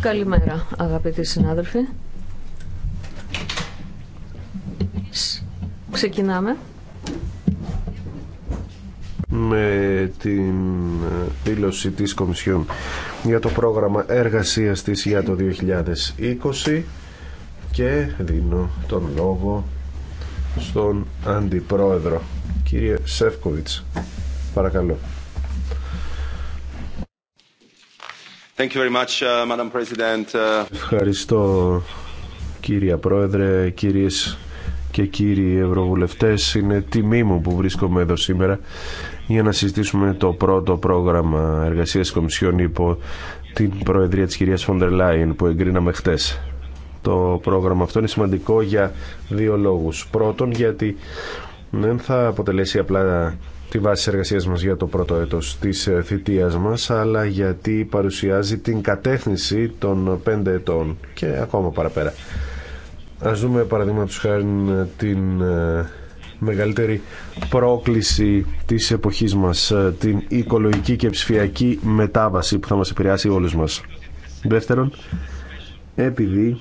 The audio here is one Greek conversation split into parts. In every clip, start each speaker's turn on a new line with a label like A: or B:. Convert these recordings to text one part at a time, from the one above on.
A: Καλημέρα, αγαπητοί συνάδελφοι. Ξεκινάμε.
B: Με την ε, δήλωση της Κομισιόν για το πρόγραμμα εργασίας της για το 2020 και δίνω τον λόγο στον Αντιπρόεδρο, κύριε Σεύκοβιτς. Παρακαλώ. Uh, uh, Ευχαριστώ κύρια Πρόεδρε, κυρίες και κύριοι Ευρωβουλευτές. Είναι τιμή μου που βρίσκομαι εδώ σήμερα για να συζητήσουμε το πρώτο πρόγραμμα εργασίας Κομισιόν υπό την Προεδρία της κυρίας Φοντερ Λάιν που εγκρίναμε χτες. Το πρόγραμμα αυτό είναι σημαντικό για δύο λόγους. Πρώτον γιατί δεν θα αποτελέσει απλά τη βάση εργασίας μας για το πρώτο έτος της ε, θητείας μας, αλλά γιατί παρουσιάζει την κατεύθυνση των πέντε ετών και ακόμα παραπέρα. Ας δούμε παραδείγματος χάρη την ε, μεγαλύτερη πρόκληση της εποχής μας, ε, την οικολογική και ψηφιακή μετάβαση που θα μας επηρεάσει όλους μας. Δεύτερον, επειδή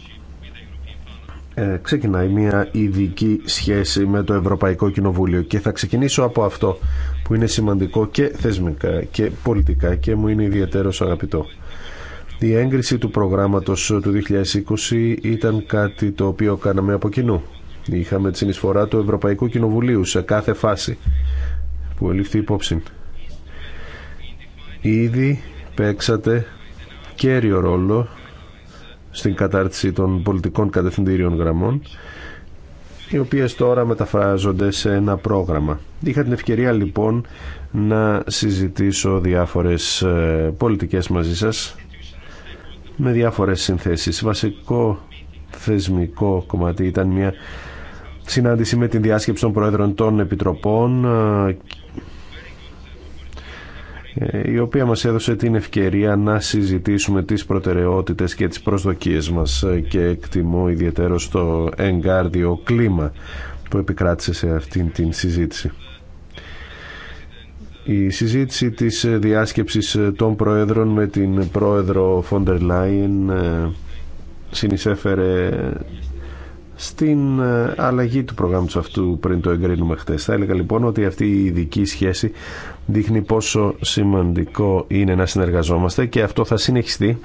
B: ε, ξεκινάει μια ειδική σχέση με το Ευρωπαϊκό Κοινοβούλιο και θα ξεκινήσω από αυτό που είναι σημαντικό και θεσμικά και πολιτικά και μου είναι ιδιαίτερο αγαπητό. Η έγκριση του προγράμματος του 2020 ήταν κάτι το οποίο κάναμε από κοινού. Είχαμε τη συνεισφορά του Ευρωπαϊκού Κοινοβουλίου σε κάθε φάση που ελήφθη υπόψη. Ήδη παίξατε κέριο ρόλο στην κατάρτιση των πολιτικών κατευθυντήριων γραμμών οι οποίες τώρα μεταφράζονται σε ένα πρόγραμμα. Είχα την ευκαιρία λοιπόν να συζητήσω διάφορες ε, πολιτικές μαζί σας με διάφορες συνθέσεις. Βασικό θεσμικό κομμάτι ήταν μια συνάντηση με την διάσκεψη των Προέδρων των Επιτροπών ε, ε, η οποία μας έδωσε την ευκαιρία να συζητήσουμε τις προτεραιότητες και τις προσδοκίες μας ε, και εκτιμώ ιδιαίτερο στο εγκάρδιο κλίμα που επικράτησε σε αυτήν την συζήτηση. Η συζήτηση της διάσκεψης των Προέδρων με την Πρόεδρο Φόντερ Λάιεν ε, συνεισέφερε στην αλλαγή του προγράμματος αυτού πριν το εγκρίνουμε χθες. Θα έλεγα λοιπόν ότι αυτή η ειδική σχέση δείχνει πόσο σημαντικό είναι να συνεργαζόμαστε και αυτό θα συνεχιστεί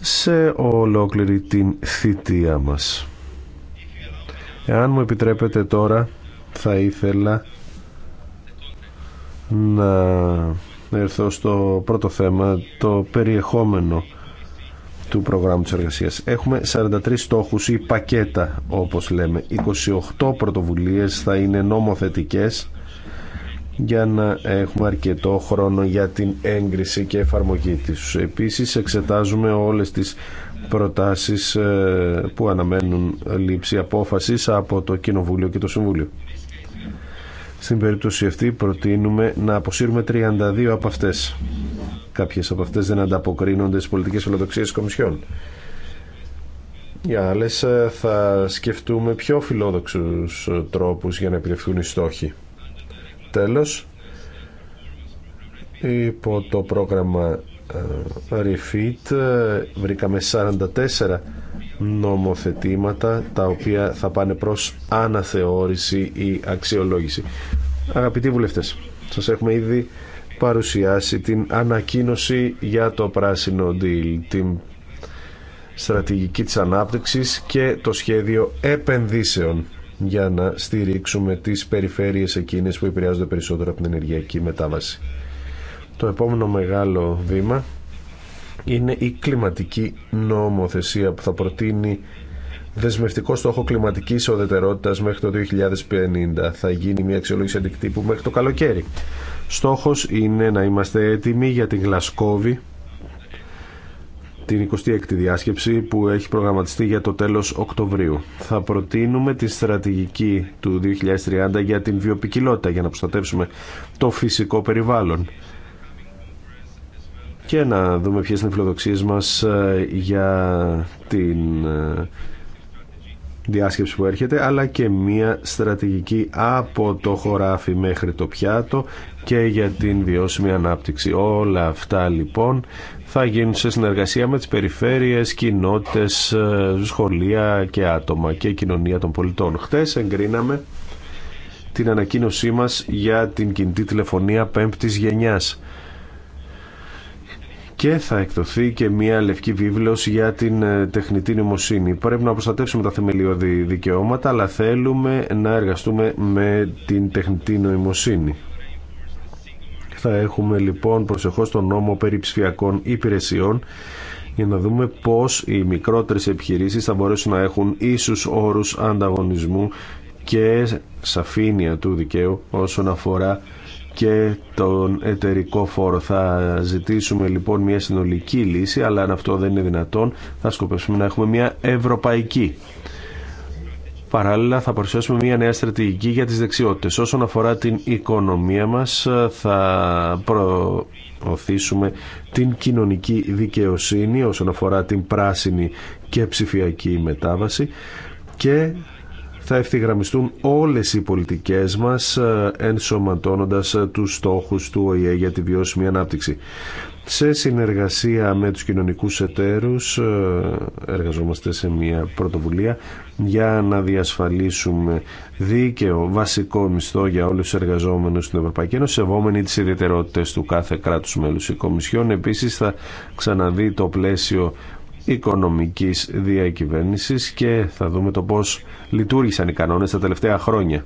B: σε ολόκληρη την θητεία μας. Εάν μου επιτρέπετε τώρα θα ήθελα να έρθω στο πρώτο θέμα, το περιεχόμενο του προγράμματος εργασίας. Έχουμε 43 στόχους ή πακέτα όπως λέμε. 28 πρωτοβουλίες θα είναι νομοθετικές για να έχουμε αρκετό χρόνο για την έγκριση και εφαρμογή της. Επίσης εξετάζουμε όλες τις προτάσεις ε, που αναμένουν λήψη απόφασης από το Κοινοβούλιο και το Συμβούλιο. Στην περίπτωση αυτή προτείνουμε να αποσύρουμε 32 από αυτές. Κάποιες από αυτές δεν ανταποκρίνονται στις πολιτικές φιλοδοξίες κομισιών. Για άλλες ε, θα σκεφτούμε πιο φιλόδοξους ε, τρόπους για να επιτευχθούν οι στόχοι. Τέλος, υπό το πρόγραμμα ε, Refit ε, βρήκαμε 44 νομοθετήματα τα οποία θα πάνε προς αναθεώρηση ή αξιολόγηση. Αγαπητοί βουλευτές, σας έχουμε ήδη παρουσιάσει την ανακοίνωση για το πράσινο deal, την στρατηγική της ανάπτυξης και το σχέδιο επενδύσεων για να στηρίξουμε τις περιφέρειες εκείνες που επηρεάζονται περισσότερο από την ενεργειακή μετάβαση. Το επόμενο μεγάλο βήμα είναι η κλιματική νομοθεσία που θα προτείνει δεσμευτικό στόχο κλιματικής οδετερότητα μέχρι το 2050. Θα γίνει μια αξιολόγηση αντικτύπου μέχρι το καλοκαίρι. Στόχος είναι να είμαστε έτοιμοι για την Γλασκόβη την 26η διάσκεψη που έχει προγραμματιστεί για το τέλος Οκτωβρίου. Θα προτείνουμε τη στρατηγική του 2030 για την βιοπικιλότητα για να προστατεύσουμε το φυσικό περιβάλλον και να δούμε ποιες είναι οι φιλοδοξίες μας ε, για την ε, διάσκεψη που έρχεται αλλά και μια στρατηγική από το χωράφι μέχρι το πιάτο και για την βιώσιμη ανάπτυξη. Όλα αυτά λοιπόν θα γίνουν σε συνεργασία με τις περιφέρειες, κοινότητες, ε, σχολεία και άτομα και κοινωνία των πολιτών. Χτες εγκρίναμε την ανακοίνωσή μας για την κινητή τηλεφωνία πέμπτης γενιάς και θα εκδοθεί και μια λευκή βίβλος για την ε, τεχνητή νοημοσύνη. Πρέπει να προστατεύσουμε τα θεμελιώδη δικαιώματα, αλλά θέλουμε να εργαστούμε με την τεχνητή νοημοσύνη. Θα έχουμε λοιπόν προσεχώς τον νόμο περί ψηφιακών υπηρεσιών για να δούμε πώς οι μικρότερες επιχειρήσεις θα μπορέσουν να έχουν ίσους όρους ανταγωνισμού και σαφήνεια του δικαίου όσον αφορά και τον εταιρικό φόρο. Θα ζητήσουμε λοιπόν μια συνολική λύση, αλλά αν αυτό δεν είναι δυνατόν θα σκοπεύσουμε να έχουμε μια ευρωπαϊκή Παράλληλα θα παρουσιάσουμε μια νέα στρατηγική για τις δεξιότητες. Όσον αφορά την οικονομία μας θα προωθήσουμε την κοινωνική δικαιοσύνη όσον αφορά την πράσινη και ψηφιακή μετάβαση και θα ευθυγραμμιστούν όλες οι πολιτικές μας ε, ενσωματώνοντας τους στόχους του ΟΗΕ για τη βιώσιμη ανάπτυξη σε συνεργασία με τους κοινωνικούς εταίρους ε, εργαζόμαστε σε μια πρωτοβουλία για να διασφαλίσουμε δίκαιο βασικό μισθό για όλους τους εργαζόμενους στην Ευρωπαϊκή Ένωση σεβόμενοι τις ιδιαιτερότητες του κάθε κράτους μέλους. Η Κομισιόν επίσης θα ξαναδεί το πλαίσιο οικονομικής διακυβέρνησης και θα δούμε το πώς λειτουργήσαν οι κανόνες τα τελευταία χρόνια.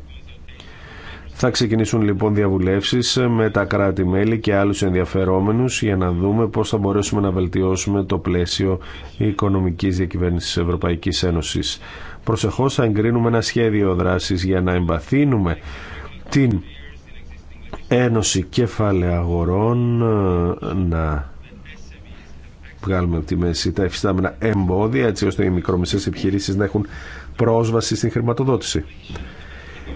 B: Θα ξεκινήσουν λοιπόν διαβουλεύσεις με τα κράτη-μέλη και άλλου ενδιαφερόμενους για να δούμε πώς θα μπορέσουμε να βελτιώσουμε το πλαίσιο οικονομικής διακυβέρνηση της Ευρωπαϊκής Ένωσης. Προσεχώς θα εγκρίνουμε ένα σχέδιο δράσης για να εμπαθύνουμε την Ένωση Κεφάλαια Αγορών ε, να βγάλουμε από τη μέση τα εφιστάμενα εμπόδια έτσι ώστε οι μικρομεσαίες επιχειρήσεις να έχουν πρόσβαση στην χρηματοδότηση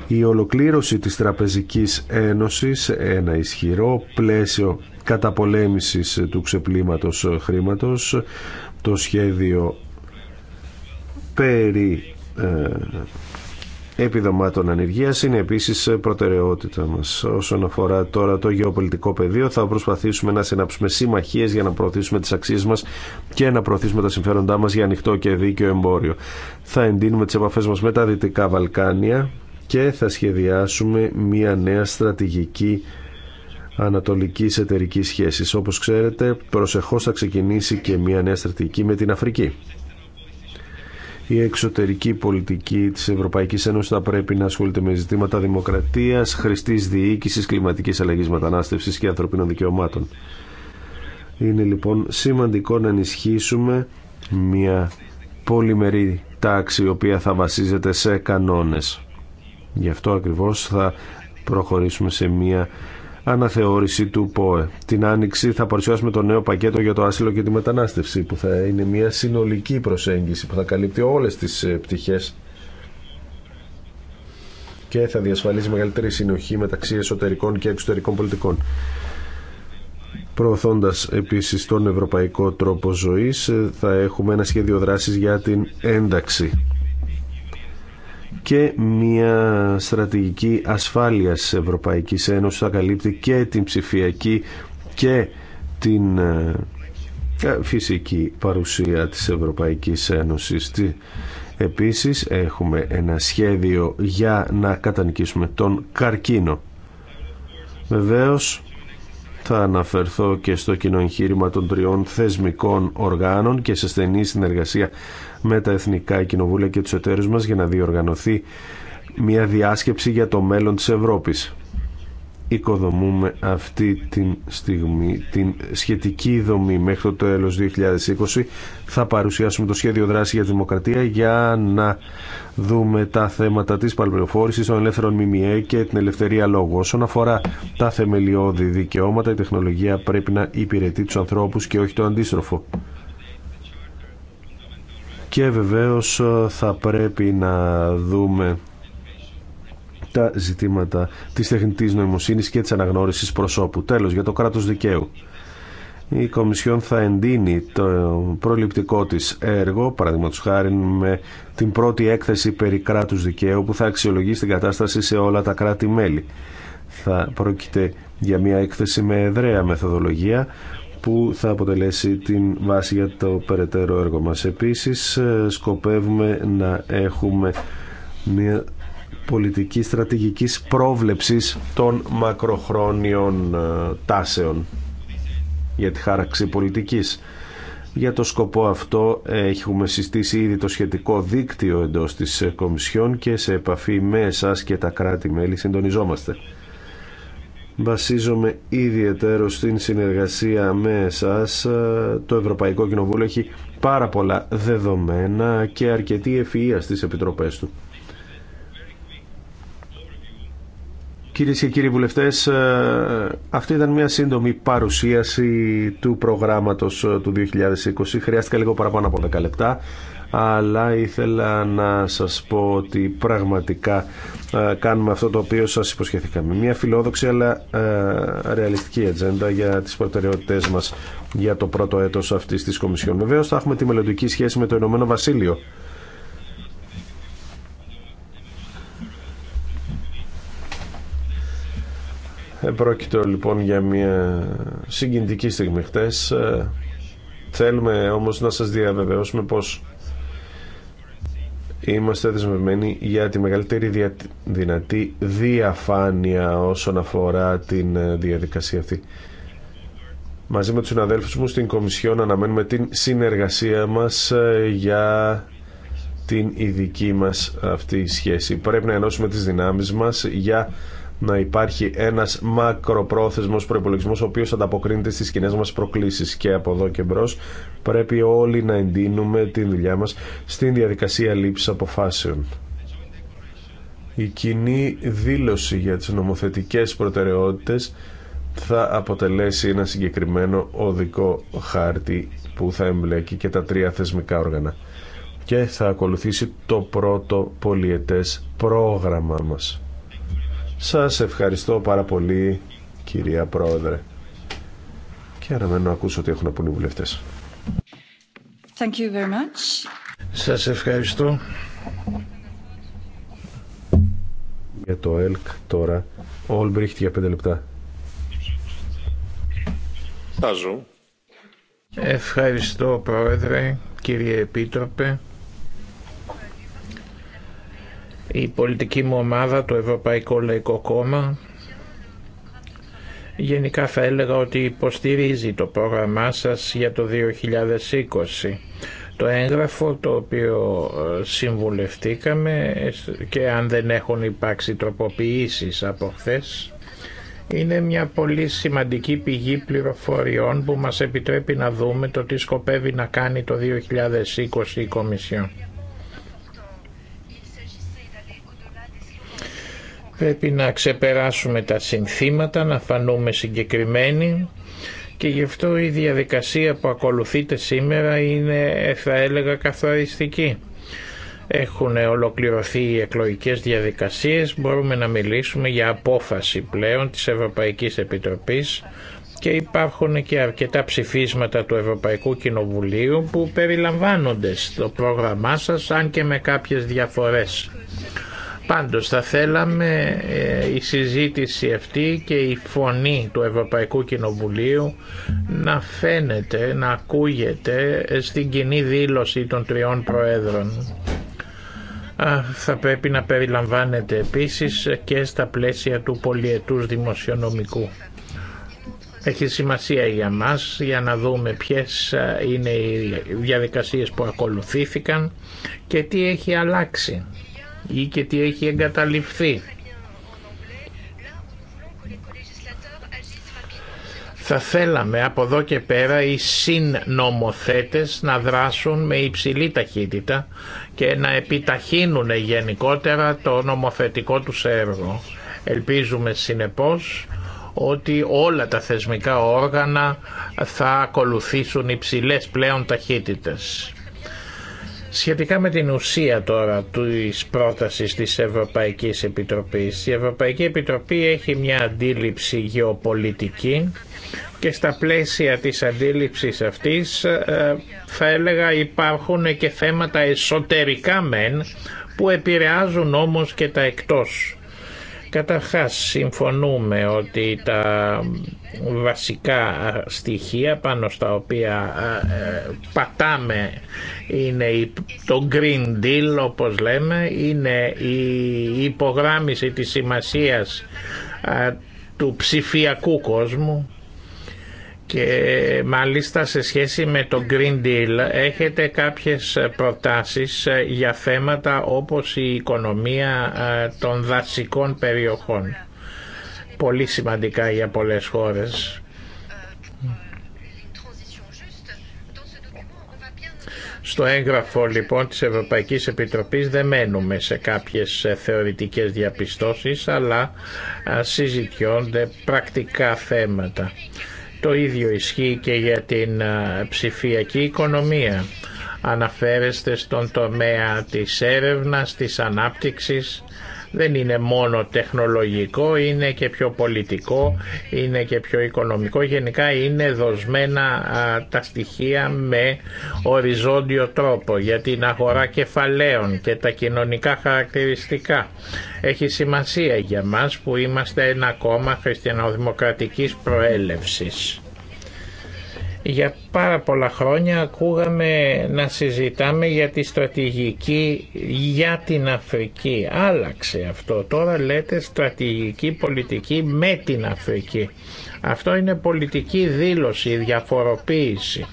B: η ολοκλήρωση της Τραπεζικής Ένωσης, ένα ισχυρό πλαίσιο καταπολέμησης του ξεπλήματος χρήματος, το σχέδιο περί ε, επιδομάτων ανεργίας είναι επίσης προτεραιότητα μας. Όσον αφορά τώρα το γεωπολιτικό πεδίο θα προσπαθήσουμε να συναψουμε συμμαχίες για να προωθήσουμε τις αξίες μας και να προωθήσουμε τα συμφέροντά μας για ανοιχτό και δίκαιο εμπόριο. Θα εντείνουμε τις επαφές μας με τα Δυτικά Βαλκάνια και θα σχεδιάσουμε μια νέα στρατηγική ανατολικής εταιρική σχέσης. Όπως ξέρετε, προσεχώς θα ξεκινήσει και μια νέα στρατηγική με την Αφρική. Η εξωτερική πολιτική της Ευρωπαϊκής Ένωσης θα πρέπει να ασχολείται με ζητήματα δημοκρατίας, χρηστής διοίκησης, κλιματικής αλλαγής μετανάστευσης και ανθρωπίνων δικαιωμάτων. Είναι λοιπόν σημαντικό να ενισχύσουμε μια πολυμερή τάξη η οποία θα βασίζεται σε κανόνες. Γι' αυτό ακριβώς θα προχωρήσουμε σε μια αναθεώρηση του ΠΟΕ. Την Άνοιξη θα παρουσιάσουμε το νέο πακέτο για το άσυλο και τη μετανάστευση που θα είναι μια συνολική προσέγγιση που θα καλύπτει όλες τις ε, πτυχές και θα διασφαλίσει μεγαλύτερη συνοχή μεταξύ εσωτερικών και εξωτερικών πολιτικών. Προωθώντας επίσης τον ευρωπαϊκό τρόπο ζωής ε, θα έχουμε ένα σχέδιο δράσης για την ένταξη και μια στρατηγική ασφάλειας Ευρωπαϊκής Ένωσης θα καλύπτει και την ψηφιακή και την ε, ε, φυσική παρουσία της Ευρωπαϊκής Ένωσης. Επίσης έχουμε ένα σχέδιο για να κατανικήσουμε τον καρκίνο. Βεβαίως θα αναφερθώ και στο κοινό εγχείρημα των τριών θεσμικών οργάνων και σε στενή συνεργασία με τα Εθνικά Κοινοβούλια και τους εταίρους μας για να διοργανωθεί μια διάσκεψη για το μέλλον της Ευρώπης οικοδομούμε αυτή τη στιγμή την σχετική δομή μέχρι το τέλος 2020 θα παρουσιάσουμε το σχέδιο δράση για τη δημοκρατία για να δούμε τα θέματα της παλαιοφόρησης των ελεύθερων ΜΜΕ και την ελευθερία λόγου. Όσον αφορά τα θεμελιώδη δικαιώματα η τεχνολογία πρέπει να υπηρετεί τους ανθρώπους και όχι το αντίστροφο και βεβαίως θα πρέπει να δούμε τα ζητήματα τη τεχνητής νοημοσύνης και τη αναγνώριση προσώπου. Τέλος, για το κράτος δικαίου. Η Κομισιόν θα εντείνει το προληπτικό της έργο, παραδείγματο χάρη με την πρώτη έκθεση περί κράτους δικαίου που θα αξιολογήσει την κατάσταση σε όλα τα κράτη-μέλη. Θα πρόκειται για μια έκθεση με εδραία μεθοδολογία που θα αποτελέσει την βάση για το περαιτέρω έργο μας. Επίσης σκοπεύουμε να έχουμε μια Πολιτική στρατηγικής πρόβλεψης των μακροχρόνιων ε, τάσεων για τη χάραξη πολιτικής. Για το σκοπό αυτό ε, έχουμε συστήσει ήδη το σχετικό δίκτυο εντός της ε, Κομισιόν και σε επαφή με εσάς και τα κράτη-μέλη συντονιζόμαστε. Βασίζομαι ιδιαίτερο στην συνεργασία με εσάς. Το Ευρωπαϊκό Κοινοβούλιο έχει πάρα πολλά δεδομένα και αρκετή ευφυΐα στις επιτροπές του. Κυρίες και κύριοι βουλευτές, ε, αυτή ήταν μια σύντομη παρουσίαση του προγράμματος ε, του 2020. Χρειάστηκα λίγο παραπάνω από 10 λεπτά, αλλά ήθελα να σας πω ότι πραγματικά ε, κάνουμε αυτό το οποίο σας υποσχεθήκαμε. Μια φιλόδοξη αλλά ρεαλιστική ατζέντα για τις προτεραιότητές μας για το πρώτο έτος αυτής της Κομισιόν. Βεβαίως θα έχουμε τη μελλοντική σχέση με το Ηνωμένο Βασίλειο Πρόκειται λοιπόν για μια συγκινητική στιγμή χτες. Ε, θέλουμε όμως να σας διαβεβαιώσουμε πως είμαστε δεσμευμένοι για τη μεγαλύτερη δυνατή διαφάνεια όσον αφορά την ε, διαδικασία αυτή. Μαζί με τους συναδέλφους μου στην Κομισιόν αναμένουμε την συνεργασία μας ε, για την ειδική μας αυτή σχέση. Πρέπει να ενώσουμε τις δυνάμεις μας για να υπάρχει ένας μακροπρόθεσμος προϋπολογισμός ο οποίος ανταποκρίνεται στις κοινέ μας προκλήσεις και από εδώ και μπρος πρέπει όλοι να εντείνουμε τη δουλειά μας στην διαδικασία λήψης αποφάσεων. Η κοινή δήλωση για τις νομοθετικές προτεραιότητες θα αποτελέσει ένα συγκεκριμένο οδικό χάρτη που θα εμπλέκει και τα τρία θεσμικά όργανα και θα ακολουθήσει το πρώτο πολιετές πρόγραμμα μας. Σας ευχαριστώ πάρα πολύ κυρία Πρόεδρε. Και αραμένω να ακούσω ότι έχουν να πούνε οι βουλευτές.
C: Thank you very much.
B: Σας ευχαριστώ. Για το ΕΛΚ τώρα, Ολμπρίχτ για πέντε λεπτά. Ευχαριστώ Πρόεδρε, κύριε
D: Επίτροπε. Η πολιτική μου ομάδα, το Ευρωπαϊκό Λαϊκό Κόμμα, γενικά θα έλεγα ότι υποστηρίζει το πρόγραμμά σας για το 2020. Το έγγραφο το οποίο ε, συμβουλευτήκαμε και αν δεν έχουν υπάρξει τροποποιήσεις από χθε, είναι μια πολύ σημαντική πηγή πληροφοριών που μας επιτρέπει να δούμε το τι σκοπεύει να κάνει το 2020 η Κομισιόν. Πρέπει να ξεπεράσουμε τα συνθήματα, να φανούμε συγκεκριμένοι και γι' αυτό η διαδικασία που ακολουθείτε σήμερα είναι θα έλεγα καθοριστική. Έχουν ολοκληρωθεί οι εκλογικές διαδικασίες, μπορούμε να μιλήσουμε για απόφαση πλέον της Ευρωπαϊκής Επιτροπής και υπάρχουν και αρκετά ψηφίσματα του Ευρωπαϊκού Κοινοβουλίου που περιλαμβάνονται στο πρόγραμμά σας αν και με κάποιες διαφορές. Πάντως θα θέλαμε ε, η συζήτηση αυτή και η φωνή του Ευρωπαϊκού Κοινοβουλίου να φαίνεται, να ακούγεται στην κοινή δήλωση των τριών Προέδρων. Θα πρέπει να περιλαμβάνεται επίσης και στα πλαίσια του πολιετούς δημοσιονομικού. Έχει σημασία για μας για να δούμε ποιες είναι οι διαδικασίες που ακολουθήθηκαν και τι έχει αλλάξει ή και τι έχει εγκαταλειφθεί. Θα θέλαμε από εδώ και πέρα οι συνομοθέτες να δράσουν με υψηλή ταχύτητα και να επιταχύνουν γενικότερα το νομοθετικό τους έργο. Ελπίζουμε συνεπώς ότι όλα τα θεσμικά όργανα θα ακολουθήσουν υψηλές πλέον ταχύτητες. Σχετικά με την ουσία τώρα της πρότασης της Ευρωπαϊκής Επιτροπής, η Ευρωπαϊκή Επιτροπή έχει μια αντίληψη γεωπολιτική και στα πλαίσια της αντίληψης αυτής ε, θα έλεγα υπάρχουν και θέματα εσωτερικά μεν που επηρεάζουν όμως και τα εκτός. Καταρχάς συμφωνούμε ότι τα βασικά στοιχεία πάνω στα οποία ε, πατάμε είναι το Green Deal όπως λέμε, είναι η υπογράμμιση της σημασίας του ψηφιακού κόσμου και μάλιστα σε σχέση με το Green Deal έχετε κάποιες προτάσεις ε, για θέματα όπως η οικονομία ε, των δασικών περιοχών. Πολύ σημαντικά για πολλές χώρες. Στο έγγραφο λοιπόν της Ευρωπαϊκής Επιτροπής δεν μένουμε σε κάποιες ε, θεωρητικές διαπιστώσεις αλλά συζητιώνται πρακτικά θέματα. Το ίδιο ισχύει και για την ε, ψηφιακή οικονομία. Αναφέρεστε στον τομέα της έρευνας, της ανάπτυξης, δεν είναι μόνο τεχνολογικό, είναι και πιο πολιτικό, είναι και πιο οικονομικό. Γενικά είναι δοσμένα τα στοιχεία με οριζόντιο τρόπο για την αγορά κεφαλαίων και τα κοινωνικά χαρακτηριστικά. Έχει σημασία για μας που είμαστε ένα κόμμα χριστιανοδημοκρατικής προέλευσης. Για πάρα πολλά χρόνια ακούγαμε να συζητάμε για τη στρατηγική για την Αφρική. Άλλαξε αυτό. Τώρα λέτε στρατηγική πολιτική με την Αφρική. Αυτό είναι πολιτική δήλωση, διαφοροποίηση.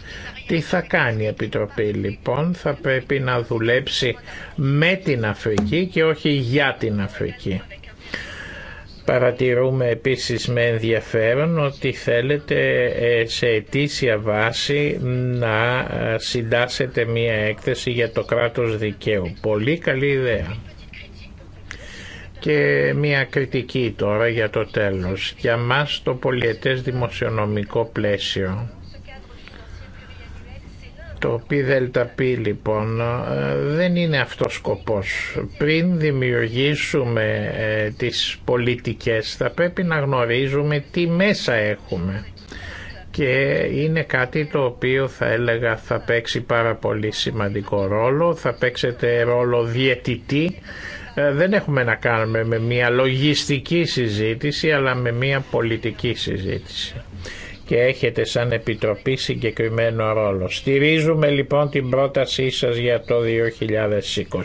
D: Τι θα κάνει η Επιτροπή λοιπόν, θα πρέπει να δουλέψει με την Αφρική και όχι για την Αφρική. Παρατηρούμε επίσης με ενδιαφέρον ότι θέλετε ε, σε ετήσια βάση να ε, συντάσετε μία έκθεση για το κράτος δικαίου. Πολύ καλή ιδέα. Και μία κριτική τώρα για το τέλος. Για μας το πολιετές δημοσιονομικό πλαίσιο το πι δελτα πι λοιπόν ε, δεν είναι αυτός σκοπός. Πριν δημιουργήσουμε ε, τις πολιτικές θα πρέπει να γνωρίζουμε τι μέσα έχουμε και είναι κάτι το οποίο θα έλεγα θα παίξει πάρα πολύ σημαντικό ρόλο, θα παίξετε ρόλο διαιτητή. Ε, δεν έχουμε να κάνουμε με μια λογιστική συζήτηση αλλά με μια πολιτική συζήτηση και έχετε σαν Επιτροπή συγκεκριμένο ρόλο. Στηρίζουμε λοιπόν την πρότασή σας για το 2020.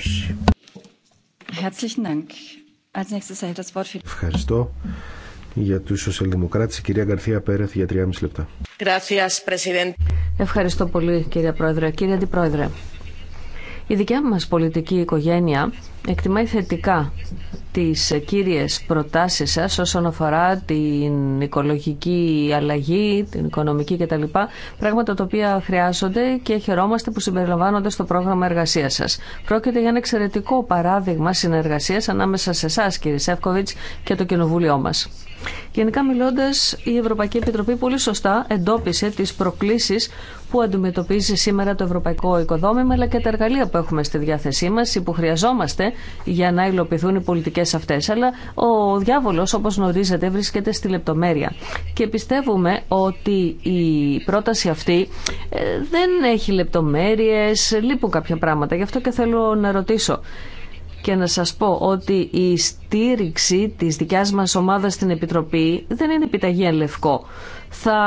B: Ευχαριστώ για τους σοσιαλδημοκράτες. κυρία Γκαρθία Πέρεθ για 3,5 λεπτά.
A: Ευχαριστώ πολύ κύριε Πρόεδρε. Κύριε Αντιπρόεδρε, η δικιά μας πολιτική οικογένεια εκτιμάει θετικά τις κύριες προτάσεις σας όσον αφορά την οικολογική αλλαγή, την οικονομική κτλ. Πράγματα τα οποία χρειάζονται και χαιρόμαστε που συμπεριλαμβάνονται στο πρόγραμμα εργασίας σας. Πρόκειται για ένα εξαιρετικό παράδειγμα συνεργασίας ανάμεσα σε εσά κύριε Σεύκοβιτς και το κοινοβούλιο μας. Γενικά μιλώντας, η Ευρωπαϊκή Επιτροπή πολύ σωστά εντόπισε τις προκλήσεις που αντιμετωπίζει σήμερα το ευρωπαϊκό οικοδόμημα αλλά και τα εργαλεία που έχουμε στη διάθεσή μας ή που χρειαζόμαστε για να υλοποιηθούν οι πολιτικές αυτές. Αλλά ο διάβολος όπως γνωρίζετε βρίσκεται στη λεπτομέρεια και πιστεύουμε ότι η πρόταση αυτή ε, δεν έχει λεπτομέρειες, λείπουν κάποια πράγματα. Γι' αυτό και θέλω να ρωτήσω και να σας πω ότι η στήριξη της δικιάς μας ομάδας στην Επιτροπή δεν είναι επιταγή λευκό. Θα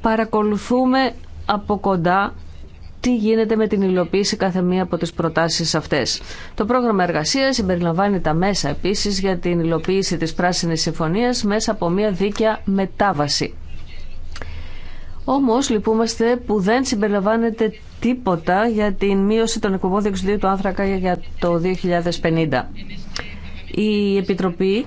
A: παρακολουθούμε από κοντά τι γίνεται με την υλοποίηση κάθε μία από τις προτάσεις αυτές. Το πρόγραμμα εργασίας συμπεριλαμβάνει τα μέσα επίσης για την υλοποίηση της Πράσινης Συμφωνίας μέσα από μια δίκαια μετάβαση. Όμως λυπούμαστε που δεν συμπεριλαμβάνεται τίποτα για την μείωση των εκπομπών διοξιδίου του άνθρακα για το 2050. Η Επιτροπή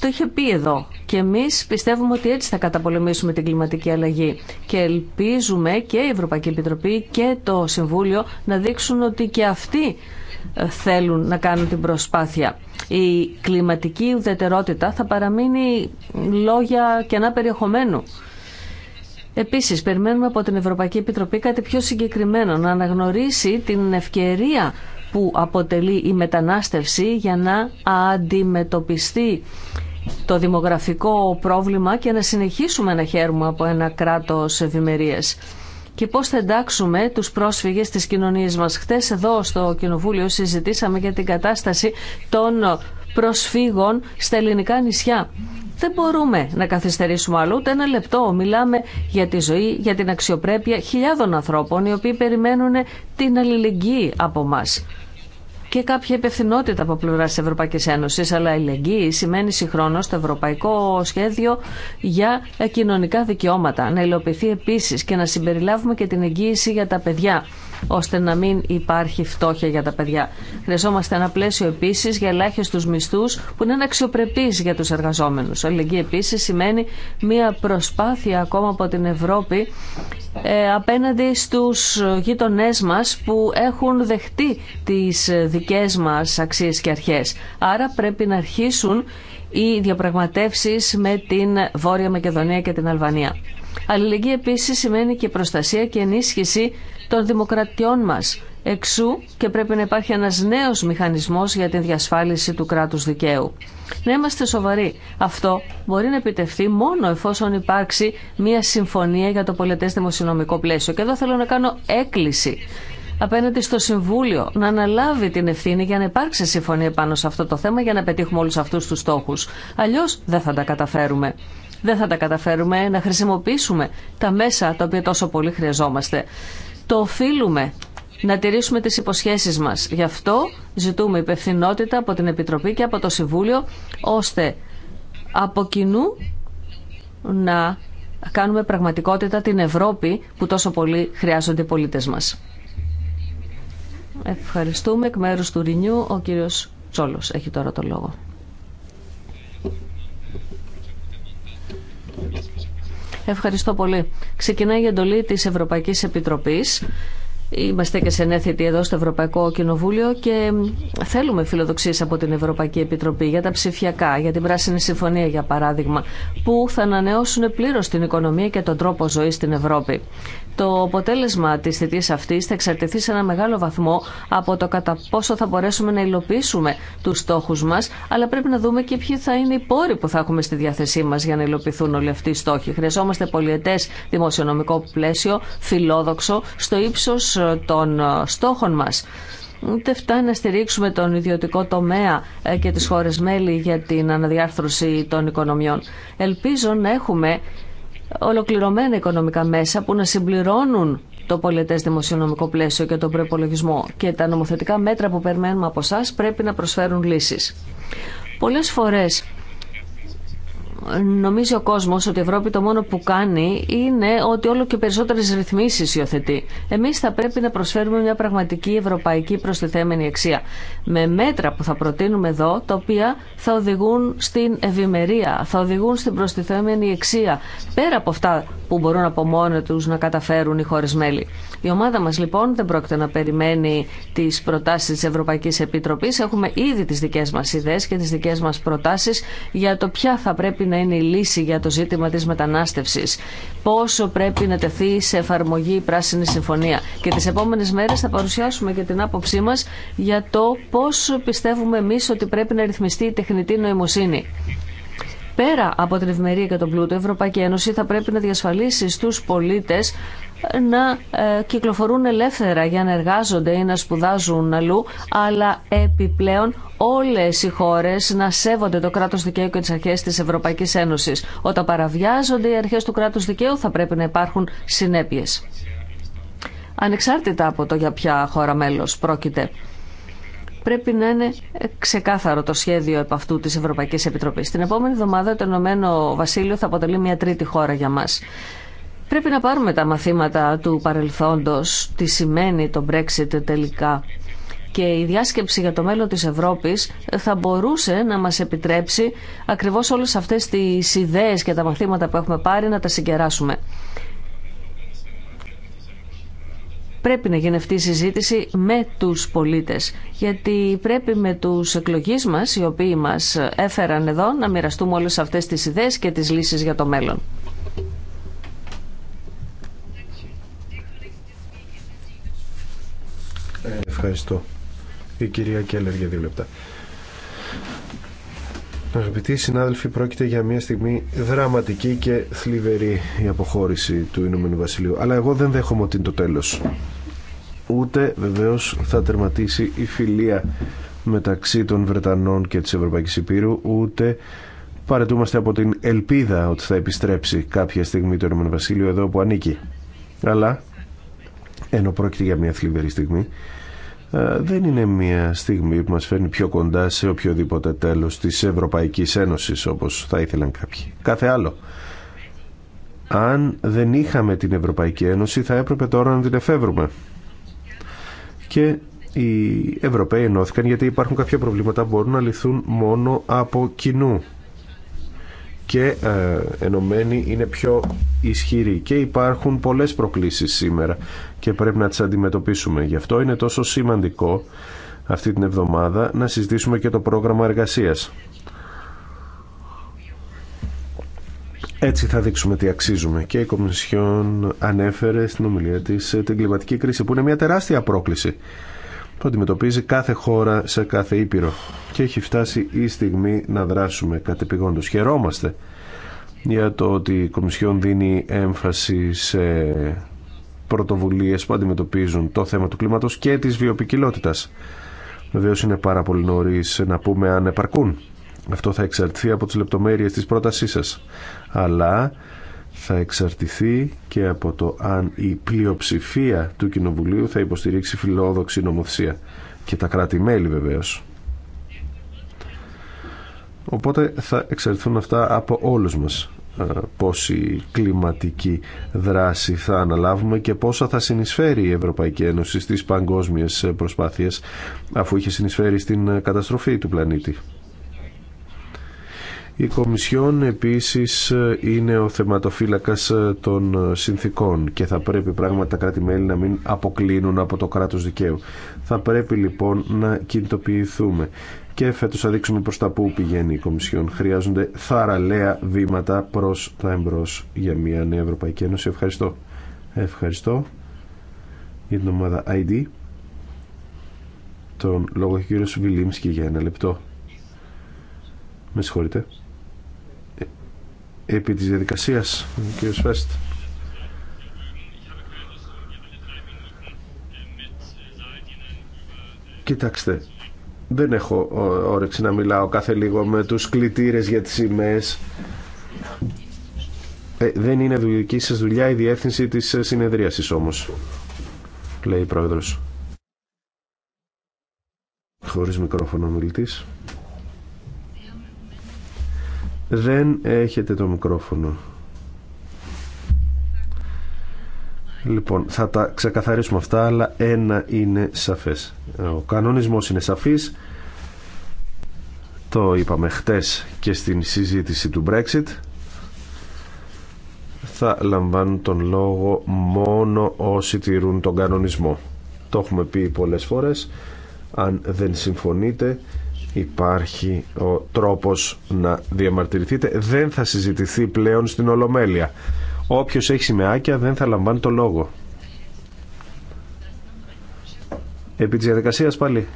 A: το είχε πει εδώ και εμείς πιστεύουμε ότι έτσι θα καταπολεμήσουμε την κλιματική αλλαγή και ελπίζουμε και η Ευρωπαϊκή Επιτροπή και το Συμβούλιο να δείξουν ότι και αυτοί θέλουν να κάνουν την προσπάθεια. Η κλιματική ουδετερότητα θα παραμείνει λόγια κενά περιεχομένου Επίσης, περιμένουμε από την Ευρωπαϊκή Επιτροπή κάτι πιο συγκεκριμένο, να αναγνωρίσει την ευκαιρία που αποτελεί η μετανάστευση για να αντιμετωπιστεί το δημογραφικό πρόβλημα και να συνεχίσουμε να χαίρουμε από ένα κράτος ευημερία. Και πώς θα εντάξουμε τους πρόσφυγες της κοινωνίας μας. Χτες εδώ στο Κοινοβούλιο συζητήσαμε για την κατάσταση των προσφύγων στα ελληνικά νησιά. Δεν μπορούμε να καθυστερήσουμε άλλο ούτε ένα λεπτό. Μιλάμε για τη ζωή, για την αξιοπρέπεια χιλιάδων ανθρώπων οι οποίοι περιμένουν την αλληλεγγύη από εμά και κάποια υπευθυνότητα από πλευρά τη Ευρωπαϊκή Ένωση. Αλλά η αλληλεγγύη σημαίνει συγχρόνω το ευρωπαϊκό σχέδιο για κοινωνικά δικαιώματα. Να υλοποιηθεί επίση και να συμπεριλάβουμε και την εγγύηση για τα παιδιά ώστε να μην υπάρχει φτώχεια για τα παιδιά. Χρειαζόμαστε ένα πλαίσιο επίση για ελάχιστου μισθού που είναι αξιοπρεπή για του εργαζόμενου. Αλληλεγγύη επίση σημαίνει μια προσπάθεια ακόμα από την Ευρώπη ε, απέναντι στου γείτονέ μα που έχουν δεχτεί τι δικέ μα αξίε και αρχέ. Άρα πρέπει να αρχίσουν οι διαπραγματεύσεις με την Βόρεια Μακεδονία και την Αλβανία. Αλληλεγγύη επίσης σημαίνει και προστασία και ενίσχυση των δημοκρατιών μας. Εξού και πρέπει να υπάρχει ένας νέος μηχανισμός για την διασφάλιση του κράτους δικαίου. Να είμαστε σοβαροί. Αυτό μπορεί να επιτευχθεί μόνο εφόσον υπάρξει μια συμφωνία για το πολιτές δημοσιονομικό πλαίσιο. Και εδώ θέλω να κάνω έκκληση απέναντι στο Συμβούλιο να αναλάβει την ευθύνη για να υπάρξει συμφωνία πάνω σε αυτό το θέμα για να πετύχουμε όλους αυτούς τους στόχους. Αλλιώς δεν θα τα καταφέρουμε δεν θα τα καταφέρουμε να χρησιμοποιήσουμε τα μέσα τα οποία τόσο πολύ χρειαζόμαστε. Το οφείλουμε να τηρήσουμε τις υποσχέσεις μας. Γι' αυτό ζητούμε υπευθυνότητα από την Επιτροπή και από το Συμβούλιο, ώστε από κοινού να κάνουμε πραγματικότητα την Ευρώπη που τόσο πολύ χρειάζονται οι πολίτες μας. Ευχαριστούμε εκ μέρους του Ρινιού. Ο κύριος Τσόλος έχει τώρα το λόγο. Ευχαριστώ πολύ. Ξεκινάει η εντολή της Ευρωπαϊκής Επιτροπής Είμαστε και συνέθετοι εδώ στο Ευρωπαϊκό Κοινοβούλιο και θέλουμε φιλοδοξίε από την Ευρωπαϊκή Επιτροπή για τα ψηφιακά, για την Πράσινη Συμφωνία για παράδειγμα, που θα ανανεώσουν πλήρω την οικονομία και τον τρόπο ζωή στην Ευρώπη. Το αποτέλεσμα τη θητής αυτή θα εξαρτηθεί σε ένα μεγάλο βαθμό από το κατά πόσο θα μπορέσουμε να υλοποιήσουμε του στόχου μα, αλλά πρέπει να δούμε και ποιοι θα είναι οι πόροι που θα έχουμε στη διάθεσή μα για να υλοποιηθούν όλοι αυτοί οι στόχοι. Χρειαζόμαστε πολιετέ δημοσιονομικό πλαίσιο, φιλόδοξο, στο ύψο των ε, στόχων μας. Ούτε φτάνει να στηρίξουμε τον ιδιωτικό τομέα ε, και τις χώρες μέλη για την αναδιάρθρωση των οικονομιών. Ελπίζω να έχουμε ολοκληρωμένα οικονομικά μέσα που να συμπληρώνουν το πολιτέ δημοσιονομικό πλαίσιο και τον προπολογισμό και τα νομοθετικά μέτρα που περιμένουμε από εσά πρέπει να προσφέρουν λύσεις. Πολλές φορές Νομίζει ο κόσμο ότι η Ευρώπη το μόνο που κάνει είναι ότι όλο και περισσότερε ρυθμίσει υιοθετεί. Εμεί θα πρέπει να προσφέρουμε μια πραγματική ευρωπαϊκή προστιθέμενη αξία με μέτρα που θα προτείνουμε εδώ, τα οποία θα οδηγούν στην ευημερία, θα οδηγούν στην προστιθέμενη αξία, πέρα από αυτά που μπορούν από μόνοι του να καταφέρουν οι χώρε μέλη. Η ομάδα μα λοιπόν δεν πρόκειται να περιμένει τι προτάσει τη Ευρωπαϊκή Επιτροπή. Έχουμε ήδη τι δικέ μα ιδέε και τι δικέ μα προτάσει για το ποια θα πρέπει να είναι η λύση για το ζήτημα της μετανάστευσης, πόσο πρέπει να τεθεί σε εφαρμογή η Πράσινη Συμφωνία. Και τις επόμενες μέρες θα παρουσιάσουμε και την άποψή μας για το πόσο πιστεύουμε εμείς ότι πρέπει να ρυθμιστεί η τεχνητή νοημοσύνη πέρα από την ευμερία και τον πλούτο, η Ευρωπαϊκή Ένωση θα πρέπει να διασφαλίσει στους πολίτες να ε, κυκλοφορούν ελεύθερα για να εργάζονται ή να σπουδάζουν αλλού, αλλά επιπλέον όλες οι χώρες να σέβονται το κράτος δικαίου και τις αρχές της Ευρωπαϊκής Ένωσης. Όταν παραβιάζονται οι αρχές του κράτους δικαίου θα πρέπει να υπάρχουν συνέπειες. Ανεξάρτητα από το για ποια χώρα μέλος πρόκειται πρέπει να είναι ξεκάθαρο το σχέδιο επ' αυτού της Ευρωπαϊκής Επιτροπής. Την επόμενη εβδομάδα το Ηνωμένο Βασίλειο θα αποτελεί μια τρίτη χώρα για μας. Πρέπει να πάρουμε τα μαθήματα του παρελθόντος, τι σημαίνει το Brexit τελικά. Και η διάσκεψη για το μέλλον της Ευρώπης θα μπορούσε να μας επιτρέψει ακριβώς όλες αυτές τις ιδέες και τα μαθήματα που έχουμε πάρει να τα συγκεράσουμε πρέπει να γίνει αυτή η συζήτηση με τους πολίτες. Γιατί πρέπει με τους εκλογείς μας, οι οποίοι μας έφεραν εδώ, να μοιραστούμε όλες αυτές τις ιδέες και τις λύσεις για το μέλλον.
B: Ευχαριστώ. Η κυρία Κέλλερ για δύο λεπτά. Αγαπητοί συνάδελφοι, πρόκειται για μια στιγμή δραματική και θλιβερή η αποχώρηση του Ηνωμένου Βασιλείου. Αλλά εγώ δεν δέχομαι ότι είναι το τέλος ούτε βεβαίως θα τερματίσει η φιλία μεταξύ των Βρετανών και της Ευρωπαϊκής Υπήρου, ούτε παρετούμαστε από την ελπίδα ότι θα επιστρέψει κάποια στιγμή το Ηνωμένο Βασίλειο εδώ που ανήκει. Αλλά, ενώ πρόκειται για μια θλιβερή στιγμή, ε, δεν είναι μια στιγμή που μας φέρνει πιο κοντά σε οποιοδήποτε τέλος της Ευρωπαϊκής Ένωσης, όπως θα ήθελαν κάποιοι. Κάθε άλλο. Αν δεν είχαμε την Ευρωπαϊκή Ένωση, θα έπρεπε τώρα να την εφεύρουμε και οι Ευρωπαίοι ενώθηκαν γιατί υπάρχουν κάποια προβλήματα που μπορούν να λυθούν μόνο από κοινού και ε, ενωμένοι είναι πιο ισχυροί και υπάρχουν πολλές προκλήσεις σήμερα και πρέπει να τις αντιμετωπίσουμε. Γι' αυτό είναι τόσο σημαντικό αυτή την εβδομάδα να συζητήσουμε και το πρόγραμμα εργασίας. Έτσι θα δείξουμε τι αξίζουμε. Και η Κομισιόν ανέφερε στην ομιλία τη ε, την κλιματική κρίση που είναι μια τεράστια πρόκληση που αντιμετωπίζει κάθε χώρα σε κάθε ήπειρο και έχει φτάσει η στιγμή να δράσουμε κατεπηγόντω. Χαιρόμαστε για το ότι η Κομισιόν δίνει έμφαση σε πρωτοβουλίε που αντιμετωπίζουν το θέμα του κλίματο και τη βιοπικιλότητα. Βεβαίω είναι πάρα πολύ νωρί να πούμε αν επαρκούν. Αυτό θα εξαρτηθεί από τι λεπτομέρειε τη πρότασή σα αλλά θα εξαρτηθεί και από το αν η πλειοψηφία του Κοινοβουλίου θα υποστηρίξει φιλόδοξη νομοθεσία και τα κράτη-μέλη βεβαίως. Οπότε θα εξαρτηθούν αυτά από όλους μας ε, πόση κλιματική δράση θα αναλάβουμε και πόσα θα συνεισφέρει η Ευρωπαϊκή Ένωση στις παγκόσμιες προσπάθειες αφού είχε συνεισφέρει στην καταστροφή του πλανήτη. Η Κομισιόν επίσης ε, είναι ο θεματοφύλακας ε, των ε, συνθήκων και θα πρέπει πράγματι τα κράτη-μέλη να μην αποκλίνουν από το κράτος δικαίου. Θα πρέπει λοιπόν να κινητοποιηθούμε και φέτος θα δείξουμε προς τα πού πηγαίνει η Κομισιόν. Χρειάζονται θαραλέα βήματα προς τα εμπρός για μια νέα Ευρωπαϊκή Ένωση. Ευχαριστώ. Ευχαριστώ για την ομάδα ID. Τον λόγο έχει ο κύριος Βιλίμσκι για ένα λεπτό. Με συγχωρείτε επί της διαδικασίας, κύριε Σφέστ. Κοιτάξτε, δεν έχω ε, όρεξη να μιλάω κάθε λίγο με τους κλητήρες για τις σημαίες. Ε, δεν είναι δική σας δουλειά η διεύθυνση της ε, συνεδρίασης όμως, λέει η πρόεδρος. Χωρίς μικρόφωνο ο μιλητής. Δεν έχετε το μικρόφωνο. Λοιπόν, θα τα ξεκαθαρίσουμε αυτά, αλλά ένα είναι σαφές. Ο κανονισμός είναι σαφής. Το είπαμε χτες και στην συζήτηση του Brexit. Θα λαμβάνουν τον λόγο μόνο όσοι τηρούν τον κανονισμό. Το έχουμε πει πολλές φορές. Αν δεν συμφωνείτε, υπάρχει ο τρόπος να διαμαρτυρηθείτε δεν θα συζητηθεί πλέον στην Ολομέλεια όποιος έχει σημαιακια δεν θα λαμβάνει το λόγο επί της διαδικασίας πάλι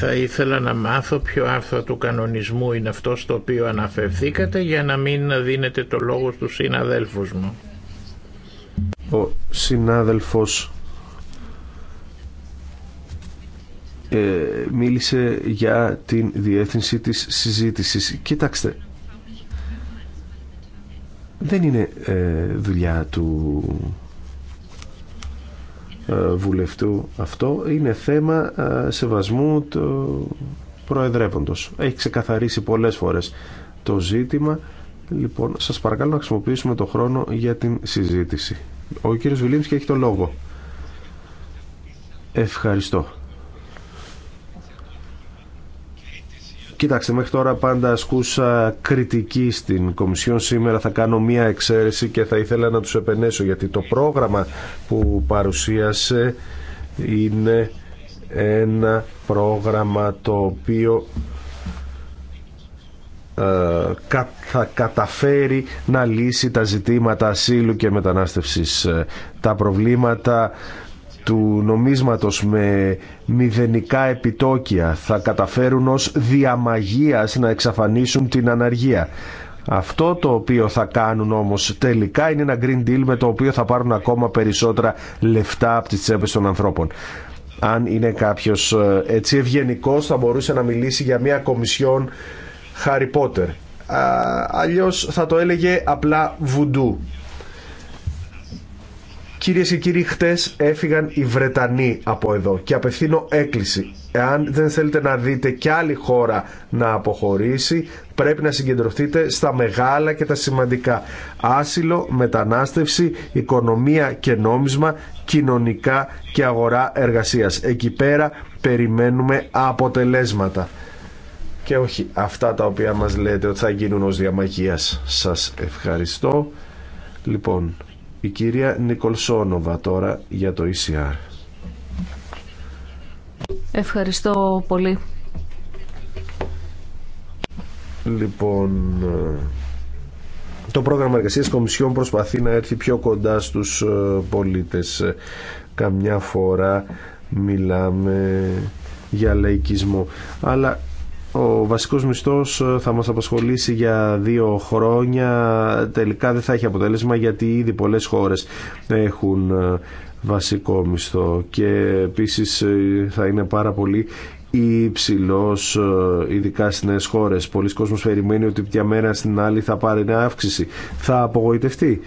D: θα ήθελα να μάθω ποιο άρθρο του κανονισμού είναι αυτό στο οποίο αναφερθήκατε για να μην δίνετε το λόγο στους συναδέλφους μου
B: ο συνάδελφος ε, μίλησε για την διεύθυνση της συζήτησης. Κοιτάξτε, δεν είναι ε, δουλειά του ε, βουλευτού αυτό, είναι θέμα σεβασμού του προεδρεύοντος. Έχει ξεκαθαρίσει πολλές φορές το ζήτημα, λοιπόν σας παρακαλώ να χρησιμοποιήσουμε το χρόνο για την συζήτηση. Ο κύριος Βιλίμς και έχει το λόγο. Ευχαριστώ. Κοιτάξτε, μέχρι τώρα πάντα ασκούσα κριτική στην Κομισιόν. Σήμερα θα κάνω μία εξαίρεση και θα ήθελα να τους επενέσω γιατί το πρόγραμμα που παρουσίασε είναι ένα πρόγραμμα το οποίο ε, θα καταφέρει να λύσει τα ζητήματα ασύλου και μετανάστευσης. Ε, τα προβλήματα του νομίσματος με μηδενικά επιτόκια θα καταφέρουν ως διαμαγείας να εξαφανίσουν την αναργία. Αυτό το οποίο θα κάνουν όμως τελικά είναι ένα Green Deal με το οποίο θα πάρουν ακόμα περισσότερα λεφτά από τις τσέπες των ανθρώπων. Αν είναι κάποιος ε, έτσι ευγενικός θα μπορούσε να μιλήσει για μια κομισιόν Χάρι Πότερ. Αλλιώς θα το έλεγε απλά βουντού. Κυρίες και κύριοι, χτες έφυγαν οι Βρετανοί από εδώ και απευθύνω έκκληση. Εάν δεν θέλετε να δείτε κι άλλη χώρα να αποχωρήσει, πρέπει να συγκεντρωθείτε στα μεγάλα και τα σημαντικά. Άσυλο, μετανάστευση, οικονομία και νόμισμα, κοινωνικά και αγορά εργασίας. Εκεί πέρα περιμένουμε αποτελέσματα και όχι αυτά τα οποία μας λέτε ότι θα γίνουν ως διαμαγείας. Σας ευχαριστώ. Λοιπόν, η κυρία Νικολσόνοβα τώρα για το ECR.
A: Ευχαριστώ πολύ.
B: Λοιπόν, ε, το πρόγραμμα εργασίας Κομισιόν προσπαθεί να έρθει πιο κοντά στους ε, πολίτες. Ε, καμιά φορά μιλάμε για λαϊκισμό. Αλλά ο Βασικό μισθός ε, θα μας απασχολήσει για δύο χρόνια. Τελικά δεν θα έχει αποτέλεσμα γιατί ήδη πολλές χώρες έχουν ε, βασικό μισθό και επίση ε, θα είναι πάρα πολύ υψηλό, ειδικά στι νέε χώρε. Πολλοί κόσμοι περιμένει ότι μια μέρα στην άλλη θα πάρει μια αύξηση. Θα απογοητευτεί.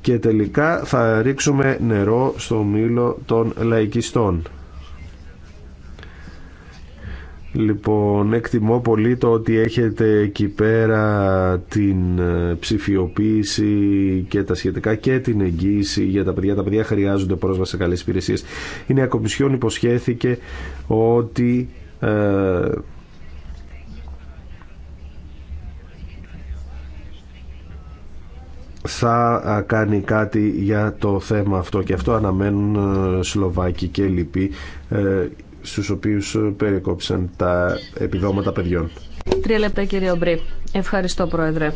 B: Και τελικά θα ρίξουμε νερό στο μήλο των λαϊκιστών. Λοιπόν, εκτιμώ πολύ το ότι έχετε εκεί πέρα την ε, ψηφιοποίηση και τα σχετικά και την εγγύηση για τα παιδιά. Τα παιδιά χρειάζονται πρόσβαση σε καλές υπηρεσίες. Η Νέα Κομισιόν υποσχέθηκε ότι ε, θα ε, κάνει κάτι για το θέμα αυτό και αυτό αναμένουν Σλοβάκοι και λοιποί στους οποίους ε, περικόψαν τα επιδόματα παιδιών.
A: Τρία λεπτά κύριε Ομπρή. Ευχαριστώ, Πρόεδρε.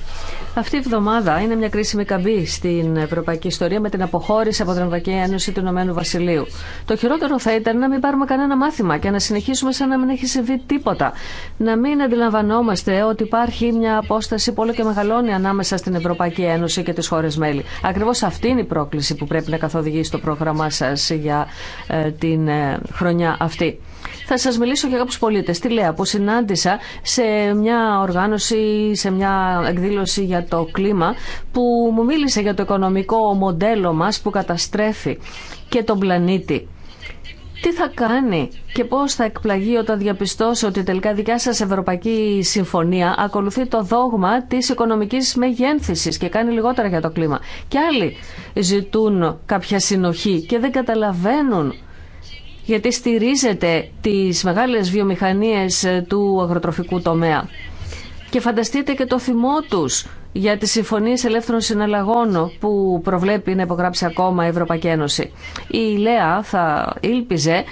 A: Αυτή η εβδομάδα είναι μια κρίσιμη καμπή στην ευρωπαϊκή ιστορία με την αποχώρηση από την Ευρωπαϊκή Ένωση του Ηνωμένου Βασιλείου. Το χειρότερο θα ήταν να μην πάρουμε κανένα μάθημα και να συνεχίσουμε σαν να μην έχει συμβεί τίποτα. Να μην αντιλαμβανόμαστε ότι υπάρχει μια απόσταση που όλο και μεγαλώνει ανάμεσα στην Ευρωπαϊκή Ένωση και τι χώρε μέλη. Ακριβώ αυτή είναι η πρόκληση που πρέπει να καθοδηγήσει το πρόγραμμά σα για ε, την ε, χρονιά αυτή. Θα σας μιλήσω για κάποιου πολίτες. Τι λέω, που συνάντησα σε μια οργάνωση, σε μια εκδήλωση για το κλίμα που μου μίλησε για το οικονομικό μοντέλο μας που καταστρέφει και τον πλανήτη. Τι θα κάνει και πώς θα εκπλαγεί όταν διαπιστώσει ότι τελικά δικιά σας Ευρωπαϊκή Συμφωνία ακολουθεί το δόγμα της οικονομικής μεγένθησης και κάνει λιγότερα για το κλίμα. Και άλλοι ζητούν κάποια συνοχή και δεν καταλαβαίνουν γιατί στηρίζεται τις μεγάλες βιομηχανίες ε, του αγροτροφικού τομέα. Και φανταστείτε και το θυμό τους για τις συμφωνίες ελεύθερων συναλλαγών που προβλέπει να υπογράψει ακόμα η Ευρωπαϊκή Ένωση. Η ΛΕΑ θα ήλπιζε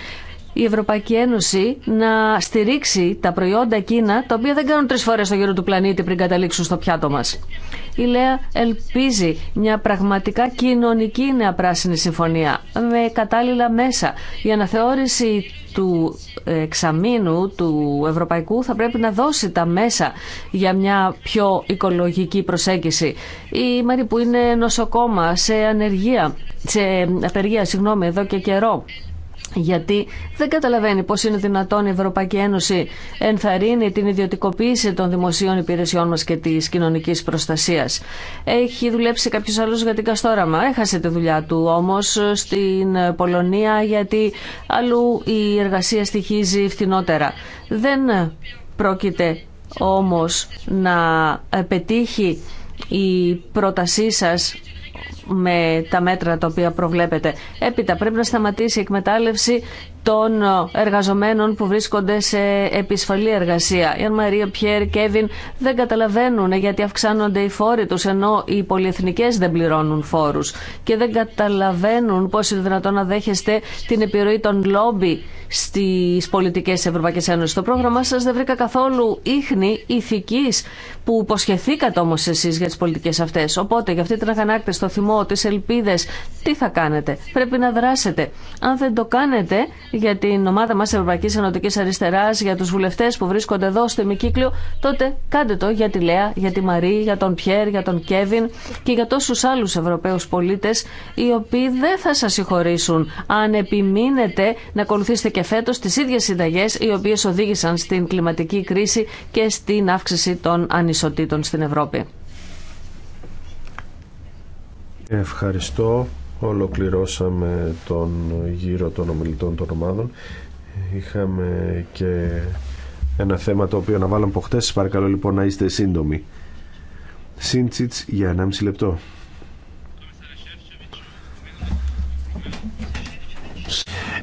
A: η Ευρωπαϊκή Ένωση να στηρίξει τα προϊόντα Κίνα, τα οποία δεν κάνουν τρει φορές στο γύρο του πλανήτη πριν καταλήξουν στο πιάτο μας. Η ΛΕΑ ελπίζει μια πραγματικά κοινωνική νέα πράσινη συμφωνία με κατάλληλα μέσα. Η αναθεώρηση του εξαμήνου του Ευρωπαϊκού θα πρέπει να δώσει τα μέσα για μια πιο οικολογική προσέγγιση. Η Μαρή που είναι νοσοκόμα σε ανεργία, σε απεργία, συγγνώμη, εδώ και καιρό γιατί δεν καταλαβαίνει πώς είναι δυνατόν η Ευρωπαϊκή Ένωση ενθαρρύνει την ιδιωτικοποίηση των δημοσίων υπηρεσιών μας και τη κοινωνικής προστασίας. Έχει δουλέψει κάποιος άλλος για την Καστόραμα. Έχασε τη δουλειά του όμως στην Πολωνία γιατί αλλού η εργασία στοιχίζει φθηνότερα. Δεν πρόκειται όμως να πετύχει η πρότασή σας με τα μέτρα τα οποία προβλέπετε. Έπειτα πρέπει να σταματήσει η εκμετάλλευση των εργαζομένων που βρίσκονται σε επισφαλή εργασία. Η Μαρία, Πιέρ, Κέβιν δεν καταλαβαίνουν γιατί αυξάνονται οι φόροι τους ενώ οι πολυεθνικές δεν πληρώνουν φόρους και δεν καταλαβαίνουν πώς είναι δυνατόν να δέχεστε την επιρροή των λόμπι στις πολιτικές της Ευρωπαϊκής Ένωσης. Το πρόγραμμά σας δεν βρήκα καθόλου ίχνη ηθικής που υποσχεθήκατε όμως εσείς για τις πολιτικές αυτές. Οπότε για αυτή την αγανάκτηση θυμό τι τις ελπίδες, τι θα κάνετε. Πρέπει να δράσετε. Αν δεν το κάνετε για την ομάδα μας Ευρωπαϊκής Ενωτικής Αριστεράς, για τους βουλευτές που βρίσκονται εδώ στο ημικύκλιο, τότε κάντε το για τη Λέα, για τη Μαρή, για τον Πιέρ, για τον Κέβιν και για τόσους άλλους Ευρωπαίους πολίτες, οι οποίοι δεν θα σας συγχωρήσουν αν επιμείνετε να ακολουθήσετε και φέτος τις ίδιες συνταγές οι οποίες οδήγησαν στην κλιματική κρίση και στην αύξηση των ανισοτήτων στην Ευρώπη.
B: Ευχαριστώ. Ολοκληρώσαμε τον γύρο των ομιλητών των ομάδων. Είχαμε και ένα θέμα το οποίο αναβάλαμε από χτες. Παρακαλώ λοιπόν να είστε σύντομοι. Σίντσιτς για 1,5 λεπτό.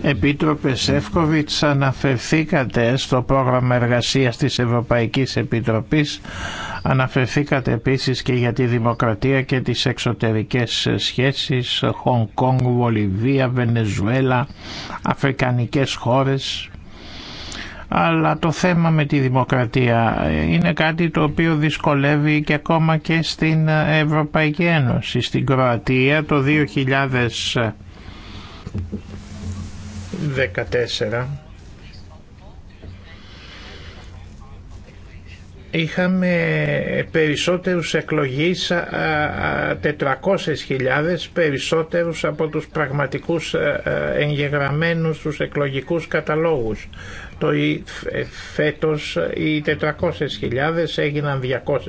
D: Επίτροπε Σεύκοβιτς αναφερθήκατε στο πρόγραμμα εργασίας της Ευρωπαϊκής Επιτροπής αναφερθήκατε επίσης και για τη δημοκρατία και τις εξωτερικές σχέσεις Χονγκ Κόνγκ, Βολιβία, Βενεζουέλα, Αφρικανικές χώρες αλλά το θέμα με τη δημοκρατία είναι κάτι το οποίο δυσκολεύει και ακόμα και στην Ευρωπαϊκή Ένωση. Στην Κροατία το 2000 14 είχαμε περισσότερους εκλογείς 400.000 περισσότερους από τους πραγματικούς εγγεγραμμένους τους εκλογικούς καταλόγους. Το ε, φέτος οι 400.000 έγιναν 200.000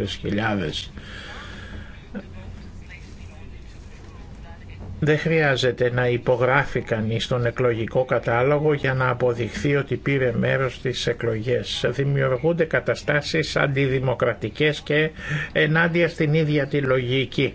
D: Δεν χρειάζεται να υπογράφει κανείς τον εκλογικό κατάλογο για να αποδειχθεί ότι πήρε μέρος στις εκλογές. Δημιουργούνται καταστάσεις αντιδημοκρατικές και ενάντια στην ίδια τη λογική.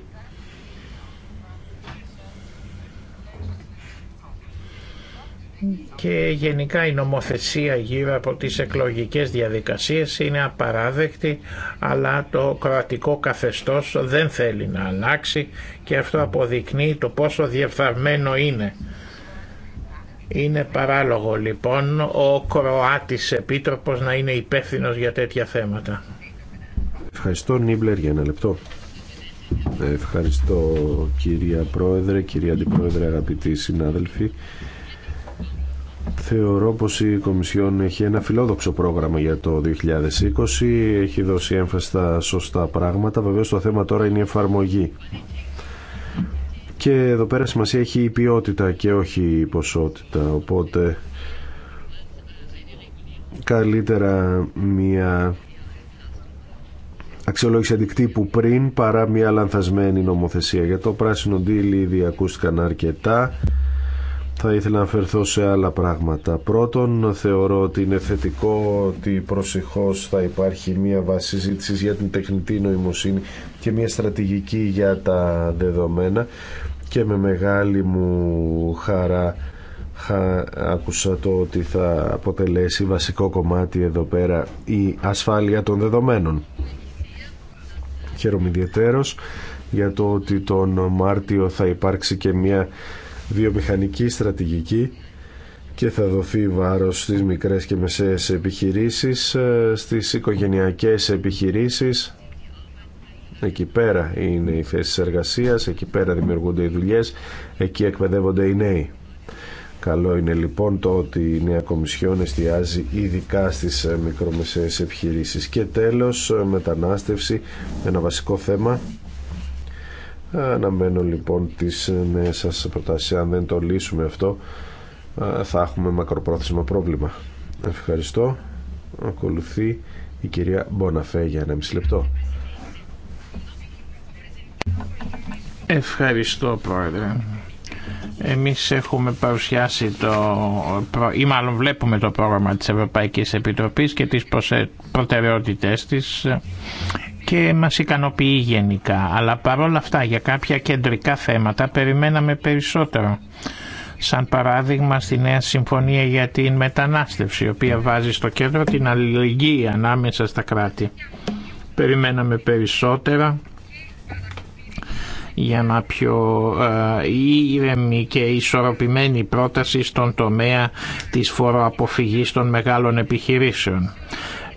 D: και γενικά η νομοθεσία γύρω από τις εκλογικές διαδικασίες είναι απαράδεκτη αλλά το κρατικό καθεστώς δεν θέλει να αλλάξει και αυτό αποδεικνύει το πόσο διεφθαρμένο είναι. Είναι παράλογο λοιπόν ο Κροάτης Επίτροπος να είναι υπεύθυνο για τέτοια θέματα.
B: Ευχαριστώ Νίμπλερ για ένα λεπτό. Ευχαριστώ κυρία Πρόεδρε, κυρία Αντιπρόεδρε, αγαπητοί συνάδελφοι. Θεωρώ πως η Κομισιόν έχει ένα φιλόδοξο πρόγραμμα για το 2020, έχει δώσει έμφαση στα σωστά πράγματα, βεβαίως το θέμα τώρα είναι η εφαρμογή. Και εδώ πέρα σημασία έχει η ποιότητα και όχι η ποσότητα, οπότε καλύτερα μια αξιολόγηση αντικτύπου πριν παρά μια λανθασμένη νομοθεσία. Για το πράσινο ντύλι ήδη ακούστηκαν αρκετά θα ήθελα να αφαιρθώ σε άλλα πράγματα. Πρώτον, θεωρώ ότι είναι θετικό ότι προσεχώς θα υπάρχει μία βάση συζήτηση για την τεχνητή νοημοσύνη και μία στρατηγική για τα δεδομένα και με μεγάλη μου χαρά άκουσα το ότι θα αποτελέσει βασικό κομμάτι εδώ πέρα η ασφάλεια των δεδομένων. Χαίρομαι ιδιαίτερος για το ότι τον Μάρτιο θα υπάρξει και μία βιομηχανική στρατηγική και θα δοθεί βάρος στις μικρές και μεσαίες επιχειρήσεις, ε, στις οικογενειακές επιχειρήσεις. Εκεί πέρα είναι οι θέσει εργασίας, εκεί πέρα δημιουργούνται οι δουλειές, εκεί εκπαιδεύονται οι νέοι. Καλό είναι λοιπόν το ότι η νέα Κομισιόν εστιάζει ειδικά στις ε, μικρομεσαίες επιχειρήσεις. Και τέλος, ε, μετανάστευση, ένα βασικό θέμα Αναμένω λοιπόν τις νέες σας προτάσεις. Αν δεν το λύσουμε αυτό θα έχουμε μακροπρόθεσμα πρόβλημα. Ευχαριστώ. Ακολουθεί η κυρία Μποναφέ για ένα μισή λεπτό.
D: Ευχαριστώ πρόεδρε. Εμείς έχουμε παρουσιάσει το, ή μάλλον βλέπουμε το πρόγραμμα της Ευρωπαϊκής Επιτροπής και τις προτεραιότητές της και μας ικανοποιεί γενικά. Αλλά παρόλα αυτά για κάποια κεντρικά θέματα περιμέναμε περισσότερο. Σαν παράδειγμα στη Νέα Συμφωνία για την Μετανάστευση, η οποία βάζει στο κέντρο την αλληλεγγύη ανάμεσα στα κράτη. Περιμέναμε περισσότερα για να πιο ε, ήρεμη και ισορροπημένη πρόταση στον τομέα της φοροαποφυγής των μεγάλων επιχειρήσεων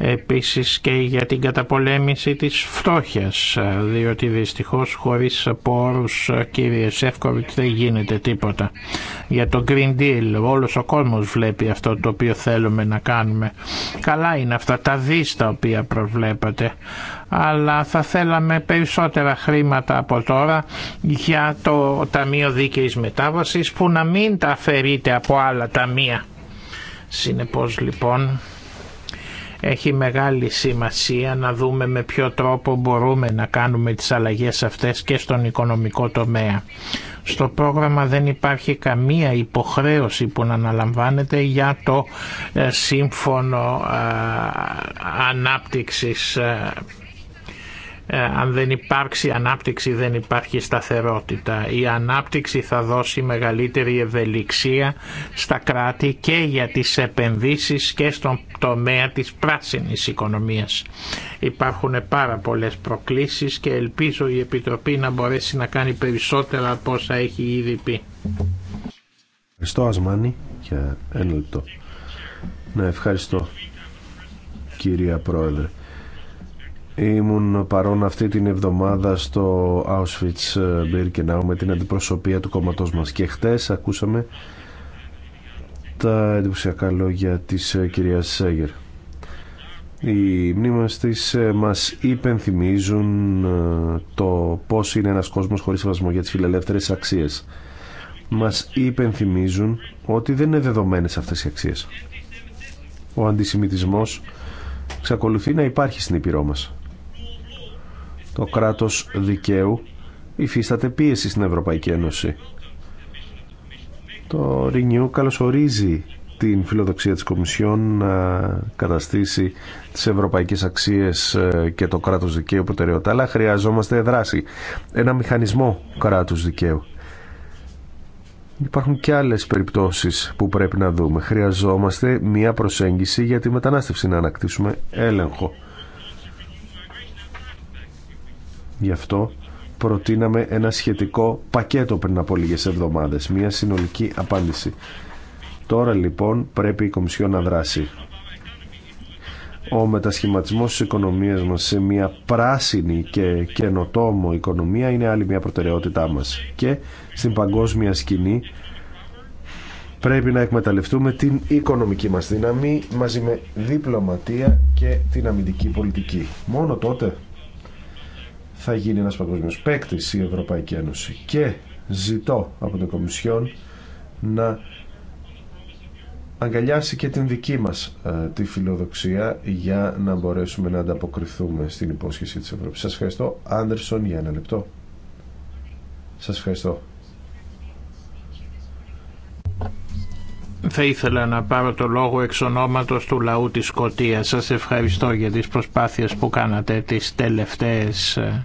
D: επίσης και για την καταπολέμηση της φτώχειας ε, διότι δυστυχώς χωρίς πόρους ε, κύριε Σεύκοβιτ δεν γίνεται τίποτα για το Green Deal όλος ο κόσμος βλέπει αυτό το οποίο θέλουμε να κάνουμε καλά είναι αυτά τα δίστα οποία προβλέπατε αλλά θα θέλαμε περισσότερα χρήματα από τώρα για το Ταμείο Δίκαιης Μετάβασης που να μην τα αφαιρείται από άλλα ταμεία. Συνεπώς λοιπόν έχει μεγάλη σημασία να δούμε με ποιο τρόπο μπορούμε να κάνουμε τις αλλαγές αυτές και στον οικονομικό τομέα. Στο πρόγραμμα δεν υπάρχει καμία υποχρέωση που να αναλαμβάνεται για το ε, σύμφωνο ε, ανάπτυξης ε, ε, αν δεν υπάρξει ανάπτυξη δεν υπάρχει σταθερότητα. Η ανάπτυξη θα δώσει μεγαλύτερη ευελιξία στα κράτη και για τις επενδύσεις και στον τομέα της πράσινης οικονομίας. Υπάρχουν πάρα πολλές προκλήσεις και ελπίζω η Επιτροπή να μπορέσει να κάνει περισσότερα από όσα έχει ήδη πει.
B: Ευχαριστώ Ασμάνη για ένα λεπτό. Ναι, ευχαριστώ κυρία Πρόεδρε. Ήμουν παρόν αυτή την εβδομάδα στο Auschwitz-Birkenau με την αντιπροσωπεία του κόμματός μας και χτες ακούσαμε τα εντυπωσιακά λόγια της ε, κυρίας Σέγερ. Οι μνήμες της ε, μας υπενθυμίζουν ε, το πώς είναι ένας κόσμος χωρίς σεβασμό για τις φιλελεύθερες αξίες. Μας υπενθυμίζουν ότι δεν είναι δεδομένες αυτές οι αξίες. Ο αντισημιτισμός εξακολουθεί να υπάρχει στην Ήπειρό μας το κράτος δικαίου υφίσταται πίεση στην Ευρωπαϊκή Ένωση. Το ΡΙΝΙΟΥ καλωσορίζει την φιλοδοξία της Κομισιόν να καταστήσει τις ευρωπαϊκές αξίες ε, και το κράτος δικαίου προτεραιότητα, αλλά χρειαζόμαστε δράση, ένα μηχανισμό κράτους δικαίου. Υπάρχουν και άλλες περιπτώσεις που πρέπει να δούμε. Χρειαζόμαστε μία προσέγγιση για τη μετανάστευση να ανακτήσουμε έλεγχο. Γι' αυτό προτείναμε ένα σχετικό πακέτο πριν από λίγε εβδομάδε, μια συνολική απάντηση. Τώρα λοιπόν πρέπει η Κομισιόν να δράσει. Ο μετασχηματισμός της οικονομίας μας σε μια πράσινη και καινοτόμο οικονομία είναι άλλη μια προτεραιότητά μας. Και στην παγκόσμια σκηνή πρέπει να εκμεταλλευτούμε την οικονομική μας δύναμη μαζί με διπλωματία και την αμυντική πολιτική. Μόνο τότε θα γίνει ένας παγκόσμιος παίκτη η Ευρωπαϊκή Ένωση και ζητώ από την Κομισιόν να αγκαλιάσει και την δική μας ε, τη φιλοδοξία για να μπορέσουμε να ανταποκριθούμε στην υπόσχεση της Ευρώπης. Σας ευχαριστώ. Άντερσον για ένα λεπτό. Σας ευχαριστώ
D: Θα ήθελα να πάρω το λόγο εξ ονόματος του λαού της Σκωτίας. Σας ευχαριστώ για τις προσπάθειες που κάνατε τις τελευταίες ε,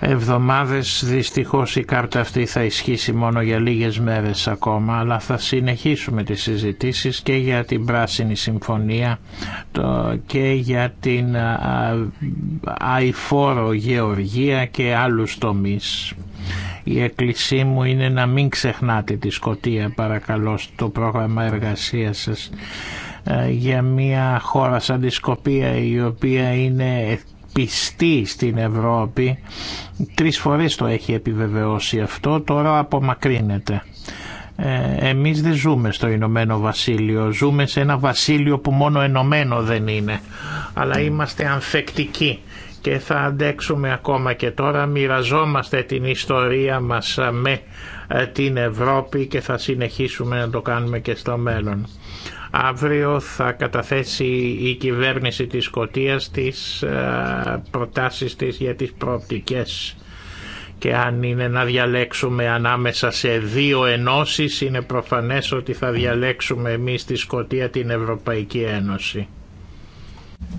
D: εβδομάδες δυστυχώς η κάρτα αυτή θα ισχύσει μόνο για λίγες μέρες ακόμα αλλά θα συνεχίσουμε τις συζητήσεις και για την Πράσινη Συμφωνία και για την αηφόρο γεωργία και άλλους τομείς. Η εκκλησία μου είναι να μην ξεχνάτε τη Σκοτία παρακαλώ στο πρόγραμμα εργασίας σας ε, για μια χώρα σαν τη Σκοπία η οποία είναι πιστή στην Ευρώπη. Τρεις φορές το έχει επιβεβαιώσει αυτό, τώρα απομακρύνεται. Ε, εμείς δεν ζούμε στο Ηνωμένο Βασίλειο, ζούμε σε ένα βασίλειο που μόνο ενωμένο δεν είναι, αλλά ναι. είμαστε ανθεκτικοί και θα αντέξουμε ακόμα και τώρα, μοιραζόμαστε την ιστορία μας ε, με ε, την Ευρώπη και θα συνεχίσουμε να το κάνουμε και στο μέλλον. Αύριο θα καταθέσει η κυβέρνηση της Σκοτίας τις ε, προτάσεις της για τις προοπτικές και αν είναι να διαλέξουμε ανάμεσα σε δύο ενώσεις είναι προφανές ότι θα διαλέξουμε εμείς στη Σκοτία την Ευρωπαϊκή Ένωση.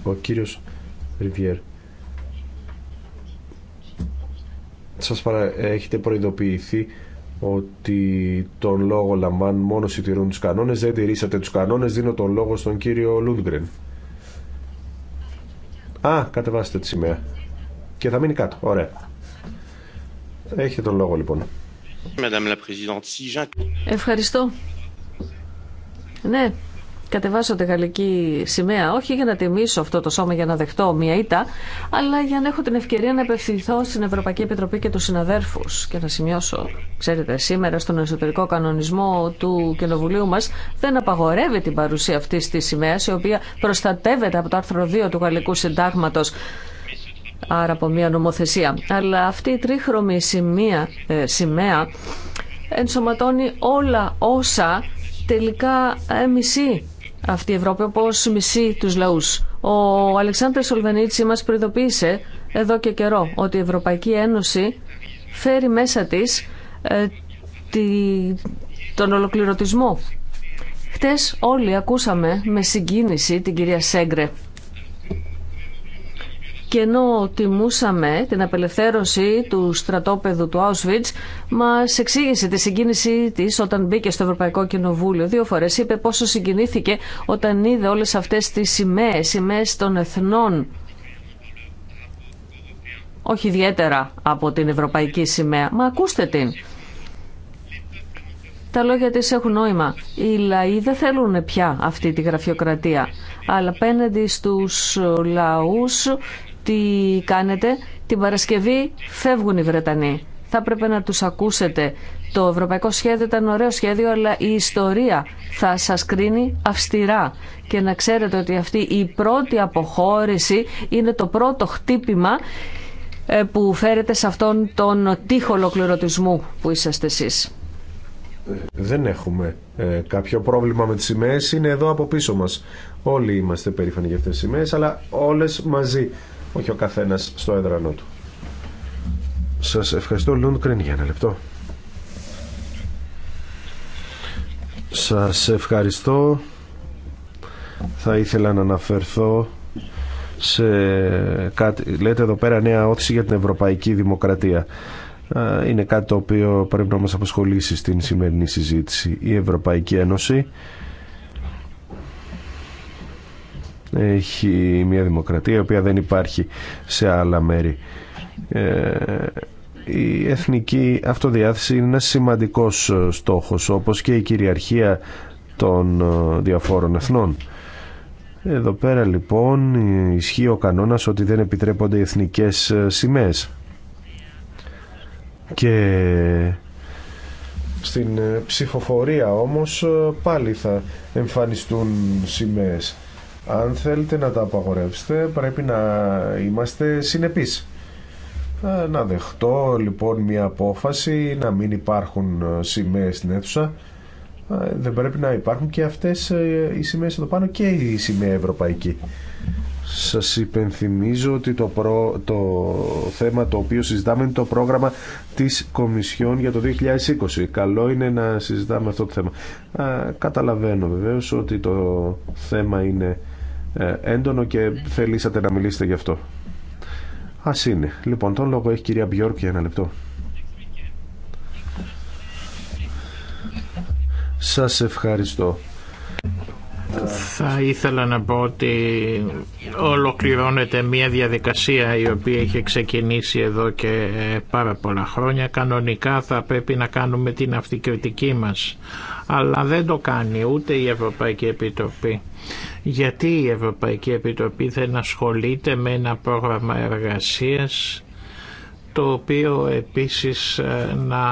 B: Ο κύριος Ριβιέρ, σας παρα... έχετε προειδοποιηθεί ότι τον λόγο λαμβάνουν μόνο τηρούν τους κανόνες, δεν τηρήσατε τους κανόνες, δίνω τον λόγο στον κύριο Λούντγκρεν. Α, κατεβάστε τη σημαία. Και θα μείνει κάτω. Ωραία. Έχετε τον λόγο λοιπόν.
A: Ευχαριστώ. Ναι, κατεβάσω τη γαλλική σημαία, όχι για να τιμήσω αυτό το σώμα για να δεχτώ μια ήττα, αλλά για να έχω την ευκαιρία να απευθυνθώ στην Ευρωπαϊκή Επιτροπή και τους συναδέρφους και να σημειώσω, ξέρετε, σήμερα στον εσωτερικό κανονισμό του Κοινοβουλίου μας δεν απαγορεύει την παρουσία αυτής της σημαίας, η οποία προστατεύεται από το άρθρο 2 του Γαλλικού Συντάγματος άρα από μια νομοθεσία. Αλλά αυτή η τρίχρωμη σημεία, ε, σημαία ενσωματώνει όλα όσα τελικά μισή αυτή η Ευρώπη όπως μισεί τους λαού, Ο Αλεξάνδρ Σολβενίτσι μας προειδοποίησε εδώ και καιρό ότι η Ευρωπαϊκή Ένωση φέρει μέσα της ε, τη, τον ολοκληρωτισμό. Χτες όλοι ακούσαμε με συγκίνηση την κυρία Σέγκρε και ενώ τιμούσαμε την απελευθέρωση του στρατόπεδου του Auschwitz, μας εξήγησε τη συγκίνησή της όταν μπήκε στο Ευρωπαϊκό Κοινοβούλιο. Δύο φορές είπε πόσο συγκινήθηκε όταν είδε όλες αυτές τις σημαίε, σημαίε των εθνών όχι ιδιαίτερα από την ευρωπαϊκή σημαία. Μα ακούστε την. Τα λόγια της έχουν νόημα. Οι λαοί δεν θέλουν πια αυτή τη γραφειοκρατία. Αλλά απέναντι στους λαούς τι κάνετε. Την Παρασκευή φεύγουν οι Βρετανοί. Θα πρέπει να τους ακούσετε. Το ευρωπαϊκό σχέδιο ήταν ωραίο σχέδιο, αλλά η ιστορία θα σας κρίνει αυστηρά. Και να ξέρετε ότι αυτή η πρώτη αποχώρηση είναι το πρώτο χτύπημα ε, που φέρετε σε αυτόν τον τείχο ολοκληρωτισμού που είσαστε εσείς.
B: Δεν έχουμε ε, κάποιο πρόβλημα με τις σημαίες, είναι εδώ από πίσω μας. Όλοι είμαστε περήφανοι για αυτές τις σημαίες, αλλά όλες μαζί όχι ο καθένας στο έδρανό του. Σας ευχαριστώ Λούντκριν για ένα λεπτό. Σας ευχαριστώ. Θα ήθελα να αναφερθώ σε κάτι, λέτε εδώ πέρα νέα όθηση για την ευρωπαϊκή δημοκρατία. Είναι κάτι το οποίο πρέπει να μας αποσχολήσει στην σημερινή συζήτηση. Η Ευρωπαϊκή Ένωση έχει μια δημοκρατία η οποία δεν υπάρχει σε άλλα μέρη. Ε, η εθνική αυτοδιάθεση είναι ένας σημαντικός ε, στόχος όπως και η κυριαρχία των ε, διαφόρων εθνών. Εδώ πέρα λοιπόν ισχύει ο κανόνας ότι δεν επιτρέπονται οι εθνικές σημαίες. Και στην ψηφοφορία όμως πάλι θα εμφανιστούν σημαίες. Αν θέλετε να τα απαγορεύσετε πρέπει να είμαστε συνεπείς. Ε, να δεχτώ λοιπόν μια απόφαση να μην υπάρχουν ε, σημαίες στην αίθουσα. Ε, δεν πρέπει να υπάρχουν και αυτές οι σημαίες εδώ πάνω και η σημαία ευρωπαϊκή. Σας υπενθυμίζω ότι το, το θέμα το οποίο συζητάμε είναι το πρόγραμμα της Κομισιόν για το 2020. Καλό είναι να συζητάμε αυτό το θέμα. Α, καταλαβαίνω βεβαίως ότι το θέμα είναι ε, έντονο και θελήσατε να μιλήσετε γι' αυτό. Α είναι. Λοιπόν, τον λόγο έχει η κυρία Μπιόρκ για ένα λεπτό. Σας ευχαριστώ.
D: Θα ήθελα να πω ότι ολοκληρώνεται μια διαδικασία η οποία είχε ξεκινήσει εδώ και ε, πάρα πολλά χρόνια. Κανονικά θα πρέπει να κάνουμε την αυτοκριτική μας, αλλά δεν το κάνει ούτε η Ευρωπαϊκή Επιτροπή γιατί η Ευρωπαϊκή Επιτροπή δεν ασχολείται με ένα πρόγραμμα εργασίας το οποίο επίσης ε, να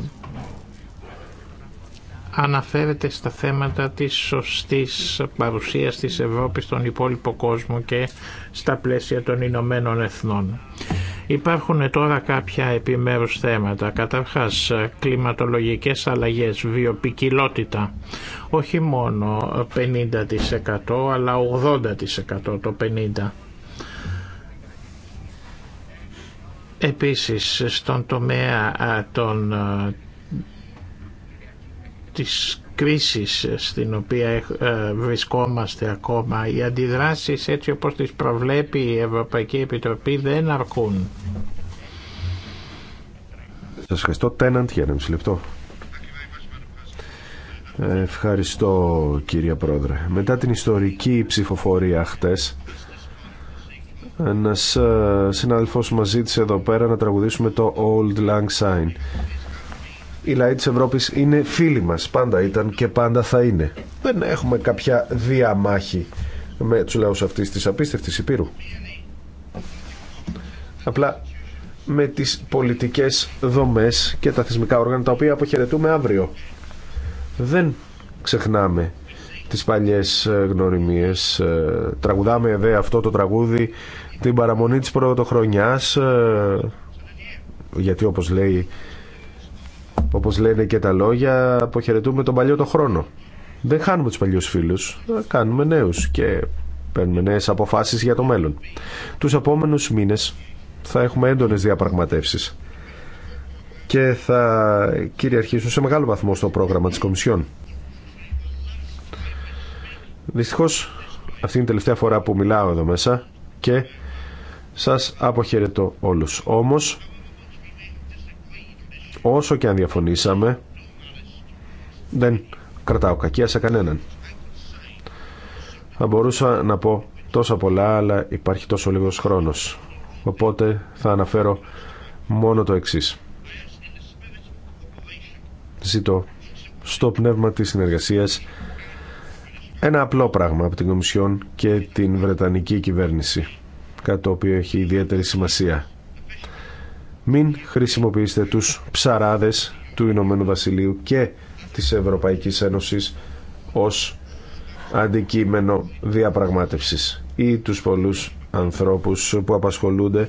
D: ε, αναφέρεται στα θέματα της σωστής παρουσίας της Ευρώπης στον υπόλοιπο κόσμο και στα πλαίσια των Ηνωμένων Εθνών. Υπάρχουν τώρα κάποια επιμέρους θέματα. Καταρχάς, κλιματολογικές αλλαγές, βιοπικιλότητα. Όχι μόνο 50% αλλά 80% το 50%. Επίσης στον τομέα των, της κρίσης στην οποία ε, βρισκόμαστε ακόμα, οι αντιδράσεις έτσι όπως τις προβλέπει η Ευρωπαϊκή Επιτροπή δεν αρκούν.
B: Σας ευχαριστώ. Τέναντ για ένα λεπτό. Ευχαριστώ κύριε Πρόεδρε. Μετά την ιστορική ψηφοφορία χτες, ένας ε, συνάδελφός μας ζήτησε εδώ πέρα να τραγουδήσουμε το Old Lang Syne οι λαοί της Ευρώπης είναι φίλοι μας, πάντα ήταν και πάντα θα είναι. Δεν έχουμε κάποια διαμάχη με τους λαούς αυτής της απίστευτης Υπήρου. Απλά με τις πολιτικές δομές και τα θεσμικά όργανα τα οποία αποχαιρετούμε αύριο. Δεν ξεχνάμε τις παλιές ε, γνωριμίες. Ε, τραγουδάμε εδώ αυτό το τραγούδι την παραμονή της χρονιάς ε, γιατί όπως λέει όπως λένε και τα λόγια, αποχαιρετούμε τον παλιό το χρόνο. Δεν χάνουμε τους παλιούς φίλους, κάνουμε νέους και παίρνουμε νέες αποφάσεις για το μέλλον. Τους επόμενους μήνες θα έχουμε έντονες διαπραγματεύσεις και θα κυριαρχήσουν σε μεγάλο βαθμό στο πρόγραμμα της Κομισιόν. Δυστυχώς αυτή είναι η τελευταία φορά που μιλάω εδώ μέσα και σας αποχαιρετώ όλους. Όμως Όσο και αν διαφωνήσαμε, δεν κρατάω κακία σε κανέναν. Θα μπορούσα να πω τόσα πολλά, αλλά υπάρχει τόσο λίγος χρόνος. Οπότε θα αναφέρω μόνο το εξής. Ζητώ στο πνεύμα της συνεργασίας ένα απλό πράγμα από την Κομισιόν και την Βρετανική κυβέρνηση, κάτι το οποίο έχει ιδιαίτερη σημασία μην χρησιμοποιήσετε τους ψαράδες του Ηνωμένου Βασιλείου και της Ευρωπαϊκής Ένωσης ως αντικείμενο διαπραγμάτευσης ή τους πολλούς ανθρώπους που απασχολούνται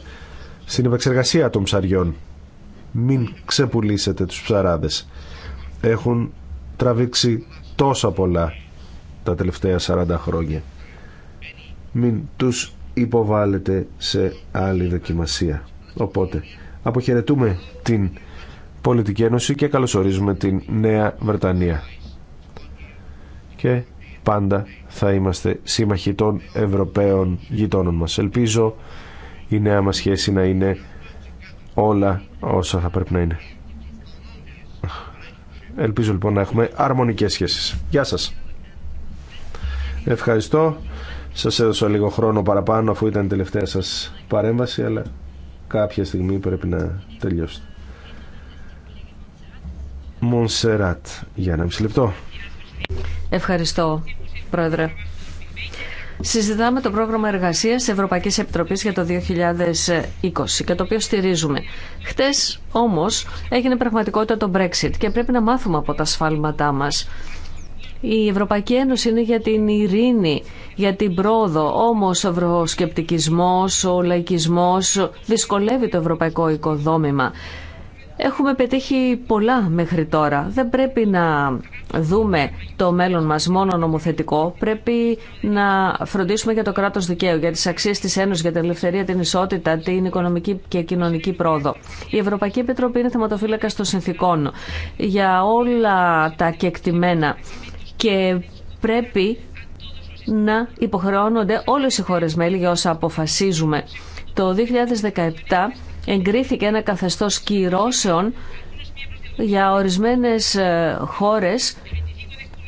B: στην επεξεργασία των ψαριών. Μην ξεπουλήσετε τους ψαράδες. Έχουν τραβήξει τόσα πολλά τα τελευταία 40 χρόνια. Μην τους υποβάλλετε σε άλλη δοκιμασία. Οπότε αποχαιρετούμε την Πολιτική Ένωση και καλωσορίζουμε την Νέα Βρετανία. Και πάντα θα είμαστε σύμμαχοι των Ευρωπαίων γειτόνων μας. Ελπίζω η νέα μας σχέση να είναι όλα όσα θα πρέπει να είναι. Ελπίζω λοιπόν να έχουμε αρμονικές σχέσεις. Γεια σας. Ευχαριστώ. Σας έδωσα λίγο χρόνο παραπάνω αφού ήταν η τελευταία σας παρέμβαση, κάποια στιγμή πρέπει να τελειώσει. Μονσεράτ, για ένα μισή λεπτό.
A: Ευχαριστώ, Πρόεδρε. Συζητάμε το πρόγραμμα εργασίας Ευρωπαϊκής Επιτροπής για το 2020 και το οποίο στηρίζουμε. Χτες όμως έγινε πραγματικότητα το Brexit και πρέπει να μάθουμε από τα σφάλματά μας. Η Ευρωπαϊκή Ένωση είναι για την ειρήνη, για την πρόοδο. Όμω ο ευρωσκεπτικισμό, ο λαϊκισμός δυσκολεύει το ευρωπαϊκό οικοδόμημα. Έχουμε πετύχει πολλά μέχρι τώρα. Δεν πρέπει να δούμε το μέλλον μας μόνο νομοθετικό. Πρέπει να φροντίσουμε για το κράτος δικαίου, για τις αξίες της Ένωσης, για την ελευθερία, την ισότητα, την οικονομική και κοινωνική πρόοδο. Η Ευρωπαϊκή Επιτροπή είναι θεματοφύλακα των συνθήκων για όλα τα κεκτημένα και πρέπει να υποχρεώνονται όλες οι χώρες μέλη για όσα αποφασίζουμε. Το 2017 εγκρίθηκε ένα καθεστώς κυρώσεων για ορισμένες ε, χώρες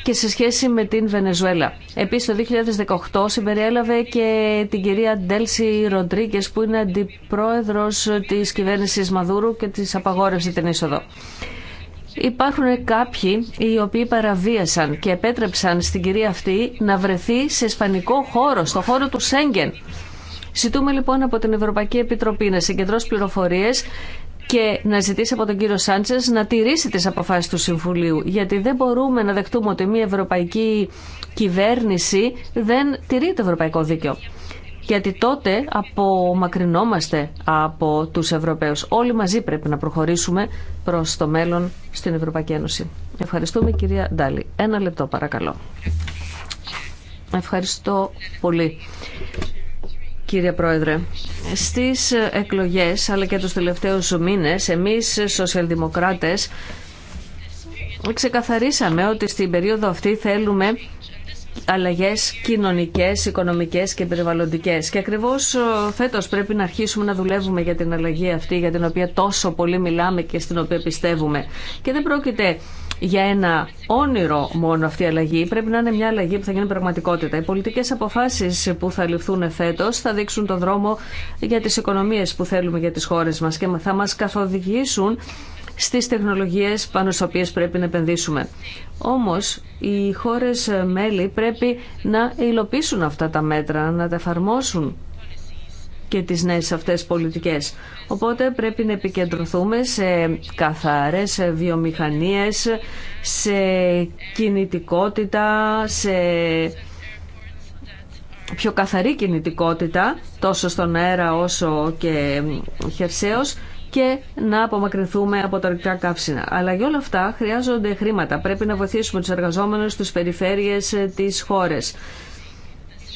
A: και σε σχέση με την Βενεζουέλα. Επίσης το 2018 συμπεριέλαβε και την κυρία Ντέλση Ροντρίγκες που είναι αντιπρόεδρος της κυβέρνησης Μαδούρου και της απαγόρευσε την είσοδο. Υπάρχουν κάποιοι οι οποίοι παραβίασαν και επέτρεψαν στην κυρία αυτή να βρεθεί σε ισπανικό χώρο, στο χώρο του Σέγγεν. Ζητούμε λοιπόν από την Ευρωπαϊκή Επιτροπή να συγκεντρώσει πληροφορίε και να ζητήσει από τον κύριο Σάντσε να τηρήσει τι αποφάσει του Συμβουλίου. Γιατί δεν μπορούμε να δεχτούμε ότι μια ευρωπαϊκή κυβέρνηση δεν τηρεί το ευρωπαϊκό δίκαιο γιατί τότε απομακρυνόμαστε από τους Ευρωπαίους. Όλοι μαζί πρέπει να προχωρήσουμε προς το μέλλον στην Ευρωπαϊκή Ένωση. Ευχαριστούμε κυρία Ντάλη. Ένα λεπτό παρακαλώ. Ευχαριστώ πολύ. Κύριε Πρόεδρε, στις εκλογές αλλά και τους τελευταίους μήνες εμείς σοσιαλδημοκράτες ξεκαθαρίσαμε ότι στην περίοδο αυτή θέλουμε αλλαγές κοινωνικές, οικονομικές και περιβαλλοντικές. Και ακριβώς ε, φέτος πρέπει να αρχίσουμε να δουλεύουμε για την αλλαγή αυτή, για την οποία τόσο πολύ μιλάμε και στην οποία πιστεύουμε. Και δεν πρόκειται για ένα όνειρο μόνο αυτή η αλλαγή. Πρέπει να είναι μια αλλαγή που θα γίνει πραγματικότητα. Οι πολιτικέ αποφάσει που θα ληφθούν φέτο θα δείξουν τον δρόμο για τι οικονομίε που θέλουμε για τι χώρε μα και θα μα καθοδηγήσουν στις τεχνολογίες πάνω στις οποίες πρέπει να επενδύσουμε. Όμως οι χώρες ε, μέλη πρέπει να υλοποιήσουν αυτά τα μέτρα, να τα εφαρμόσουν και τις νέες αυτές πολιτικές. Οπότε πρέπει να επικεντρωθούμε σε καθαρές ε, βιομηχανίες, σε κινητικότητα, σε πιο καθαρή κινητικότητα, τόσο στον αέρα όσο και ε, χερσαίος και να απομακρυνθούμε από τα ορυκτά καύσινα. Αλλά για όλα αυτά χρειάζονται χρήματα. Πρέπει να βοηθήσουμε τους εργαζόμενους, στις περιφέρειες, ε, της χώρες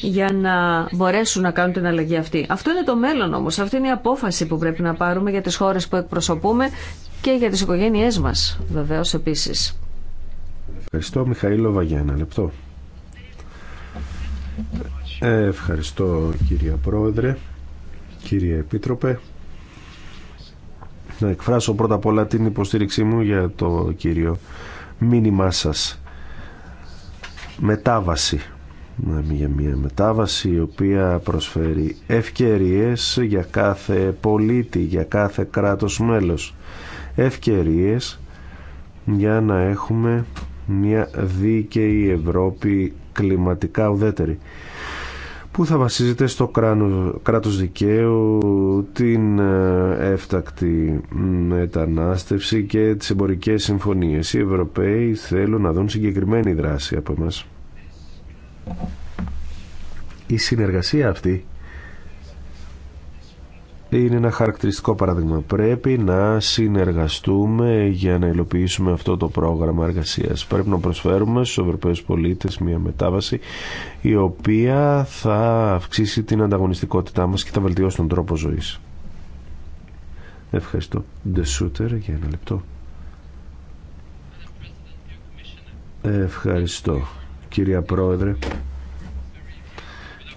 A: για να μπορέσουν να κάνουν την αλλαγή αυτή. Αυτό είναι το μέλλον όμως. Αυτή είναι η απόφαση που πρέπει να πάρουμε για τις χώρες που εκπροσωπούμε και για τις οικογένειές μας βεβαίως επίσης.
B: Ευχαριστώ Μιχαήλο για λεπτό. Ε, ευχαριστώ κύριε Πρόεδρε, κύριε Επίτροπε να εκφράσω πρώτα απ' όλα την υποστήριξή μου για το κύριο μήνυμά σας. Μετάβαση. Για μια μετάβαση η οποία προσφέρει ευκαιρίες για κάθε πολίτη, για κάθε κράτος μέλος. Ευκαιρίες για να έχουμε μια δίκαιη Ευρώπη κλιματικά ουδέτερη που θα βασίζεται στο κράτος δικαίου, την ε, έφτακτη μετανάστευση και τις εμπορικές συμφωνίες. Οι Ευρωπαίοι θέλουν να δουν συγκεκριμένη δράση από εμάς. Η συνεργασία αυτή είναι ένα χαρακτηριστικό παράδειγμα. Πρέπει να συνεργαστούμε για να υλοποιήσουμε αυτό το πρόγραμμα εργασία. Πρέπει να προσφέρουμε στους Ευρωπαίους πολίτες μια μετάβαση η οποία θα αυξήσει την ανταγωνιστικότητά μας και θα βελτιώσει τον τρόπο ζωής. Ευχαριστώ. shooter, για ένα λεπτό. Ευχαριστώ. Κυρία Πρόεδρε,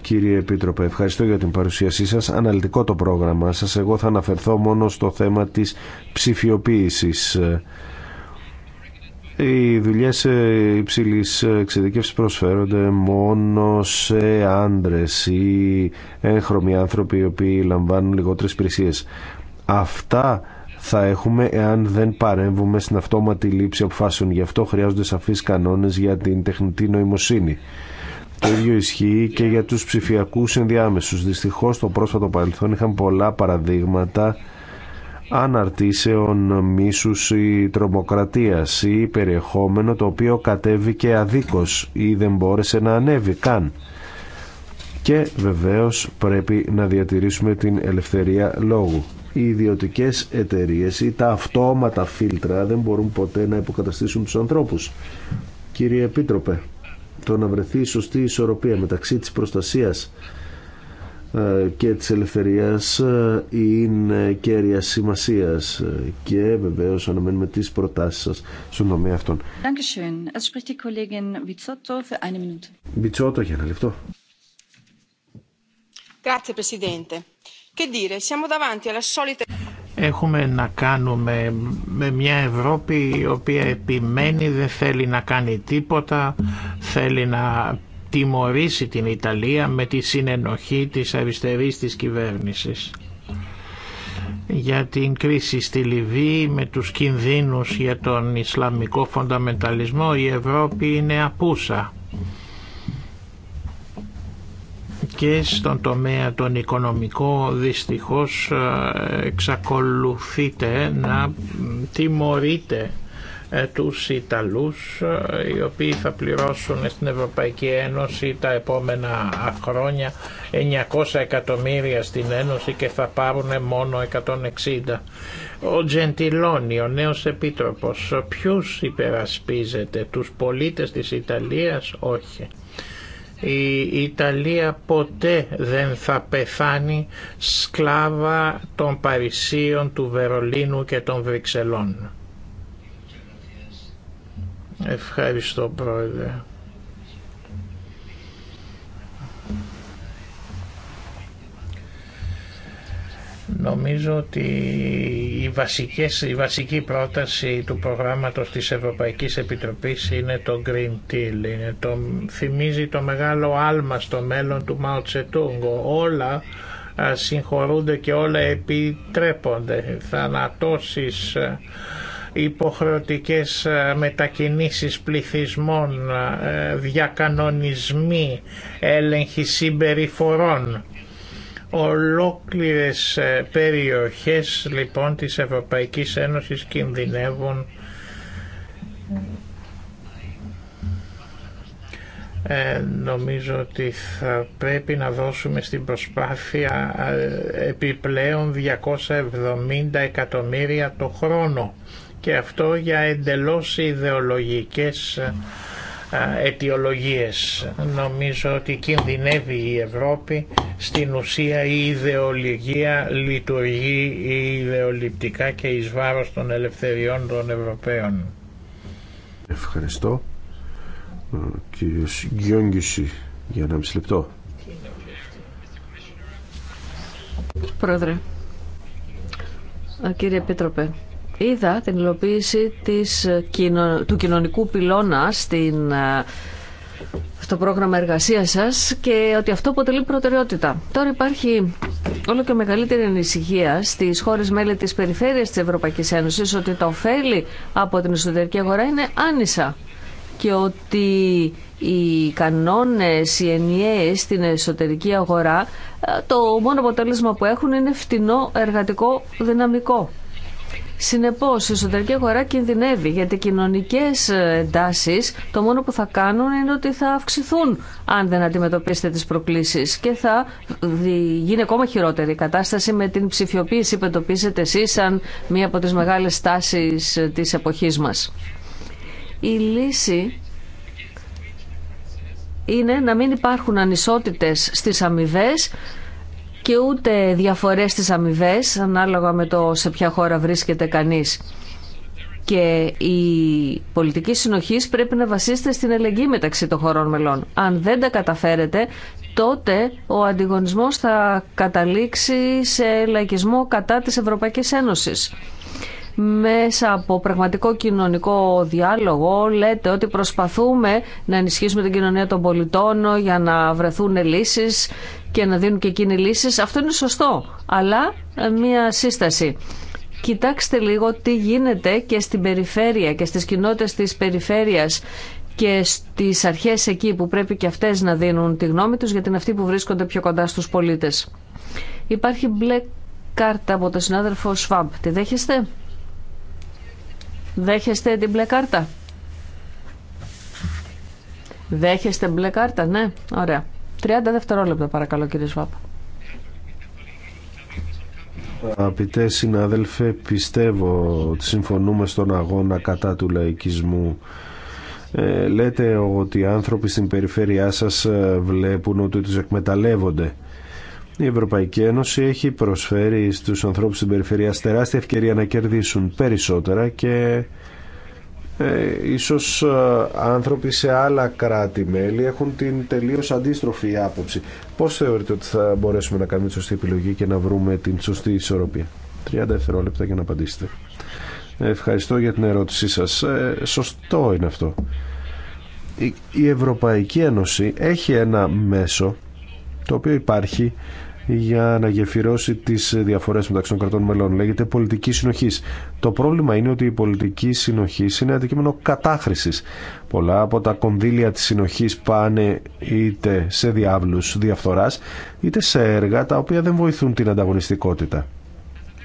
B: Κύριε Επίτροπε, ευχαριστώ για την παρουσίασή σας. Αναλυτικό το πρόγραμμα σας. Εγώ θα αναφερθώ μόνο στο θέμα τη ψηφιοποίηση. Οι δουλειέ ε, υψηλή εξειδικεύση προσφέρονται μόνο σε άντρε ή έγχρωμοι άνθρωποι οι οποίοι λαμβάνουν λιγότερε υπηρεσίε. Αυτά θα έχουμε εάν δεν παρέμβουμε στην αυτόματη λήψη αποφάσεων. Γι' αυτό χρειάζονται σαφεί κανόνε για την τεχνητή νοημοσύνη. Το ίδιο ισχύει και για τους ψηφιακούς ενδιάμεσους. Δυστυχώς το πρόσφατο παρελθόν είχαν πολλά παραδείγματα αναρτήσεων μίσους ή τρομοκρατίας ή περιεχόμενο το οποίο κατέβηκε αδίκως ή δεν μπόρεσε να ανέβει καν. Και βεβαίως πρέπει να διατηρήσουμε την ελευθερία λόγου. Οι ιδιωτικέ εταιρείε ή τα αυτόματα φίλτρα δεν μπορούν ποτέ να υποκαταστήσουν τους ανθρώπους. Κύριε Επίτροπε, το να βρεθεί η σωστή ισορροπία μεταξύ της προστασίας ε, και της ελευθερίας ε, είναι κέρια σημασίας και βεβαίως αναμένουμε τις προτάσεις σας στον τομέα αυτών. Μπιτσότο για ένα λεπτό
D: έχουμε να κάνουμε με μια Ευρώπη η οποία επιμένει, δεν θέλει να κάνει τίποτα, θέλει να τιμωρήσει την Ιταλία με τη συνενοχή της αριστερής της κυβέρνησης για την κρίση στη Λιβύη με τους κινδύνους για τον Ισλαμικό φονταμενταλισμό η Ευρώπη είναι απούσα και στον τομέα τον οικονομικό δυστυχώς ε, εξακολουθείτε να τιμωρείτε ε, τους Ιταλούς ε, οι οποίοι θα πληρώσουν στην Ευρωπαϊκή Ένωση τα επόμενα χρόνια 900 εκατομμύρια στην Ένωση και θα πάρουν μόνο 160. Ο Τζεντιλόνι, ο νέος επίτροπος, ποιους υπερασπίζεται, τους πολίτες της Ιταλίας, όχι. Η Ιταλία ποτέ δεν θα πεθάνει σκλάβα των Παρισίων, του Βερολίνου και των Βρυξελών. Ευχαριστώ πρόεδρε. Νομίζω ότι η, βασικές, η βασική πρόταση του προγράμματος της Ευρωπαϊκής Επιτροπής είναι το Green Deal. το, θυμίζει το μεγάλο άλμα στο μέλλον του Μαουτσετούγκο. Όλα συγχωρούνται και όλα επιτρέπονται. Θανατώσεις, υποχρεωτικές μετακινήσεις πληθυσμών, διακανονισμοί, έλεγχοι συμπεριφορών Ολόκληρες ε, περιοχές λοιπόν της Ευρωπαϊκής Ένωσης κινδυνεύουν ε, νομίζω ότι θα πρέπει να δώσουμε στην προσπάθεια ε, επιπλέον 270 εκατομμύρια το χρόνο και αυτό για εντελώς ιδεολογικές ε, αιτιολογίες. Νομίζω ότι κινδυνεύει η Ευρώπη, στην ουσία η ιδεολογία λειτουργεί ιδεολειπτικά και εις βάρος των ελευθεριών των Ευρωπαίων.
B: Ευχαριστώ. κύριος Γιόγκιση για ένα μισή λεπτό.
A: Πρόεδρε, κύριε Επίτροπε, είδα την υλοποίηση της, του κοινωνικού πυλώνα στην, ε, στο πρόγραμμα εργασίας σας και ότι αυτό αποτελεί προτεραιότητα. Τώρα υπάρχει όλο και μεγαλύτερη ανησυχία στις χώρες μέλη της περιφέρειας της Ευρωπαϊκής Ένωσης ότι τα ωφέλη από την εσωτερική αγορά είναι άνισα και ότι οι κανόνες, οι ενιαίες στην εσωτερική αγορά ε, το μόνο αποτέλεσμα που έχουν είναι φτηνό εργατικό δυναμικό. Συνεπώς, η εσωτερική αγορά κινδυνεύει γιατί οι κοινωνικές εντάσεις το μόνο που θα κάνουν είναι ότι θα αυξηθούν αν δεν αντιμετωπίσετε τις προκλήσεις και θα γίνει ακόμα χειρότερη η κατάσταση με την ψηφιοποίηση που εντοπίζετε εσείς σαν μία από τις μεγάλες τάσεις της εποχής μας. Η λύση είναι να μην υπάρχουν ανισότητες στις αμοιβέ και ούτε διαφορές στις αμοιβέ ανάλογα με το σε ποια χώρα βρίσκεται κανείς. Και η πολιτική συνοχής πρέπει να βασίζεται στην ελεγγύη μεταξύ των χωρών μελών. Αν δεν τα καταφέρετε, τότε ο αντιγωνισμός θα καταλήξει σε λαϊκισμό κατά της Ευρωπαϊκής Ένωσης. Μέσα από πραγματικό κοινωνικό διάλογο λέτε ότι προσπαθούμε να ενισχύσουμε την κοινωνία των πολιτών για να βρεθούν λύσεις και να δίνουν και εκείνοι λύσει. Αυτό είναι σωστό, αλλά ε, μία σύσταση. Κοιτάξτε λίγο τι γίνεται και στην περιφέρεια και στις κοινότητες της περιφέρειας και στις αρχές εκεί που πρέπει και αυτές να δίνουν τη γνώμη τους γιατί είναι αυτοί που βρίσκονται πιο κοντά στους πολίτες. Υπάρχει μπλε κάρτα από τον συνάδελφο Σφαμπ. Τη δέχεστε? Δέχεστε την μπλε κάρτα? Δέχεστε μπλε κάρτα, ναι. Ωραία. 30 δευτερόλεπτα παρακαλώ κύριε Σβάπ.
B: Αγαπητέ συνάδελφε, πιστεύω ότι συμφωνούμε στον αγώνα κατά του λαϊκισμού. Ε, λέτε ότι οι άνθρωποι στην περιφέρειά σας ε, βλέπουν ότι τους εκμεταλλεύονται. Η Ευρωπαϊκή Ένωση έχει προσφέρει στους ανθρώπους στην περιφέρεια τεράστια ευκαιρία να κερδίσουν περισσότερα και ε, ίσως ε, άνθρωποι σε άλλα κράτη-μέλη έχουν την τελείως αντίστροφη άποψη. Πώς θεωρείτε ότι θα μπορέσουμε να κάνουμε τη σωστή επιλογή και να βρούμε την σωστή ισορροπία. 30 δευτερόλεπτα για να απαντήσετε. Ευχαριστώ για την ερώτησή σας. Ε, σωστό είναι αυτό. Η Ευρωπαϊκή Ένωση έχει ένα μέσο το οποίο υπάρχει για να γεφυρώσει τις διαφορές μεταξύ των κρατών μελών. Λέγεται πολιτική συνοχή. Το πρόβλημα είναι ότι η πολιτική συνοχή είναι αντικείμενο κατάχρηση. Πολλά από τα κονδύλια της συνοχή πάνε είτε σε διάβλους διαφθοράς, είτε σε έργα τα οποία δεν βοηθούν την ανταγωνιστικότητα.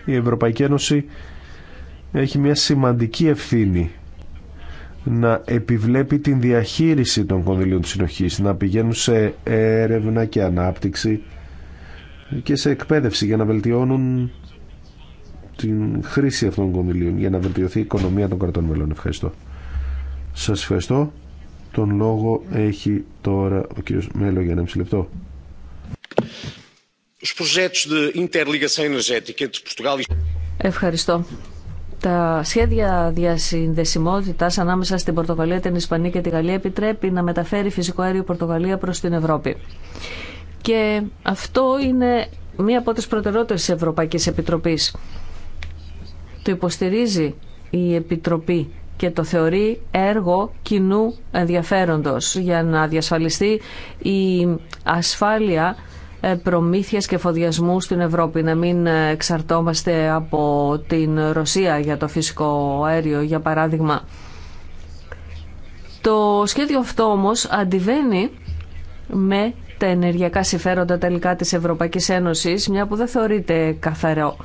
B: Η Ευρωπαϊκή Ένωση έχει μια σημαντική ευθύνη να επιβλέπει την διαχείριση των κονδυλίων της συνοχής, να πηγαίνουν σε έρευνα και ανάπτυξη και σε εκπαίδευση για να βελτιώνουν την χρήση αυτών των κονδυλίων για να βελτιωθεί η οικονομία των κρατών μελών. Ευχαριστώ. Σα ευχαριστώ. Τον λόγο έχει τώρα ο κύριο Μέλο για ένα μισή λεπτό. E-
A: ευχαριστώ. Τα σχέδια διασυνδεσιμότητας ανάμεσα στην Πορτογαλία, την Ισπανία και τη Γαλλία επιτρέπει να μεταφέρει φυσικό αέριο Πορτογαλία προ την Ευρώπη. Και αυτό είναι μία από τις προτεραιότητες της Ευρωπαϊκής Επιτροπής. Το υποστηρίζει η Επιτροπή και το θεωρεί έργο κοινού ενδιαφέροντος για να διασφαλιστεί η ασφάλεια ε, προμήθειας και φοδιασμού στην Ευρώπη, να μην εξαρτώμαστε από την Ρωσία για το φυσικό αέριο, για παράδειγμα. Το σχέδιο αυτό όμως αντιβαίνει με τα ενεργειακά συμφέροντα τελικά της Ευρωπαϊκής Ένωσης, μια που δεν θεωρείται καθαρό.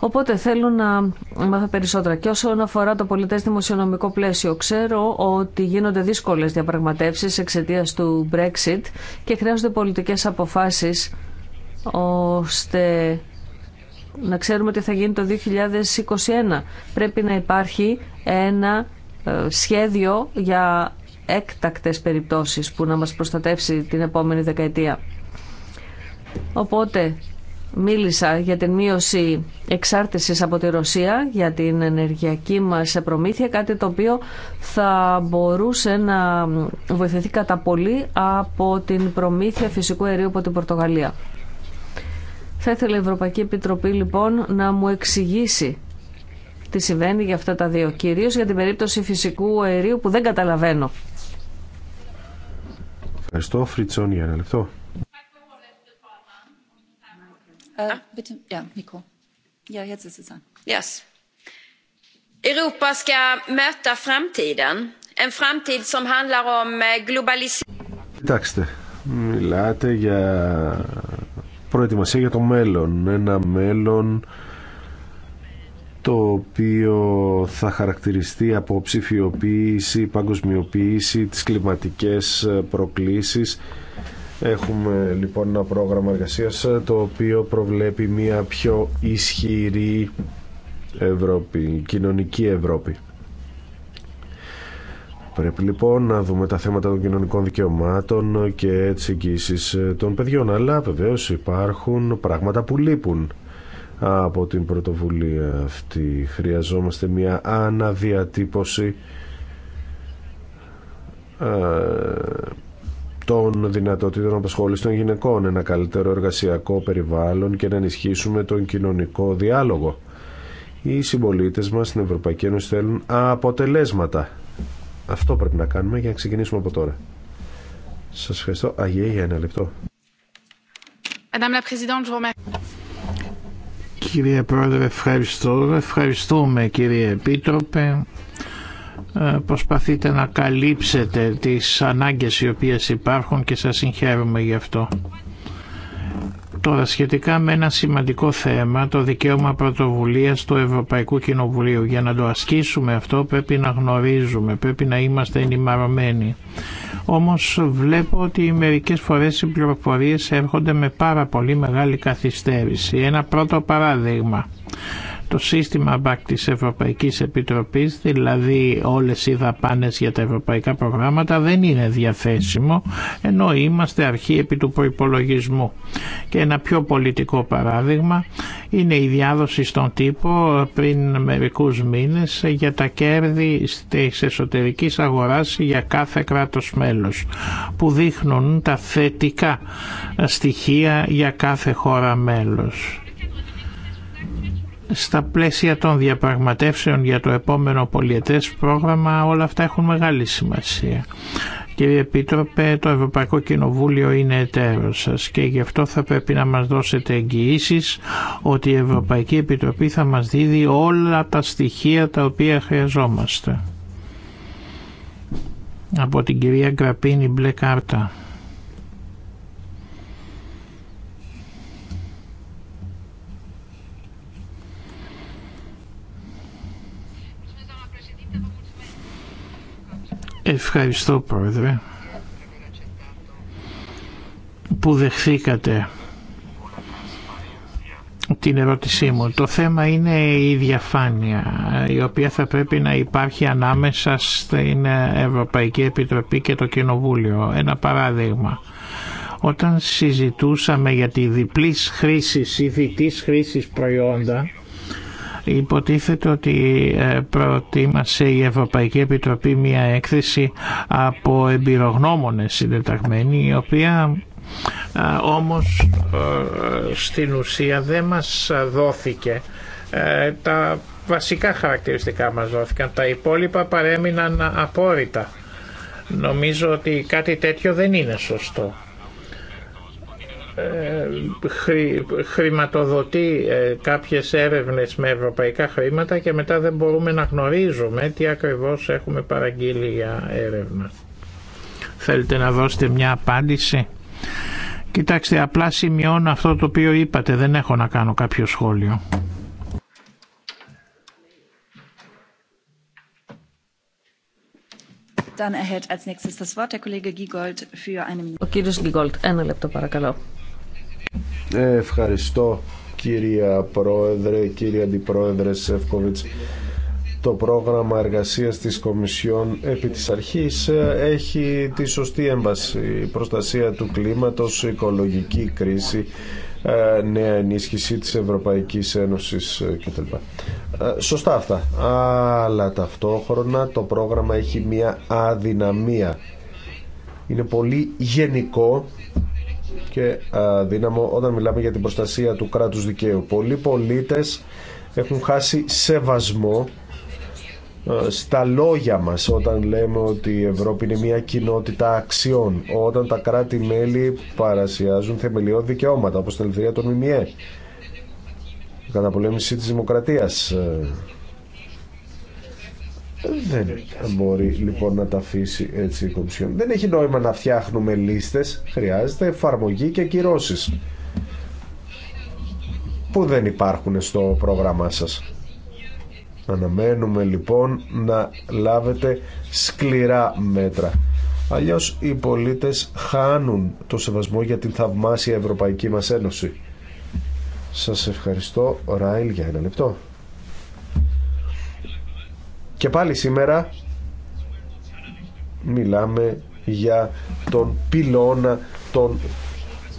A: Οπότε θέλω να μάθω περισσότερα. Και όσον αφορά το πολιτές δημοσιονομικό πλαίσιο, ξέρω ότι γίνονται δύσκολες διαπραγματεύσεις εξαιτία του Brexit και χρειάζονται πολιτικές αποφάσεις ώστε να ξέρουμε τι θα γίνει το 2021. Πρέπει να υπάρχει ένα ε, σχέδιο για έκτακτες περιπτώσεις που να μας προστατεύσει την επόμενη δεκαετία. Οπότε μίλησα για την μείωση εξάρτησης από τη Ρωσία για την ενεργειακή μας προμήθεια, κάτι το οποίο θα μπορούσε να βοηθηθεί κατά πολύ από την προμήθεια φυσικού αερίου από την Πορτογαλία. Θα ήθελα η Ευρωπαϊκή Επιτροπή λοιπόν να μου εξηγήσει τι συμβαίνει για αυτά τα δύο, κυρίως για την περίπτωση φυσικού αερίου που δεν καταλαβαίνω
B: Ευχαριστώ. Φριτσόν για ένα λεπτό.
E: Ε, en framtid som eh,
B: Κοιτάξτε, μιλάτε για προετοιμασία για το μέλλον. Ένα μέλλον το οποίο θα χαρακτηριστεί από ψηφιοποίηση, παγκοσμιοποίηση, τις κλιματικές ε, προκλήσεις. Έχουμε λοιπόν ένα πρόγραμμα εργασίας ε, το οποίο προβλέπει μια πιο ισχυρή Ευρώπη, κοινωνική Ευρώπη. Πρέπει λοιπόν να δούμε τα θέματα των κοινωνικών δικαιωμάτων και τις εγγύσεις ε, των παιδιών, αλλά βεβαίως υπάρχουν πράγματα που λείπουν από την πρωτοβουλία αυτή. Χρειαζόμαστε μια αναδιατύπωση ε, των δυνατοτήτων απασχόλησης των γυναικών, ένα καλύτερο εργασιακό περιβάλλον και να ενισχύσουμε τον κοινωνικό διάλογο. Οι συμπολίτε μας στην Ευρωπαϊκή Ένωση θέλουν αποτελέσματα. Αυτό πρέπει να κάνουμε για να ξεκινήσουμε από τώρα. Σας ευχαριστώ. Αγία για ένα λεπτό.
D: Κύριε Πρόεδρε, ευχαριστώ. Ευχαριστούμε κύριε Επίτροπε. Ε, προσπαθείτε να καλύψετε τις ανάγκες οι οποίες υπάρχουν και σας συγχαίρουμε γι' αυτό. Τώρα σχετικά με ένα σημαντικό θέμα, το δικαίωμα πρωτοβουλίας του Ευρωπαϊκού Κοινοβουλίου. Για να το ασκήσουμε αυτό πρέπει να γνωρίζουμε, πρέπει να είμαστε ενημερωμένοι. Όμως βλέπω ότι μερικές φορές οι πληροφορίες έρχονται με πάρα πολύ μεγάλη καθυστέρηση. Ένα πρώτο παράδειγμα το σύστημα μπακ της Ευρωπαϊκής Επιτροπής, δηλαδή όλες οι δαπάνες για τα ευρωπαϊκά προγράμματα δεν είναι διαθέσιμο, ενώ είμαστε αρχή επί του προϋπολογισμού. Και ένα πιο πολιτικό παράδειγμα είναι η διάδοση στον τύπο πριν μερικούς μήνες για τα κέρδη της εσωτερικής αγοράς για κάθε κράτος μέλος, που δείχνουν τα θετικά στοιχεία για κάθε χώρα μέλος στα πλαίσια των διαπραγματεύσεων για το επόμενο πολιετές πρόγραμμα όλα αυτά έχουν μεγάλη σημασία. Κύριε Επίτροπε, το Ευρωπαϊκό Κοινοβούλιο είναι εταίρο σας και γι' αυτό θα πρέπει να μας δώσετε εγγυήσει ότι η Ευρωπαϊκή Επιτροπή θα μας δίδει όλα τα στοιχεία τα οποία χρειαζόμαστε. Από την κυρία Γκραπίνη Μπλε Κάρτα. Ευχαριστώ Πρόεδρε που δεχθήκατε την ερώτησή μου. Το θέμα είναι η διαφάνεια η οποία θα πρέπει να υπάρχει ανάμεσα στην Ευρωπαϊκή Επιτροπή και το Κοινοβούλιο. Ένα παράδειγμα. Όταν συζητούσαμε για τη διπλής χρήση, ή διτής χρήσης προϊόντα Υποτίθεται ότι ε, προτίμασε η Ευρωπαϊκή Επιτροπή μια έκθεση από εμπειρογνώμονες συντεταγμένοι η οποία ε, όμως ε, στην ουσία δεν μας δόθηκε τα βασικά χαρακτηριστικά μας δόθηκαν τα υπόλοιπα παρέμειναν απόρριτα νομίζω ότι κάτι τέτοιο δεν είναι σωστό ε, χρηματοδοτεί ε, κάποιες έρευνες με ευρωπαϊκά χρήματα και μετά δεν μπορούμε να γνωρίζουμε τι ακριβώς έχουμε παραγγείλει για έρευνα. Θέλετε να δώσετε μια απάντηση. Κοιτάξτε, απλά σημειώνω αυτό το οποίο είπατε, δεν έχω να κάνω κάποιο σχόλιο.
C: Ο κύριος
A: Γιγόλτ, ένα λεπτό παρακαλώ.
B: Ευχαριστώ κυρία Πρόεδρε, κύριε Αντιπρόεδρε Σεύκοβιτς. Το πρόγραμμα εργασίας της Κομισιόν επί της αρχής ε, έχει τη σωστή έμβαση. Η προστασία του κλίματος, οικολογική κρίση, ε, νέα ενίσχυση της Ευρωπαϊκής Ένωσης ε, κτλ. Σωστά αυτά. Αλλά ταυτόχρονα το πρόγραμμα έχει μια αδυναμία. Είναι πολύ γενικό και δύναμο όταν μιλάμε για την προστασία του κράτους δικαίου. Πολλοί πολίτες έχουν χάσει σεβασμό στα λόγια μας όταν λέμε ότι η Ευρώπη είναι μια κοινότητα αξιών όταν τα κράτη-μέλη παρασιάζουν θεμελιώδη δικαιώματα όπως την ελευθερία των ΜΜΕ καταπολέμηση της δημοκρατίας δεν μπορεί λοιπόν να τα αφήσει έτσι η Κομισιόν. Δεν έχει νόημα να φτιάχνουμε λίστες, χρειάζεται εφαρμογή και κυρώσεις που δεν υπάρχουν στο πρόγραμμά σας. Αναμένουμε λοιπόν να λάβετε σκληρά μέτρα. Αλλιώς οι πολίτες χάνουν το σεβασμό για την θαυμάσια Ευρωπαϊκή μας Ένωση. Σας ευχαριστώ Ράιλ για ένα λεπτό. Και πάλι σήμερα μιλάμε για τον πυλώνα των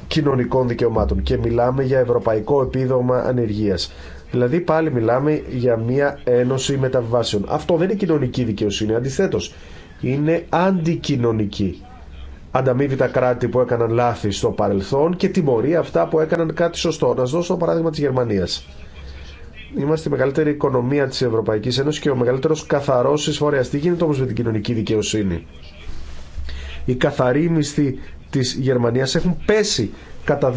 B: κοινωνικών δικαιωμάτων και μιλάμε για ευρωπαϊκό επίδομα ανεργίας. Δηλαδή πάλι μιλάμε για μια ένωση μεταβάσεων. Αυτό δεν είναι κοινωνική δικαιοσύνη, αντιθέτως. Είναι αντικοινωνική. Ανταμείβει τα κράτη που έκαναν λάθη στο παρελθόν και τιμωρεί αυτά που έκαναν κάτι σωστό. Να σας δώσω το παράδειγμα της Γερμανίας. Είμαστε η μεγαλύτερη οικονομία τη Ευρωπαϊκή Ένωση και ο μεγαλύτερο καθαρό εισφορέα. Τι γίνεται όμω με την κοινωνική δικαιοσύνη. Οι καθαροί μισθοί τη Γερμανία έχουν πέσει κατά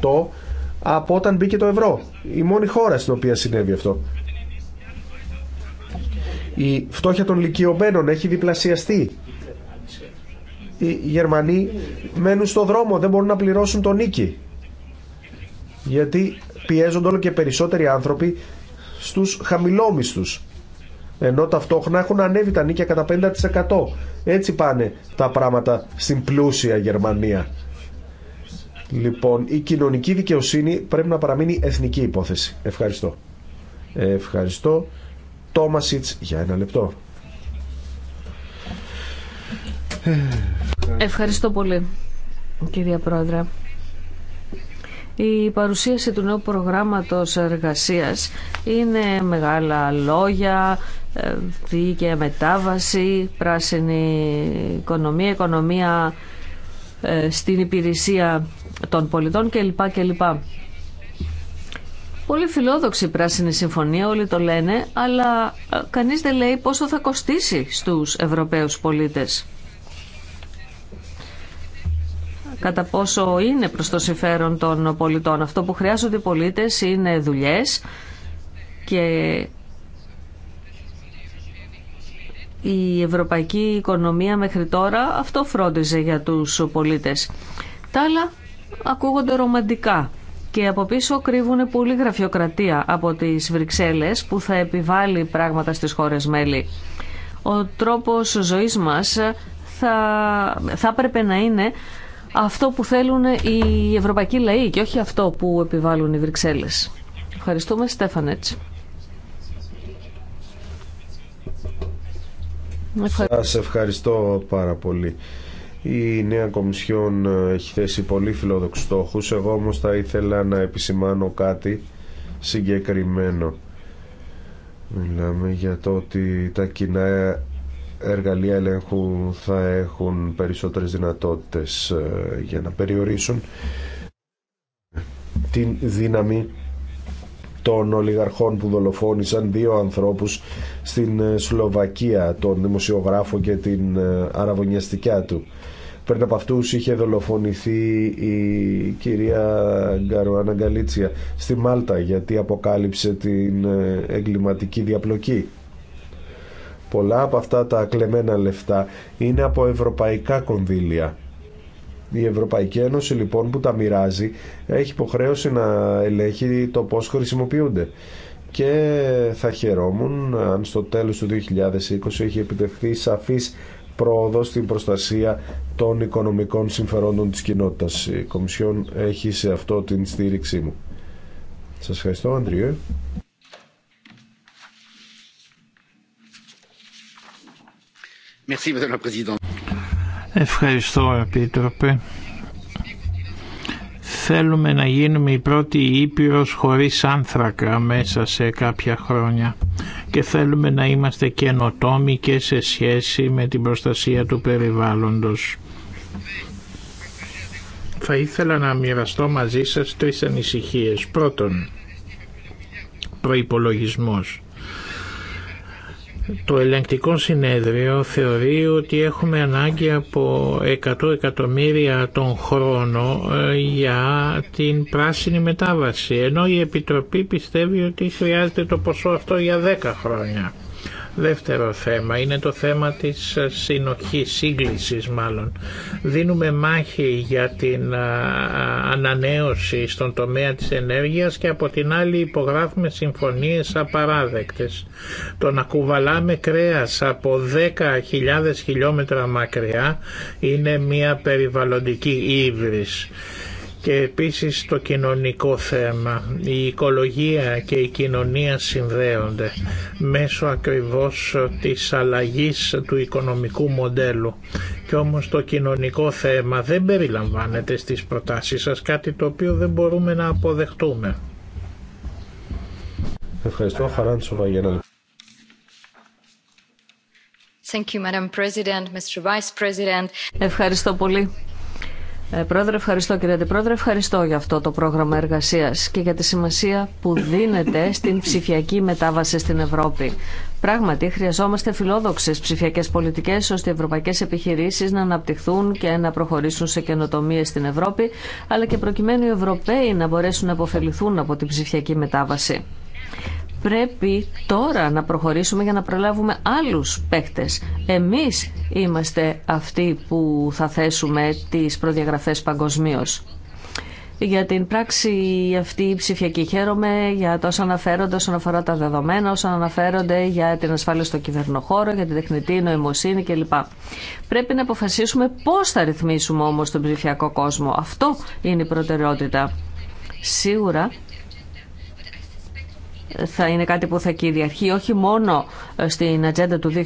B: 10% από όταν μπήκε το ευρώ. Η μόνη χώρα στην οποία συνέβη αυτό. Η φτώχεια των λυκειωμένων έχει διπλασιαστεί. Οι Γερμανοί μένουν στο δρόμο, δεν μπορούν να πληρώσουν τον νίκη. Γιατί πιέζονται όλο και περισσότεροι άνθρωποι στους χαμηλόμισθους ενώ ταυτόχρονα έχουν ανέβει τα νίκια κατά 50% έτσι πάνε τα πράγματα στην πλούσια Γερμανία λοιπόν η κοινωνική δικαιοσύνη πρέπει να παραμείνει εθνική υπόθεση ευχαριστώ ευχαριστώ Τόμασιτς για ένα λεπτό
A: Ευχαριστώ πολύ κυρία Πρόεδρε η παρουσίαση του νέου προγράμματος εργασίας είναι μεγάλα λόγια, δίκαια ε, μετάβαση, πράσινη οικονομία, οικονομία ε, στην υπηρεσία των πολιτών κλπ. κλπ. Πολύ φιλόδοξη η πράσινη συμφωνία, όλοι το λένε, αλλά ε, κανείς δεν λέει πόσο θα κοστίσει στους Ευρωπαίους πολίτες κατά πόσο είναι προς το συμφέρον των πολιτών. Αυτό που χρειάζονται οι πολίτες είναι δουλειές και η ευρωπαϊκή οικονομία μέχρι τώρα αυτό φρόντιζε για τους πολίτες. Τα άλλα ακούγονται ρομαντικά και από πίσω κρύβουν πολύ γραφειοκρατία από τις Βρυξέλλες που θα επιβάλλει πράγματα στις χώρες μέλη. Ο τρόπος ζωής μας θα, θα έπρεπε να είναι αυτό που θέλουν οι ευρωπαϊκοί λαοί και όχι αυτό που επιβάλλουν οι Βρυξέλλες. Ευχαριστούμε Στέφανετς.
B: Σας ευχαριστώ πάρα πολύ. Η νέα Κομισιόν ε, έχει θέσει πολύ φιλόδοξους στόχους, εγώ όμως θα ήθελα να επισημάνω κάτι συγκεκριμένο. Μιλάμε για το ότι τα κοινά εργαλεία ελέγχου θα έχουν περισσότερες δυνατότητες ε, για να περιορίσουν την δύναμη των ολιγαρχών που δολοφόνησαν δύο ανθρώπους στην ε, Σλοβακία, τον δημοσιογράφο και την ε, αραβωνιαστικιά του. Πριν από αυτούς είχε δολοφονηθεί η κυρία Γκαρουάνα Γκαλίτσια στη Μάλτα γιατί αποκάλυψε την εγκληματική διαπλοκή. Πολλά από αυτά τα κλεμμένα λεφτά είναι από ευρωπαϊκά κονδύλια. Η Ευρωπαϊκή Ένωση λοιπόν που τα μοιράζει έχει υποχρέωση να ελέγχει το πώς χρησιμοποιούνται και θα χαιρόμουν αν στο τέλος του 2020 έχει επιτευχθεί σαφής πρόοδο στην προστασία των οικονομικών συμφερόντων της κοινότητας. Η Κομισιόν έχει σε αυτό την στήριξή μου. Σας ευχαριστώ, Αντριέ.
D: Ευχαριστώ, Επίτροπε. Θέλουμε να γίνουμε η πρώτη Ήπειρος χωρίς άνθρακα μέσα σε κάποια χρόνια και θέλουμε να είμαστε καινοτόμοι και σε σχέση με την προστασία του περιβάλλοντος. Θα ήθελα να μοιραστώ μαζί σας τρεις ανησυχίες. Πρώτον, προϋπολογισμός το ελεγκτικό συνέδριο θεωρεί ότι έχουμε ανάγκη από 100 εκατομμύρια τον χρόνο ε, για την πράσινη μετάβαση, ενώ η Επιτροπή πιστεύει ότι χρειάζεται το ποσό αυτό για 10 χρόνια. Δεύτερο θέμα είναι το θέμα της ε, συνοχής, σύγκλησης μάλλον. Δίνουμε μάχη για την ε, ανανέωση στον τομέα της ενέργειας και από την άλλη υπογράφουμε συμφωνίες απαράδεκτες. Το να κουβαλάμε κρέας από 10.000 χιλιόμετρα μακριά είναι μια περιβαλλοντική ύβρις και επίσης το κοινωνικό θέμα. Η οικολογία και η κοινωνία συνδέονται μέσω ακριβώς της αλλαγής του οικονομικού μοντέλου. Και όμως το κοινωνικό θέμα δεν περιλαμβάνεται στις προτάσεις σας, κάτι το οποίο δεν μπορούμε να αποδεχτούμε.
B: Ευχαριστώ.
E: Ευχαριστώ
A: πολύ. Ε, πρόεδρε, ευχαριστώ κύριε Αντιπρόεδρε, ευχαριστώ για αυτό το πρόγραμμα εργασίας και για τη σημασία που δίνεται στην ψηφιακή μετάβαση στην Ευρώπη. Πράγματι, χρειαζόμαστε φιλόδοξες ψηφιακές πολιτικές ώστε οι ευρωπαϊκές επιχειρήσεις να αναπτυχθούν και να προχωρήσουν σε καινοτομίες στην Ευρώπη, αλλά και προκειμένου οι Ευρωπαίοι να μπορέσουν να αποφεληθούν από την ψηφιακή μετάβαση πρέπει τώρα να προχωρήσουμε για να προλάβουμε άλλους παίκτες. Εμείς είμαστε αυτοί που θα θέσουμε τις προδιαγραφές παγκοσμίω. Για την πράξη αυτή ψηφιακή χαίρομαι για το όσο αναφέρονται όσον αφορά τα δεδομένα, όσον αναφέρονται για την ασφάλεια στο κυβερνοχώρο, για την τεχνητή νοημοσύνη κλπ. Πρέπει να αποφασίσουμε πώς θα ρυθμίσουμε όμως τον ψηφιακό κόσμο. Αυτό είναι η προτεραιότητα. Σίγουρα θα είναι κάτι που θα κυριαρχεί όχι μόνο ε, στην ατζέντα του 2020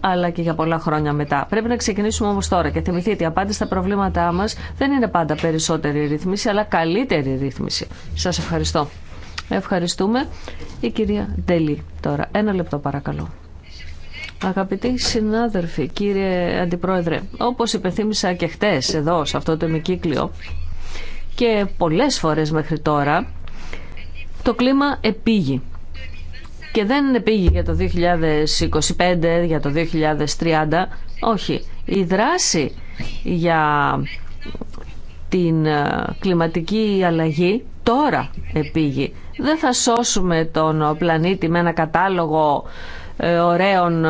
A: αλλά και για πολλά χρόνια μετά. Πρέπει να ξεκινήσουμε όμως τώρα και θυμηθείτε η απάντηση στα προβλήματά μας δεν είναι πάντα περισσότερη ρύθμιση αλλά καλύτερη ρύθμιση. Σας ευχαριστώ. Ευχαριστούμε. Η κυρία Ντελή τώρα. Ένα λεπτό παρακαλώ. Αγαπητοί συνάδελφοι, κύριε Αντιπρόεδρε, όπως υπενθύμησα και χτες εδώ σε αυτό το εμικύκλιο και πολλές φορές μέχρι τώρα το κλίμα επήγει. Και δεν επήγει για το 2025, για το 2030. Όχι. Η δράση για την ε, κλιματική αλλαγή τώρα επήγει. Δεν θα σώσουμε τον πλανήτη με ένα κατάλογο ε, ωραίων ε,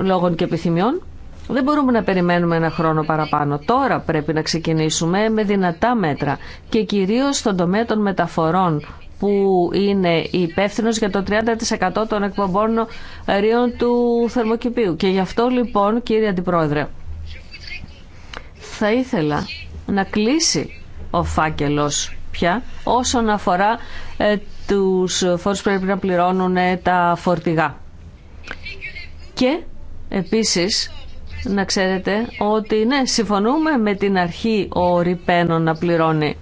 A: λόγων και επιθυμιών. Δεν μπορούμε να περιμένουμε ένα χρόνο παραπάνω. Τώρα πρέπει να ξεκινήσουμε με δυνατά μέτρα και κυρίως στον τομέα των μεταφορών που είναι υπεύθυνο για το 30% των εκπομπών ε, ρίων του θερμοκηπίου. Και γι' αυτό λοιπόν, κύριε Αντιπρόεδρε, θα ήθελα να κλείσει ο φάκελος πια όσον αφορά ε, τους φόρους που πρέπει να πληρώνουν ε, τα φορτηγά. Και επίσης να ξέρετε ότι ναι, συμφωνούμε με την αρχή ο Ριπένο να πληρώνει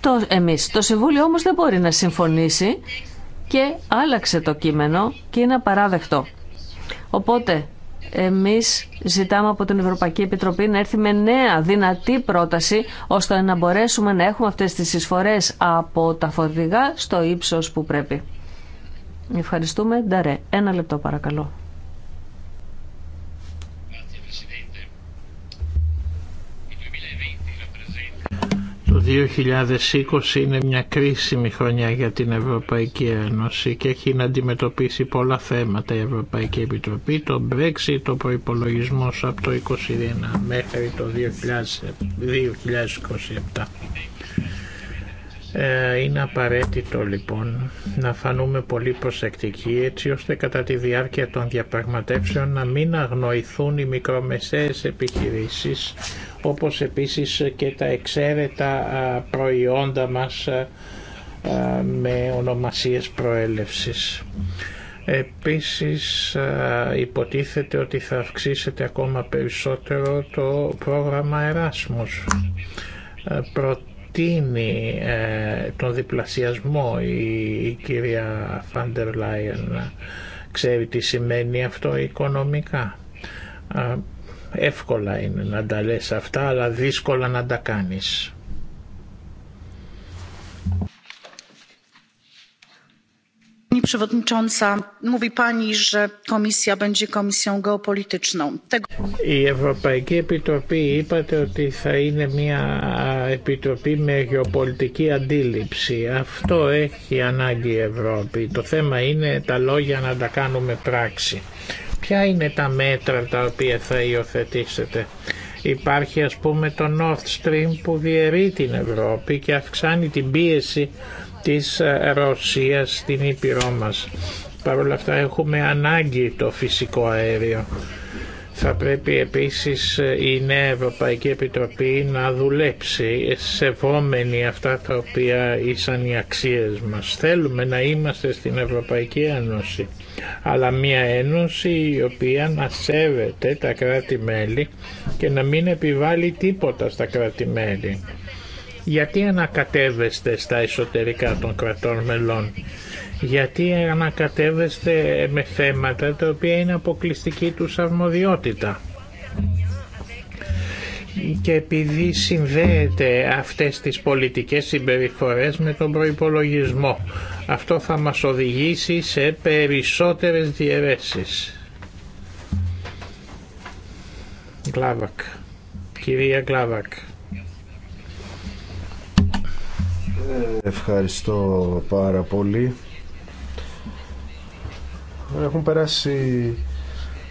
A: το, εμείς. Το Συμβούλιο όμως δεν μπορεί να συμφωνήσει και άλλαξε το κείμενο και είναι απαράδεκτο. Οπότε εμείς ζητάμε από την Ευρωπαϊκή Επιτροπή να έρθει με νέα δυνατή πρόταση ώστε να μπορέσουμε να έχουμε αυτές τις εισφορές από τα φορτηγά στο ύψος που πρέπει. Ευχαριστούμε. Νταρέ, ένα λεπτό παρακαλώ.
D: Το 2020 είναι μια κρίσιμη χρονιά για την Ευρωπαϊκή Ένωση και έχει να αντιμετωπίσει πολλά θέματα η Ευρωπαϊκή Επιτροπή, το Brexit, το προπολογισμό από το 2021 μέχρι το 2027. Ε, είναι απαραίτητο λοιπόν να φανούμε πολύ προσεκτικοί έτσι ώστε κατά τη διάρκεια των διαπραγματεύσεων να μην αγνοηθούν οι μικρομεσαίες επιχειρήσεις όπως επίσης και τα εξαίρετα προϊόντα μας με ονομασίες προέλευσης. Επίσης υποτίθεται ότι θα αυξήσετε ακόμα περισσότερο το πρόγραμμα Εράσμους. Προτείνει ε, τον διπλασιασμό η κυρία Φάντερ Λάιεν. Ξέρει τι σημαίνει αυτό οικονομικά Εύκολα είναι να τα λες αυτά, αλλά δύσκολα να τα κάνεις. Η Ευρωπαϊκή Επιτροπή είπατε ότι θα είναι μια επιτροπή με γεωπολιτική αντίληψη. Αυτό έχει ανάγκη η Ευρώπη. Το θέμα είναι τα λόγια να τα κάνουμε πράξη. Ποια είναι τα μέτρα τα οποία θα υιοθετήσετε. Υπάρχει ας πούμε το North Stream που διαιρεί την Ευρώπη και αυξάνει την πίεση της ε, Ρωσίας στην Ήπειρό μας. Παρ' όλα αυτά έχουμε ανάγκη το φυσικό αέριο. Θα πρέπει επίσης ε, η Νέα Ευρωπαϊκή Επιτροπή να δουλέψει ε, σεβόμενη αυτά τα οποία ήσαν οι αξίες μας. Θέλουμε να είμαστε στην Ευρωπαϊκή Ένωση αλλά μια ένωση η οποία να σέβεται τα κράτη-μέλη και να μην επιβάλλει τίποτα στα κράτη-μέλη. Γιατί ανακατεύεστε στα εσωτερικά των κρατών μελών, γιατί ανακατεύεστε με θέματα τα οποία είναι αποκλειστική τους αρμοδιότητα και επειδή συνδέεται αυτές τις πολιτικές συμπεριφορές με τον προϋπολογισμό. Αυτό θα μας οδηγήσει σε περισσότερες διαιρέσεις. Γκλάβακ. Κυρία Γκλάβακ.
B: Ευχαριστώ πάρα πολύ. Έχουν περάσει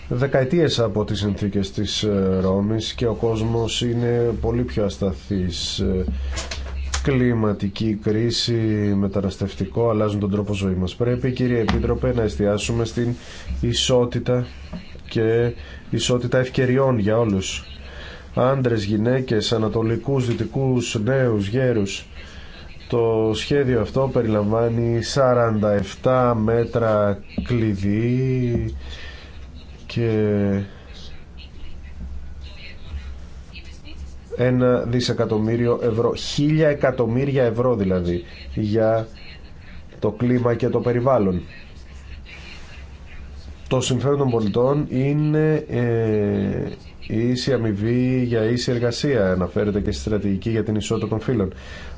B: δεκαετίες από τις συνθήκες της ε, Ρώμης και ο κόσμος είναι πολύ πιο ασταθής ε, κλιματική κρίση, μεταναστευτικό, αλλάζουν τον τρόπο ζωή μας. Πρέπει, κύριε Επίτροπε, να εστιάσουμε στην ισότητα και ισότητα ευκαιριών για όλους. Άντρες, γυναίκες, ανατολικούς, δυτικούς, νέους, γέρους. Το σχέδιο αυτό περιλαμβάνει 47 μέτρα κλειδί, και ένα δισεκατομμύριο ευρώ, χίλια εκατομμύρια ευρώ δηλαδή για το κλίμα και το περιβάλλον. Το συμφέρον των πολιτών είναι ε, η ίση αμοιβή για ίση εργασία, αναφέρεται και στη στρατηγική για την ισότητα των φύλων.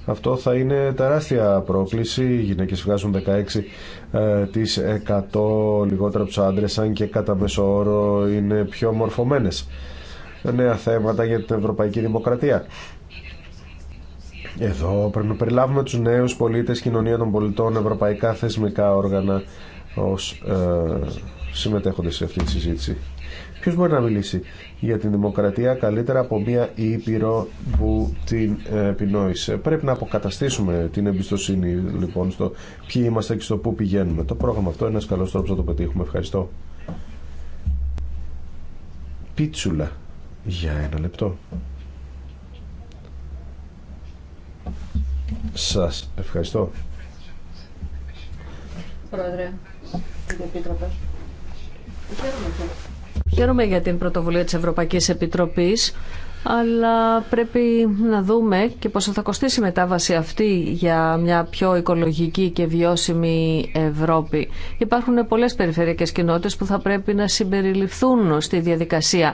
B: Αυτό θα είναι τεράστια πρόκληση. Οι γυναίκε βγάζουν 16% ε, τις 100 λιγότερα από του άντρε, αν και κατά μέσο είναι πιο μορφωμένε. Νέα θέματα για την Ευρωπαϊκή Δημοκρατία. Εδώ πρέπει να περιλάβουμε τους νέους πολίτες, κοινωνία των πολιτών, ευρωπαϊκά θεσμικά όργανα ως ε, συμμετέχοντες σε αυτή τη συζήτηση. Ποιο μπορεί να μιλήσει για την δημοκρατία καλύτερα από μια ήπειρο που την ε, επινόησε. Πρέπει να αποκαταστήσουμε την εμπιστοσύνη λοιπόν στο ποιοι είμαστε και στο πού πηγαίνουμε. Το πρόγραμμα αυτό είναι ένας καλός τρόπος να το πετύχουμε. Ευχαριστώ. Πίτσουλα. Για ένα λεπτό. Σας ευχαριστώ.
A: Πρόεδρε, κύριε Χαίρομαι για την πρωτοβουλία της Ευρωπαϊκής Επιτροπής, αλλά πρέπει να δούμε και πόσο θα κοστίσει η μετάβαση αυτή για μια πιο οικολογική και βιώσιμη Ευρώπη. Υπάρχουν πολλές περιφερειακές κοινότητες που θα πρέπει να συμπεριληφθούν στη διαδικασία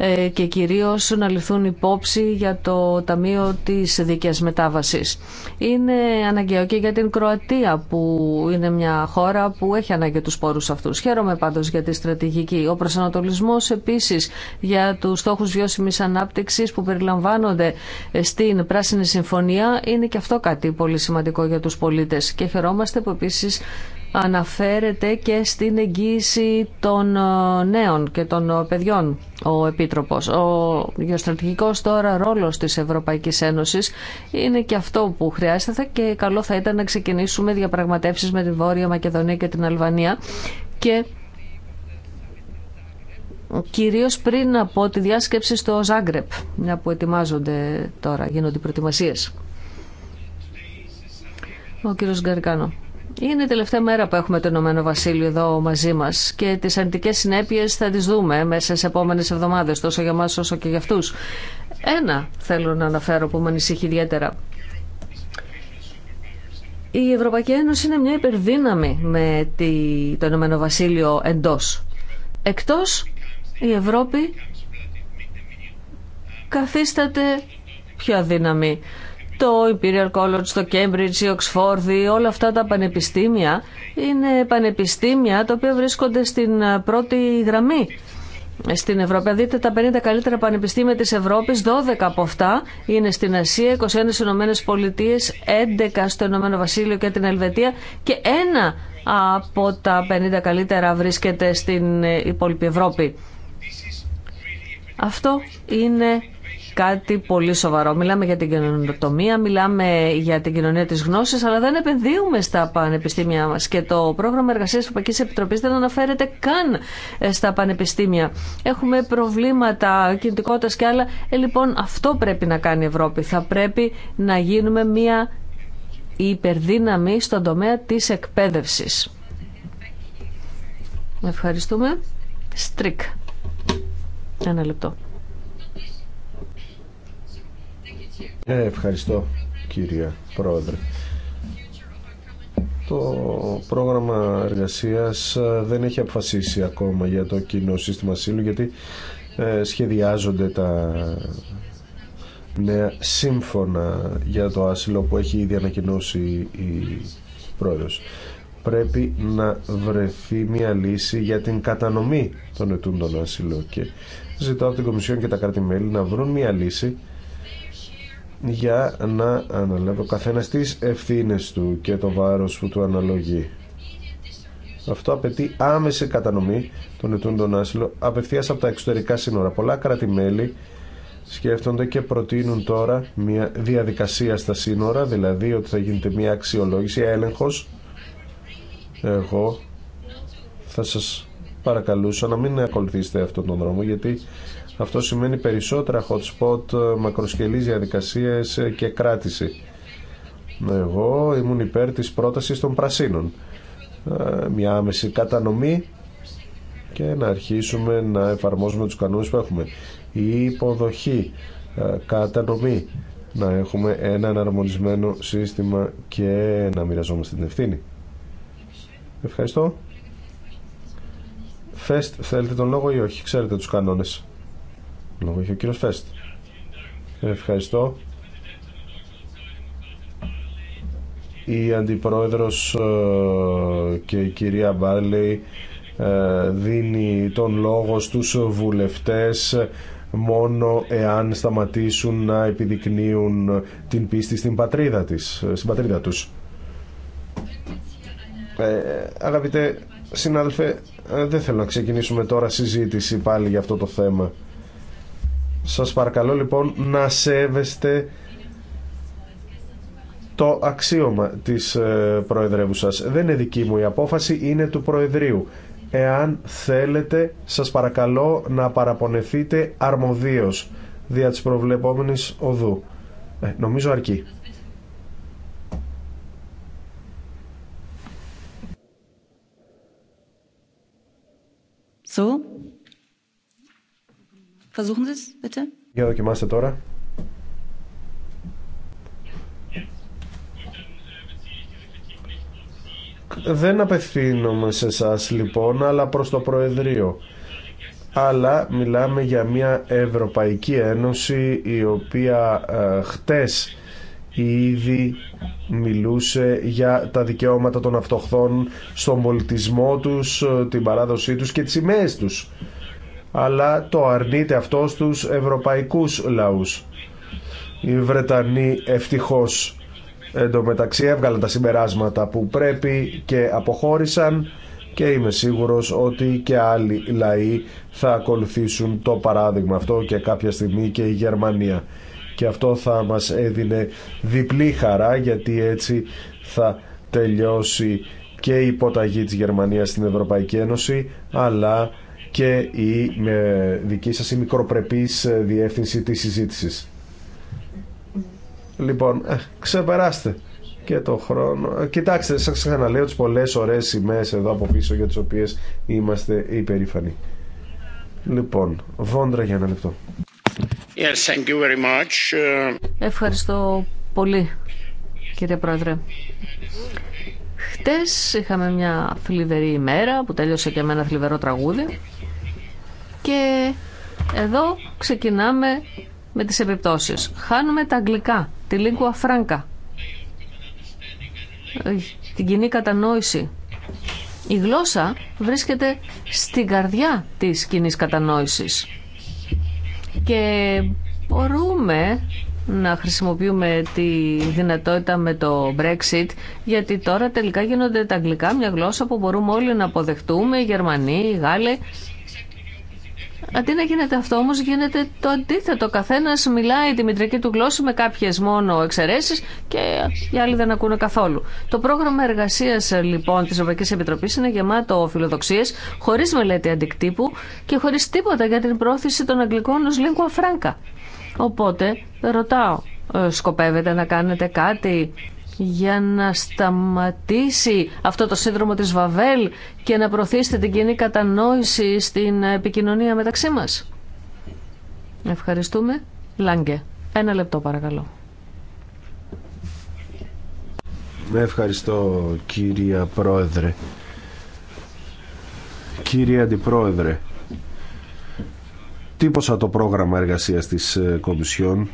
A: ε, και κυρίως να ληφθούν υπόψη για το Ταμείο της Δίκαιας Μετάβασης. Είναι αναγκαίο και για την Κροατία που είναι μια χώρα που έχει ανάγκη τους πόρους αυτούς. Χαίρομαι πάντως για τη στρατηγική. Ο προσανατολισμός επίσης για τους στόχους βιώσιμης ανάπτυξης που περιλαμβάνονται στην Πράσινη Συμφωνία είναι και αυτό κάτι πολύ σημαντικό για τους πολίτες και χαιρόμαστε που επίσης αναφέρεται και στην εγγύηση των ε, νέων και των ε, παιδιών ο Επίτροπος. Ο γεωστρατηγικός τώρα ρόλος της Ευρωπαϊκής Ένωσης είναι και αυτό που χρειάζεται και καλό θα ήταν να ξεκινήσουμε διαπραγματεύσεις με την Βόρεια Μακεδονία και την Αλβανία και κυρίως πριν από τη διάσκεψη στο Ζάγκρεπ, μια που ετοιμάζονται τώρα, γίνονται οι προετοιμασίες. Ο κύριος Γκαρκάνο. Είναι η τελευταία μέρα που έχουμε το Ηνωμένο Βασίλειο εδώ μαζί μα και τι αρνητικέ συνέπειε θα τι δούμε μέσα στι επόμενε εβδομάδε, τόσο για εμά όσο και για αυτού. Ένα θέλω να αναφέρω που με ανησυχεί ιδιαίτερα. Η Ευρωπαϊκή Ένωση είναι μια υπερδύναμη με το Ηνωμένο Βασίλειο εντό. Εκτό η Ευρώπη καθίσταται πιο αδύναμη το Imperial College, το Cambridge, η Oxford, όλα αυτά τα πανεπιστήμια είναι πανεπιστήμια τα οποία βρίσκονται στην ε, πρώτη γραμμή στην Ευρώπη. Δείτε τα 50 καλύτερα πανεπιστήμια της Ευρώπης, 12 από αυτά είναι στην Ασία, 21 στις Ηνωμένες Πολιτείες, 11 στο Ηνωμένο Βασίλειο και την Ελβετία και ένα από τα 50 καλύτερα βρίσκεται στην ε, υπόλοιπη Ευρώπη. Αυτό είναι κάτι πολύ σοβαρό. Μιλάμε για την καινοτομία, μιλάμε για την κοινωνία τη γνώση, αλλά δεν επενδύουμε στα πανεπιστήμια μας. Και το πρόγραμμα εργασία της Ευρωπαϊκής Επιτροπής δεν αναφέρεται καν ε, στα πανεπιστήμια. Έχουμε προβλήματα κινητικότητα και άλλα. Ε, λοιπόν, αυτό πρέπει να κάνει η Ευρώπη. Θα πρέπει να γίνουμε μια υπερδύναμη στον τομέα τη εκπαίδευση. Ευχαριστούμε. Στρίκ. Ένα λεπτό.
B: Ε, ευχαριστώ κυρία Πρόεδρε. Το πρόγραμμα εργασίας ε, δεν έχει αποφασίσει ακόμα για το κοινό σύστημα ασύλου γιατί ε, σχεδιάζονται τα νέα σύμφωνα για το άσυλο που έχει ήδη ανακοινώσει η Πρόεδρος. Πρέπει να βρεθεί μια λύση για την κατανομή των ετούντων ασύλου και ζητώ από την Κομισιόν και τα κράτη-μέλη να βρουν μια λύση για να αναλάβει ο καθένα τις ευθύνε του και το βάρο που του αναλογεί. Αυτό απαιτεί άμεση κατανομή των ετούντων άσυλο απευθεία από τα εξωτερικά σύνορα. Πολλά κράτη-μέλη σκέφτονται και προτείνουν τώρα μια διαδικασία στα σύνορα, δηλαδή ότι θα γίνεται μια αξιολόγηση, έλεγχο. Εγώ θα σα παρακαλούσα να μην ακολουθήσετε αυτόν τον δρόμο, γιατί αυτό σημαίνει περισσότερα hot spot, μακροσκελείς διαδικασίες και κράτηση. Εγώ ήμουν υπέρ της πρότασης των πρασίνων. Ε, μια άμεση κατανομή και να αρχίσουμε να εφαρμόζουμε τους κανόνες που έχουμε. Η υποδοχή, ε, κατανομή, να έχουμε ένα αναρμονισμένο σύστημα και να μοιραζόμαστε την ευθύνη. Ευχαριστώ. Φεστ, θέλετε τον λόγο ή όχι, ξέρετε τους κανόνες. Λόγω έχει ο κύριος Φέστ. Ευχαριστώ. Η Αντιπρόεδρος ε, και η κυρία Μπάρλεϊ ε, δίνει τον λόγο στους βουλευτές μόνο εάν σταματήσουν να επιδεικνύουν την πίστη στην πατρίδα, της, στην πατρίδα τους. Ε, αγαπητέ συνάδελφε, ε, δεν θέλω να ξεκινήσουμε τώρα συζήτηση πάλι για αυτό το θέμα. Σας παρακαλώ λοιπόν να σέβεστε το αξίωμα της ε, προεδρεύουσα. Δεν είναι δική μου η απόφαση, είναι του Προεδρείου. Εάν θέλετε, σας παρακαλώ να παραπονεθείτε αρμοδίως δια της προβλεπόμενης οδού. Ε, νομίζω αρκεί. So, για δοκιμάστε τώρα. Δεν απευθύνομαι σε εσά λοιπόν, αλλά προ το Προεδρείο. Αλλά μιλάμε για μια Ευρωπαϊκή Ένωση η οποία ε, χτες ήδη μιλούσε για τα δικαιώματα των αυτοχθών στον πολιτισμό τους, ε, την παράδοσή τους και τις σημαίες τους αλλά το αρνείται αυτό στους ευρωπαϊκούς λαούς. Οι Βρετανοί ευτυχώς εντωμεταξύ έβγαλαν τα συμπεράσματα που πρέπει και αποχώρησαν και είμαι σίγουρος ότι και άλλοι λαοί θα ακολουθήσουν το παράδειγμα αυτό και κάποια στιγμή και η Γερμανία. Και αυτό θα μας έδινε διπλή χαρά γιατί έτσι θα τελειώσει και η υποταγή της Γερμανίας στην Ευρωπαϊκή Ένωση αλλά και η δική σας η μικροπρεπής ε, διεύθυνση της συζήτησης. Λοιπόν, ε, ξεπεράστε και το χρόνο. Ε, κοιτάξτε, σας ξαναλέω τις πολλές ωραίες σημαίες εδώ από πίσω για τις οποίες είμαστε υπερήφανοι. Λοιπόν, βόντρα για ένα λεπτό.
D: Yes, thank you very much.
A: Ευχαριστώ πολύ, κύριε Πρόεδρε. Χτες είχαμε μια θλιβερή ημέρα που τέλειωσε και με ένα θλιβερό τραγούδι και εδώ ξεκινάμε με τις επιπτώσεις. Χάνουμε τα αγγλικά, τη λίγκουα φράγκα, ε, την κοινή κατανόηση. Η γλώσσα βρίσκεται στην καρδιά της κοινής κατανόησης και μπορούμε να χρησιμοποιούμε τη δυνατότητα με το Brexit, γιατί τώρα τελικά γίνονται τα αγγλικά μια γλώσσα που μπορούμε όλοι να αποδεχτούμε, οι Γερμανοί, οι Γάλλοι. Αντί να γίνεται αυτό όμω, γίνεται το αντίθετο. Καθένα μιλάει τη μητρική του γλώσσα με κάποιε μόνο εξαιρέσει και οι άλλοι δεν ακούνε καθόλου. Το πρόγραμμα εργασία λοιπόν τη Ευρωπαϊκή Επιτροπή είναι γεμάτο φιλοδοξίε, χωρί μελέτη αντικτύπου και χωρί τίποτα για την πρόθεση των αγγλικών ω lingua franca. Οπότε ρωτάω, ε, σκοπεύετε να κάνετε κάτι για να σταματήσει αυτό το σύνδρομο της Βαβέλ και να προωθήσετε την κοινή κατανόηση στην επικοινωνία μεταξύ μας. Ευχαριστούμε. Λάγκε. Ένα λεπτό παρακαλώ.
B: Ναι, ευχαριστώ κυρία Πρόεδρε. Κύριε Αντιπρόεδρε, Τύπωσα το πρόγραμμα εργασίας της ε, Κομισιόν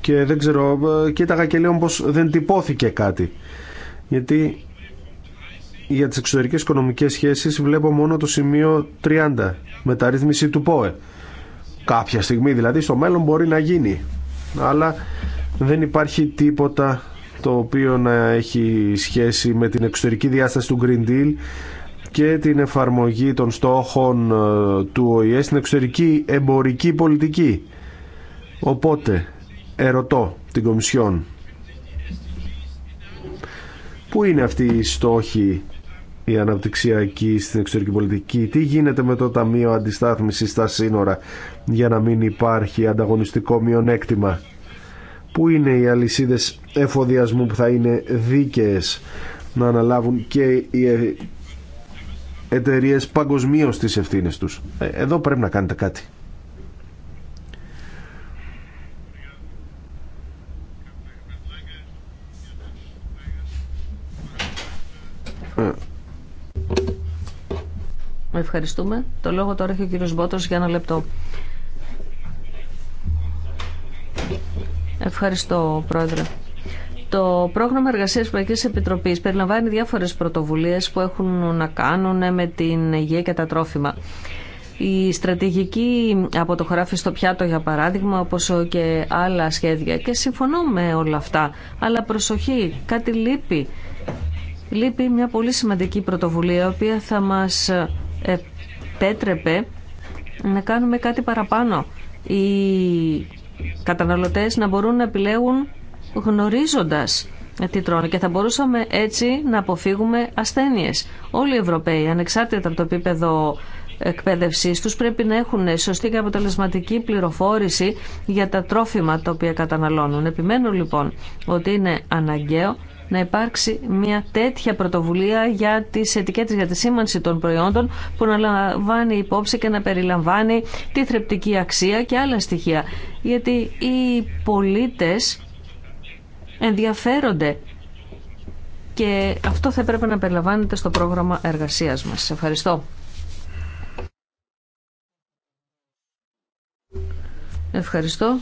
B: και δεν ξέρω, ε, κοίταγα και λέω πως δεν τυπώθηκε κάτι. Γιατί για τις εξωτερικές οικονομικές σχέσεις βλέπω μόνο το σημείο 30, μεταρρύθμιση του ΠΟΕ. Κάποια στιγμή δηλαδή στο μέλλον μπορεί να γίνει, αλλά δεν υπάρχει τίποτα το οποίο να έχει σχέση με την εξωτερική διάσταση του Green Deal και την εφαρμογή των στόχων ε, του ΟΗΕ στην εξωτερική εμπορική πολιτική. Οπότε, ερωτώ την Κομισιόν, πού είναι αυτή η στόχη η αναπτυξιακή στην εξωτερική πολιτική, τι γίνεται με το Ταμείο Αντιστάθμισης στα σύνορα για να μην υπάρχει ανταγωνιστικό μειονέκτημα. Πού είναι οι αλυσίδες εφοδιασμού που θα είναι δίκαιες να αναλάβουν και οι εταιρείε παγκοσμίω τι ευθύνε του. Ε, εδώ πρέπει να κάνετε κάτι.
F: Ε.
A: Ευχαριστούμε. Το λόγο τώρα έχει ο κύριο Μπότος για ένα λεπτό. Ευχαριστώ, Πρόεδρε. Το πρόγραμμα εργασίας Ευρωπαϊκής Επιτροπής περιλαμβάνει διάφορες πρωτοβουλίες που έχουν να κάνουν με την υγεία και τα τρόφιμα. Η στρατηγική από το χωράφι στο πιάτο, για παράδειγμα, όπως και άλλα σχέδια. Και συμφωνώ με όλα αυτά. Αλλά προσοχή, κάτι λείπει. Λείπει μια πολύ σημαντική πρωτοβουλία, η οποία θα μας ε, επέτρεπε να κάνουμε κάτι παραπάνω. Οι καταναλωτές να μπορούν να επιλέγουν γνωρίζοντας τι τρώνε και θα μπορούσαμε έτσι να αποφύγουμε ασθένειες. Όλοι οι Ευρωπαίοι, ανεξάρτητα από το επίπεδο εκπαίδευσή τους... πρέπει να έχουν σωστή και αποτελεσματική πληροφόρηση για τα τρόφιμα τα οποία καταναλώνουν. Επιμένω λοιπόν ότι είναι αναγκαίο να υπάρξει μια τέτοια πρωτοβουλία για τις ετικέτες, για τη σήμανση των προϊόντων που να λαμβάνει υπόψη και να περιλαμβάνει τη θρεπτική αξία και άλλα στοιχεία. Γιατί οι πολίτες ενδιαφέρονται και αυτό θα έπρεπε να περιλαμβάνεται στο πρόγραμμα εργασίας μας. Ευχαριστώ. Ευχαριστώ.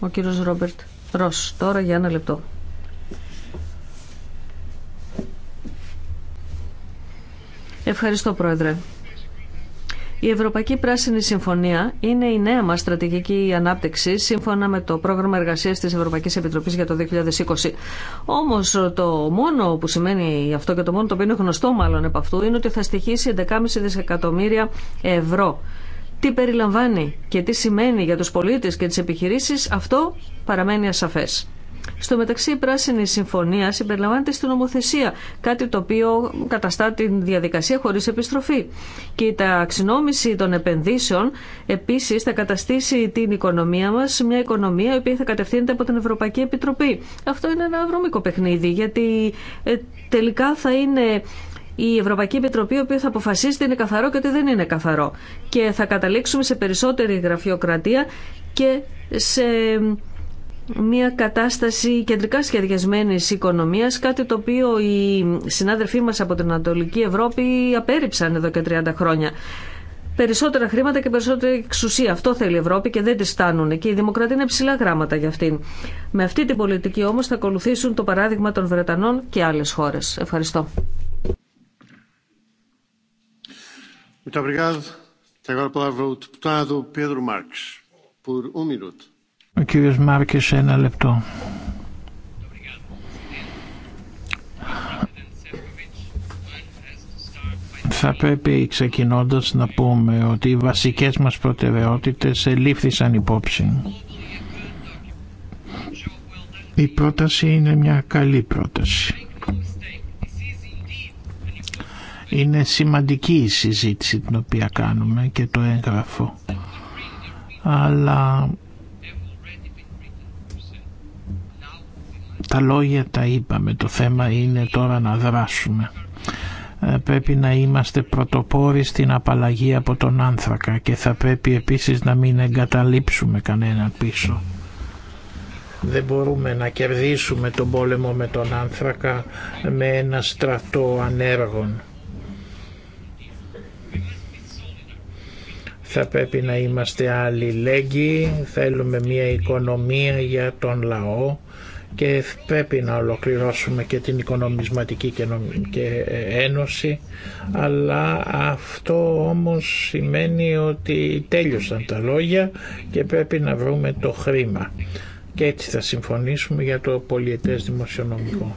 A: Ο κύριος Ρόμπερτ Ρος. Τώρα για ένα λεπτό. Ευχαριστώ, Πρόεδρε. Η Ευρωπαϊκή Πράσινη Συμφωνία είναι η νέα μας στρατηγική ανάπτυξη σύμφωνα με το πρόγραμμα εργασία της Ευρωπαϊκής Επιτροπής για το 2020. Όμως το μόνο που σημαίνει αυτό και το μόνο το οποίο είναι γνωστό μάλλον από αυτού είναι ότι θα στοιχήσει 11,5 δισεκατομμύρια ευρώ. Τι περιλαμβάνει και τι σημαίνει για τους πολίτες και τι επιχειρήσει, αυτό παραμένει ασαφές. Στο μεταξύ, η Πράσινη Συμφωνία συμπεριλαμβάνεται στην νομοθεσία, κάτι το οποίο καταστά την διαδικασία χωρί επιστροφή. Και η ταξινόμηση των επενδύσεων επίση θα καταστήσει την οικονομία μα μια οικονομία η οποία θα κατευθύνεται από την Ευρωπαϊκή Επιτροπή. Αυτό είναι ένα βρωμικό παιχνίδι, γιατί ε, τελικά θα είναι η Ευρωπαϊκή Επιτροπή, η οποία θα αποφασίσει τι είναι καθαρό και τι δεν είναι καθαρό. Και θα καταλήξουμε σε περισσότερη γραφειοκρατία και σε μια κατάσταση κεντρικά σχεδιασμένης οικονομίας, κάτι το οποίο οι συνάδελφοί μας από την Ανατολική Ευρώπη απέρριψαν εδώ και 30 χρόνια. Περισσότερα χρήματα και περισσότερη εξουσία. Αυτό θέλει η Ευρώπη και δεν τη στάνουν. Και η δημοκρατία είναι ψηλά γράμματα για αυτήν. Με αυτή την πολιτική όμω θα ακολουθήσουν το παράδειγμα των Βρετανών και άλλε χώρε. Ευχαριστώ.
G: Muito obrigado. Agora a palavra ao deputado
B: um
D: ο κύριος Μάρκες, ένα λεπτό. θα πρέπει ξεκινώντας να πούμε ότι οι βασικές μας προτεραιότητες ελήφθησαν υπόψη. Η πρόταση είναι μια καλή πρόταση. Είναι σημαντική η συζήτηση την οποία κάνουμε και το έγγραφο. Αλλά Τα λόγια τα είπαμε, το θέμα είναι τώρα να δράσουμε. Ε, πρέπει να είμαστε πρωτοπόροι στην απαλλαγή από τον άνθρακα και θα πρέπει επίσης να μην εγκαταλείψουμε κανέναν πίσω. Δεν μπορούμε να κερδίσουμε τον πόλεμο με τον άνθρακα με ένα στρατό ανέργων. θα πρέπει να είμαστε αλληλέγγυοι, θέλουμε μια οικονομία για τον λαό και πρέπει να ολοκληρώσουμε και την οικονομισματική και ε, ένωση αλλά αυτό όμως σημαίνει ότι τέλειωσαν τα λόγια και πρέπει να βρούμε το χρήμα και έτσι θα συμφωνήσουμε για το πολιετές δημοσιονομικό.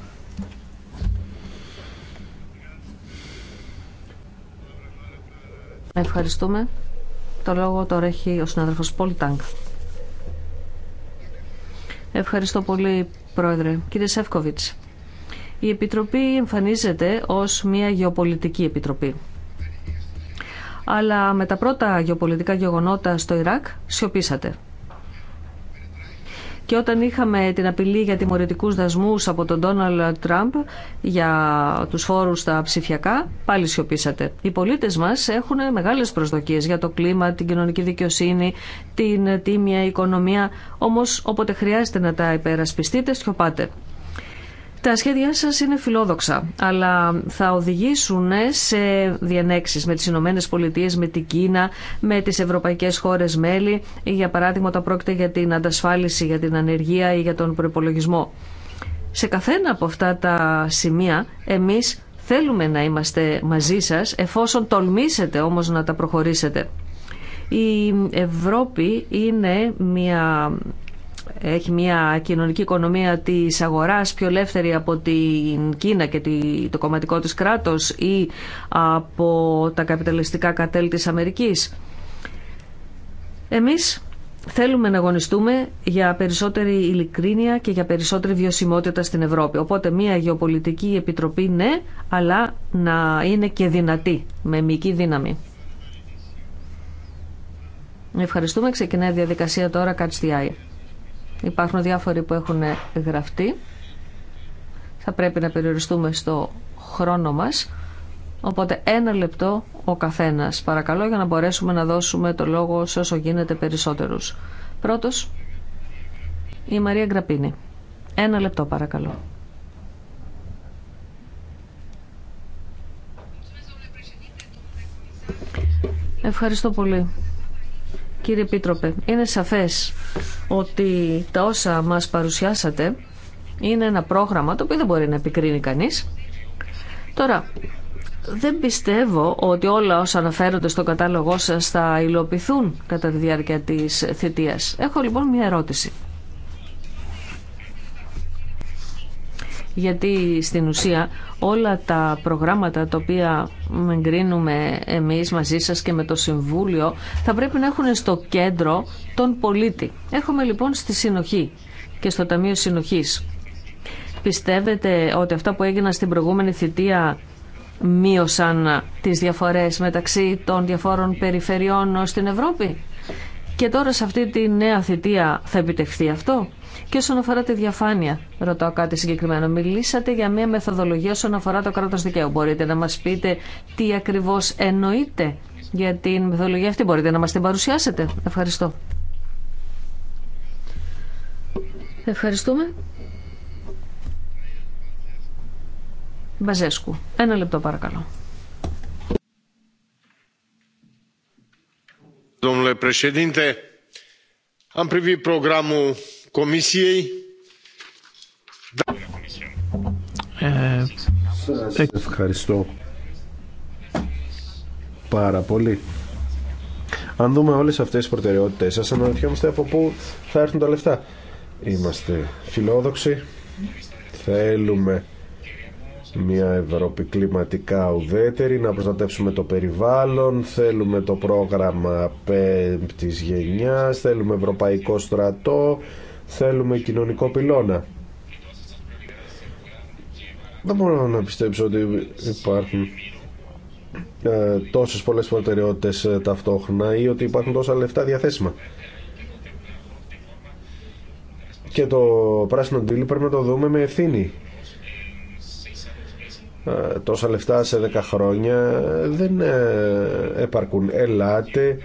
A: Ευχαριστούμε. Το λόγο τώρα έχει ο συνάδελφος Ευχαριστώ πολύ, Πρόεδρε. Κύριε Σεύκοβιτς, η Επιτροπή εμφανίζεται ως μια γεωπολιτική επιτροπή. Αλλά με τα πρώτα γεωπολιτικά γεγονότα στο Ιράκ σιωπήσατε. Και όταν είχαμε την απειλή για τιμωρητικού δασμού από τον Ντόναλτ Τραμπ για τους φόρους στα ψηφιακά, πάλι σιωπήσατε. Οι πολίτες μας έχουν μεγάλες προσδοκίες για το κλίμα, την κοινωνική δικαιοσύνη, την τίμια οικονομία, όμως όποτε χρειάζεται να τα υπερασπιστείτε, σιωπάτε. Τα σχέδιά σας είναι φιλόδοξα, αλλά θα οδηγήσουν σε διενέξεις με τις Ηνωμένε Πολιτείες, με την Κίνα, με τις ευρωπαϊκές χώρες μέλη, ή για παράδειγμα όταν πρόκειται για την αντασφάλιση, για την ανεργία ή για τον προπολογισμό. Σε καθένα από αυτά τα σημεία εμείς θέλουμε να είμαστε μαζί σας, εφόσον τολμήσετε όμως να τα προχωρήσετε. Η Ευρώπη είναι μια έχει μια κοινωνική οικονομία της αγοράς πιο ελεύθερη από την Κίνα και το κομματικό της κράτος ή από τα καπιταλιστικά κατέλ της Αμερικής. Εμείς θέλουμε να αγωνιστούμε για περισσότερη ειλικρίνεια και για περισσότερη βιωσιμότητα στην Ευρώπη. Οπότε μια γεωπολιτική επιτροπή ναι, αλλά να είναι και δυνατή, με μυϊκή δύναμη. Ευχαριστούμε. Ξεκινάει η διαδικασία τώρα Κάτσε τη Υπάρχουν διάφοροι που έχουν γραφτεί. Θα πρέπει να περιοριστούμε στο χρόνο μας. Οπότε ένα λεπτό ο καθένας, παρακαλώ, για να μπορέσουμε να δώσουμε το λόγο σε όσο γίνεται περισσότερους. Πρώτος, η Μαρία Γκραπίνη. Ένα λεπτό, παρακαλώ. Ευχαριστώ πολύ. Κύριε Επίτροπε, είναι σαφές ότι τα όσα μας παρουσιάσατε είναι ένα πρόγραμμα το οποίο δεν μπορεί να επικρίνει κανείς. Τώρα, δεν πιστεύω ότι όλα όσα αναφέρονται στο κατάλογό σας θα υλοποιηθούν κατά τη διάρκεια της θητείας. Έχω λοιπόν μια ερώτηση. γιατί στην ουσία όλα τα προγράμματα τα οποία εγκρίνουμε εμείς μαζί σας και με το Συμβούλιο θα πρέπει να έχουν στο κέντρο τον πολίτη. Έχουμε λοιπόν στη συνοχή και στο Ταμείο Συνοχής. Πιστεύετε ότι αυτά που έγιναν στην προηγούμενη θητεία μείωσαν τις διαφορές μεταξύ των διαφόρων περιφερειών στην Ευρώπη. Και τώρα σε αυτή τη νέα θητεία θα επιτευχθεί αυτό. Και όσον αφορά τη διαφάνεια, ρωτάω κάτι συγκεκριμένο. Μιλήσατε για μια μεθοδολογία όσον αφορά το κράτο δικαίου. Μπορείτε να μα πείτε τι ακριβώ εννοείτε για την μεθοδολογία αυτή. Μπορείτε να μα την παρουσιάσετε. Ευχαριστώ. Ευχαριστούμε. Μπαζέσκου. Ένα λεπτό παρακαλώ.
B: Domnule președinte, am privit programul ε, σας ευχαριστώ πάρα πολύ. Αν δούμε όλες αυτές τις προτεραιότητες σας, αναρωτιόμαστε από πού θα έρθουν τα λεφτά. Είμαστε φιλόδοξοι, θέλουμε μια Ευρώπη κλιματικά ουδέτερη, να προστατεύσουμε το περιβάλλον, θέλουμε το πρόγραμμα πέμπτης γενιάς, θέλουμε ευρωπαϊκό στρατό, Θέλουμε κοινωνικό πυλώνα. Δεν μπορώ να πιστέψω ότι υπάρχουν ε, τόσες πολλές προτεραιότητες ε, ταυτόχρονα ή ότι υπάρχουν τόσα λεφτά διαθέσιμα. Και το πράσινο ντύλι πρέπει να το δούμε με ευθύνη. Ε, τόσα λεφτά σε 10 χρόνια ε, δεν επαρκούν. Ελάτε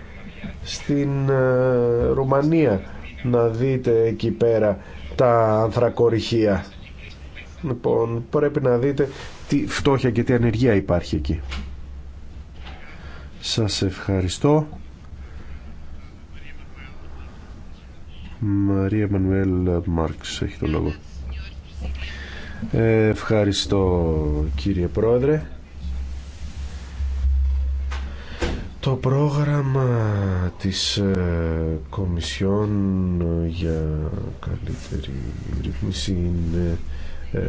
B: στην Ρουμανία να δείτε εκεί πέρα τα ανθρακοριχεία. Λοιπόν, πρέπει να δείτε τι φτώχεια και τι ανεργία υπάρχει εκεί. Σας ευχαριστώ. Μαρία Μανουέλ Μάρξ έχει το λόγο. Ε, ευχαριστώ κύριε Πρόεδρε. Το πρόγραμμα της ε, Κομισιόν για καλύτερη ρυθμίση είναι ε,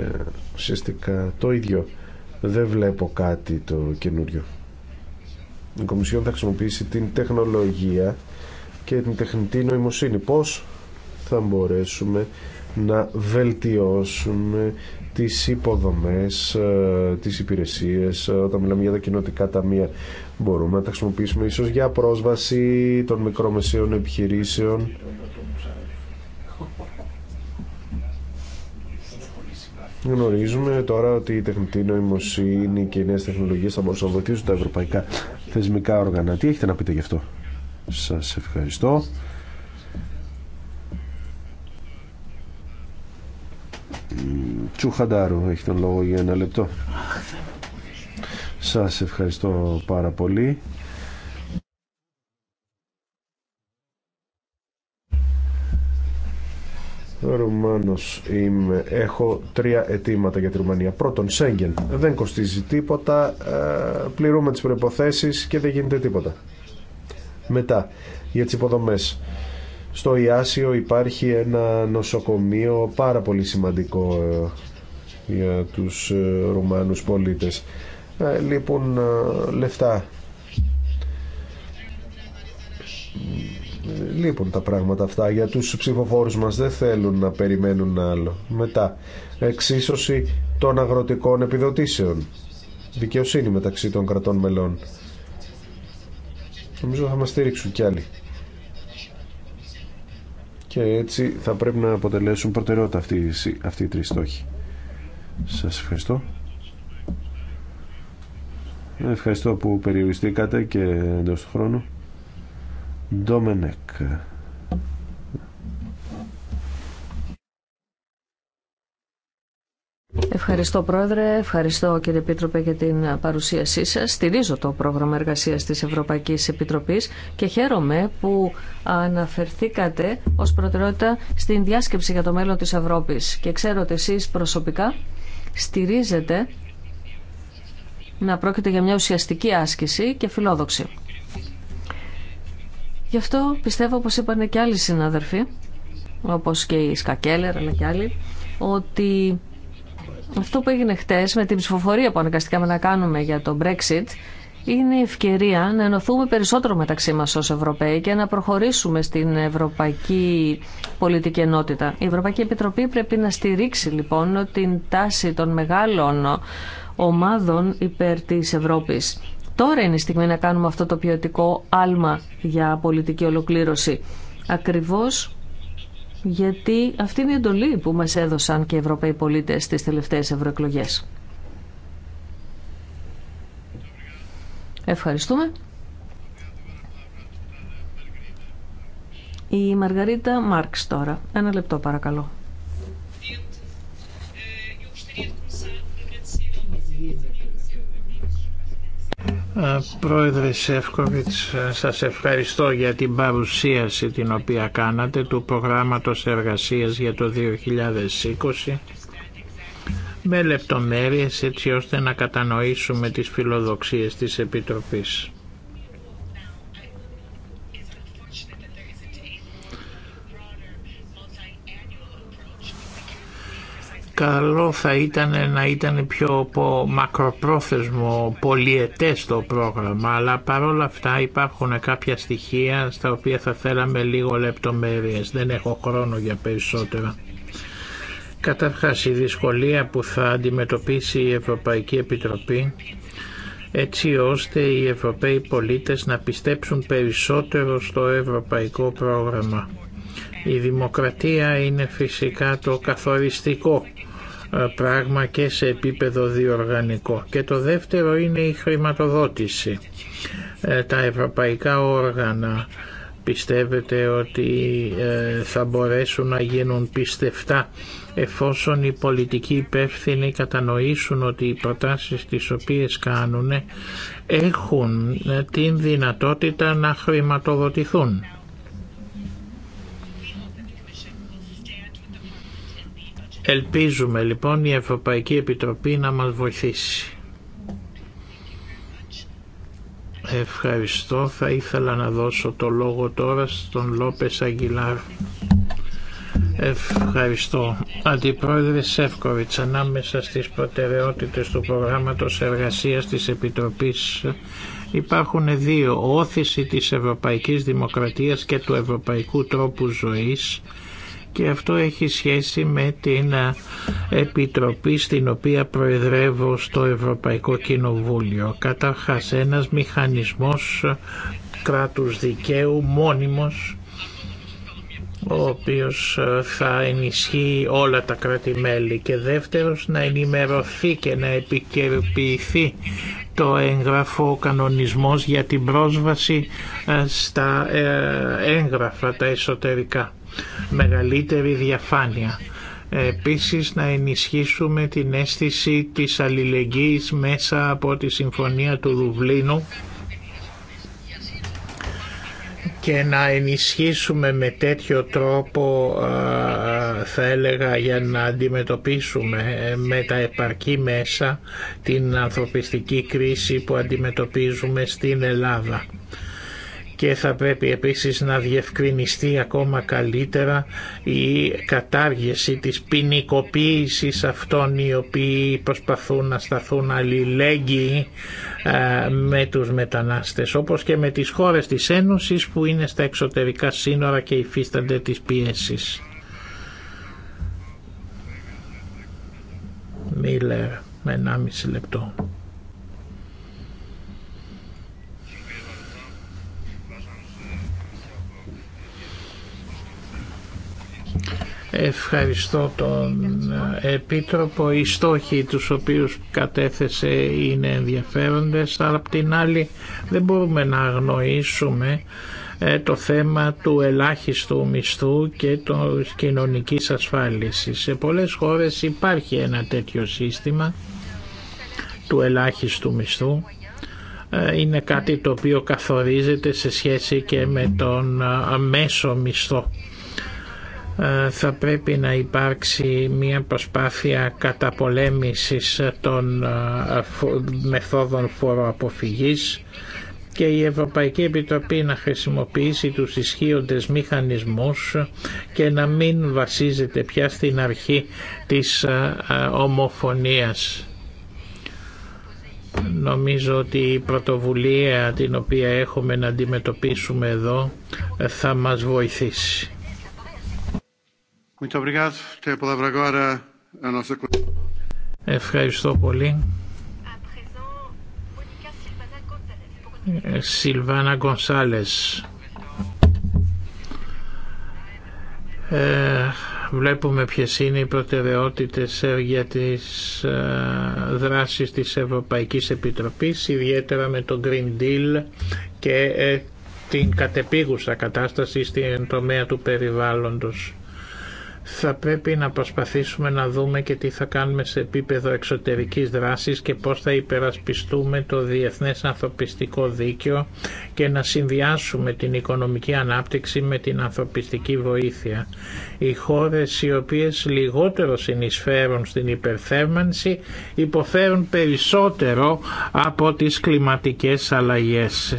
B: ουσιαστικά το ίδιο. Δεν βλέπω κάτι το καινούριο. Η Κομισιόν θα χρησιμοποιήσει την τεχνολογία και την τεχνητή νοημοσύνη. Πώς θα μπορέσουμε να βελτιώσουμε τις υποδομές, ε, τις υπηρεσίες, όταν μιλάμε για τα κοινωτικά ταμεία, μπορούμε να τα χρησιμοποιήσουμε ίσως για πρόσβαση των μικρομεσαίων επιχειρήσεων Γνωρίζουμε τώρα ότι η τεχνητή νοημοσύνη και οι νέες τεχνολογίες θα μπορούσαν να βοηθήσουν τα ευρωπαϊκά θεσμικά όργανα. Τι έχετε να πείτε γι' αυτό. Σας ευχαριστώ. Τσουχαντάρου έχει τον λόγο για ένα λεπτό. Σας ευχαριστώ πάρα πολύ. Ρουμάνος είμαι. Έχω τρία αιτήματα για τη Ρουμανία. Πρώτον, Σέγγεν. Δεν κοστίζει τίποτα, ε, πληρούμε τις προϋποθέσεις και δεν γίνεται τίποτα. Μετά, για τις υποδομές. Στο Ιάσιο υπάρχει ένα νοσοκομείο πάρα πολύ σημαντικό ε, για τους ε, Ρουμάνους πολίτες ε, λείπουν ε, λεφτά. Λείπουν τα πράγματα αυτά για τους ψηφοφόρους μας δεν θέλουν να περιμένουν άλλο. Μετά, εξίσωση των αγροτικών επιδοτήσεων. Δικαιοσύνη μεταξύ των κρατών μελών. Νομίζω θα μας στηρίξουν κι άλλοι. Και έτσι θα πρέπει να αποτελέσουν προτεραιότητα αυτοί, αυτοί οι τρεις στόχοι. Σας ευχαριστώ. Ευχαριστώ που περιοριστήκατε και εντό του χρόνου. Ντόμενεκ.
A: Ευχαριστώ Πρόεδρε, ευχαριστώ κύριε Επίτροπε για την παρουσίασή σας. Στηρίζω το πρόγραμμα εργασίας της Ευρωπαϊκής Επιτροπής και χαίρομαι που αναφερθήκατε ως προτεραιότητα στην διάσκεψη για το μέλλον της Ευρώπης. Και ξέρω ότι εσείς προσωπικά στηρίζετε να πρόκειται για μια ουσιαστική άσκηση και φιλόδοξη. Γι' αυτό πιστεύω, όπως είπαν και άλλοι συνάδελφοι, όπως και η Σκακέλερ αλλά και άλλοι, ότι αυτό που έγινε χτες με την ψηφοφορία που αναγκαστήκαμε να κάνουμε για το Brexit είναι η ευκαιρία να ενωθούμε περισσότερο μεταξύ μας ως Ευρωπαίοι και να προχωρήσουμε στην Ευρωπαϊκή Πολιτική Ενότητα. Η Ευρωπαϊκή Επιτροπή πρέπει να στηρίξει λοιπόν την τάση των μεγάλων ομάδων υπέρ της Ευρώπης. Τώρα είναι η στιγμή να κάνουμε αυτό το ποιοτικό άλμα για πολιτική ολοκλήρωση. Ακριβώς γιατί αυτή είναι η εντολή που μας έδωσαν και οι Ευρωπαίοι πολίτες στις τελευταίες ευρωεκλογέ. Ευχαριστούμε. Η Μαργαρίτα Μάρξ τώρα. Ένα λεπτό παρακαλώ. Ε, πρόεδρε
D: Σεύκοβιτς, σας ευχαριστώ για την παρουσίαση την οποία κάνατε του προγράμματος εργασίας για το 2020 με λεπτομέρειες έτσι ώστε να κατανοήσουμε τις φιλοδοξίες της Επιτροπής. καλό θα ήταν να ήταν πιο μακροπρόθεσμο, πολιετές το πρόγραμμα, αλλά παρόλα αυτά υπάρχουν κάποια στοιχεία στα οποία θα θέλαμε λίγο λεπτομέρειες. Δεν έχω χρόνο για περισσότερα. Καταρχάς η δυσκολία που θα αντιμετωπίσει η Ευρωπαϊκή Επιτροπή έτσι ώστε οι Ευρωπαίοι πολίτες να πιστέψουν περισσότερο στο Ευρωπαϊκό Πρόγραμμα. Η δημοκρατία είναι φυσικά το καθοριστικό ε, πράγμα και σε επίπεδο διοργανικό. Και το δεύτερο είναι η χρηματοδότηση. Ε, τα ευρωπαϊκά όργανα πιστεύετε ότι ε, θα μπορέσουν να γίνουν πιστευτά εφόσον οι πολιτικοί υπεύθυνοι κατανοήσουν ότι οι προτάσεις τις οποίες κάνουν έχουν την δυνατότητα να χρηματοδοτηθούν. Ελπίζουμε λοιπόν η Ευρωπαϊκή Επιτροπή να μας βοηθήσει. Ευχαριστώ. Θα ήθελα να δώσω το λόγο τώρα στον Λόπες Αγγιλάρ. Ευχαριστώ. Αντιπρόεδρε Σεύκοβιτς, ανάμεσα στις προτεραιότητες του προγράμματος εργασίας της Επιτροπής υπάρχουν δύο. Όθηση της Ευρωπαϊκής Δημοκρατίας και του Ευρωπαϊκού Τρόπου Ζωής και αυτό έχει σχέση με την ε, επιτροπή στην οποία προεδρεύω στο Ευρωπαϊκό Κοινοβούλιο. Καταρχάς ένας μηχανισμός κράτους δικαίου μόνιμος ο οποίος ε, θα ενισχύει όλα τα κράτη-μέλη και δεύτερος να ενημερωθεί και να επικαιροποιηθεί το έγγραφο κανονισμός για την πρόσβαση ε, στα έγγραφα τα εσωτερικά μεγαλύτερη διαφάνεια. Επίσης να ενισχύσουμε την αίσθηση της αλληλεγγύης μέσα από τη Συμφωνία του Δουβλίνου και να ενισχύσουμε με τέτοιο τρόπο θα έλεγα για να αντιμετωπίσουμε με τα επαρκή μέσα την ανθρωπιστική κρίση που αντιμετωπίζουμε στην Ελλάδα και θα πρέπει επίσης να διευκρινιστεί ακόμα καλύτερα η κατάργηση της ποινικοποίηση αυτών οι οποίοι προσπαθούν να σταθούν αλληλέγγυοι ε, με τους μετανάστες όπως και με τις χώρες της Ένωσης που είναι στα εξωτερικά σύνορα και υφίστανται τις πιέσεις. Μίλερ, με Ευχαριστώ τον Επίτροπο. Οι στόχοι τους οποίους κατέθεσε είναι ενδιαφέροντες, αλλά απ' την άλλη δεν μπορούμε να αγνοήσουμε ε, το θέμα του ελάχιστου μισθού και της κοινωνικής ασφάλισης. Σε πολλές χώρες υπάρχει ένα τέτοιο σύστημα του ελάχιστου μισθού. Ε, είναι κάτι το οποίο καθορίζεται σε σχέση και με τον ε, μέσο μισθό ε, θα πρέπει να υπάρξει μια προσπάθεια καταπολέμησης των ε, μεθόδων φοροαποφυγής και η Ευρωπαϊκή Επιτροπή να χρησιμοποιήσει τους ισχύοντες μηχανισμούς και να μην βασίζεται πια στην αρχή της ε, ομοφωνίας. Νομίζω ότι η πρωτοβουλία την οποία έχουμε να αντιμετωπίσουμε εδώ θα μας βοηθήσει. Ευχαριστώ πολύ. Ε, Σιλβάνα Γκονσάλες. Ε, βλέπουμε ποιες είναι οι προτεραιότητες ε, για τις ε, δράσεις της Ευρωπαϊκής Επιτροπής, ιδιαίτερα με το Green Deal και την κατεπίγουσα κατάσταση στην τομέα του περιβάλλοντος θα πρέπει να προσπαθήσουμε να δούμε και τι θα κάνουμε σε επίπεδο εξωτερικής δράσης και πώς θα υπερασπιστούμε το διεθνές ανθρωπιστικό δίκαιο και να συνδυάσουμε την οικονομική ανάπτυξη με την ανθρωπιστική βοήθεια. Οι χώρες οι οποίες λιγότερο συνεισφέρουν στην υπερθέρμανση υποφέρουν περισσότερο από τις κλιματικές αλλαγές.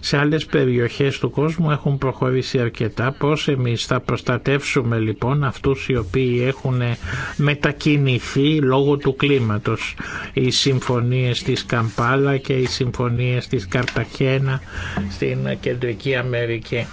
D: Σε άλλες περιοχές του κόσμου έχουν προχωρήσει αρκετά. Πώς εμείς θα προστατεύσουμε λοιπόν αυτό αυτούς οι οποίοι έχουν μετακινηθεί λόγω του κλίματος. Οι συμφωνίες της Καμπάλα και οι συμφωνίες της Καρταχένα στην Κεντρική Αμερική.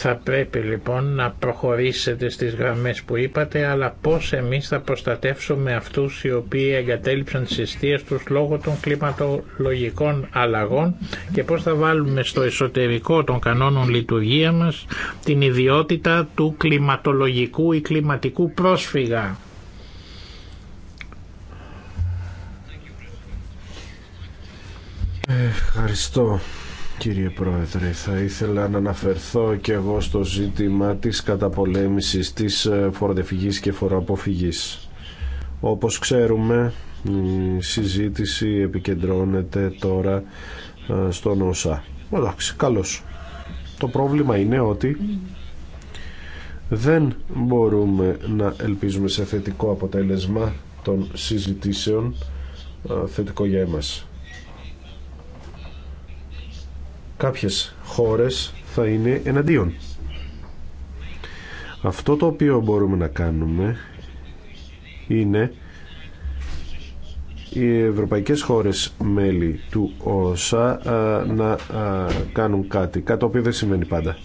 D: Θα πρέπει λοιπόν να προχωρήσετε στις γραμμές που είπατε, αλλά πώς εμείς θα προστατεύσουμε αυτούς οι οποίοι εγκατέλειψαν τις αιστείες τους λόγω των κλιματολογικών αλλαγών και πώς θα βάλουμε στο εσωτερικό των κανόνων λειτουργία μας την ιδιότητα του κλιματολογικού ή κλιματικού πρόσφυγα.
B: Ευχαριστώ Κύριε Πρόεδρε, θα ήθελα να αναφερθώ και εγώ στο ζήτημα της καταπολέμησης της ε, φοροδεφυγής και φοροαποφυγής. Όπως ξέρουμε, η συζήτηση επικεντρώνεται τώρα ε, στον ΩΣΑ. Εντάξει, καλώς. Το πρόβλημα είναι ότι δεν μπορούμε να ελπίζουμε σε θετικό αποτέλεσμα των συζητήσεων ε, θετικό για εμάς κάποιες χώρες θα είναι εναντίον. Αυτό το οποίο μπορούμε να κάνουμε είναι οι ευρωπαϊκές χώρες μέλη του ΩΣΑ να κάνουν κάτι, κάτι το οποίο δεν συμβαίνει πάντα.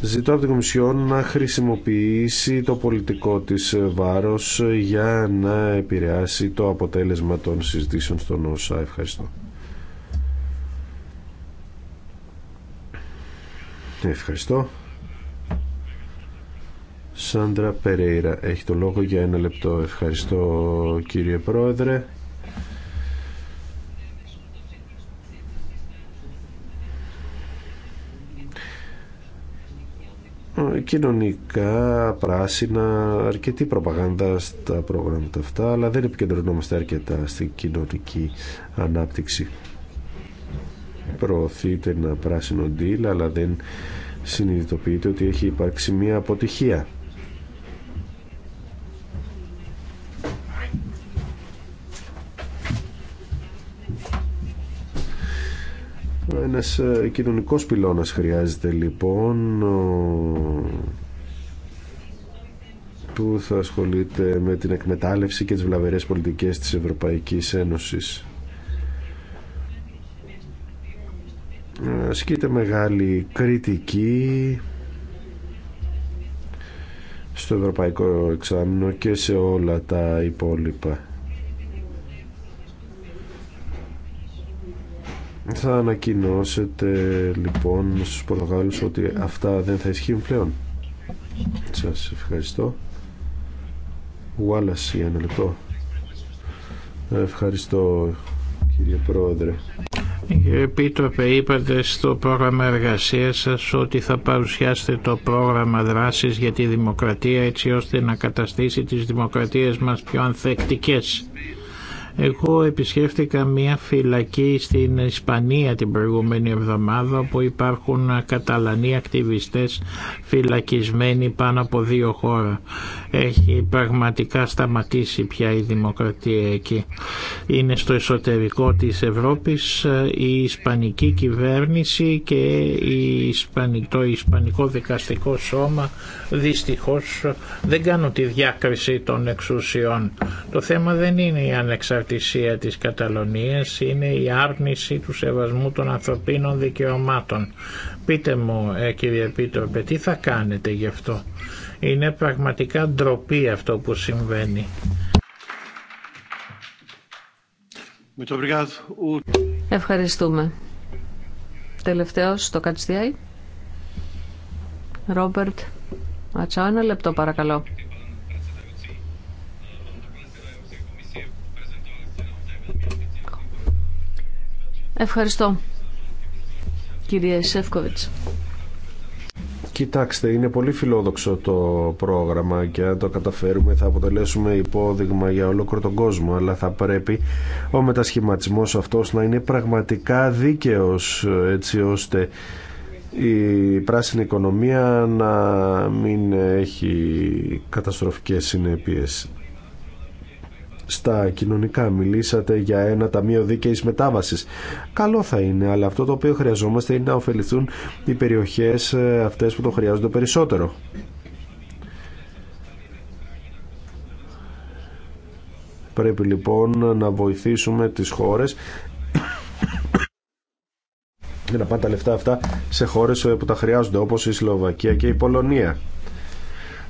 B: Ζητώ από την Κομισιόν να χρησιμοποιήσει το πολιτικό της βάρος για να επηρεάσει το αποτέλεσμα των συζητήσεων στον ΩΣΑ. Ευχαριστώ. Ναι, ευχαριστώ. Σάντρα Περέιρα έχει το λόγο για ένα λεπτό. Ευχαριστώ κύριε Πρόεδρε. κοινωνικά, πράσινα, αρκετή προπαγάνδα στα προγράμματα αυτά, αλλά δεν επικεντρωνόμαστε αρκετά στην κοινωνική ανάπτυξη προωθείται ένα πράσινο deal αλλά δεν συνειδητοποιείται ότι έχει υπάρξει μια αποτυχία. Ένας ε, κοινωνικός πυλώνας χρειάζεται λοιπόν που θα ασχολείται με την εκμετάλλευση και τις βλαβερές πολιτικές της Ευρωπαϊκής Ένωσης. ασκείται μεγάλη κριτική στο Ευρωπαϊκό Εξάμεινο και σε όλα τα υπόλοιπα. Θα ανακοινώσετε λοιπόν στους Πορτογάλους ότι αυτά δεν θα ισχύουν πλέον. Σας ευχαριστώ. Γουάλας για ένα λεπτό. Ευχαριστώ κύριε Πρόεδρε.
D: Κύριε Επίτροπε, είπατε στο πρόγραμμα εργασίας σας ότι θα παρουσιάσετε το πρόγραμμα δράσης για τη δημοκρατία έτσι ώστε να καταστήσει τις δημοκρατίες μας πιο ανθεκτικές. Εγώ επισκέφτηκα μια φυλακή στην Ισπανία την προηγούμενη εβδομάδα όπου υπάρχουν καταλανοί ακτιβιστές φυλακισμένοι πάνω από δύο χώρα. Έχει πραγματικά σταματήσει πια η δημοκρατία εκεί. Είναι στο εσωτερικό της Ευρώπης η Ισπανική κυβέρνηση και το Ισπανικό δικαστικό σώμα δυστυχώς δεν κάνουν τη διάκριση των εξουσιών. Το θέμα δεν είναι η ανεξαρτησία ανεξαρτησία της Καταλωνίας είναι η άρνηση του σεβασμού των ανθρωπίνων δικαιωμάτων. Πείτε μου ε, κύριε Επίτροπε τι θα κάνετε γι' αυτό. Είναι πραγματικά ντροπή αυτό που συμβαίνει.
A: Ευχαριστούμε. Τελευταίος το Κατστιάι. Ρόμπερτ Ατσά, ένα λεπτό παρακαλώ. Ευχαριστώ, κύριε Σεύκοβιτς.
B: Κοιτάξτε, είναι πολύ φιλόδοξο το πρόγραμμα και αν το καταφέρουμε θα αποτελέσουμε υπόδειγμα για ολόκληρο τον κόσμο, αλλά θα πρέπει ο μετασχηματισμός αυτός να είναι πραγματικά δίκαιος, έτσι ώστε η πράσινη οικονομία να μην έχει καταστροφικές συνέπειες στα κοινωνικά. Μιλήσατε για ένα ταμείο δίκαιη μετάβασης. Καλό θα είναι, αλλά αυτό το οποίο χρειαζόμαστε είναι να ωφεληθούν οι περιοχές ε, αυτές που το χρειάζονται περισσότερο. Πρέπει λοιπόν να βοηθήσουμε τις χώρες για να πάνε τα λεφτά αυτά σε χώρες ε, που τα χρειάζονται όπως η Σλοβακία και η Πολωνία.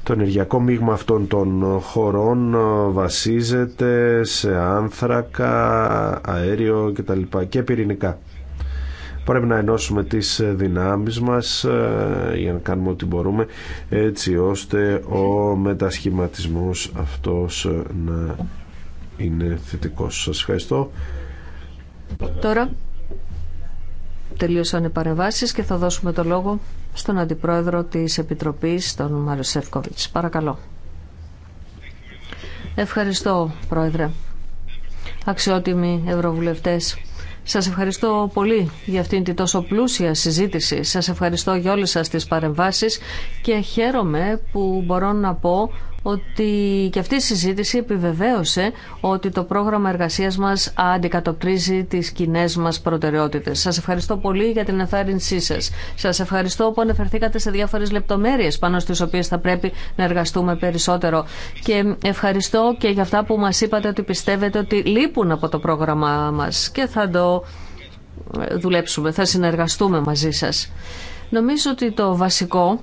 B: Το ενεργειακό μείγμα αυτών των χωρών ε, βασίζεται σε άνθρακα, αέριο κτλ. και πυρηνικά. Πρέπει να ενώσουμε τις δυνάμεις μας ε, για να κάνουμε ό,τι μπορούμε έτσι ώστε ο μετασχηματισμός αυτός ε, να είναι θετικός. Σας ευχαριστώ.
A: Τώρα τελείωσαν οι παρεμβάσει και θα δώσουμε το λόγο στον Αντιπρόεδρο τη Επιτροπή, τον Μάριο Παρακαλώ. Ευχαριστώ, Πρόεδρε. Αξιότιμοι Ευρωβουλευτέ. Σας ευχαριστώ πολύ για αυτήν την τόσο πλούσια συζήτηση. Σας ευχαριστώ για όλε σα τι παρεμβάσεις και χαίρομαι που μπορώ να πω ότι και αυτή η συζήτηση επιβεβαίωσε ότι το πρόγραμμα εργασίας μας αντικατοπτρίζει τις κοινέ μας προτεραιότητες. Σας ευχαριστώ πολύ για την εθάρρυνσή σας. Σας ευχαριστώ που ανεφερθήκατε σε διάφορες λεπτομέρειες πάνω στις οποίες θα πρέπει να εργαστούμε περισσότερο. Και ευχαριστώ και για αυτά που μας είπατε ότι πιστεύετε ότι λείπουν από το πρόγραμμά μας και θα το ε, δουλέψουμε, θα συνεργαστούμε μαζί σας. Νομίζω ότι το βασικό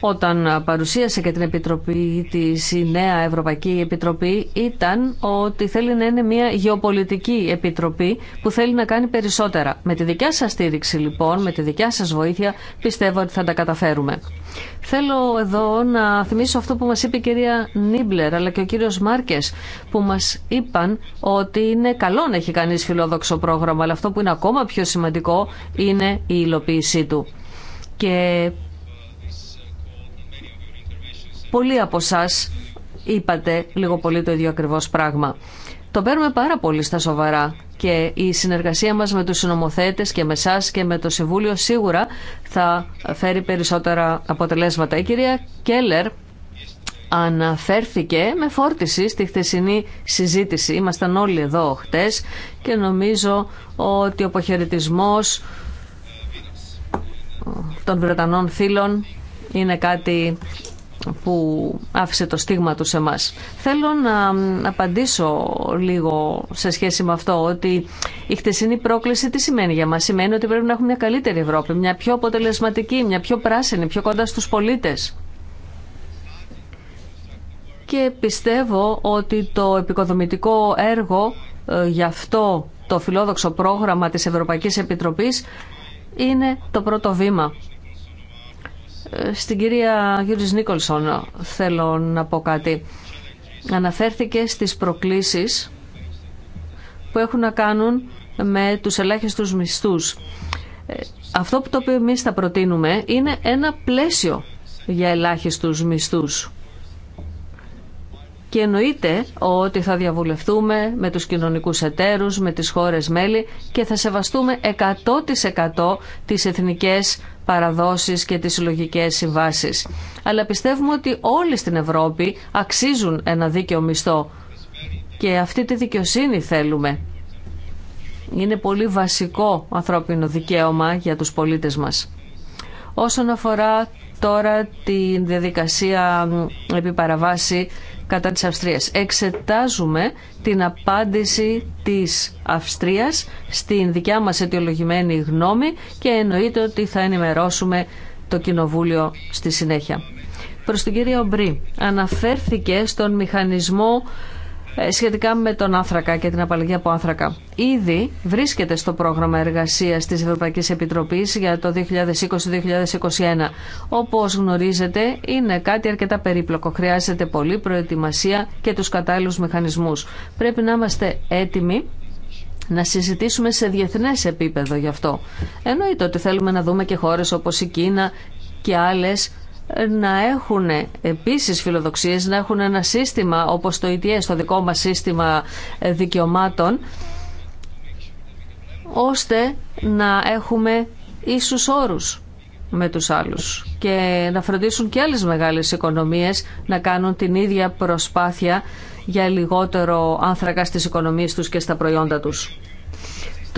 A: όταν παρουσίασε και την Επιτροπή τη η νέα Ευρωπαϊκή Επιτροπή ήταν ότι θέλει να είναι μια γεωπολιτική επιτροπή που θέλει να κάνει περισσότερα. Με τη δικιά σας στήριξη λοιπόν, με τη δικιά σας βοήθεια πιστεύω ότι θα τα καταφέρουμε. Θέλω εδώ να θυμίσω αυτό που μας είπε η κυρία Νίμπλερ αλλά και ο κύριος Μάρκες που μας είπαν ότι είναι καλό να έχει κανείς φιλόδοξο πρόγραμμα αλλά αυτό που είναι ακόμα πιο σημαντικό είναι η υλοποίησή του. Και Πολλοί από εσά είπατε λίγο πολύ το ίδιο ακριβώς πράγμα. Το παίρνουμε πάρα πολύ στα σοβαρά και η συνεργασία μας με τους συνομοθέτες και με εσά και με το Συμβούλιο σίγουρα θα φέρει περισσότερα αποτελέσματα. Η κυρία Κέλλερ αναφέρθηκε με φόρτιση στη χθεσινή συζήτηση. Ήμασταν όλοι εδώ χτες και νομίζω ότι ο αποχαιρετισμό των Βρετανών φίλων είναι κάτι που άφησε το στίγμα του σε μας. Θέλω να απαντήσω λίγο σε σχέση με αυτό ότι η χτεσινή πρόκληση τι σημαίνει για μας. Σημαίνει ότι πρέπει να έχουμε μια καλύτερη Ευρώπη, μια πιο αποτελεσματική, μια πιο πράσινη, πιο κοντά στους πολίτες. Και πιστεύω ότι το επικοδομητικό έργο ε, γι' αυτό το φιλόδοξο πρόγραμμα της Ευρωπαϊκής Επιτροπής είναι το πρώτο βήμα στην κυρία Γιούρις Νίκολσον θέλω να πω κάτι. Αναφέρθηκε στις προκλήσεις που έχουν να κάνουν με τους ελάχιστους μισθούς. Ε, αυτό που το οποίο εμείς θα προτείνουμε είναι ένα πλαίσιο για ελάχιστους μισθούς και εννοείται ότι θα διαβουλευτούμε με τους κοινωνικούς εταίρους, με τις χώρες μέλη και θα σεβαστούμε 100% τις εθνικές παραδόσεις και τις συλλογικέ συμβάσεις. Αλλά πιστεύουμε ότι όλοι στην Ευρώπη αξίζουν ένα δίκαιο μισθό και αυτή τη δικαιοσύνη θέλουμε. Είναι πολύ βασικό ανθρώπινο δικαίωμα για τους πολίτες μας. Όσον αφορά τώρα τη διαδικασία επί κατά της Αυστρίας. Εξετάζουμε την απάντηση της Αυστρίας στην δικιά μας αιτιολογημένη γνώμη και εννοείται ότι θα ενημερώσουμε το Κοινοβούλιο στη συνέχεια. Προς τον κύριο αναφέρθηκε στον μηχανισμό ε, σχετικά με τον άνθρακα και την απαλλαγή από άνθρακα. Ήδη βρίσκεται στο πρόγραμμα εργασία της Ευρωπαϊκής Επιτροπής για το 2020-2021. Όπως γνωρίζετε είναι κάτι αρκετά περίπλοκο. Χρειάζεται πολλή προετοιμασία και τους κατάλληλου μηχανισμού. Πρέπει να είμαστε έτοιμοι να συζητήσουμε σε διεθνές επίπεδο γι' αυτό. Εννοείται ότι θέλουμε να δούμε και χώρε όπω η Κίνα και άλλε να έχουν επίσης φιλοδοξίες, να έχουν ένα σύστημα όπως το ETS, το δικό μας σύστημα ε, δικαιωμάτων, ώστε να έχουμε ίσους όρους με τους άλλους και να φροντίσουν και άλλες μεγάλες οικονομίες να κάνουν την ίδια προσπάθεια για λιγότερο άνθρακα στις οικονομίες τους και στα προϊόντα τους.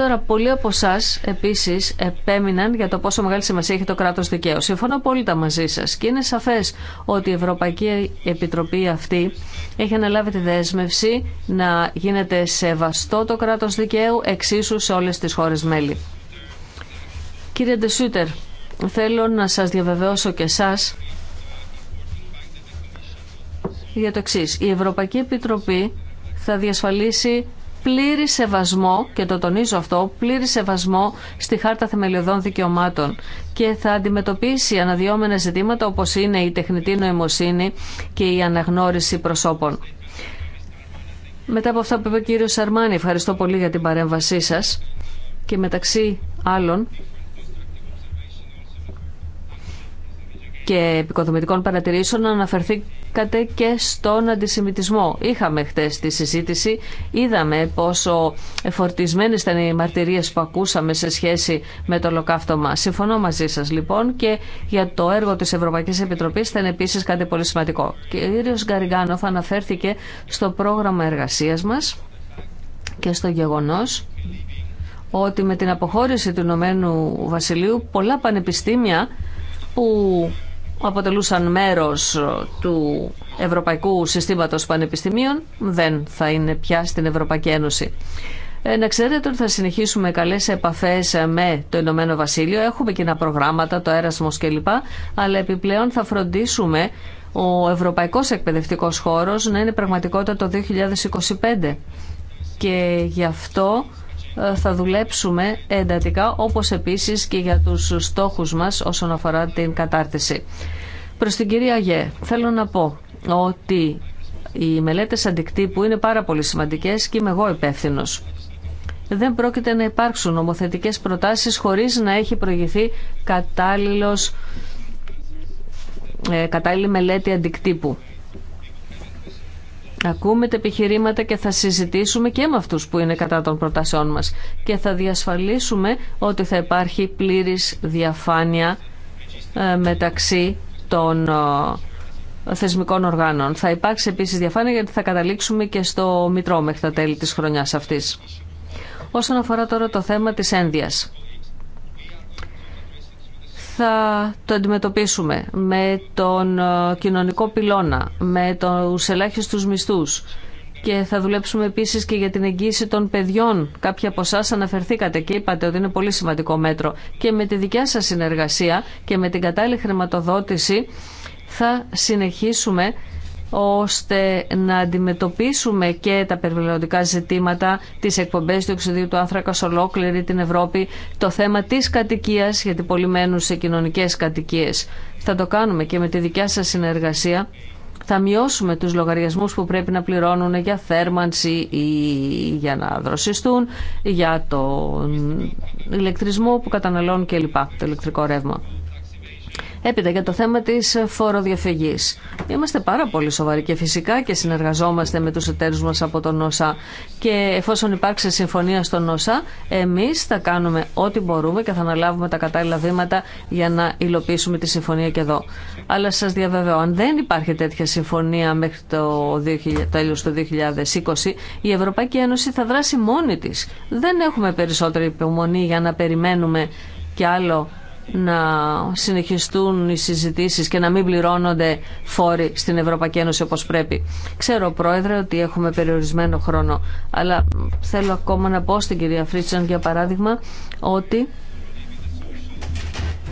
A: Τώρα, πολλοί από εσά επίση επέμειναν για το πόσο μεγάλη σημασία έχει το κράτο δικαίου. Συμφωνώ απόλυτα μαζί σα και είναι σαφέ ότι η Ευρωπαϊκή Επιτροπή αυτή έχει αναλάβει τη δέσμευση να γίνεται σεβαστό το κράτο δικαίου εξίσου σε όλε τι χώρε μέλη. Κύριε Ντεσούτερ, θέλω να σας διαβεβαιώσω και εσά για το εξή. Η Ευρωπαϊκή Επιτροπή θα διασφαλίσει πλήρη σεβασμό, και το τονίζω αυτό, πλήρη σεβασμό στη Χάρτα Θεμελιωδών Δικαιωμάτων και θα αντιμετωπίσει αναδυόμενα ζητήματα όπως είναι η τεχνητή νοημοσύνη και η αναγνώριση προσώπων. Μετά από αυτά που είπε ο κύριος Σαρμάνη, ευχαριστώ πολύ για την παρέμβασή σας και μεταξύ άλλων και επικοδομητικών παρατηρήσεων αναφερθήκατε και στον αντισημιτισμό. Είχαμε χτες τη συζήτηση, είδαμε πόσο εφορτισμένε ήταν οι μαρτυρίε που ακούσαμε σε σχέση με το ολοκαύτωμα. Συμφωνώ μαζί σα λοιπόν και για το έργο τη Ευρωπαϊκή Επιτροπής ήταν επίση κάτι πολύ σημαντικό. Και ο κύριος Γκαριγκάνοφ αναφέρθηκε στο πρόγραμμα εργασία μα και στο γεγονό ότι με την αποχώρηση του Ηνωμένου Βασιλείου πολλά πανεπιστήμια που αποτελούσαν μέρος του Ευρωπαϊκού Συστήματος Πανεπιστημίων δεν θα είναι πια στην Ευρωπαϊκή Ένωση. Ε, να ξέρετε ότι θα συνεχίσουμε καλές επαφές με το Ηνωμένο Βασίλειο. Έχουμε κοινά προγράμματα, το Έρασμος κλπ. Αλλά επιπλέον θα φροντίσουμε ο Ευρωπαϊκός Εκπαιδευτικός Χώρος να είναι πραγματικότητα το 2025. Και γι' αυτό ε, θα δουλέψουμε εντατικά, όπως επίσης και για τους στόχους μας όσον αφορά την κατάρτιση. Προς την κυρία Γε, θέλω να πω ότι οι μελέτες αντικτύπου είναι πάρα πολύ σημαντικές και είμαι εγώ υπεύθυνο. Δεν πρόκειται να υπάρξουν νομοθετικές προτάσεις χωρίς να έχει προηγηθεί κατάλληλος, ε, κατάλληλη μελέτη αντικτύπου ακούμε τα επιχειρήματα και θα συζητήσουμε και με αυτούς που είναι κατά των προτάσεών μας και θα διασφαλίσουμε ότι θα υπάρχει πλήρης διαφάνεια ε, μεταξύ των ε, θεσμικών οργάνων. Θα υπάρξει επίσης διαφάνεια γιατί θα καταλήξουμε και στο Μητρό μέχρι τα τέλη της χρονιάς αυτής. Όσον αφορά τώρα το θέμα της ένδυας θα το αντιμετωπίσουμε με τον ε, κοινωνικό πυλώνα, με τους ελάχιστους μισθούς και θα δουλέψουμε επίσης και για την εγγύηση των παιδιών. Κάποιοι από εσά αναφερθήκατε και είπατε ότι είναι πολύ σημαντικό μέτρο και με τη δικιά σας συνεργασία και με την κατάλληλη χρηματοδότηση θα συνεχίσουμε ώστε να αντιμετωπίσουμε και τα περιβαλλοντικά ζητήματα, της εκπομπές του εξοδίου του άνθρακα σε ολόκληρη την Ευρώπη, το θέμα της κατοικίας, γιατί πολλοί μένουν σε κοινωνικές κατοικίες. Θα το κάνουμε και με τη δικιά σας συνεργασία. Θα μειώσουμε τους λογαριασμούς που πρέπει να πληρώνουν για θέρμανση ή για να δροσιστούν, για τον ηλεκτρισμό που καταναλώνουν κλπ, το ηλεκτρικό ρεύμα. Έπειτα για το θέμα τη φοροδιαφυγή. Είμαστε πάρα πολύ σοβαροί και φυσικά και συνεργαζόμαστε με του εταίρου μα από τον ΩΣΑ και εφόσον υπάρξει συμφωνία στον ΩΣΑ εμεί θα κάνουμε ό,τι μπορούμε και θα αναλάβουμε τα κατάλληλα βήματα για να υλοποιήσουμε τη συμφωνία και εδώ. Αλλά σα διαβεβαιώ, αν δεν υπάρχει τέτοια συμφωνία μέχρι το τέλο του 2020 η Ευρωπαϊκή Ένωση θα δράσει μόνη τη. Δεν έχουμε περισσότερη υπομονή για να περιμένουμε κι άλλο να συνεχιστούν οι συζητήσεις και να μην πληρώνονται φόροι στην Ευρωπαϊκή Ένωση όπως πρέπει. Ξέρω, Πρόεδρε, ότι έχουμε περιορισμένο χρόνο, αλλά θέλω ακόμα να πω στην κυρία Φρίτσαν για παράδειγμα, ότι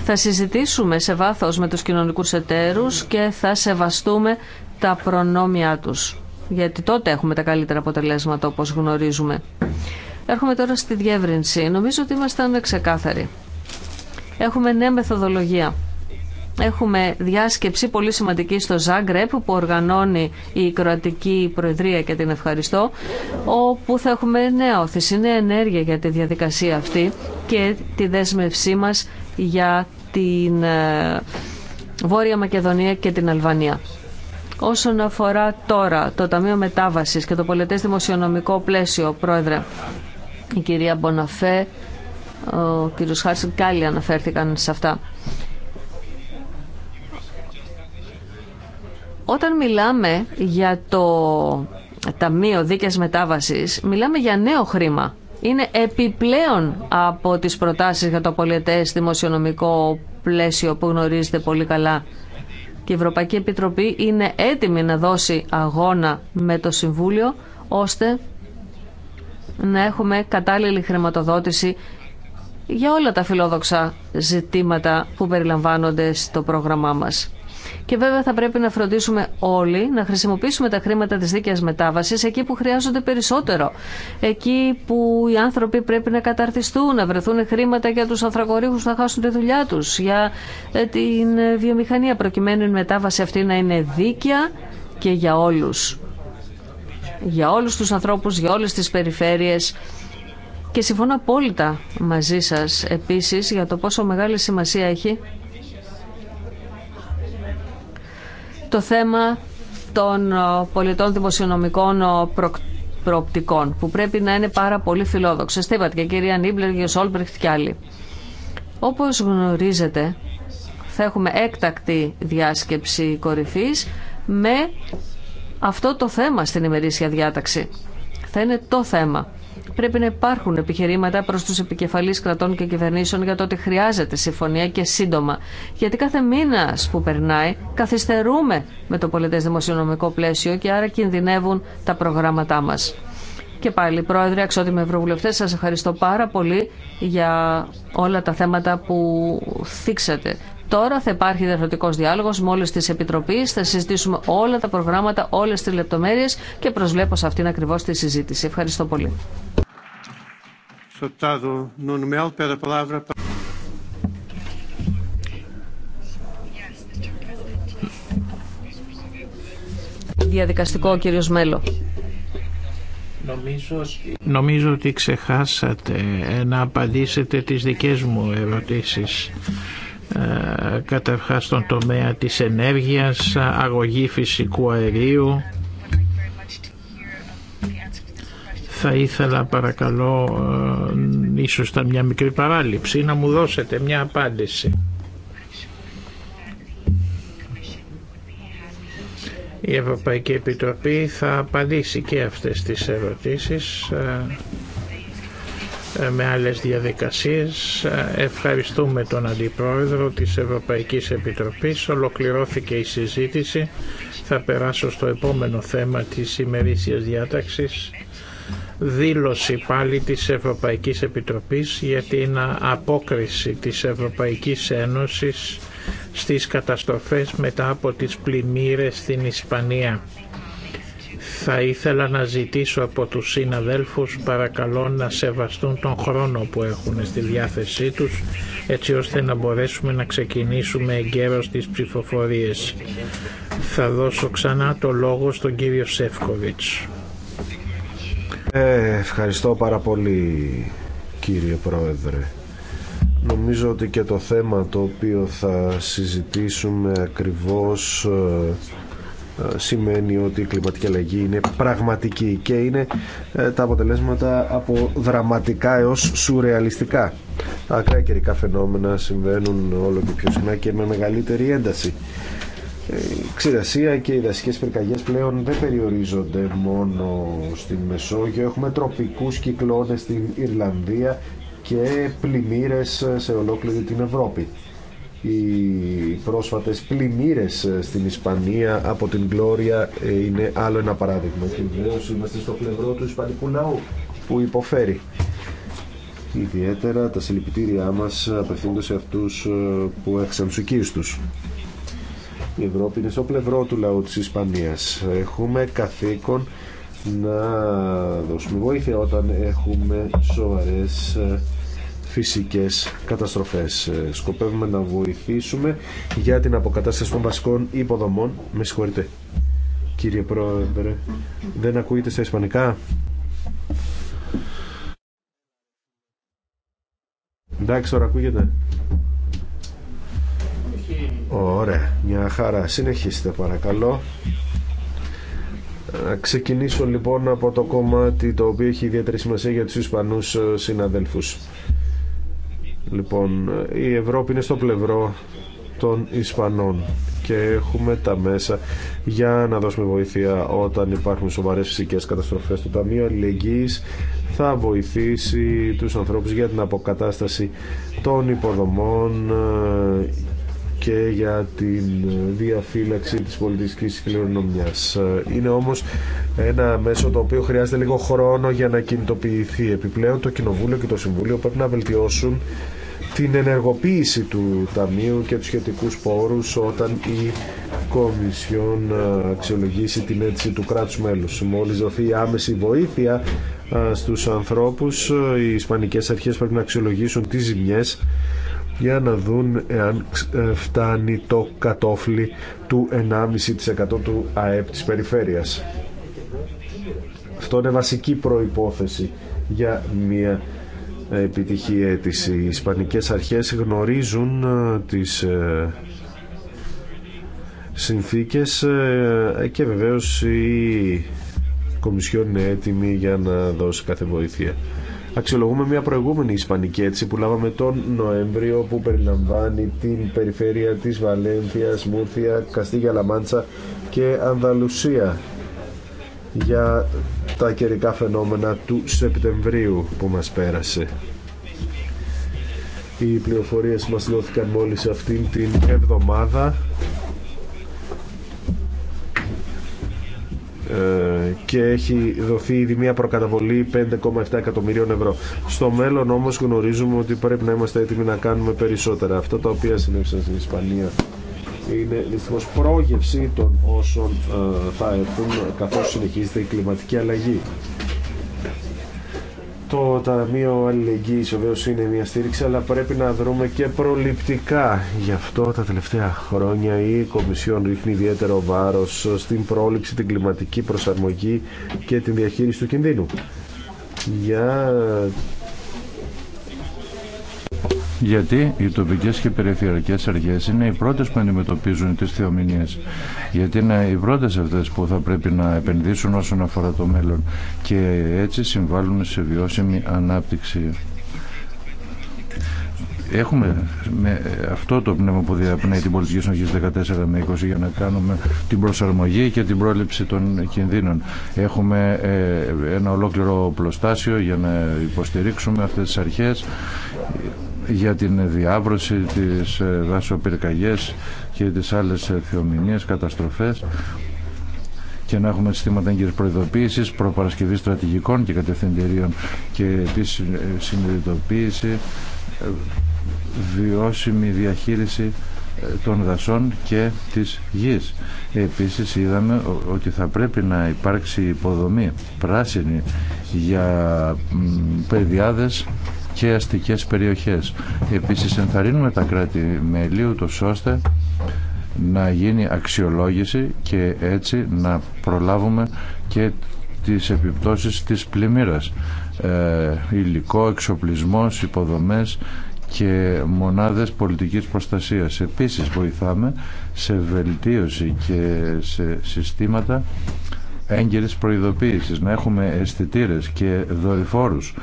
A: θα συζητήσουμε σε βάθος με τους κοινωνικούς εταίρους και θα σεβαστούμε τα προνόμια τους. Γιατί τότε έχουμε τα καλύτερα αποτελέσματα όπως γνωρίζουμε. Έρχομαι τώρα στη διεύρυνση. Νομίζω ότι ήμασταν ξεκάθαροι. Έχουμε νέα μεθοδολογία. Έχουμε διάσκεψη πολύ σημαντική στο Ζάγκρεπ που οργανώνει η Κροατική Προεδρία και την ευχαριστώ όπου θα έχουμε νέα όθηση, νέα ενέργεια για τη διαδικασία αυτή και τη δέσμευσή μας για την ε, Βόρεια Μακεδονία και την Αλβανία. Όσον αφορά τώρα το Ταμείο Μετάβασης και το πολιτές δημοσιονομικό πλαίσιο, Πρόεδρε, η κυρία Μποναφέ ο κ. Χάρσιν και άλλοι αναφέρθηκαν σε αυτά. Όταν μιλάμε για το Ταμείο Δίκαιας Μετάβασης, μιλάμε για νέο χρήμα. Είναι επιπλέον από τις προτάσεις για το πολιτές δημοσιονομικό πλαίσιο που γνωρίζετε πολύ καλά. Και η Ευρωπαϊκή Επιτροπή είναι έτοιμη να δώσει αγώνα με το Συμβούλιο, ώστε να έχουμε κατάλληλη χρηματοδότηση για όλα τα φιλόδοξα ζητήματα που περιλαμβάνονται στο πρόγραμμά μας. Και βέβαια θα πρέπει να φροντίσουμε όλοι να χρησιμοποιήσουμε τα χρήματα της δίκαιας μετάβασης εκεί που χρειάζονται περισσότερο. Εκεί που οι άνθρωποι πρέπει να καταρτιστούν, να βρεθούν χρήματα για τους ανθρακορίχους να χάσουν τη δουλειά τους, για ε, την ε, βιομηχανία προκειμένου η μετάβαση αυτή να είναι δίκαια και για όλους. Για όλους τους ανθρώπους, για όλες τις περιφέρειες και συμφωνώ απόλυτα μαζί σας επίσης για το πόσο μεγάλη σημασία έχει το θέμα των πολιτών δημοσιονομικών προοπτικών που πρέπει να είναι πάρα πολύ φιλόδοξες. Τι είπατε και κυρία Νίμπλερ και ο και άλλοι. Όπως γνωρίζετε θα έχουμε έκτακτη διάσκεψη κορυφής με αυτό το θέμα στην ημερήσια διάταξη. Θα είναι το θέμα πρέπει να υπάρχουν επιχειρήματα προς τους επικεφαλείς κρατών και κυβερνήσεων για το ότι χρειάζεται συμφωνία και σύντομα. Γιατί κάθε μήνα που περνάει καθυστερούμε με το πολιτές δημοσιονομικό πλαίσιο και άρα κινδυνεύουν τα προγράμματά μας. Και πάλι, Πρόεδρε, αξιότιμοι Ευρωβουλευτές, σας ευχαριστώ πάρα πολύ για όλα τα θέματα που θίξατε. Τώρα θα υπάρχει διαφορετικό διάλογο με όλε τι επιτροπέ, θα συζητήσουμε όλα τα προγράμματα, όλε τι λεπτομέρειε και προσβλέπω σε αυτήν ακριβώ τη συζήτηση. Ευχαριστώ πολύ. Διαδικαστικό, κύριος
D: Μέλο. Νομίζω Νομίζω ότι ξεχάσατε να απαντήσετε τις δικές μου ερωτήσεις. Ε, καταρχάς στον τομέα της ενέργειας, αγωγή φυσικού αερίου. Θα ήθελα παρακαλώ, ε, ίσως ήταν μια μικρή παράληψη, να μου δώσετε μια απάντηση. Η Ευρωπαϊκή Επιτροπή θα απαντήσει και αυτές τις ερωτήσεις. Ε, ε, με άλλες διαδικασίες. Ε, ευχαριστούμε τον Αντιπρόεδρο της Ευρωπαϊκής Επιτροπής. Ολοκληρώθηκε η συζήτηση. Θα περάσω στο επόμενο θέμα της ημερήσιας διάταξης. Δήλωση πάλι της Ευρωπαϊκής Επιτροπής για την απόκριση της Ευρωπαϊκής Ένωσης στις καταστροφές μετά από τις πλημμύρες στην Ισπανία. Θα ήθελα να ζητήσω από τους συναδέλφους παρακαλώ να σεβαστούν τον χρόνο που έχουν στη διάθεσή τους έτσι ώστε να μπορέσουμε να ξεκινήσουμε εγκαίρως τις ψηφοφορίες. Θα δώσω ξανά το λόγο στον κύριο Σεύκοβιτς.
B: Ε, ευχαριστώ πάρα πολύ κύριε Πρόεδρε. Νομίζω ότι και το θέμα το οποίο θα συζητήσουμε ακριβώς ε, ε, σημαίνει ότι η κλιματική αλλαγή είναι πραγματική και είναι ε, τα αποτελέσματα από δραματικά έως σουρεαλιστικά. Τα ακραία καιρικά φαινόμενα συμβαίνουν όλο και πιο συχνά και με μεγαλύτερη ένταση. Η ε, ξηρασία και οι δασικέ πυρκαγιέ πλέον δεν περιορίζονται μόνο στην Μεσόγειο. Έχουμε τροπικούς κυκλώνε στην Ιρλανδία και πλημμύρε σε ολόκληρη την Ευρώπη οι πρόσφατες πλημμύρες ε, στην Ισπανία από την Γλώρια ε, είναι άλλο ένα παράδειγμα και βεβαίως είμαστε στο πλευρό του Ισπανικού λαού που υποφέρει ιδιαίτερα τα συλληπιτήριά μας απευθύνονται σε αυτούς ε, που έχασαν τους τους η Ευρώπη είναι στο πλευρό του λαού της Ισπανίας έχουμε καθήκον να δώσουμε βοήθεια όταν έχουμε σοβαρές φυσικές καταστροφές. Ε, σκοπεύουμε να βοηθήσουμε για την αποκατάσταση των βασικών υποδομών. Με συγχωρείτε, κύριε Πρόεδρε. Δεν ακούγεται στα ισπανικά. Εντάξει, τώρα ακούγεται. Ωραία, μια χαρά. Συνεχίστε παρακαλώ. ξεκινήσω λοιπόν από το κομμάτι το οποίο έχει ιδιαίτερη σημασία για τους Ισπανούς ε, συναδέλφους. Λοιπόν, η Ευρώπη είναι στο πλευρό των Ισπανών και έχουμε τα μέσα για να δώσουμε βοήθεια όταν υπάρχουν σοβαρές φυσικές καταστροφές. Το Ταμείο Αλληλεγγύης θα βοηθήσει τους ανθρώπους για την αποκατάσταση των υποδομών ε, και για την διαφύλαξη της πολιτιστικής κληρονομιάς. Ε, είναι όμως ένα μέσο το οποίο χρειάζεται λίγο χρόνο για να κινητοποιηθεί. Επιπλέον το Κοινοβούλιο και το Συμβούλιο πρέπει να βελτιώσουν την ενεργοποίηση του Ταμείου και τους σχετικούς πόρους όταν η Κομισιόν ε, αξιολογήσει την αίτηση του κράτους μέλους. Μόλις δοθεί άμεση βοήθεια ε, στους ανθρώπους, ε, οι Ισπανικές αρχές πρέπει να αξιολογήσουν τις ζημιές για να δουν εάν φτάνει το κατόφλι του 1,5% του ΑΕΠ της περιφέρειας. Αυτό είναι βασική προϋπόθεση για μια επιτυχή αίτηση. Οι Ισπανικές αρχές γνωρίζουν ε, τις ε, συνθήκες ε, και βεβαίως η Κομισιόν είναι έτοιμη για να δώσει κάθε βοήθεια. Αξιολογούμε μια προηγούμενη Ισπανική έτσι που λάβαμε τον Νοέμβριο που περιλαμβάνει την περιφέρεια της Βαλένθιας, Μούρθια, Καστίγια Λαμάντσα και Ανδαλουσία για τα καιρικά φαινόμενα του Σεπτεμβρίου που μας πέρασε. Οι πληροφορίες μας δόθηκαν μόλις αυτήν την εβδομάδα ε, και έχει δοθεί ήδη μια προκαταβολή 5,7 εκατομμυρίων ευρώ. Στο μέλλον όμως γνωρίζουμε ότι πρέπει να είμαστε έτοιμοι να κάνουμε περισσότερα. Αυτά τα οποία συνέβησαν στην Ισπανία είναι δυστυχώς πρόγευση των όσων ε, θα έρθουν καθώς συνεχίζεται η κλιματική αλλαγή. Το Ταμείο Αλληλεγγύης βεβαίως είναι μια στήριξη αλλά πρέπει να δρούμε και προληπτικά. Γι' αυτό τα τελευταία χρόνια η Κομισιόν ρίχνει ιδιαίτερο βάρος στην πρόληψη, την κλιματική προσαρμογή και την διαχείριση του κινδύνου. Για
G: γιατί οι τοπικέ και περιφερειακέ αρχές είναι οι πρώτε που αντιμετωπίζουν τι θεομηνίες. Γιατί είναι οι πρώτε αυτέ που θα πρέπει να επενδύσουν όσον αφορά το μέλλον και έτσι συμβάλλουν σε βιώσιμη ανάπτυξη. Έχουμε με αυτό το πνεύμα που διαπνέει την πολιτική συνοχή 14 με 20 για να κάνουμε την προσαρμογή και την πρόληψη των κινδύνων. Έχουμε ε, ένα ολόκληρο πλωστάσιο για να υποστηρίξουμε αυτές τις αρχές για την διάβρωση, της ε, δασοπυρκαγιές και τις άλλες ε, θεομηνίες, καταστροφές και να έχουμε συστήματα έγκυρες προειδοποίησης, προπαρασκευή στρατηγικών και κατευθυντηρίων και επίσης ε, συνειδητοποίηση, βιώσιμη διαχείριση των δασών και της γης. Επίσης είδαμε ότι θα πρέπει να υπάρξει υποδομή πράσινη για παιδιάδες και αστικές περιοχές. Επίσης ενθαρρύνουμε τα κράτη μέλη το ώστε να γίνει αξιολόγηση και έτσι να προλάβουμε και τις επιπτώσεις της πλημμύρας. Ε, υλικό, εξοπλισμός, υποδομές και μονάδες πολιτικής προστασίας. Επίσης βοηθάμε σε βελτίωση και σε συστήματα έγκαιρες προειδοποίησεις, να έχουμε αισθητήρε και δορυφόρους,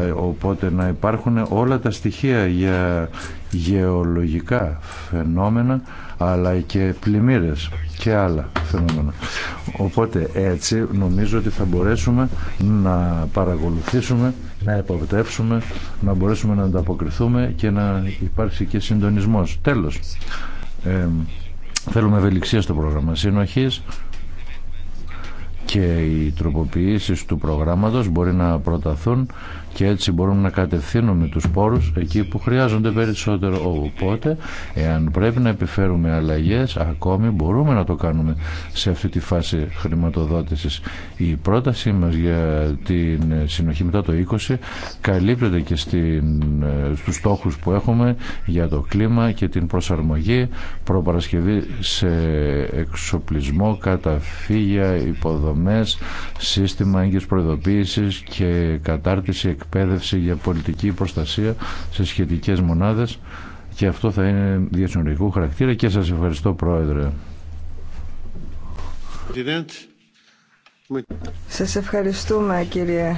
G: ε, οπότε να υπάρχουν όλα τα στοιχεία για γεωλογικά φαινόμενα, αλλά και πλημμύρες και άλλα φαινόμενα. Οπότε έτσι νομίζω ότι θα μπορέσουμε να παρακολουθήσουμε, να υποπτεύσουμε, να μπορέσουμε να ανταποκριθούμε και να υπάρξει και συντονισμός. Τέλος, ε, θέλουμε ευελιξία στο πρόγραμμα συνοχής, και οι τροποποιήσεις του προγράμματος μπορεί να προταθούν και έτσι μπορούμε να κατευθύνουμε τους πόρους εκεί που χρειάζονται περισσότερο. Οπότε, εάν πρέπει να επιφέρουμε αλλαγές, ακόμη μπορούμε να το κάνουμε σε αυτή τη φάση χρηματοδότησης. Η πρότασή μας για την συνοχή μετά το 20 καλύπτεται και στην, ε, στους στόχους που έχουμε για το κλίμα και την προσαρμογή, προπαρασκευή σε εξοπλισμό, καταφύγια, υποδομές, σύστημα έγκυς προειδοποίησης και κατάρτιση εκπαίδευση, για πολιτική προστασία σε σχετικές μονάδες και αυτό θα είναι διασυνορικού χαρακτήρα και σας ευχαριστώ Πρόεδρε.
C: Σας ευχαριστούμε κύριε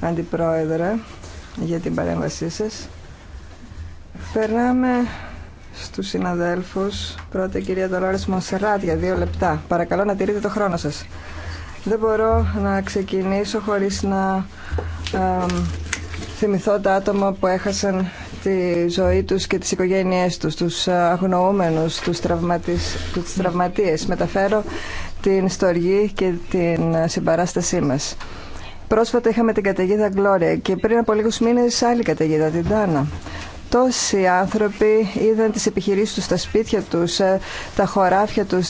C: Αντιπρόεδρε για την παρέμβασή σας. Περνάμε στους συναδέλφους. Πρώτα κυρία Δολόρες Μονσεράτ για δύο λεπτά. Παρακαλώ να τηρείτε το χρόνο σας. Δεν μπορώ να ξεκινήσω χωρίς να α, θυμηθώ τα άτομα που έχασαν τη ζωή τους και τις οικογένειές τους, τους αγνοούμενους, τους, τραυματίες, τραυματίες. Μεταφέρω την στοργή και την συμπαράστασή μας. Πρόσφατα είχαμε την καταιγίδα Gloria και πριν από λίγους μήνες άλλη καταιγίδα, την Τάνα. Τόσοι άνθρωποι είδαν τις επιχειρήσεις τους στα σπίτια τους, ε, τα χωράφια τους,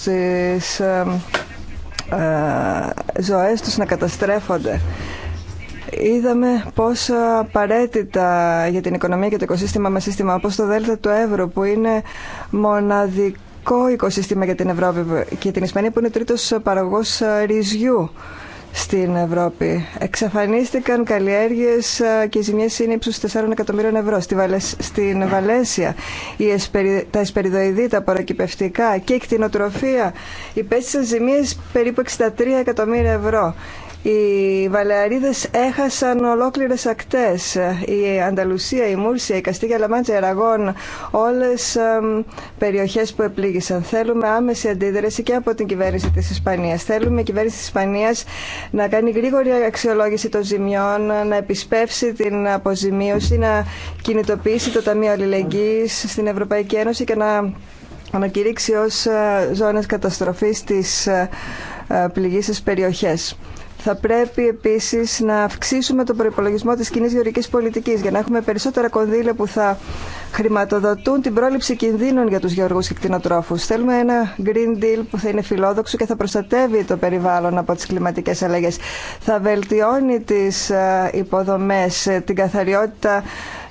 C: ε, ζωές τους να καταστρέφονται. Είδαμε πόσο απαραίτητα για την οικονομία και το οικοσύστημα με σύστημα όπως το Δέλτα του Εύρου που είναι μοναδικό οικοσύστημα για την Ευρώπη και την Ισπανία που είναι τρίτος παραγωγός ρυζιού στην Ευρώπη. Εξαφανίστηκαν καλλιέργειες ε, και οι ζημιές είναι ύψους 4 εκατομμύριων ευρώ. Στην Βαλέσια τα εσπεριδοειδή, τα παρακυπευτικά και η κτηνοτροφία υπέστησαν ζημίες περίπου 63 εκατομμύρια ευρώ. Οι Βαλεαρίδες έχασαν ολόκληρες ακτές. Η Ανταλουσία, η Μούρσια, η Καστίγια Λαμάντζα, η Αραγών, όλες περιοχές που επλήγησαν. Θέλουμε άμεση αντίδραση και από την κυβέρνηση της Ισπανίας. Θέλουμε η κυβέρνηση της Ισπανίας να κάνει γρήγορη αξιολόγηση των ζημιών, να επισπεύσει την αποζημίωση, να κινητοποιήσει το Ταμείο Αλληλεγγύης στην Ευρωπαϊκή Ένωση και να ανακηρύξει ως ε, ζώνες καταστροφής τις ε, ε, πληγήσεις περιοχές. Θα πρέπει επίση να αυξήσουμε τον προπολογισμό τη κοινή γεωργική πολιτική για να έχουμε περισσότερα κονδύλια που θα χρηματοδοτούν την πρόληψη κινδύνων για του γεωργού και κτηνοτρόφου. Θέλουμε ένα Green Deal που θα είναι φιλόδοξο και θα προστατεύει το περιβάλλον από τι κλιματικέ αλλαγές. Θα βελτιώνει τι ε, υποδομέ, ε, την καθαριότητα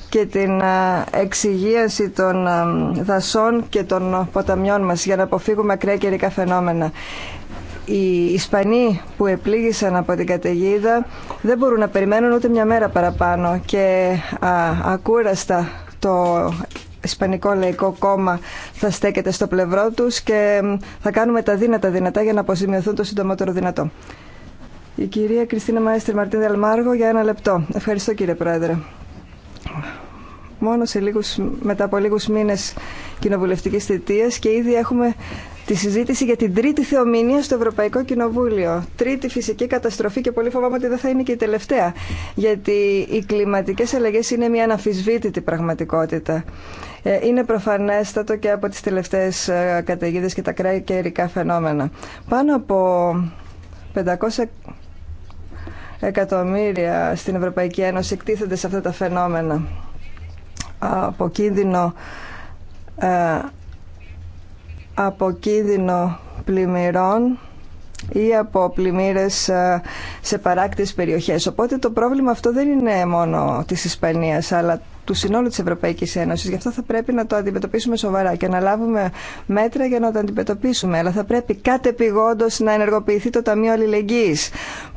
C: και την ε, εξυγίαση των δασών και των ποταμιών μας για να αποφύγουμε ακραία καιρικά φαινόμενα οι Ισπανοί που επλήγησαν από την καταιγίδα δεν μπορούν να περιμένουν ούτε μια μέρα παραπάνω και ακούραστα το Ισπανικό Λαϊκό Κόμμα θα στέκεται στο πλευρό τους και θα κάνουμε τα δύνατα δυνατά για να αποζημιωθούν το συντομότερο δυνατό. Η κυρία Κριστίνα Μαέστρη Μαρτίν Δελμάργο για ένα λεπτό. Ευχαριστώ κύριε Πρόεδρε. Μόνο σε μετά από λίγους μήνες κοινοβουλευτικής θητείας και ήδη έχουμε τη συζήτηση για την τρίτη θεομηνία στο Ευρωπαϊκό Κοινοβούλιο. Τρίτη φυσική καταστροφή και πολύ φοβάμαι ότι δεν θα είναι και η τελευταία. Γιατί οι κλιματικές αλλαγές είναι μια αναφυσβήτητη πραγματικότητα. Ε, είναι προφανέστατο και από τις τελευταίες ε, καταιγίδες και τα κράτη φαινόμενα. Πάνω από 500 εκατομμύρια στην Ευρωπαϊκή Ένωση εκτίθενται σε αυτά τα φαινόμενα από κίνδυνο ε, από κίνδυνο πλημμυρών ή από πλημμύρες ε, σε παράκτης περιοχές. Οπότε το πρόβλημα αυτό δεν είναι μόνο της Ισπανίας, αλλά του συνόλου της Ευρωπαϊκής Ένωσης. Γι' αυτό θα πρέπει να το αντιμετωπίσουμε σοβαρά και να λάβουμε μέτρα για να το αντιμετωπίσουμε. Αλλά θα πρέπει κατεπηγόντως να ενεργοποιηθεί το Ταμείο Αλληλεγγύης.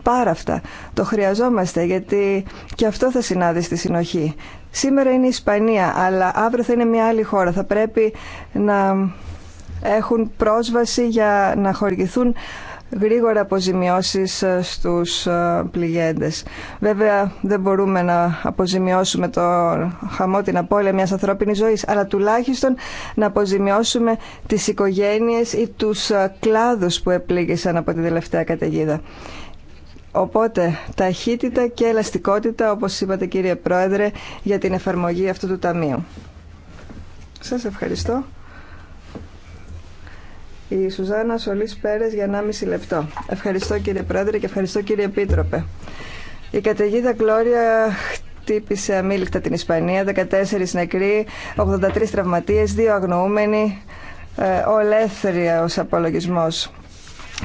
C: Πάρα αυτά. Το χρειαζόμαστε γιατί και αυτό θα συνάδει στη συνοχή. Σήμερα είναι η Ισπανία, αλλά αύριο θα είναι μια άλλη χώρα. Θα πρέπει να έχουν πρόσβαση για να χορηγηθούν γρήγορα αποζημιώσεις ε, στους ε, πληγέντες. Βέβαια δεν μπορούμε να αποζημιώσουμε το χαμό την απώλεια μιας ανθρώπινης ζωής, αλλά τουλάχιστον να αποζημιώσουμε τις οικογένειες ή τους ε, κλάδους που επλήγησαν από την τελευταία καταιγίδα. Οπότε ταχύτητα και ελαστικότητα, όπως είπατε κύριε Πρόεδρε, για την εφαρμογή αυτού του Ταμείου. Σας ευχαριστώ. Η Σουζάνα Σολή Πέρε για 1,5 λεπτό. Ευχαριστώ κύριε Πρόεδρε και ευχαριστώ κύριε Επίτροπε. Η καταιγίδα Κλώρια χτύπησε αμήλικτα την Ισπανία. 14 νεκροί, 83 τραυματίε, 2 αγνοούμενοι. Ε, Ολέθρια ως απολογισμός.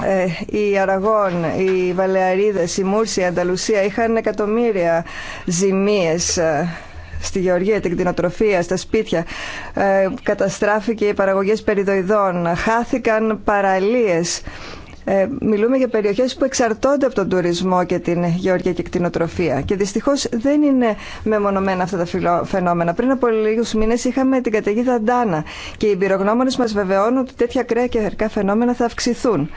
C: Ε, οι Αραγών, οι Βαλεαρίδες, η Μούρση, η Ανταλουσία είχαν εκατομμύρια ζημίες ε, στη γεωργία, την κτηνοτροφία, στα σπίτια. Ε, καταστράφηκε οι παραγωγές περιδοειδών, χάθηκαν παραλίες. Ε, μιλούμε για περιοχές που εξαρτώνται από τον τουρισμό και την γεωργία και κτηνοτροφία. Και δυστυχώς δεν είναι μεμονωμένα αυτά τα φαινόμενα. Πριν από λίγους μήνες είχαμε την καταιγίδα Ντάνα και οι πυρογνώμονες μας βεβαιώνουν ότι τέτοια κρέα και φαινόμενα θα αυξηθούν.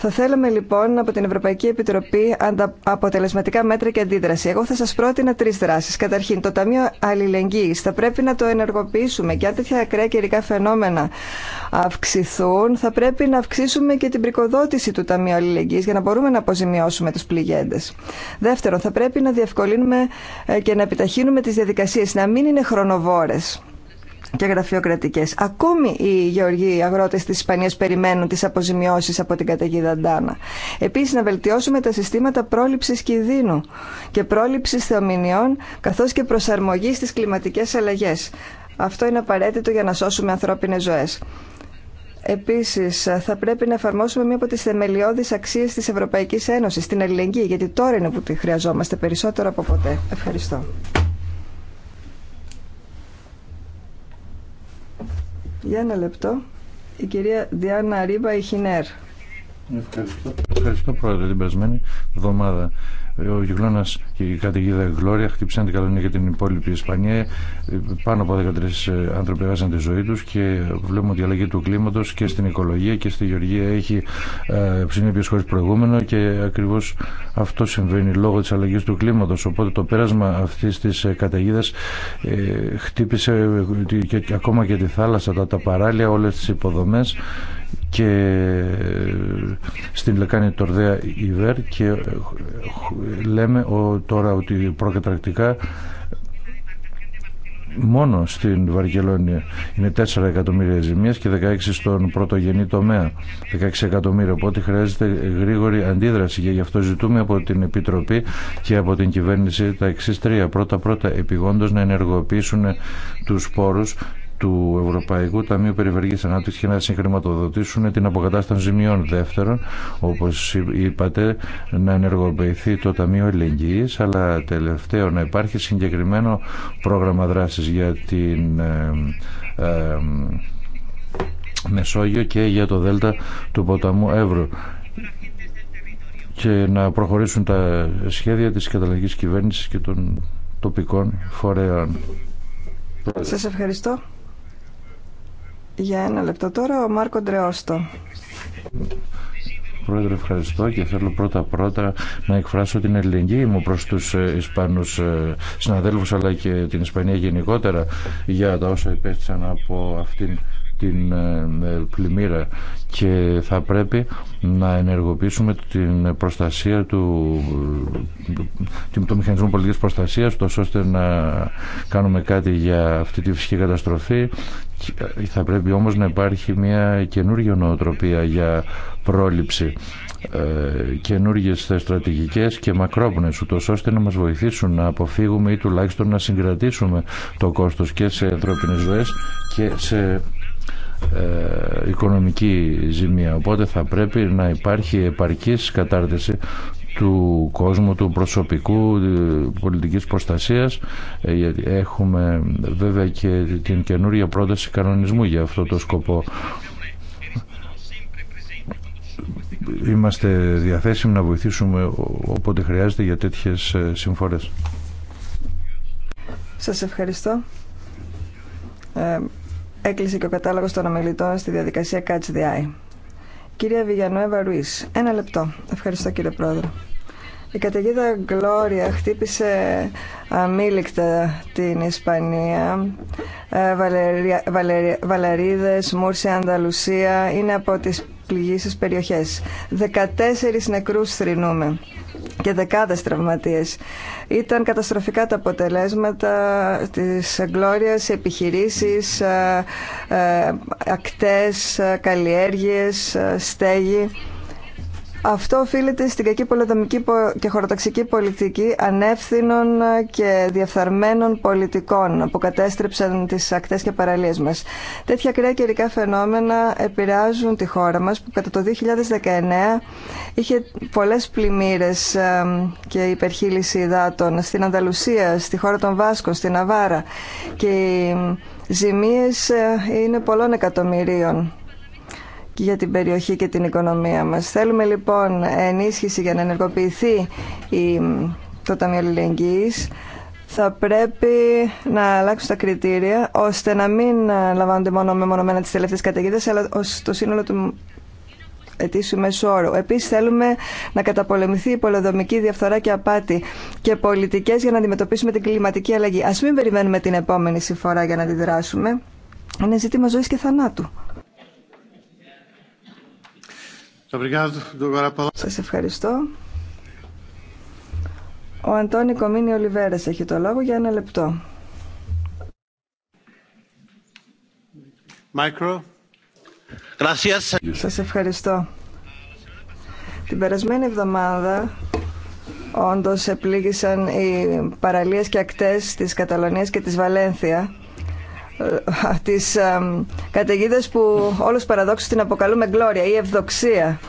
C: Θα θέλαμε λοιπόν από την Ευρωπαϊκή Επιτροπή αποτελεσματικά μέτρα και αντίδραση. Εγώ θα σα πρότεινα τρει δράσει. Καταρχήν, το Ταμείο Αλληλεγγύη θα πρέπει να το ενεργοποιήσουμε και αν τέτοια ακραία καιρικά φαινόμενα αυξηθούν, θα πρέπει να αυξήσουμε και την πρικοδότηση του Ταμείου Αλληλεγγύη για να μπορούμε να αποζημιώσουμε του πληγέντε. Δεύτερον, θα πρέπει να διευκολύνουμε ε, και να επιταχύνουμε τι διαδικασίε, να μην είναι χρονοβόρε και γραφειοκρατικέ. Ακόμη οι γεωργοί αγρότε τη Ισπανία περιμένουν τι αποζημιώσει από την καταιγίδα Ντάνα. Επίση, να βελτιώσουμε τα συστήματα πρόληψη κινδύνου και πρόληψη θεομηνιών καθώ και προσαρμογή στι κλιματικέ αλλαγές. Αυτό είναι απαραίτητο για να σώσουμε ανθρώπινε ζωέ. Επίση, θα πρέπει να εφαρμόσουμε μία από τι θεμελιώδει αξίες τη Ευρωπαϊκή Ένωση την αλληλεγγύη, γιατί τώρα είναι που τη χρειαζόμαστε περισσότερο από ποτέ. Ευχαριστώ. Για ένα λεπτό, η κυρία Διάννα Ρίβα Ιχινέρ. Ευχαριστώ.
G: Ευχαριστώ πρόεδρε την περασμένη εβδομάδα ο Γιγλώνα και η καταιγίδα Γλώρια χτύπησαν την Καλονία και την υπόλοιπη Ισπανία. Πάνω από 13 ε, άνθρωποι έχασαν τη ζωή του και βλέπουμε ότι η αλλαγή του κλίματο και στην οικολογία και στη γεωργία έχει ε, συνέπειε χωρί προηγούμενο και ακριβώ αυτό συμβαίνει λόγω τη αλλαγή του κλίματο. Οπότε το πέρασμα αυτή ε, ε, τη καταιγίδα χτύπησε και, ακόμα και τη θάλασσα, τα, τα παράλια, όλε τι υποδομέ και στην λεκάνη Τορδέα Ιβέρ και λέμε τώρα ότι προκατρακτικά μόνο στην Βαρκελόνη είναι 4 εκατομμύρια ζημίες και 16 στον πρωτογενή τομέα 16 εκατομμύρια οπότε χρειάζεται γρήγορη αντίδραση και γι' αυτό ζητούμε από την Επιτροπή και από την κυβέρνηση τα εξή τρία πρώτα πρώτα επιγόντως να ενεργοποιήσουν τους πόρους του Ευρωπαϊκού Ταμείου Περιφερειακής Ανάπτυξη και να συγχρηματοδοτήσουν την αποκατάσταση ζημιών. Δεύτερον, όπως είπατε, να ενεργοποιηθεί το Ταμείο Ελληνική, αλλά τελευταίο να υπάρχει συγκεκριμένο πρόγραμμα δράσης για την ε, ε, Μεσόγειο και για το Δέλτα του ποταμού Εύρου και να προχωρήσουν τα σχέδια της καταλαγικής κυβέρνησης και των τοπικών φορέων.
C: Σας ευχαριστώ. Για ένα λεπτό τώρα ο Μάρκο Ντρεώστο.
G: Πρόεδρε, ευχαριστώ και θέλω πρώτα-πρώτα να εκφράσω την ελληνική μου προς τους ε, Ισπανούς ε, συναδέλφους αλλά και την Ισπανία γενικότερα για τα όσα υπέστησαν από αυτήν την ε, πλημμύρα και θα πρέπει να ενεργοποιήσουμε την προστασία του του μηχανισμού πολιτικής προστασίας τόσο ώστε να κάνουμε κάτι για αυτή τη φυσική καταστροφή θα πρέπει όμως να υπάρχει μια καινούργια νοοτροπία για πρόληψη ε, καινούργιες στρατηγικές και μακρόπνες ούτως ώστε να μας βοηθήσουν να αποφύγουμε ή τουλάχιστον να συγκρατήσουμε το κόστος και σε ανθρώπινε ζωέ και σε ε, οικονομική ζημία. Οπότε θα πρέπει να υπάρχει επαρκής κατάρτιση του κόσμου, του προσωπικού, ε, πολιτικής προστασίας. Ε, έχουμε βέβαια και την καινούρια πρόταση κανονισμού για αυτό το σκοπό. Είμαστε διαθέσιμοι να βοηθήσουμε όποτε χρειάζεται για τέτοιες ε, συμφορές.
C: Σας ευχαριστώ. Έκλεισε και ο κατάλογος των ομιλητών στη διαδικασία Catch the Eye. Κυρία Βηγιανόεβα Ρουίς, ένα λεπτό. Ευχαριστώ κύριε Πρόεδρε. Η καταιγίδα Γκλώρια χτύπησε αμήλικτα την Ισπανία. Ε, Βαλερια, Βαλαρίδες, Μούρση, Ανταλουσία είναι από τις πληγήσεις περιοχές. 14 νεκρούς θρυνούμε και δεκάδες τραυματίες. Ήταν καταστροφικά τα αποτελέσματα της Γλόριας: επιχειρήσεις, ε, ε, ακτές, καλλιέργειες, στέγη. Αυτό οφείλεται στην κακή πολεδομική και χωροταξική πολιτική ανεύθυνων και διαφθαρμένων πολιτικών που κατέστρεψαν τις ακτές και παραλίες μας. Τέτοια ακραία καιρικά φαινόμενα επηρεάζουν τη χώρα μας που κατά το 2019 είχε πολλές πλημμύρες και υπερχείληση υδάτων στην Ανταλουσία, στη χώρα των Βάσκων, στην Αβάρα και οι ζημίες ε, είναι πολλών εκατομμυρίων για την περιοχή και την οικονομία μας. Θέλουμε λοιπόν ενίσχυση για να ενεργοποιηθεί η, το Ταμείο Αλληλεγγύης. Θα πρέπει να αλλάξουν τα κριτήρια ώστε να μην λαμβάνονται μόνο μεμονωμένα τις τελευταίες καταιγίδες αλλά ως το σύνολο του ετήσιου μέσου όρου. Επίση, θέλουμε να καταπολεμηθεί η πολεοδομική διαφθορά και απάτη και πολιτικέ για να αντιμετωπίσουμε την κλιματική αλλαγή. Α μην περιμένουμε την επόμενη συμφορά για να αντιδράσουμε. Είναι ζήτημα ζωή και θανάτου. Σας ευχαριστώ. Ο Αντώνη Κομίνη Ολιβέρας έχει το λόγο για ένα λεπτό. Micro. Σας ευχαριστώ. Την περασμένη εβδομάδα όντως επλήγησαν οι παραλίες και ακτές της Καταλωνίας και της Βαλένθια ε, τις καταιγίδες που όλος παραδόξως την αποκαλούμε γλώρια ή ευδοξία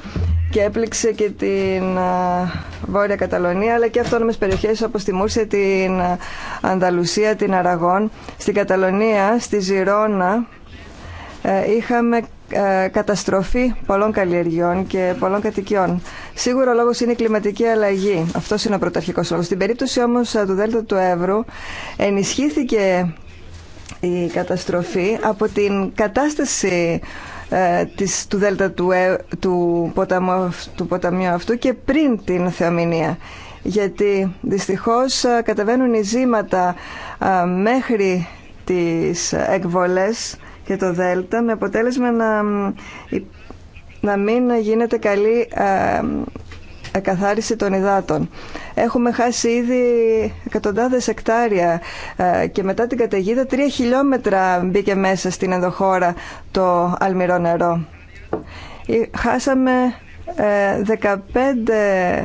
C: και έπληξε και την ε, Βόρεια Καταλωνία αλλά και αυτόνομες περιοχές όπως τη Μούρσια, την ε, Ανταλουσία, την Αραγών. Στην Καταλωνία, στη Ζηρώνα είχαμε καταστροφή πολλών καλλιεργιών και πολλών κατοικιών. Σίγουρα ο λόγος είναι η κλιματική αλλαγή. Αυτό είναι ο πρωταρχικός λόγος. Στην περίπτωση όμως του Δέλτα του Εύρου ενισχύθηκε η καταστροφή από την κατάσταση ε, της, του Δέλτα του, ε, ποταμού, ποταμιού αυτού και πριν την θεομηνία. Γιατί δυστυχώς ε, κατεβαίνουν οι ζήματα μέχρι τις εκβολές και το Δέλτα με αποτέλεσμα να, να μην γίνεται καλή εκαθάριση των υδάτων. Έχουμε χάσει ήδη εκατοντάδες εκτάρια ε, και μετά την καταιγίδα τρία χιλιόμετρα μπήκε μέσα στην ενδοχώρα το αλμυρό νερό. Χάσαμε 15 ε,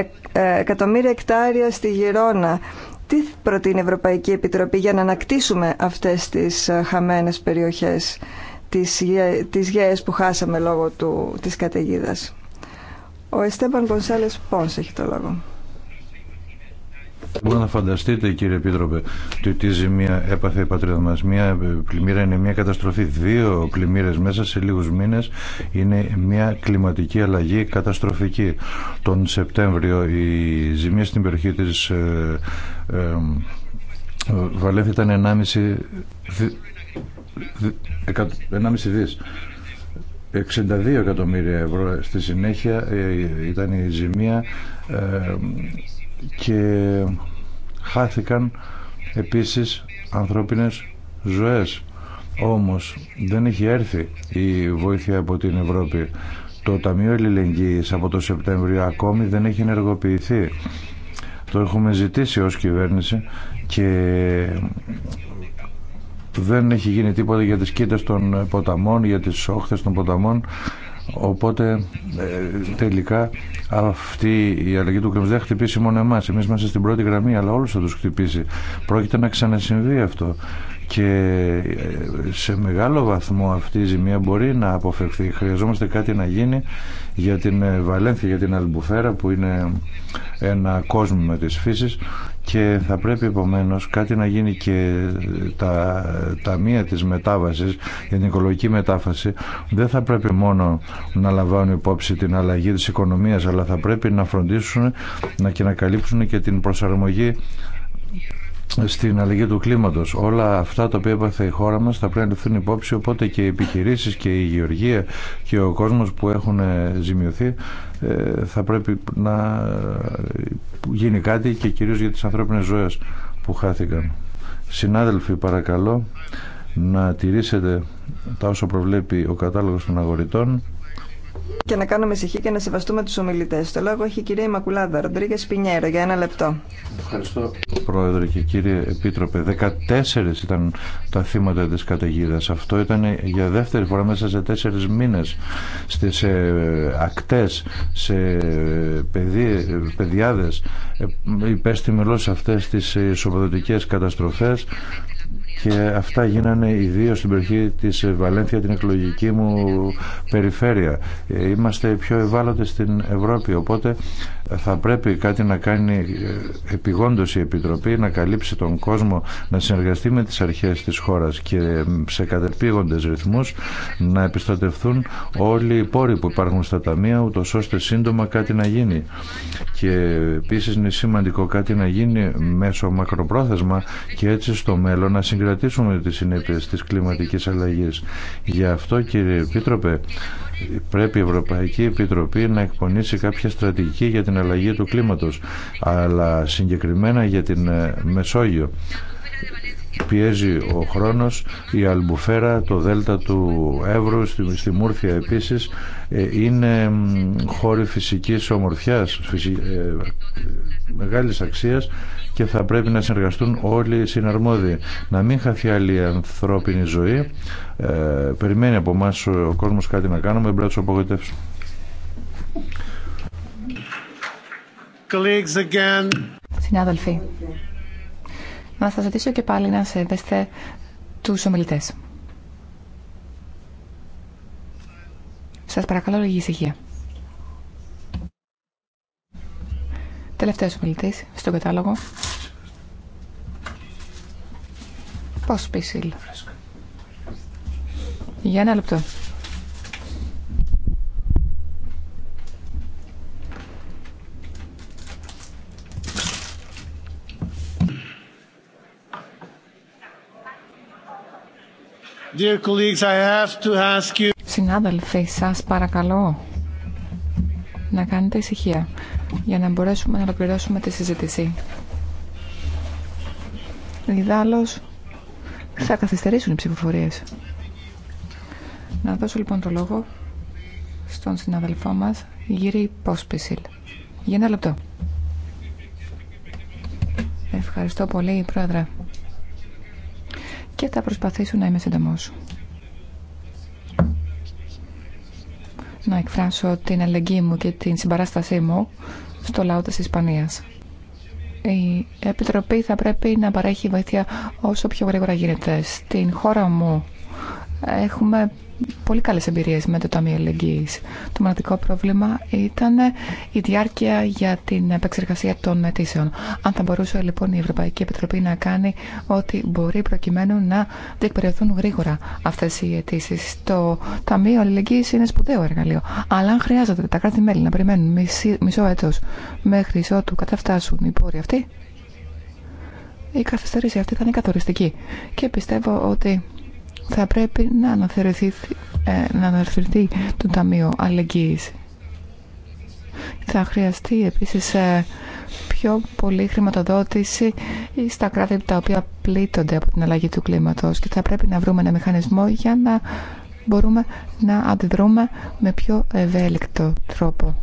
C: ε, εκατομμύρια εκτάρια στη Γυρόνα. Τι προτείνει η Ευρωπαϊκή Επιτροπή για να ανακτήσουμε αυτές τις χαμένες περιοχές, τις γέες που χάσαμε λόγω του, της καταιγίδας. Ο Εστέμπαν Κονσάλες πώς έχει το λόγο.
G: Μπορεί να φανταστείτε κύριε Επίτροπε ότι τι ζημία έπαθε η πατρίδα μας. Μία ε, πλημμύρα είναι μια καταστροφή. Δύο πλημμύρες μέσα σε λίγους μήνες είναι μια κλιματική αλλαγή καταστροφική. Τον Σεπτέμβριο η ζημία στην περιοχή της ε, ε, 1,5 ε, δι, 62 εκατομμύρια ευρώ στη συνέχεια ε, ήταν η ζημία ε, και χάθηκαν επίσης ανθρώπινες ζωές. Όμως δεν έχει έρθει η βοήθεια από την Ευρώπη. Το Ταμείο Ελληνικής από το Σεπτέμβριο ακόμη δεν έχει ενεργοποιηθεί. Το έχουμε ζητήσει ως κυβέρνηση και δεν έχει γίνει τίποτα για τις κοίτες των ποταμών, για τις όχθες των ποταμών οπότε ε, τελικά αυτή η αλλαγή του κρεμμυς χτυπήσει μόνο εμάς εμείς είμαστε στην πρώτη γραμμή αλλά όλους θα τους χτυπήσει πρόκειται να ξανασυμβεί αυτό και ε, σε μεγάλο βαθμό αυτή η ζημία μπορεί να αποφευθεί. Χρειαζόμαστε κάτι να γίνει για την Βαλένθια, για την Αλμπουφέρα που είναι ένα κόσμο με τις φύσεις και θα πρέπει επομένω κάτι να γίνει και τα ταμεία της μετάβασης για την οικολογική μετάφαση δεν θα πρέπει μόνο να λαμβάνουν υπόψη την αλλαγή της οικονομίας αλλά θα πρέπει να φροντίσουν να και να καλύψουν και την προσαρμογή στην αλλαγή του κλίματος. Όλα αυτά τα οποία έπαθε η χώρα μας θα πρέπει να ληφθούν υπόψη, οπότε και οι επιχειρήσεις και η γεωργία και ο κόσμος που έχουν ε, ζημιωθεί ε, θα πρέπει να γίνει κάτι και κυρίως για τις ανθρώπινες ζωές που χάθηκαν. Συνάδελφοι παρακαλώ να τηρήσετε τα όσο προβλέπει ο κατάλογος των αγορητών
C: και να κάνουμε ησυχή και να σεβαστούμε του ομιλητέ. Το λόγο έχει η κυρία Μακουλάδα Ροντρίγκε Πινιέρο για ένα λεπτό. Ευχαριστώ.
G: Πρόεδρε και κύριε Επίτροπε, 14 ήταν τα θύματα τη καταιγίδα. Αυτό ήταν για δεύτερη φορά μέσα σε τέσσερι μήνε. Στι ακτέ, σε παιδιάδε, ε, υπέστη μελώ αυτέ τι ισοποδοτικέ καταστροφέ και αυτά γίνανε ιδίως στην περιοχή της Βαλένθια, την εκλογική μου περιφέρεια. Ε, είμαστε πιο ευάλωτες στην Ευρώπη, οπότε θα πρέπει κάτι να κάνει ε, επιγόντως η Επιτροπή να καλύψει τον κόσμο να συνεργαστεί με τις αρχές της χώρας και ε, σε κατεπήγοντες ρυθμούς να επιστατευθούν όλοι οι πόροι που υπάρχουν στα ταμεία ούτως ώστε σύντομα κάτι να γίνει και επίση είναι σημαντικό κάτι να γίνει μέσω μακροπρόθεσμα και έτσι στο μέλλον να συγκρατήσουμε τις συνέπειες της κλιματικής αλλαγής. Γι' αυτό κύριε Επίτροπε πρέπει η Ευρωπαϊκή Επιτροπή να εκπονήσει κάποια στρατηγική για την αλλαγή του κλίματος αλλά συγκεκριμένα για την ε, Μεσόγειο πιέζει ο χρόνος η Αλμπουφέρα, το Δέλτα του Εύρου στη, στη Μούρφια επίσης ε, είναι χώροι φυσικής ομορφιάς φυσι, ε, μεγάλης αξίας και θα πρέπει να συνεργαστούν όλοι οι συναρμόδιοι να μην χαθεί άλλη ανθρώπινη ζωή ε, περιμένει από εμά ο κόσμος κάτι να κάνουμε πρέπει να τους απογοητεύσουμε
H: Συνάδελφοι, να σας ζητήσω και πάλι να σέβεστε τους ομιλητές. Σας παρακαλώ λίγη ησυχία. Τελευταίος ομιλητής στον κατάλογο. Πώς πει Για ένα λεπτό. Dear colleagues, Συνάδελφοι, σας παρακαλώ να κάνετε ησυχία για να μπορέσουμε να ολοκληρώσουμε τη συζήτηση. Διδάλλως, θα καθυστερήσουν οι ψηφοφορίες. Να δώσω λοιπόν το λόγο στον συναδελφό μας Γύρι Πόσπισιλ. Για ένα λεπτό. Ευχαριστώ πολύ, Πρόεδρε και θα προσπαθήσω να είμαι σύντομο. Να εκφράσω την αλληλεγγύη μου και την συμπαράστασή μου στο λαό της Ισπανίας. Η Επιτροπή θα πρέπει να παρέχει βοήθεια όσο πιο γρήγορα γίνεται. Στην χώρα μου έχουμε πολύ καλές εμπειρίες με το Ταμείο Ελεγγύης. Το μοναδικό πρόβλημα ήταν η διάρκεια για την επεξεργασία των αιτήσεων. Αν θα μπορούσε λοιπόν η Ευρωπαϊκή Επιτροπή να κάνει ό,τι μπορεί προκειμένου να διεκπαιρεωθούν γρήγορα αυτές οι αιτήσει. Το Ταμείο Αλληλεγγύης είναι σπουδαίο εργαλείο. Αλλά αν χρειάζεται τα κράτη-μέλη να περιμένουν μισό έτος μέχρι ότου καταφτάσουν οι πόροι αυτοί, η καθυστέρηση αυτή θα είναι καθοριστική. Και πιστεύω ότι θα πρέπει να αναφερθεί ε, να αναφερθεί το Ταμείο Αλληλεγγύης. Θα χρειαστεί επίσης ε, πιο πολύ χρηματοδότηση στα κράτη τα οποία πλήττονται από την αλλαγή του κλίματος και θα πρέπει να βρούμε ένα μηχανισμό για να μπορούμε να αντιδρούμε με πιο ευέλικτο τρόπο.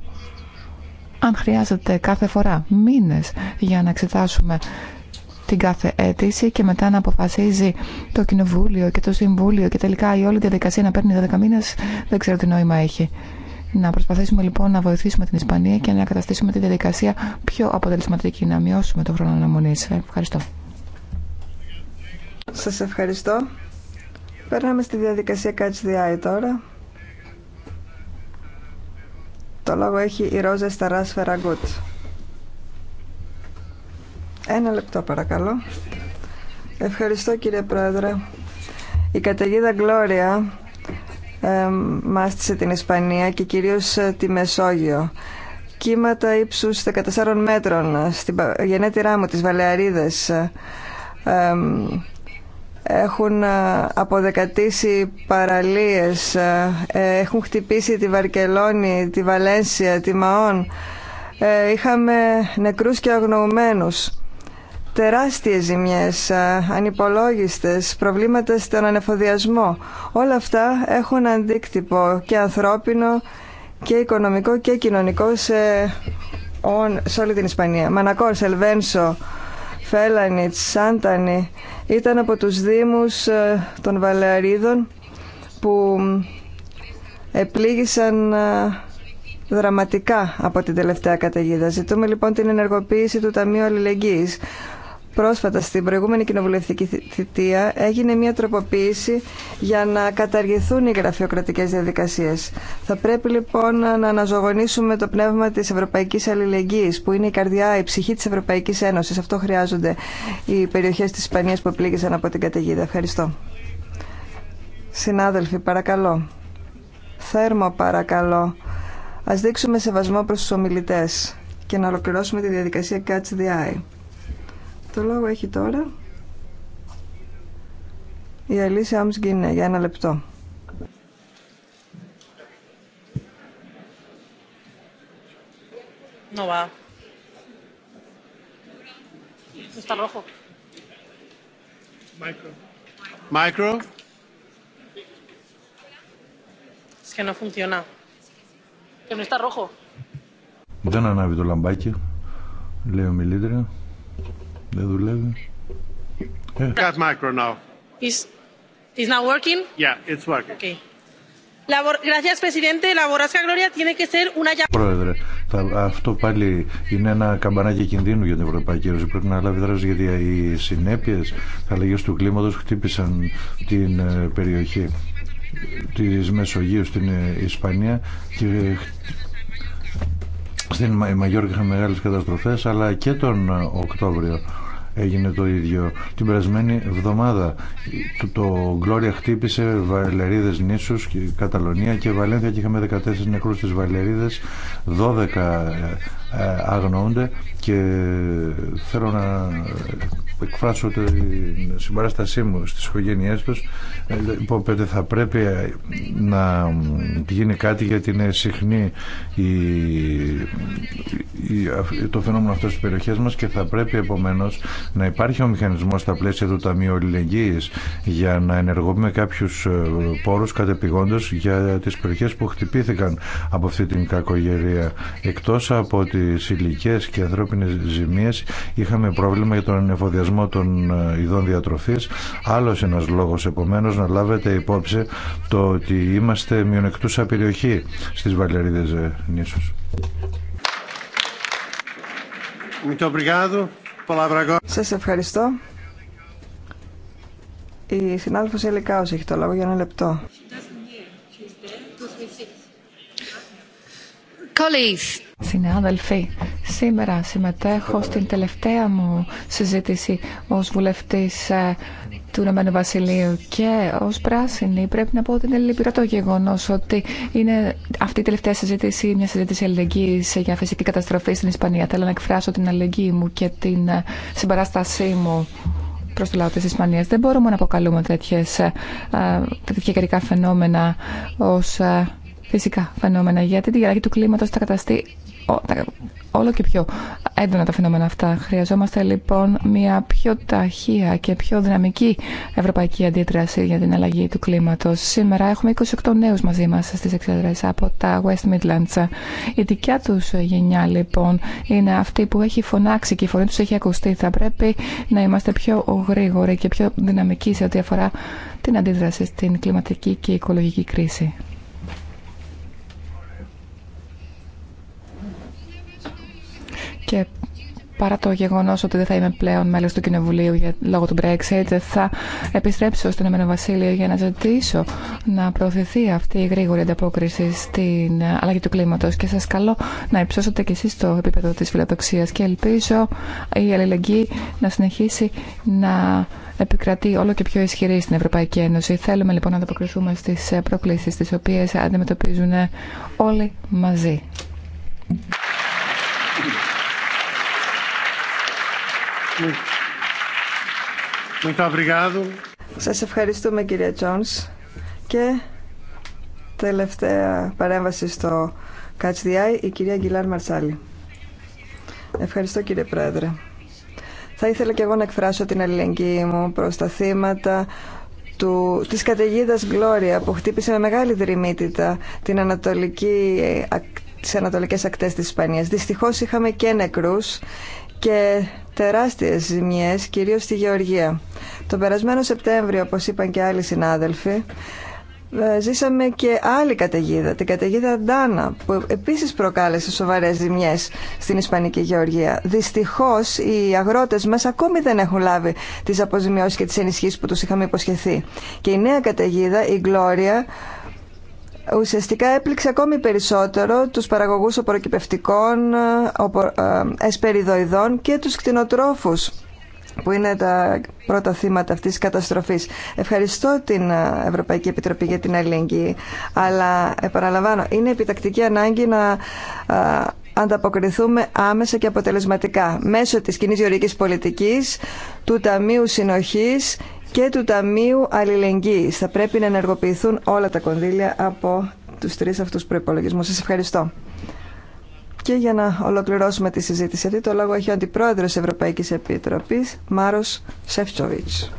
H: Αν χρειάζεται κάθε φορά μήνες για να εξετάσουμε την κάθε αίτηση και μετά να αποφασίζει το Κοινοβούλιο και το Συμβούλιο και τελικά η όλη διαδικασία να παίρνει 12 μήνε, δεν ξέρω τι νόημα έχει. Να προσπαθήσουμε λοιπόν να βοηθήσουμε την Ισπανία και να καταστήσουμε τη διαδικασία πιο αποτελεσματική, να μειώσουμε το χρόνο αναμονή. Ευχαριστώ.
C: Σα ευχαριστώ. Περνάμε στη διαδικασία Catch the Eye τώρα. Το λόγο έχει η Ρόζα Σταράς Φεραγκούτ. Ένα λεπτό παρακαλώ. Ευχαριστώ κύριε Πρόεδρε. Η καταιγίδα Γκλώρια ε, μάστησε την Ισπανία και κυρίως ε, τη Μεσόγειο. Κύματα ύψους 14 μέτρων στην γενέτειρά μου της Βαλεαρίδες ε, έχουν ε, αποδεκατήσει παραλίες, έχουν χτυπήσει τη Βαρκελόνη, τη Βαλένσια, τη Μαόν. Είχαμε νεκρούς και αγνοωμένους τεράστιες ζημιές, ανυπολόγιστες, προβλήματα στον ανεφοδιασμό. Όλα αυτά έχουν αντίκτυπο και ανθρώπινο και οικονομικό και κοινωνικό σε, όλη την Ισπανία. Μανακόρ, Σελβένσο, Φέλανιτς, Σάντανη ήταν από τους δήμους των Βαλεαρίδων που επλήγησαν δραματικά από την τελευταία καταιγίδα. Ζητούμε λοιπόν την ενεργοποίηση του Ταμείου Αλληλεγγύης πρόσφατα στην προηγούμενη κοινοβουλευτική θητεία έγινε μια τροποποίηση για να καταργηθούν οι γραφειοκρατικές διαδικασίες. Θα πρέπει λοιπόν να αναζωογονήσουμε το πνεύμα της Ευρωπαϊκής Αλληλεγγύης που είναι η καρδιά, η ψυχή της Ευρωπαϊκής Ένωσης. Αυτό χρειάζονται οι περιοχές της Ισπανίας που επλήγησαν από την καταιγίδα. Ευχαριστώ. Συνάδελφοι, παρακαλώ. Θέρμο παρακαλώ. Ας δείξουμε σεβασμό προς τους ομιλητές και να ολοκληρώσουμε τη διαδικασία Catch the Eye. Το λόγο έχει τώρα η Αλήση Άμσγκινε για ένα λεπτό.
A: No va. Está rojo. Micro. Micro. Es que no funciona. Que no está rojo.
G: Δεν ανάβει το λαμπάκι, λέει ο μιλήτρια. Δεν δουλεύει.
B: Ε. micro now.
A: Is, now working? Yeah, it's working. Okay. Gracias, presidente. Gloria tiene que ser una
G: Πρόεδρε, θα, αυτό πάλι είναι ένα καμπανάκι κινδύνου για την Ευρωπαϊκή Ένωση. Πρέπει να λάβει δράση γιατί οι συνέπειε αλλαγή του κλίματο χτύπησαν την ε, περιοχή τη Μεσογείου στην ε, Ισπανία και στην Μαγιόρκη είχαμε μεγάλε καταστροφέ, αλλά και τον Οκτώβριο έγινε το ίδιο. Την περασμένη εβδομάδα το Gloria χτύπησε βαλερίδες νήσου, Καταλωνία και Βαλένθια και είχαμε 14 νεκρούς στι βαλερίδες, 12 ε, ε, αγνοούνται και θέλω να που εκφράσω την συμπαράστασή μου στις οικογένειές τους ε, οπότε λοιπόν, θα πρέπει ε, να γίνει κάτι γιατί είναι συχνή η, η, το φαινόμενο αυτό στις περιοχές μας και θα πρέπει επομένως να υπάρχει ο μηχανισμός στα πλαίσια του Ταμείου Αλληλεγγύης για να ενεργούμε κάποιους ε, πόρους κατεπηγόντως για τις περιοχές που χτυπήθηκαν από αυτή την κακογερία εκτός από τις ηλικίε και ανθρώπινες ζημίες είχαμε πρόβλημα για τον ανεφοδιασμό σχεδιασμό των ε, ειδών διατροφής. Άλλος ένας λόγος επομένως να λάβετε υπόψη το ότι είμαστε μειονεκτούσα περιοχή στις βαλέρίδε ε, νήσους.
C: Σας ευχαριστώ. Η συνάδελφος Ελικάος έχει το λόγο για ένα λεπτό. Colleagues, Συνάδελφοι, σήμερα
H: συμμετέχω στην τελευταία μου συζήτηση ως βουλευτής ε, του Ηνωμένου Βασιλείου και ως πράσινη πρέπει να πω ότι είναι λυπηρό το γεγονός ότι είναι αυτή η τελευταία συζήτηση μια συζήτηση αλληλεγγύης για φυσική καταστροφή στην Ισπανία. Θέλω να εκφράσω την αλληλεγγύη μου και την ε, συμπαράστασή μου προ το λαό τη Ισπανία. Δεν μπορούμε να αποκαλούμε τέτοιες, ε, τέτοια καιρικά φαινόμενα ω φυσικά φαινόμενα, γιατί τη αλλαγή του κλίματο θα καταστεί όλο και πιο έντονα τα φαινόμενα αυτά. Χρειαζόμαστε λοιπόν μια πιο ταχεία και πιο δυναμική ευρωπαϊκή αντίδραση για την αλλαγή του κλίματο. Σήμερα έχουμε 28 νέου μαζί μα στις εξέδρε από τα West Midlands. Η δικιά του γενιά λοιπόν είναι αυτή που έχει φωνάξει και η φωνή του έχει ακουστεί. Θα πρέπει να είμαστε πιο γρήγοροι και πιο δυναμικοί σε ό,τι αφορά την αντίδραση στην κλιματική και οικολογική κρίση. και παρά το γεγονό ότι δεν θα είμαι πλέον μέλο του Κοινοβουλίου για, λόγω του Brexit, θα επιστρέψω στον Εμένο Βασίλειο για να ζητήσω να προωθηθεί αυτή η γρήγορη ανταπόκριση στην αλλαγή του κλίματο. Και σα καλώ να υψώσετε κι εσεί το επίπεδο τη φιλοδοξία και ελπίζω η αλληλεγγύη να συνεχίσει να επικρατεί όλο και πιο ισχυρή στην Ευρωπαϊκή Ένωση. Θέλουμε λοιπόν να ανταποκριθούμε στι προκλήσει τι οποίε αντιμετωπίζουν όλοι μαζί.
C: Σας ευχαριστούμε κυρία Τζόνς και τελευταία παρέμβαση στο Catch the Eye, η κυρία Γκυλάρ Μαρσάλη. Ευχαριστώ κύριε Πρόεδρε. Θα ήθελα και εγώ να εκφράσω την αλληλεγγύη μου προς τα θύματα του, της καταιγίδα Gloria που χτύπησε με μεγάλη δρυμύτητα την ανατολική, τις ανατολικές ακτές της Ισπανίας. Δυστυχώς είχαμε και νεκρούς και τεράστιες ζημιές, κυρίως στη Γεωργία. Το περασμένο Σεπτέμβριο, όπως είπαν και άλλοι συνάδελφοι, ε, ζήσαμε και άλλη καταιγίδα, την καταιγίδα Ντάνα, που επίσης προκάλεσε σοβαρές ζημιές στην Ισπανική Γεωργία. Δυστυχώς οι αγρότες μας ακόμη δεν έχουν λάβει τις αποζημιώσεις και τις ενισχύσεις που τους είχαμε υποσχεθεί. Και η νέα καταιγίδα, η Γκλώρια, ουσιαστικά έπληξε ακόμη περισσότερο τους παραγωγούς οποροκυπευτικών, ε, εσπεριδοειδών και τους κτηνοτρόφους που είναι τα πρώτα θύματα αυτής της καταστροφής. Ευχαριστώ την ε, Ευρωπαϊκή Επιτροπή για την αλληλεγγύη, αλλά επαναλαμβάνω, είναι επιτακτική ανάγκη να ε, ανταποκριθούμε άμεσα και αποτελεσματικά μέσω της κοινή γεωργικής πολιτικής, του Ταμείου Συνοχής και του Ταμείου Αλληλεγγύης. Θα πρέπει να ενεργοποιηθούν όλα τα κονδύλια από τους τρεις αυτούς προϋπολογισμούς. Σας ευχαριστώ. Και για να ολοκληρώσουμε τη συζήτηση αυτή, το λόγο έχει ο Αντιπρόεδρος Ευρωπαϊκής Επιτροπής, Μάρος Σεφτσοβίτς.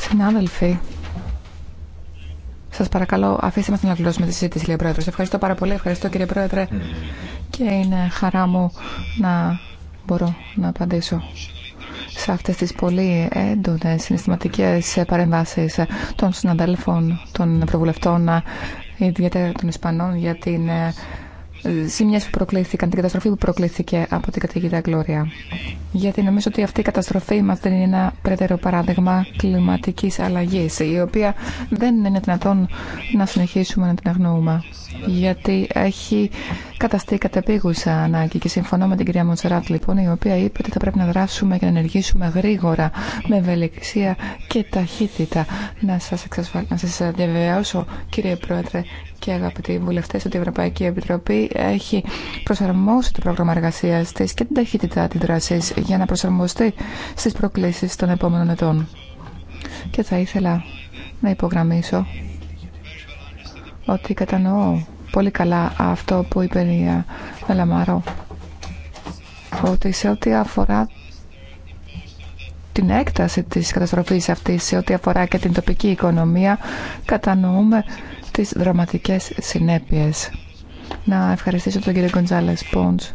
H: Συνάδελφοι, Σα παρακαλώ, αφήστε μα να ολοκληρώσουμε τη συζήτηση, κύριε Πρόεδρε. Ευχαριστώ πάρα πολύ. Ευχαριστώ, κύριε Πρόεδρε. Και είναι χαρά μου να μπορώ να απαντήσω σε αυτέ τι πολύ έντονε συναισθηματικές παρεμβάσει των συναδέλφων, των προβουλευτών, ιδιαίτερα των Ισπανών για την ζημιέ που προκλήθηκαν, την καταστροφή που προκλήθηκε από την καταιγίδα Γκλώρια. Γιατί νομίζω ότι αυτή η καταστροφή μα δεν είναι ένα πρέτερο παράδειγμα κλιματική αλλαγή, η οποία δεν είναι δυνατόν να συνεχίσουμε να την αγνοούμε. Γιατί έχει καταστεί κατεπίγουσα ανάγκη και συμφωνώ με την κυρία Μοντσεράτ λοιπόν, η οποία είπε ότι θα πρέπει να δράσουμε και να ενεργήσουμε γρήγορα, με ευελιξία και ταχύτητα. Να σα εξασφαλ... να διαβεβαιώσω κύριε Πρόεδρε και αγαπητοί βουλευτέ ότι η Ευρωπαϊκή Επιτροπή έχει προσαρμόσει το πρόγραμμα εργασία τη και την ταχύτητα δρασή για να προσαρμοστεί στι προκλήσει των επόμενων ετών. Και θα ήθελα να υπογραμμίσω ότι κατανοώ πολύ καλά αυτό που είπε η Λαμαρό ότι σε ό,τι αφορά την έκταση της καταστροφής αυτής, σε ό,τι αφορά και την τοπική οικονομία, κατανοούμε τις δραματικές συνέπειες. Να ευχαριστήσω τον κύριο Γκοντζάλες Πόντς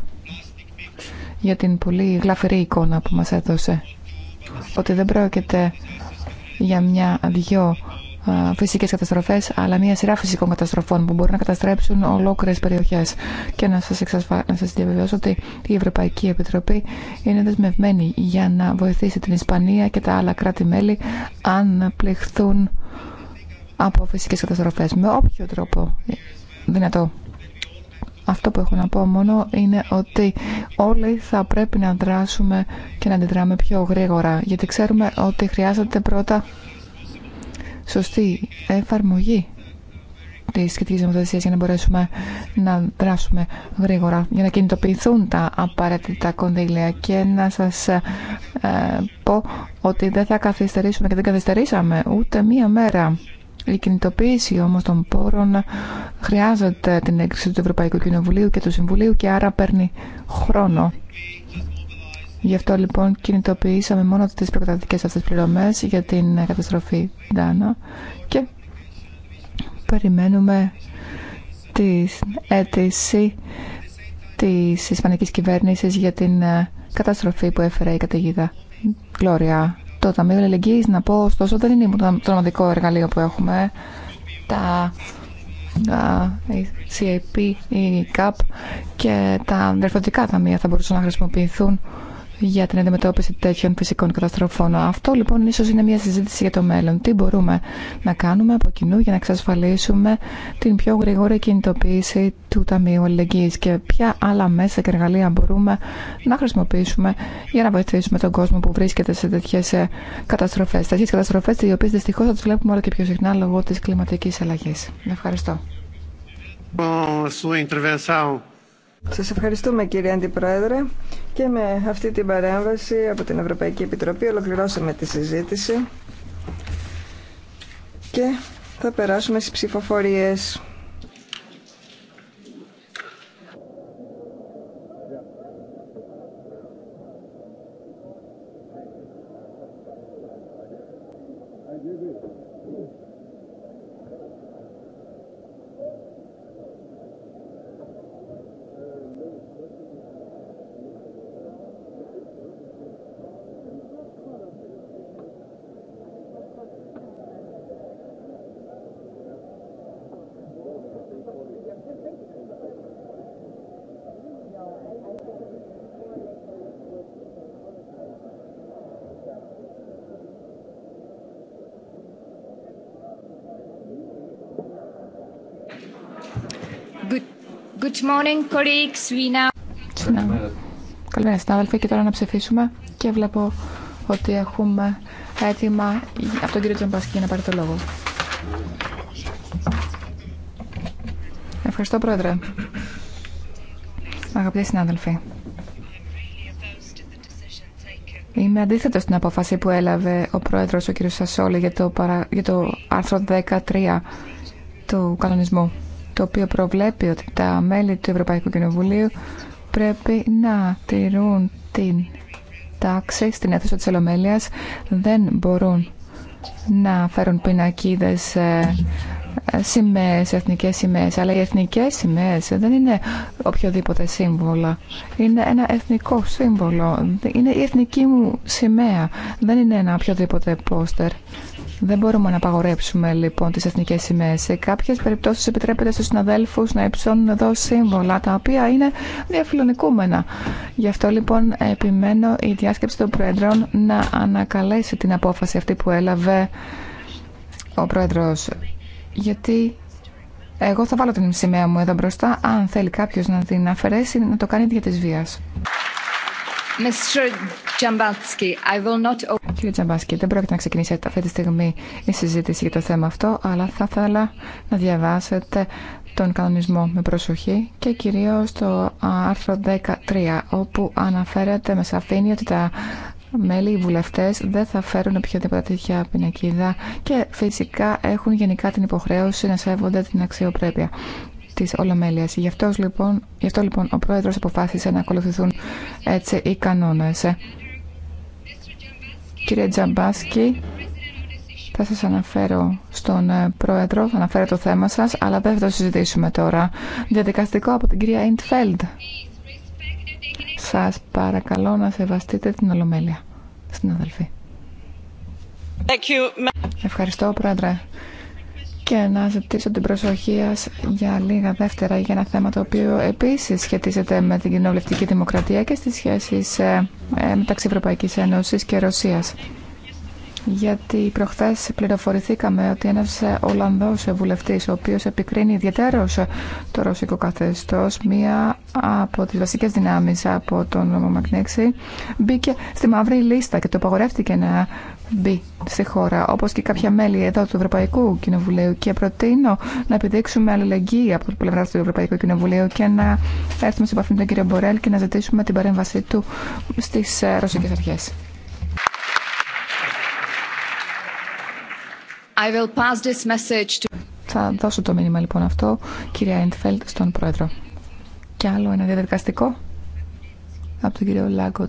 H: για την πολύ γλαφυρή εικόνα που μας έδωσε ότι δεν πρόκειται για μια-δυο φυσικέ καταστροφέ, αλλά μια σειρά φυσικών καταστροφών που μπορούν να καταστρέψουν ολόκληρε περιοχέ. Και να σα εξασφα... σας διαβεβαιώσω ότι η Ευρωπαϊκή Επιτροπή είναι δεσμευμένη για να βοηθήσει την Ισπανία και τα άλλα κράτη-μέλη αν πληχθούν από φυσικέ καταστροφέ με όποιο τρόπο δυνατό. Αυτό που έχω να πω μόνο είναι ότι όλοι θα πρέπει να δράσουμε και να αντιδράμε πιο γρήγορα γιατί ξέρουμε ότι χρειάζεται πρώτα σωστή εφαρμογή τη σχετική νομοθεσία για να μπορέσουμε να δράσουμε γρήγορα, για να κινητοποιηθούν τα απαραίτητα κονδύλια. Και να σα ε, πω ότι δεν θα καθυστερήσουμε και δεν καθυστερήσαμε ούτε μία μέρα η κινητοποίηση όμως των πόρων χρειάζεται την έγκριση του Ευρωπαϊκού Κοινοβουλίου και του Συμβουλίου και άρα παίρνει χρόνο. Γι' αυτό λοιπόν κινητοποιήσαμε μόνο τις προκαταρκτικέ αυτέ πληρωμέ για την καταστροφή Ντάνα και περιμένουμε την αίτηση τη Ισπανική κυβέρνηση για την καταστροφή που έφερε η καταιγίδα Γλώρια! Το Ταμείο Αλληλεγγύης, να πω, ωστόσο, δεν είναι το μοναδικό εργαλείο που έχουμε. Τα CAP, η CAP και τα διορθωτικά ταμεία θα μπορούσαν να χρησιμοποιηθούν για την αντιμετώπιση τέτοιων φυσικών καταστροφών. Αυτό λοιπόν ίσω είναι μια συζήτηση για το μέλλον. Τι μπορούμε να κάνουμε από κοινού για να εξασφαλίσουμε την πιο γρήγορη κινητοποίηση του Ταμείου Αλληλεγγύη και ποια άλλα μέσα και εργαλεία μπορούμε να χρησιμοποιήσουμε για να βοηθήσουμε τον κόσμο που βρίσκεται σε τέτοιε καταστροφέ. Τέτοιε καταστροφέ, οι οποίε δυστυχώ θα τι βλέπουμε όλο και πιο συχνά λόγω τη κλιματική αλλαγή. Ευχαριστώ.
C: Σας ευχαριστούμε κύριε Αντιπρόεδρε και με αυτή την παρέμβαση από την Ευρωπαϊκή Επιτροπή ολοκληρώσαμε τη συζήτηση και θα περάσουμε στις ψηφοφορίες.
E: Καλημέρα. morning,
H: Καλημέρα συνάδελφοι και τώρα να ψηφίσουμε και βλέπω ότι έχουμε έτοιμα από τον κύριο Τζομπασκή να πάρει το λόγο. Ευχαριστώ πρόεδρε. Αγαπητοί συνάδελφοι. Είμαι αντίθετο στην απόφαση που έλαβε ο πρόεδρος ο κύριος Σασόλη για το άρθρο 13 του κανονισμού το οποίο προβλέπει ότι τα μέλη του Ευρωπαϊκού Κοινοβουλίου πρέπει να τηρούν την τάξη στην αίθουσα της Ολομέλειας δεν μπορούν να φέρουν πινακίδες ε, ε, σημαίες, εθνικές σημαίες αλλά οι εθνικές σημαίες δεν είναι οποιοδήποτε σύμβολα είναι ένα εθνικό σύμβολο είναι η εθνική μου σημαία δεν είναι ένα οποιοδήποτε πόστερ δεν μπορούμε να απαγορέψουμε λοιπόν τις εθνικές σημαίε. Σε κάποιες περιπτώσεις επιτρέπεται στους συναδέλφου να υψώνουν εδώ σύμβολα τα οποία είναι διαφιλονικούμενα. Γι' αυτό λοιπόν επιμένω η διάσκεψη των Πρόεδρων να ανακαλέσει την απόφαση αυτή που έλαβε ο προεδρό. Γιατί εγώ θα βάλω την σημαία μου εδώ μπροστά, αν θέλει κάποιο να την αφαιρέσει, να το κάνει για τη βία. Κύριε Τζαμπάσκη, δεν πρόκειται να ξεκινήσετε αυτή τη στιγμή η συζήτηση για το θέμα αυτό, αλλά θα ήθελα να διαβάσετε τον κανονισμό με προσοχή και κυρίως το άρθρο 13, όπου αναφέρεται με σαφήνεια ότι τα μέλη, οι βουλευτές δεν θα φέρουν οποιαδήποτε τέτοια πινακίδα και φυσικά έχουν γενικά την υποχρέωση να σέβονται την αξιοπρέπεια της Ολομέλειας. Γι' αυτό λοιπόν, γι αυτό, λοιπόν ο Πρόεδρος αποφάσισε να ακολουθηθούν έτσι οι κανόνε. Κύριε Τζαμπάσκι, θα σας αναφέρω στον ε, Πρόεδρο, θα αναφέρω το θέμα σας, αλλά δεν θα το συζητήσουμε τώρα. Διαδικαστικό από την κυρία Ιντφέλντ. Σας παρακαλώ να σεβαστείτε την Ολομέλεια, αδελφή. Ευχαριστώ, Πρόεδρε και να ζητήσω την προσοχή για λίγα δεύτερα για ένα θέμα το οποίο επίσης σχετίζεται με την κοινοβουλευτική δημοκρατία και στι σχέσει ε, ε, μεταξύ Ευρωπαϊκής Ένωσης και Ρωσίας. Γιατί προχθές πληροφορηθήκαμε ότι ένας ε, Ολλανδός βουλευτής ο οποίος επικρίνει ιδιαίτερω το ρωσικό καθεστώς μία από τις βασικές δυνάμεις από τον νόμο Μακνίξη, μπήκε στη μαύρη λίστα και το απαγορεύτηκε να μπει στη χώρα, όπως και κάποια μέλη εδώ του Ευρωπαϊκού Κοινοβουλίου και προτείνω να επιδείξουμε αλληλεγγύη από την πλευρά του Ευρωπαϊκού Κοινοβουλίου και να έρθουμε σε επαφή με τον κύριο Μπορέλ και να ζητήσουμε την παρέμβασή του στις ε, ρωσικές αρχές. Θα δώσω το μήνυμα λοιπόν αυτό, κυρία Εντφέλτ, στον Πρόεδρο. Και άλλο ένα διαδικαστικό από τον κύριο Λάγκο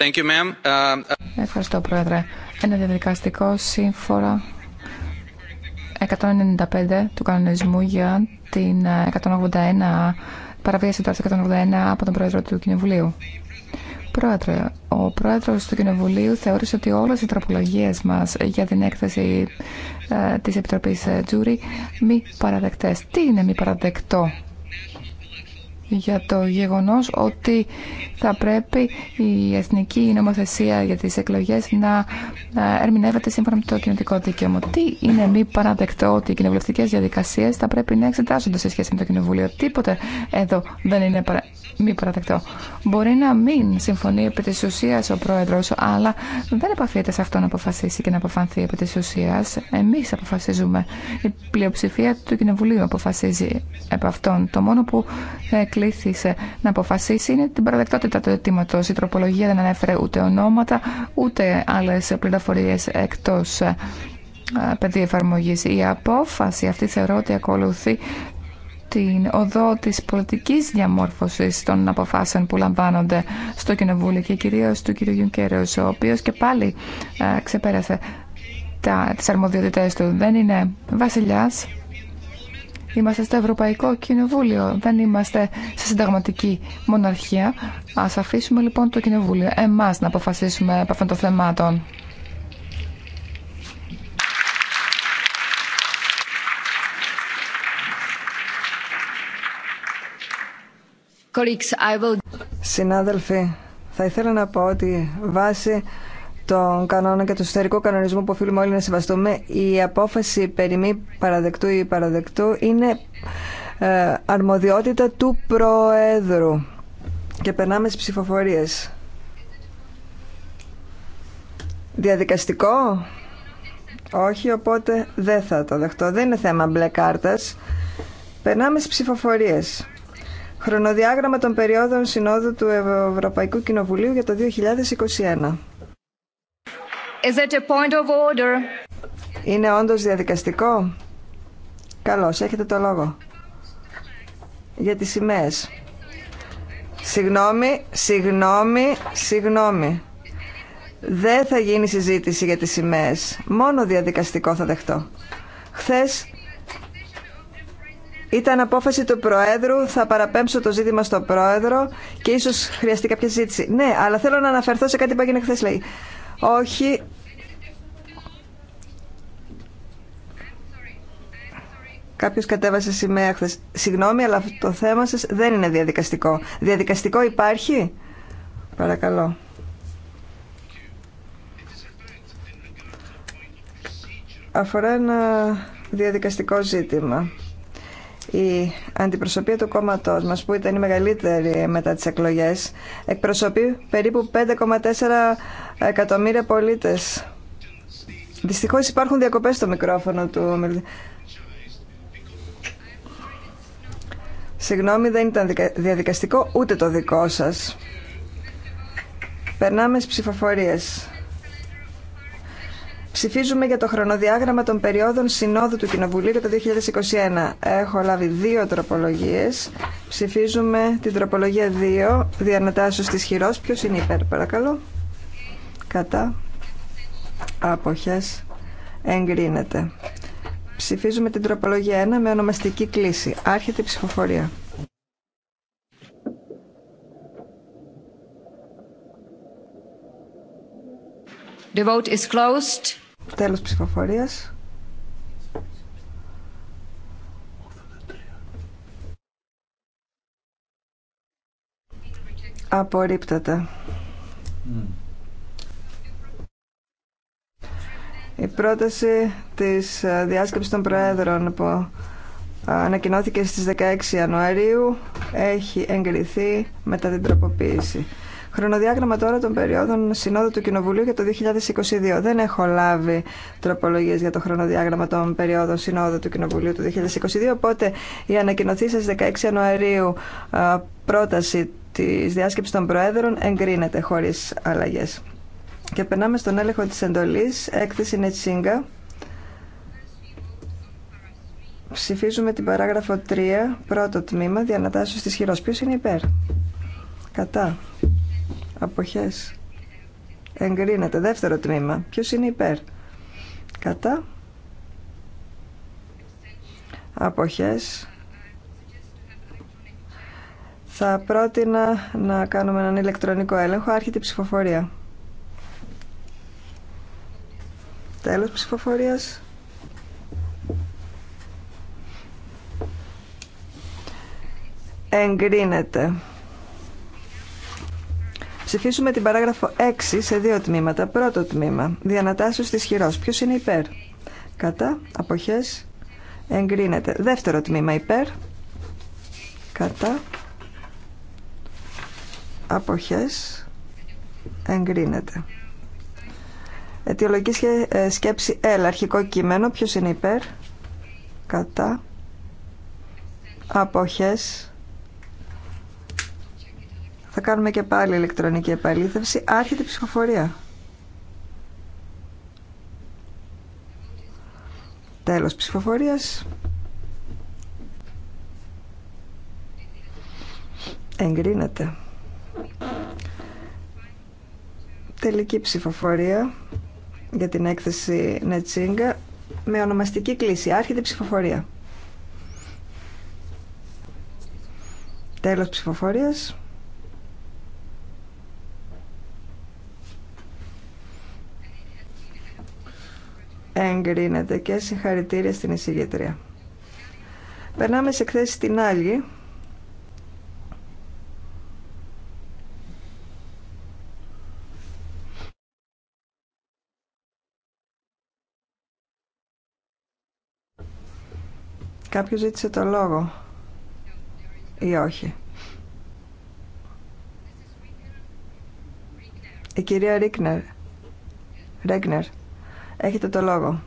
A: Uh, uh,
H: Ευχαριστώ, Πρόεδρε. Ένα διαδικαστικό σύμφωνα 195 του κανονισμού για την 181 ε, παραβίαση του άρθρου 181 από τον Πρόεδρο του Κοινοβουλίου. Πρόεδρε, ο Πρόεδρο του Κοινοβουλίου θεώρησε ότι όλε οι τροπολογίε μα για την έκθεση τη ε, της Επιτροπής ε, Τζούρι μη παραδεκτέ. Τι είναι μη παραδεκτό για το γεγονός ότι θα πρέπει η εθνική νομοθεσία για τις εκλογές να ερμηνεύεται σύμφωνα με το κοινωτικό δίκαιο. Τι είναι μη παραδεκτό ότι οι κοινοβουλευτικές διαδικασίες θα πρέπει να εξετάζονται σε σχέση με το Κοινοβούλιο. Τίποτε εδώ δεν είναι μη παραδεκτό. Μπορεί να μην συμφωνεί επί τη ουσία ο πρόεδρος, αλλά δεν επαφείται σε αυτό να αποφασίσει και να αποφανθεί επί τη ουσία. Εμείς αποφασίζουμε. Η πλειοψηφία του Κοινοβουλίου αποφασίζει επ' αυτόν. Το μόνο που κλήθησε να αποφασίσει είναι την παραδεκτότητα του αιτήματο. Η τροπολογία δεν ανέφερε ούτε ονόματα, ούτε άλλε πληροφορίε εκτό ε, πεδίο εφαρμογή. Η απόφαση αυτή θεωρώ ότι ακολουθεί την οδό της πολιτικής διαμόρφωσης των αποφάσεων που λαμβάνονται στο Κοινοβούλιο και κυρίως του κ. Γιουνκέρεως, ο οποίος και πάλι ε, ξεπέρασε τα, τις αρμοδιότητές του. Δεν είναι βασιλιάς. Είμαστε στο Ευρωπαϊκό Κοινοβούλιο. Δεν είμαστε σε συνταγματική μοναρχία. Ας αφήσουμε λοιπόν το Κοινοβούλιο εμάς να αποφασίσουμε από αυτών των θεμάτων.
C: Συνάδελφοι, θα ήθελα να πω ότι βάσει των κανόνα και του εσωτερικού κανονισμού που οφείλουμε όλοι να σεβαστούμε, η απόφαση περί μη παραδεκτού ή παραδεκτού είναι ε, αρμοδιότητα του Προέδρου. Και περνάμε στις ψηφοφορίες. Διαδικαστικό? Όχι, οπότε δεν θα το δεχτώ. Δεν είναι θέμα μπλε κάρτας. Περνάμε στις ψηφοφορίες. Χρονοδιάγραμμα των περιόδων συνόδου του Ευρωπαϊκού Κοινοβουλίου για το 2021.
E: Is point of order?
C: Είναι όντως διαδικαστικό. Καλώς, έχετε το λόγο. Για τις σημαίες. Συγγνώμη, συγγνώμη, συγγνώμη. Δεν θα γίνει συζήτηση για τις σημαίες. Μόνο διαδικαστικό θα δεχτώ. Χθες ήταν απόφαση του Προέδρου, θα παραπέμψω το ζήτημα στον Πρόεδρο και ίσως χρειαστεί κάποια ζήτηση. Ναι, αλλά θέλω να αναφερθώ σε κάτι που έγινε χθε λέει. Όχι, Κάποιο κατέβασε σημαία χθε. Συγγνώμη, αλλά το θέμα σα δεν είναι διαδικαστικό. Διαδικαστικό υπάρχει. Παρακαλώ. Αφορά ένα διαδικαστικό ζήτημα. Η αντιπροσωπεία του κόμματό μα, που ήταν η μεγαλύτερη μετά τι εκλογέ, εκπροσωπεί περίπου 5,4 εκατομμύρια πολίτε. Δυστυχώ υπάρχουν διακοπέ στο μικρόφωνο του. Συγγνώμη, δεν ήταν διαδικαστικό ούτε το δικό σας. Περνάμε στις ψηφοφορίες. Ψηφίζουμε για το χρονοδιάγραμμα των περιόδων συνόδου του Κοινοβουλίου για το 2021. Έχω λάβει δύο τροπολογίε. Ψηφίζουμε την τροπολογία 2, διανατάσσεως τη χειρό. Ποιο είναι υπέρ, παρακαλώ. Κατά. Αποχέ. Εγκρίνεται. Ψηφίζουμε την τροπολογία 1 με ονομαστική κλίση. Άρχεται η ψηφοφορία. The vote is closed. Τέλος ψηφοφορίας. Απορρίπτεται. Η πρόταση της ε, διάσκεψης των Προέδρων που ε, ανακοινώθηκε στις 16 Ιανουαρίου έχει εγκριθεί μετά την τροποποίηση. Χρονοδιάγραμμα τώρα των περίοδων Συνόδου του Κοινοβουλίου για το 2022. Δεν έχω λάβει τροπολογίε για το χρονοδιάγραμμα των περίοδων Συνόδου του Κοινοβουλίου του 2022, οπότε η ανακοινωθή σα 16 Ιανουαρίου πρόταση τη διάσκεψη των Προέδρων εγκρίνεται χωρί αλλαγέ. Και περνάμε στον έλεγχο τη εντολή, έκθεση Νετσίνγκα. Ψηφίζουμε την παράγραφο 3, πρώτο τμήμα, διανατάσσεως της χειρός. Ποιος είναι υπέρ. Κατά αποχές εγκρίνεται δεύτερο τμήμα ποιος είναι υπέρ κατά αποχές θα πρότεινα να κάνουμε έναν ηλεκτρονικό έλεγχο άρχεται η ψηφοφορία τέλος ψηφοφορίας εγκρίνεται ψηφίσουμε την παράγραφο 6 σε δύο τμήματα. Πρώτο τμήμα. Διανατάσσεω της χειρός. Ποιος είναι υπέρ. Κατά. Αποχές. Εγκρίνεται. Δεύτερο τμήμα υπέρ. Κατά. Αποχές. Εγκρίνεται. Αιτιολογική ε, σκέψη L. Αρχικό κείμενο. Ποιος είναι υπέρ. Κατά. Αποχές θα κάνουμε και πάλι ηλεκτρονική επαλήθευση. Άρχεται η ψηφοφορία. Τέλος ψηφοφορίας. Εγκρίνεται. Τελική ψηφοφορία για την έκθεση Νετσίγκα με ονομαστική κλίση. Άρχεται η ψηφοφορία. Τέλος ψηφοφορίας. εγκρίνεται και συγχαρητήρια στην εισηγήτρια. Περνάμε σε εκθέσει την άλλη. Κάποιο ζήτησε το λόγο ή όχι. Η κυρία Ρίκνερ. Ρέγνερ. Έχετε το λόγο.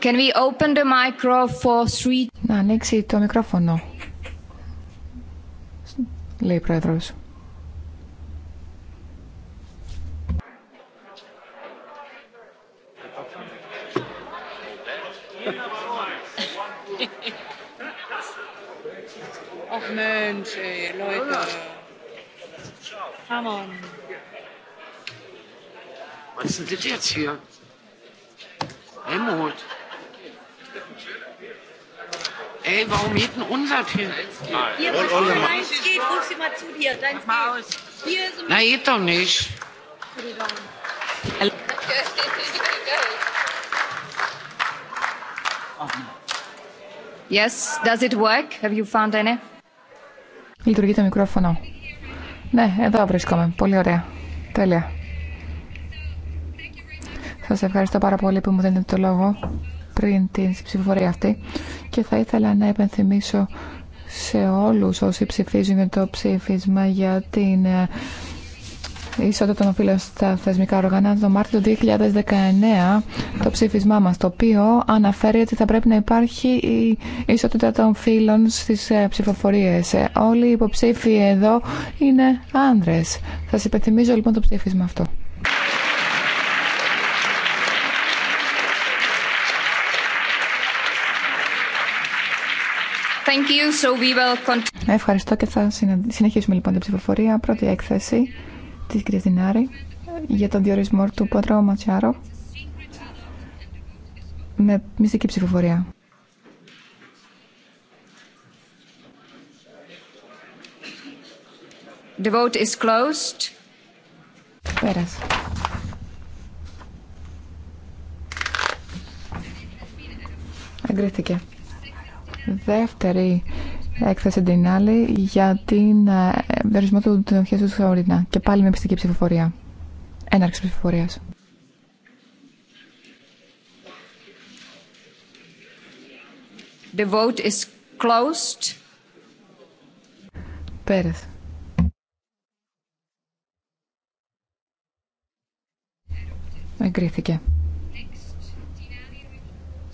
E: Can we open the micro for three... Να ανοίξει το μικρόφωνο. Come on.
F: Was ist denn jetzt hier?
H: Nein, warum hinten unser Tisch? Hier, was Olga, nein, geht,
F: ruf sie mal zu dir. Dein mal aus.
E: Hier ist Na, geht doch nicht. Yes, does it work? Have you found any?
H: Λειτουργεί το μικρόφωνο. Ναι, εδώ βρίσκομαι. Πολύ ωραία. Τέλεια. Σας ευχαριστώ πάρα πολύ που μου δίνετε το λόγο πριν την ψηφοφορία αυτή και θα ήθελα να επενθυμίσω σε όλους όσοι ψηφίζουν το ψήφισμα για την ε, ισότητα των οφείλων στα θεσμικά οργανά το Μάρτιο του 2019 το ψήφισμά μας το οποίο αναφέρει ότι θα πρέπει να υπάρχει η ισότητα των φύλων στις ε, ψηφοφορίες. Ε, όλοι οι υποψήφοι εδώ είναι άνδρες. Σας υπενθυμίζω λοιπόν το ψήφισμα αυτό. Ευχαριστώ και θα συνεχίσουμε λοιπόν την ψηφοφορία. Πρώτη έκθεση της κυρία Δινάρη για τον διορισμό του Πατρό Ματσιάρο με μυστική ψηφοφορία.
E: The vote is closed.
H: Πέρασε. Εγκρίθηκε δεύτερη έκθεση την άλλη για την ε, δορισμό του Τινοχείου του Σαουρίνα και πάλι με πιστική ψηφοφορία. Έναρξη ψηφοφορία.
E: The vote is closed.
H: Πέρασε. Εγκρίθηκε.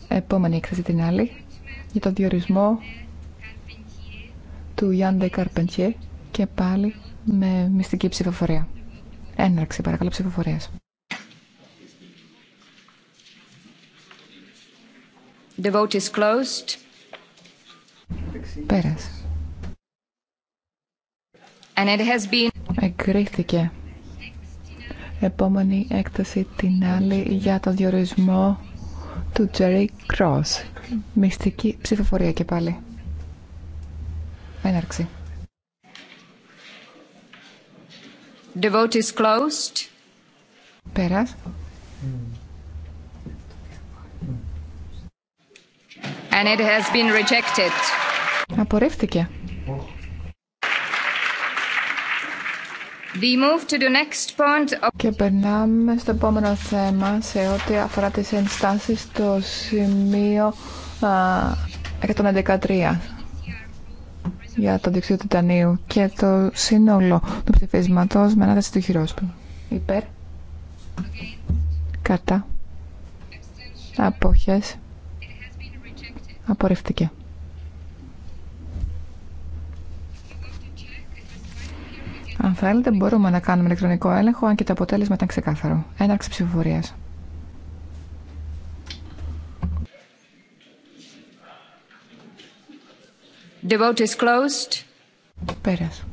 H: Επόμενη έκθεση την άλλη για τον διορισμό του Γιάνντε Καρπεντιέ και πάλι με μυστική ψηφοφορία. Έναρξη παρακαλώ ψηφοφορία.
E: The vote is closed. Πέρασε. And it has been...
H: Εγκρίθηκε. Επόμενη έκταση την άλλη για το διορισμό του Τζέρι Κρός. Μυστική ψηφοφορία και πάλι.
E: Έναρξη. The vote is closed. Πέρας. And it has been rejected.
H: Απορρίφθηκε. Και περνάμε στο επόμενο θέμα σε ό,τι αφορά τις ενστάσεις στο σημείο 113 για το του τιτανίου και το σύνολο του ψηφίσματος με ανάταση του χειρόσπου. Υπέρ. Κατά. Απόχες. Απορρίφθηκε. Αν θέλετε μπορούμε να κάνουμε ηλεκτρονικό έλεγχο, αν και το αποτέλεσμα ήταν ξεκάθαρο. Έναρξη ψηφοφορία.
E: The vote is closed. Πέρας.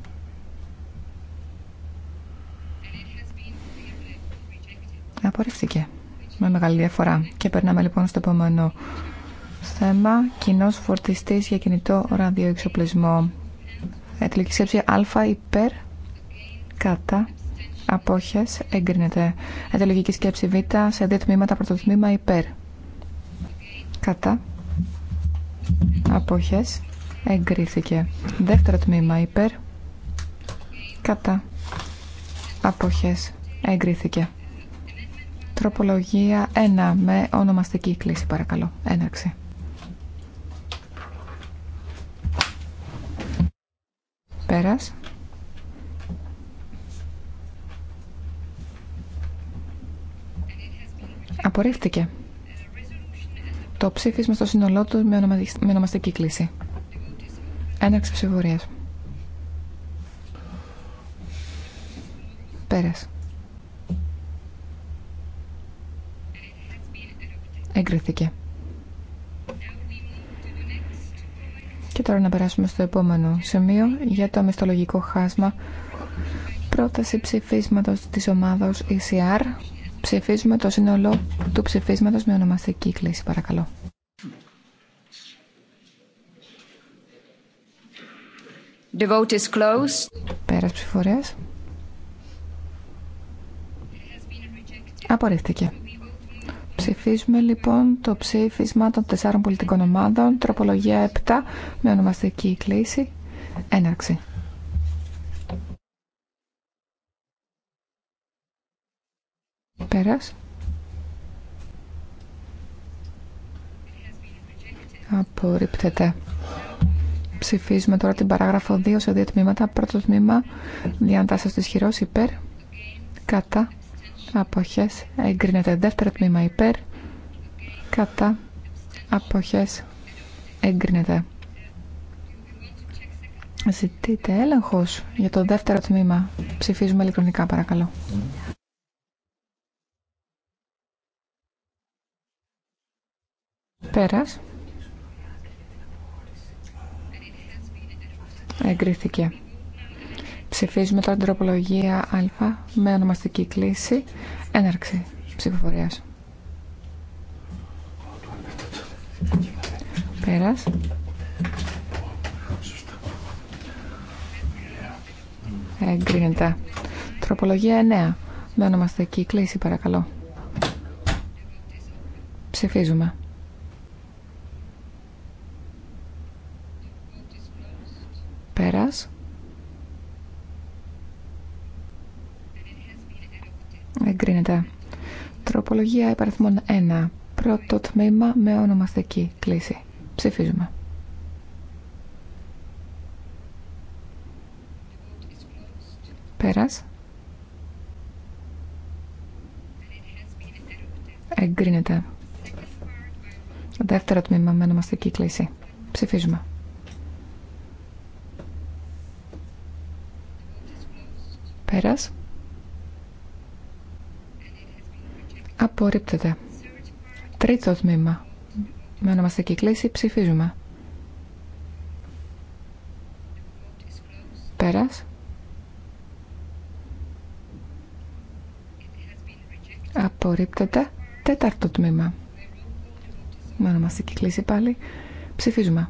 H: Απορρίφθηκε με μεγάλη διαφορά. Και περνάμε λοιπόν στο επόμενο θέμα. Κοινό φορτιστή για κινητό ραδιοεξοπλισμό. Ετλική σκέψη Α υπέρ κατά απόχες εγκρίνεται εντελογική σκέψη β σε δύο τμήματα πρώτο τμήμα υπέρ κατά απόχες εγκρίθηκε δεύτερο τμήμα υπέρ κατά απόχες εγκρίθηκε τροπολογία 1 με ονομαστική κλίση παρακαλώ έναρξη πέρας Απορρίφθηκε. Το ψήφισμα στο σύνολό του με ονομαστική κλίση. Έναρξη ψηφορία. Πέρα. Εγκρίθηκε. Και τώρα να περάσουμε στο επόμενο σημείο για το αμυστολογικό χάσμα. Πρόταση ψηφίσματος της ομάδος ECR Ψηφίζουμε το σύνολο του ψηφίσματος με ονομαστική κλίση, παρακαλώ.
E: The vote is closed.
H: Πέρας ψηφορίας. Απορρίφθηκε. Ψηφίζουμε λοιπόν το ψήφισμα των τεσσάρων πολιτικών ομάδων, τροπολογία 7, με ονομαστική κλίση, έναρξη. Πέρας. Απορρίπτεται. Ψηφίζουμε τώρα την παράγραφο 2 σε δύο τμήματα. Πρώτο τμήμα, διαντάσταση της χειρός, υπέρ, κατά, αποχές, εγκρίνεται. Δεύτερο τμήμα, υπέρ, κατά, αποχές, εγκρίνεται. Ζητείτε έλεγχος για το δεύτερο τμήμα. Ψηφίζουμε ηλεκτρονικά παρακαλώ. Πέρας. Εγκρίθηκε. Ψηφίζουμε τώρα την τροπολογία Α με ονομαστική κλίση. Έναρξη ψηφοφορίας. Πέρας. Εγκρίνεται. Τροπολογία 9. Με ονομαστική κλίση παρακαλώ. Ψηφίζουμε. Πέρας. Εγκρίνεται. Τροπολογία υπαριθμών 1. Πρώτο τμήμα με ονομαστική κλίση. Ψηφίζουμε. Πέρας. Εγκρίνεται. Δεύτερο τμήμα με ονομαστική κλίση. Ψηφίζουμε. Πέρας. Απορρίπτεται. Τρίτο τμήμα. Με ονομαστική κλίση ψηφίζουμε. Πέρας. Απορρίπτεται. Τέταρτο τμήμα. Με ονομαστική κλίση πάλι. Ψηφίζουμε.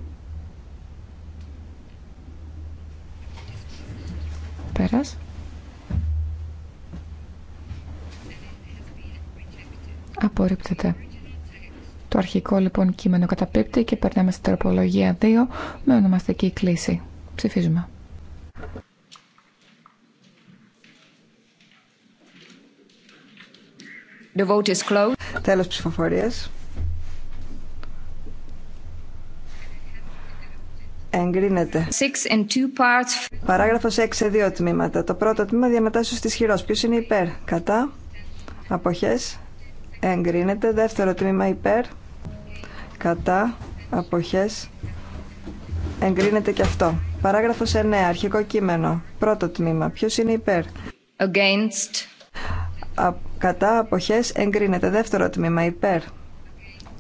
H: Πέρας. Απορρίπτεται. Το αρχικό λοιπόν κείμενο καταπίπτει και περνάμε στην τροπολογία 2 με ονομαστική κλίση. Ψηφίζουμε.
E: The vote is closed. Τέλος
C: ψηφοφορίας. Εγκρίνεται. Six and two parts. Παράγραφος 6 σε δύο τμήματα. Το πρώτο τμήμα διαμετάσσεως της χειρός. Ποιος είναι υπέρ. Κατά. Αποχές εγκρίνεται. Δεύτερο τμήμα υπέρ, κατά, αποχές, εγκρίνεται και αυτό. Παράγραφος 9, αρχικό κείμενο. Πρώτο τμήμα. Ποιος είναι υπέρ. Against. κατά, αποχές, εγκρίνεται. Δεύτερο τμήμα υπέρ,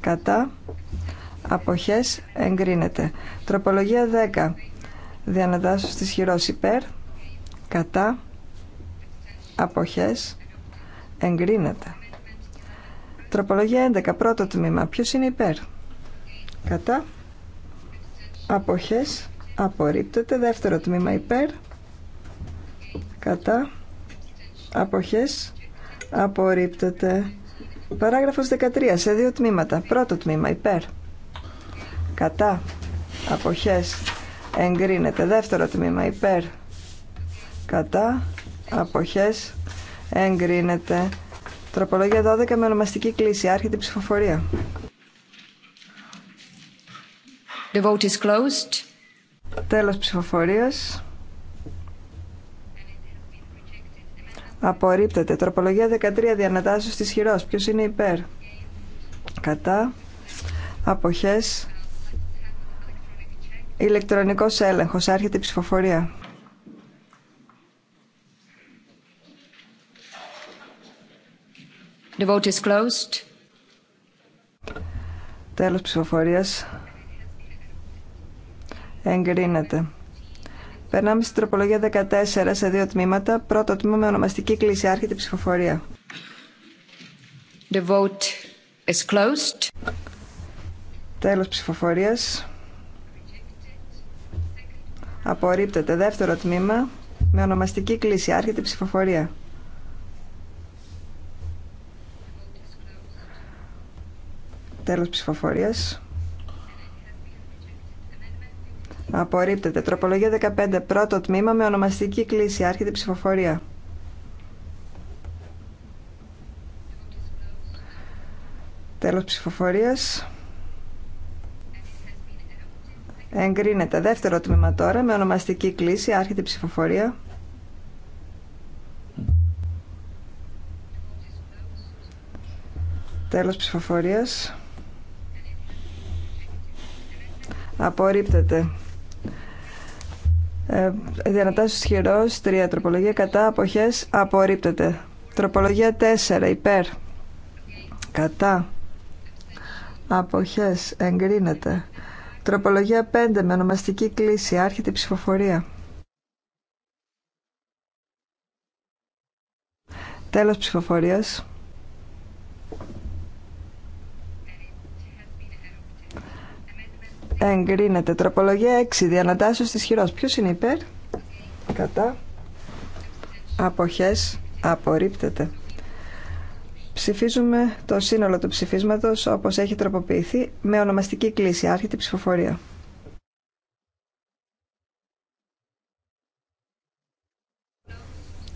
C: κατά, αποχές, εγκρίνεται. Τροπολογία 10. Διανατάσσω της χειρός υπέρ, κατά, αποχές, εγκρίνεται. Τροπολογία 11, πρώτο τμήμα. Ποιο είναι υπέρ. Κατά. Αποχές. Απορρίπτεται. Δεύτερο τμήμα υπέρ. Κατά. Αποχές. Απορρίπτεται. Παράγραφος 13. Σε δύο τμήματα. Πρώτο τμήμα υπέρ. Κατά. Αποχές. Εγκρίνεται. Δεύτερο τμήμα υπέρ. Κατά. Αποχές. Εγκρίνεται. Τροπολογία 12 με ονομαστική κλίση. Άρχεται η ψηφοφορία. The vote is closed. Τέλος ψηφοφορίας. Απορρίπτεται. Τροπολογία 13. Διανατάσσεως της χειρός. Ποιος είναι υπέρ. Κατά. Αποχές. Ηλεκτρονικός έλεγχος. Άρχεται η ψηφοφορία. The vote Τέλος ψηφοφορίας. Εγκρίνεται. Περνάμε στην τροπολογία 14 σε δύο τμήματα. Πρώτο τμήμα με ονομαστική κλίση. Άρχεται η ψηφοφορία. The vote is closed. Τέλος ψηφοφορίας. Απορρίπτεται. Δεύτερο τμήμα με ονομαστική κλίση. Άρχεται η ψηφοφορία. Τέλος ψηφοφορίας. Απορρίπτεται. Τροπολογία 15. Πρώτο τμήμα με ονομαστική κλίση. Άρχεται ψηφοφορία. Τέλος ψηφοφορίας. Εγκρίνεται. Δεύτερο τμήμα τώρα με ονομαστική κλίση. Άρχεται ψηφοφορία. Τέλος ψηφοφορίας. Απορρίπτεται. Ε, Διανατάσσεω χειρό τρία Τροπολογία κατά αποχέ. Απορρίπτεται. Τροπολογία 4. Υπέρ. Κατά. Αποχέ. Εγκρίνεται. Τροπολογία 5. Με ονομαστική κλίση. Άρχεται η ψηφοφορία. Τέλος ψηφοφορίας. Εγκρίνεται. Τροπολογία 6. Διανατάσσεω της χειρός. Ποιος είναι υπέρ. Κατά. Αποχές. Απορρίπτεται. Ψηφίζουμε το σύνολο του ψηφίσματος όπως έχει τροποποιηθεί με ονομαστική κλίση. Άρχεται η ψηφοφορία.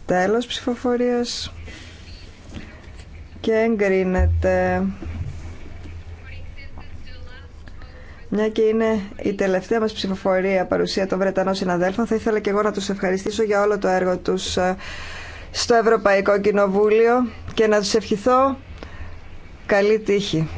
C: Τέλος ψηφοφορίας και εγκρίνεται. Μια και είναι η τελευταία μας ψηφοφορία παρουσία των Βρετανών συναδέλφων, θα ήθελα και εγώ να τους ευχαριστήσω για όλο το έργο τους ε, στο Ευρωπαϊκό Κοινοβούλιο και να τους ευχηθώ καλή τύχη.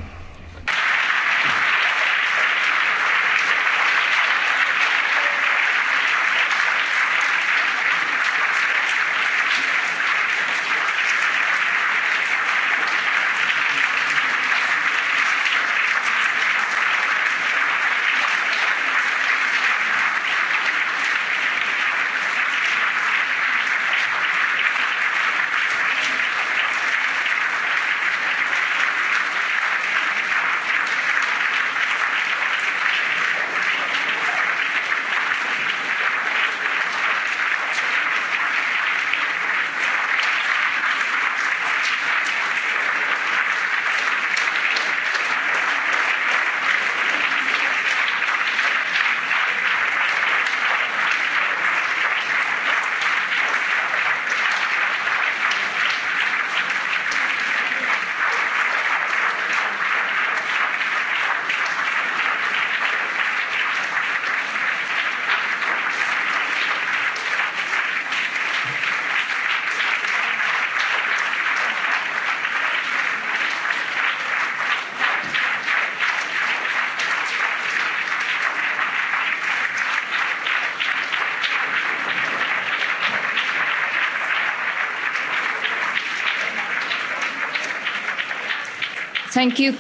C: Thank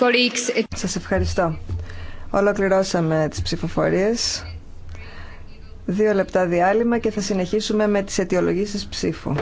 C: Σας ευχαριστώ. Ολοκληρώσαμε τις ψηφοφορίες. Δύο λεπτά διάλειμμα και θα συνεχίσουμε με τις αιτιολογήσεις ψήφου.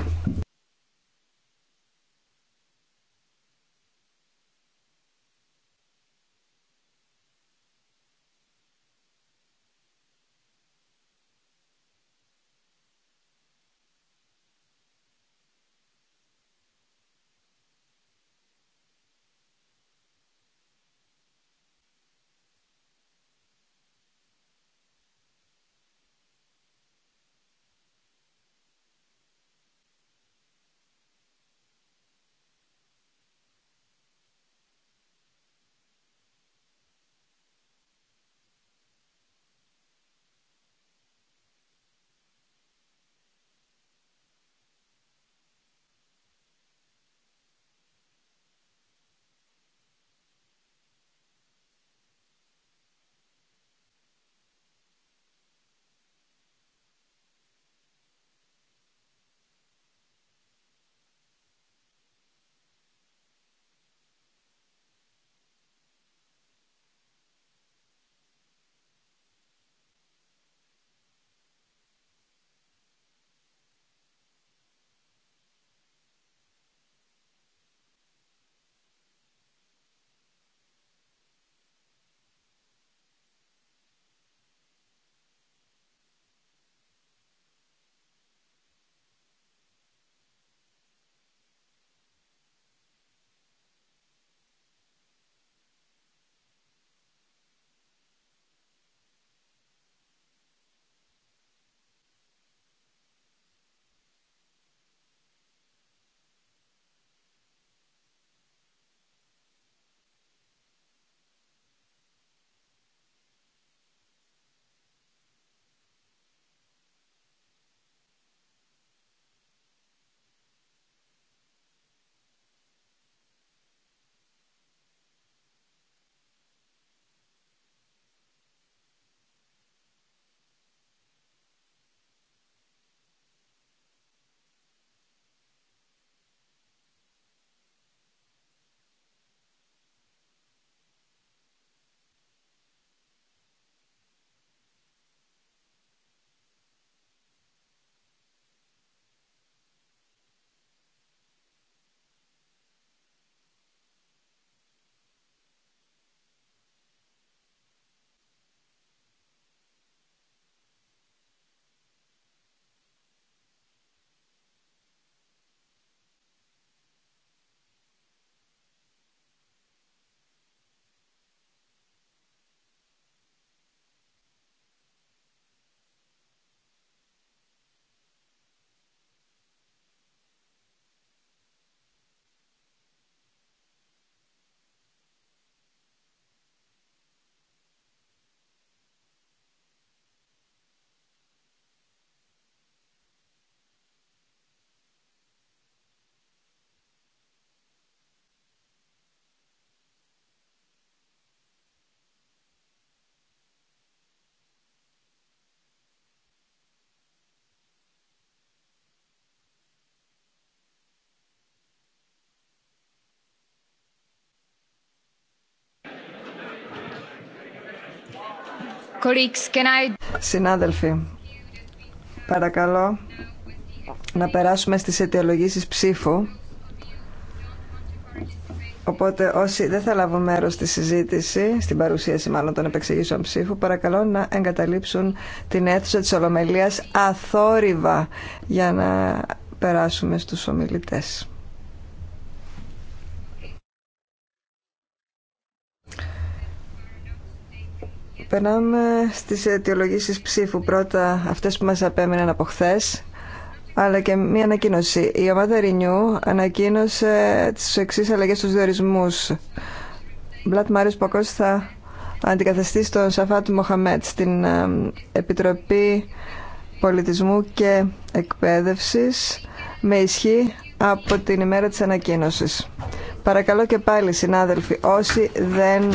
C: Συνάδελφοι, παρακαλώ να περάσουμε στις αιτιολογήσεις ψήφου. Οπότε όσοι δεν θα λάβουν μέρος στη συζήτηση, στην παρουσίαση μάλλον των επεξηγήσεων ψήφου, παρακαλώ να εγκαταλείψουν την αίθουσα της Ολομελίας αθόρυβα για να περάσουμε στους ομιλητές. Περνάμε στις αιτιολογήσεις ψήφου. Πρώτα αυτές που μας απέμειναν από χθε, αλλά και μία ανακοίνωση. Η ομάδα Renew ανακοίνωσε τις εξή αλλαγές στους διορισμούς. Μπλατ Μάριος Πακός θα αντικαθεστεί στον Σαφάτ Μοχαμέτ στην ε, Επιτροπή Πολιτισμού και Εκπαίδευσης με ισχύ από την ημέρα της ανακοίνωσης. Παρακαλώ και πάλι συνάδελφοι όσοι δεν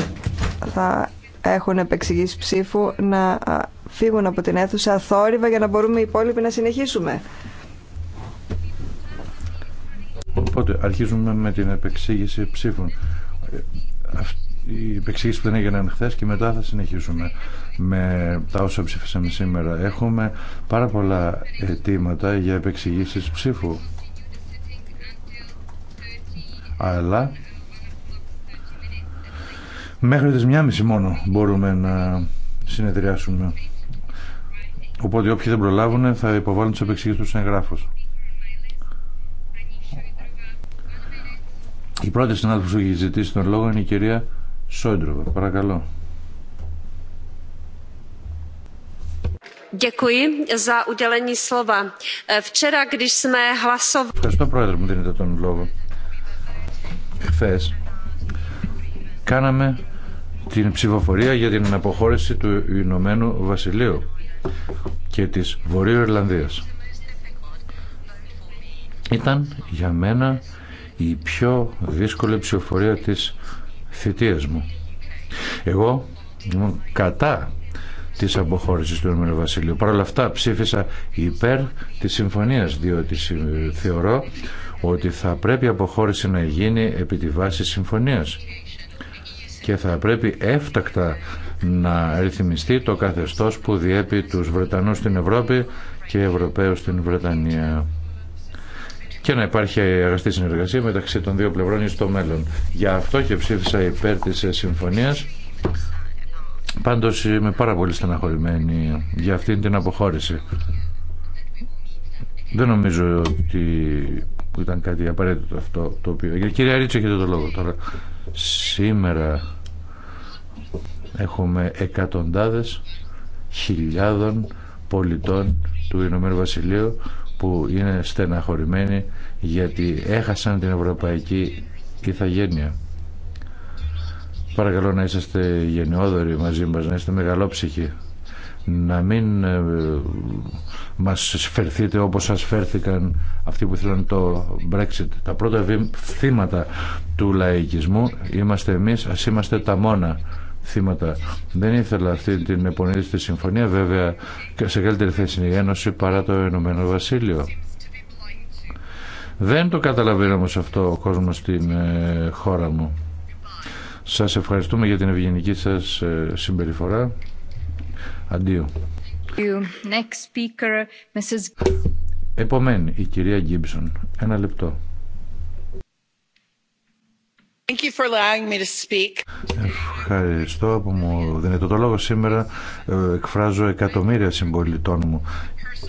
C: θα έχουν επεξηγήσει ψήφου να φύγουν από την αίθουσα θόρυβα για να μπορούμε οι υπόλοιποι να συνεχίσουμε.
G: Οπότε αρχίζουμε με την επεξήγηση ψήφων. Ε, η επεξήγηση που δεν έγιναν χθε και μετά θα συνεχίσουμε με τα όσα ψήφισαμε σήμερα. Έχουμε πάρα πολλά αιτήματα για επεξηγήσεις ψήφου. Αλλά Μέχρι τις μισή μόνο μπορούμε να συνεδριάσουμε. Οπότε όποιοι δεν προλάβουν θα υποβάλουν τις επεξηγήσεις τους εγγράφους. Η πρώτη συνάδελφος που έχει ζητήσει τον λόγο είναι η κυρία Σόντροβα. Παρακαλώ. Ευχαριστώ πρόεδρε που μου δίνετε τον λόγο. Χθε κάναμε την ψηφοφορία για την αποχώρηση του Ηνωμένου Βασιλείου και της Βορείου Ιρλανδίας. Ήταν για μένα η πιο δύσκολη ψηφοφορία της θητείας μου. Εγώ κατά της αποχώρησης του Ηνωμένου Βασιλείου. Παρ' όλα αυτά ψήφισα υπέρ της συμφωνίας διότι θεωρώ ότι θα πρέπει η αποχώρηση να γίνει επί τη βάση συμφωνίας και θα πρέπει έφτακτα να ρυθμιστεί το καθεστώς που διέπει τους Βρετανούς στην Ευρώπη και Ευρωπαίους στην Βρετανία και να υπάρχει αγαστή συνεργασία μεταξύ των δύο πλευρών στο μέλλον. Γι' αυτό και ψήφισα υπέρ της συμφωνίας. Πάντως είμαι πάρα πολύ στεναχωρημένη για αυτήν την αποχώρηση. Δεν νομίζω ότι ήταν κάτι απαραίτητο αυτό το οποίο... Κυρία έχετε το λόγο τώρα. Σήμερα Έχουμε εκατοντάδες χιλιάδων πολιτών του Ηνωμένου Βασιλείου που είναι στεναχωρημένοι γιατί έχασαν την ευρωπαϊκή ηθαγένεια. Παρακαλώ να είσαστε γενναιόδοροι μαζί μας, να είστε μεγαλόψυχοι. Να μην ε, μας φερθείτε όπως σας φέρθηκαν αυτοί που θέλουν το Brexit. Τα πρώτα θύματα του λαϊκισμού είμαστε εμείς, ας είμαστε τα μόνα θύματα. Δεν ήθελα αυτή την επονίδιστη συμφωνία, βέβαια σε καλύτερη θέση είναι η Ένωση παρά το Ηνωμένο Βασίλειο. Δεν το καταλαβαίνει όμως αυτό ο κόσμος στην ε, χώρα μου. Σας ευχαριστούμε για την ευγενική σας ε, συμπεριφορά. Αντίο. Next Επομένη, η κυρία Γκίμπσον. Ένα λεπτό. Ευχαριστώ που μου δίνετε το λόγο σήμερα. Ε, εκφράζω εκατομμύρια συμπολιτών μου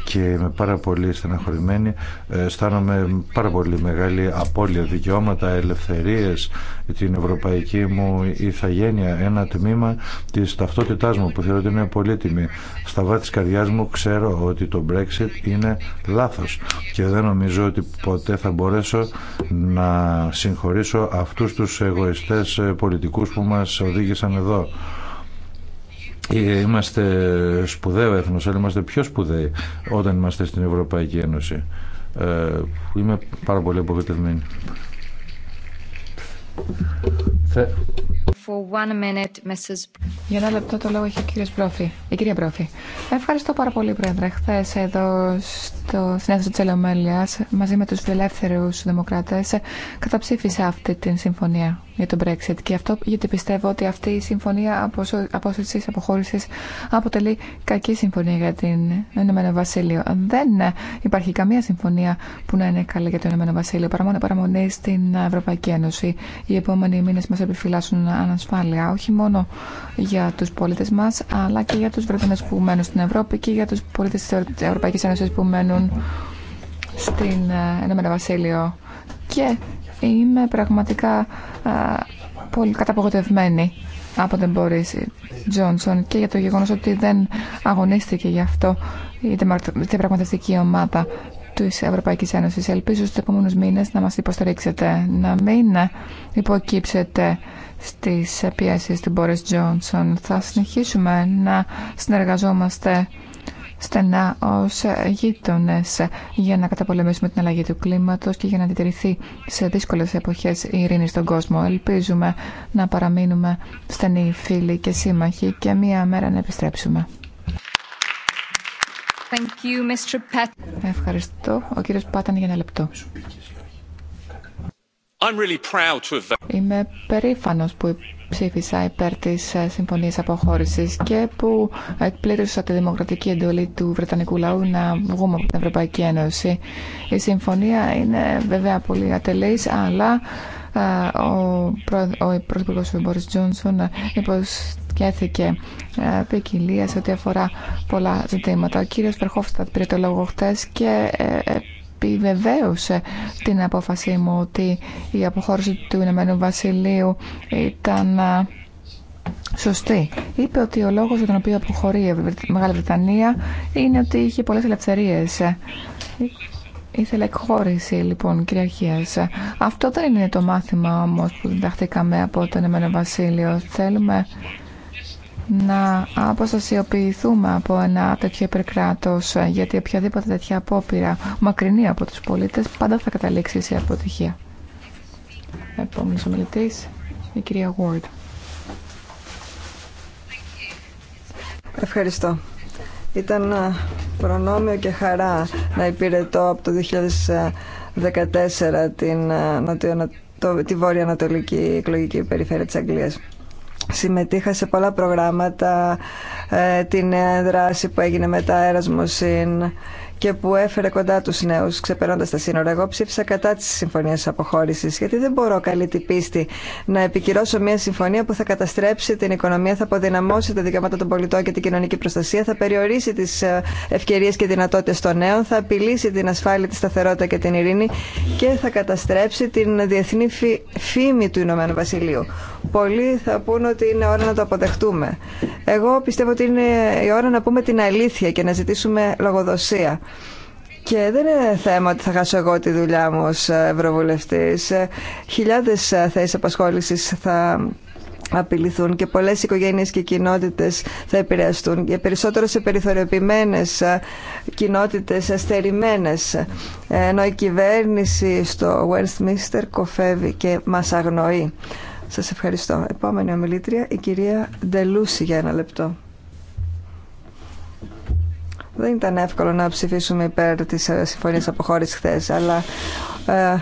G: και είμαι πάρα πολύ στεναχωρημένη. Ε, αισθάνομαι πάρα πολύ μεγάλη απώλεια δικαιώματα, ελευθερίες, την ευρωπαϊκή μου ηθαγένεια, ένα τμήμα της ταυτότητάς μου που θεωρώ ότι είναι πολύτιμη. Στα βάθη της καρδιάς μου ξέρω ότι το Brexit είναι λάθος και δεν νομίζω ότι ποτέ θα μπορέσω να συγχωρήσω αυτούς τους εγωιστές ε, πολιτικούς που μας οδήγησαν εδώ. Ε, είμαστε σπουδαίο έθνο, αλλά είμαστε πιο σπουδαίοι όταν είμαστε στην Ευρωπαϊκή Ένωση. Ε, είμαι πάρα πολύ απογοητευμένη.
E: For one minute, Για ένα λεπτό το λόγο έχει ο κύριος η κυρία Πρόφη. Ευχαριστώ πάρα
H: πολύ, Πρόεδρε. Χθε εδώ στο συνέδριο τη Ελεομέλεια, μαζί με του φιλελεύθερου Δημοκράτε. καταψήφισε αυτή την συμφωνία για τον Brexit και αυτό γιατί πιστεύω ότι αυτή η συμφωνία απόσυρση αποχώρηση αποτελεί κακή συμφωνία για την Ηνωμένο Βασίλειο. Δεν υπάρχει καμία συμφωνία που να είναι καλή για το Ηνωμένο Βασίλειο παρά μόνο παραμονή στην Ευρωπαϊκή Ένωση. Οι επόμενοι μήνε μα επιφυλάσσουν ανασφάλεια όχι μόνο για του πολίτε μα, αλλά και για του Βρετανού που μένουν στην Ευρώπη και για του πολίτε τη Ευρωπαϊκή Ένωση που μένουν στην Ηνωμένο ε, Βασίλειο και Είμαι πραγματικά πολύ καταπογοτευμένη από τον Μπόριση Τζόνσον και για το γεγονός ότι δεν αγωνίστηκε γι' αυτό η διαπραγματευτική ομάδα τη Ευρωπαϊκή Ένωση. Ελπίζω στου επόμενου μήνες να μας υποστηρίξετε, να μην υποκύψετε στις πίεσεις του Μπόρι Τζόνσον. Θα συνεχίσουμε να συνεργαζόμαστε στενά ω γείτονε για να καταπολεμήσουμε την αλλαγή του κλίματος και για να αντιτηρηθεί σε δύσκολες εποχές η ειρήνη στον κόσμο. Ελπίζουμε να παραμείνουμε στενοί φίλοι και σύμμαχοι και μία μέρα να επιστρέψουμε.
E: Thank you, Mr.
H: Ευχαριστώ. Ο κύριος Πάταν για ένα λεπτό. Είμαι περήφανος που ψήφισα υπέρ τη ε, συμφωνία αποχώρηση και που εκπλήρωσα τη δημοκρατική εντολή του Βρετανικού λαού να βγούμε από την Ευρωπαϊκή Ένωση. Η Συμφωνία είναι βέβαια πολύ ατελή, αλλά ε, ο, Πρωθυπουργό του Τζόνσον υποσχέθηκε ε, ποικιλία σε ό,τι αφορά πολλά ζητήματα. Ο κύριο Φερχόφστατ πήρε το λόγο χθε και επιβεβαίωσε την απόφασή μου ότι η αποχώρηση του Ηνωμένου Βασιλείου ήταν Σωστή. Είπε ότι ο λόγος για τον οποίο αποχωρεί η Μεγάλη Βρετανία είναι ότι είχε πολλές ελευθερίες. Ήθελε εκχώρηση λοιπόν κυριαρχία. Αυτό δεν είναι το μάθημα όμως που διδαχθήκαμε από τον Ηνωμένο Βασίλειο. Θέλουμε να αποστασιοποιηθούμε από ένα τέτοιο υπερκράτο, γιατί οποιαδήποτε τέτοια απόπειρα μακρινή από τους πολίτες πάντα θα καταλήξει σε αποτυχία. Επόμενο ομιλητή, η κυρία Ward.
C: Ευχαριστώ. Ήταν ε, προνόμιο και χαρά να υπηρετώ από το 2014 την, ε, τη Βόρεια Ανατολική Εκλογική Περιφέρεια της Αγγλίας συμμετείχα σε πολλά προγράμματα, ε, την δράση που έγινε μετά Erasmus και που έφερε κοντά τους νέους ξεπερνώντας τα σύνορα. Εγώ ψήφισα κατά της συμφωνίας αποχώρησης γιατί δεν μπορώ καλή την πίστη να επικυρώσω μια συμφωνία που θα καταστρέψει την οικονομία, θα αποδυναμώσει τα δικαιώματα των πολιτών και την κοινωνική προστασία, θα περιορίσει τις ε, ευκαιρίες και δυνατότητες των νέων, θα απειλήσει την ασφάλεια, τη σταθερότητα και την ειρήνη και θα καταστρέψει την διεθνή φήμη του Ηνωμένου Βασιλείου πολλοί θα πούν ότι είναι ώρα να το αποδεχτούμε. Εγώ πιστεύω ότι είναι η ώρα να πούμε την αλήθεια και να ζητήσουμε λογοδοσία. Και δεν είναι θέμα ότι θα χάσω εγώ τη δουλειά μου ως Ευρωβουλευτής. Χιλιάδες θέσεις απασχόλησης θα απειληθούν και πολλές οικογένειες και κοινότητες θα επηρεαστούν και περισσότερο σε περιθωριοποιημένες κοινότητες αστερημένες ενώ η κυβέρνηση στο Westminster κοφεύει και μας αγνοεί. Σας ευχαριστώ. Επόμενη ομιλήτρια, η κυρία Ντελούση για ένα λεπτό. Δεν ήταν εύκολο να ψηφίσουμε υπέρ της ε, συμφωνίας αποχώρησης χθες, αλλά ε,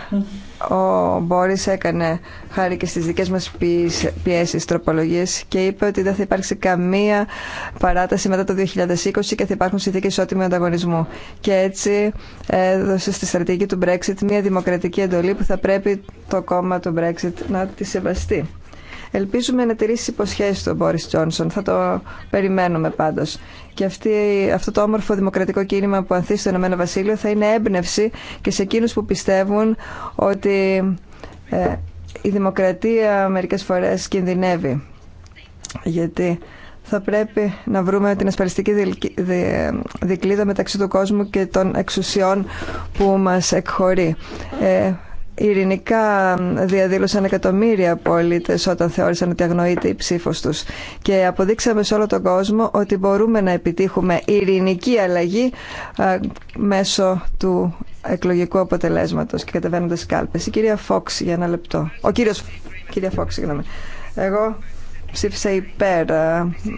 C: ο Μπόρις έκανε χάρη και στις δικές μας πιέσεις τροπολογίες και είπε ότι δεν θα υπάρξει καμία παράταση μετά το 2020 και θα υπάρχουν συνθήκες ισότιμου ανταγωνισμού. Και έτσι έδωσε στη στρατηγική του Brexit μια δημοκρατική εντολή που θα πρέπει το κόμμα του Brexit να τη σεβαστεί. Ελπίζουμε να τηρήσει υποσχέσει τον Μπόρι Τζόνσον. Θα το περιμένουμε πάντω. Και αυτή, αυτό το όμορφο δημοκρατικό κίνημα που ανθεί στο Ηνωμένο Βασίλειο θα είναι έμπνευση και σε εκείνου που πιστεύουν ότι ε, η δημοκρατία μερικέ φορέ κινδυνεύει. Γιατί θα πρέπει να βρούμε την ασφαλιστική δικλίδα μεταξύ του κόσμου και των εξουσιών που μας εκχωρεί. Ε, ειρηνικά διαδήλωσαν εκατομμύρια πολίτες όταν θεώρησαν ότι αγνοείται η ψήφο του. Και αποδείξαμε σε όλο τον κόσμο ότι μπορούμε να επιτύχουμε ειρηνική αλλαγή μέσω του εκλογικού αποτελέσματος και κατεβαίνοντα κάλπε. Η κυρία Φόξ για ένα λεπτό. Ο κύριος... Κυρία Φόξ, συγγνώμη. Εγώ ψήφισα υπέρ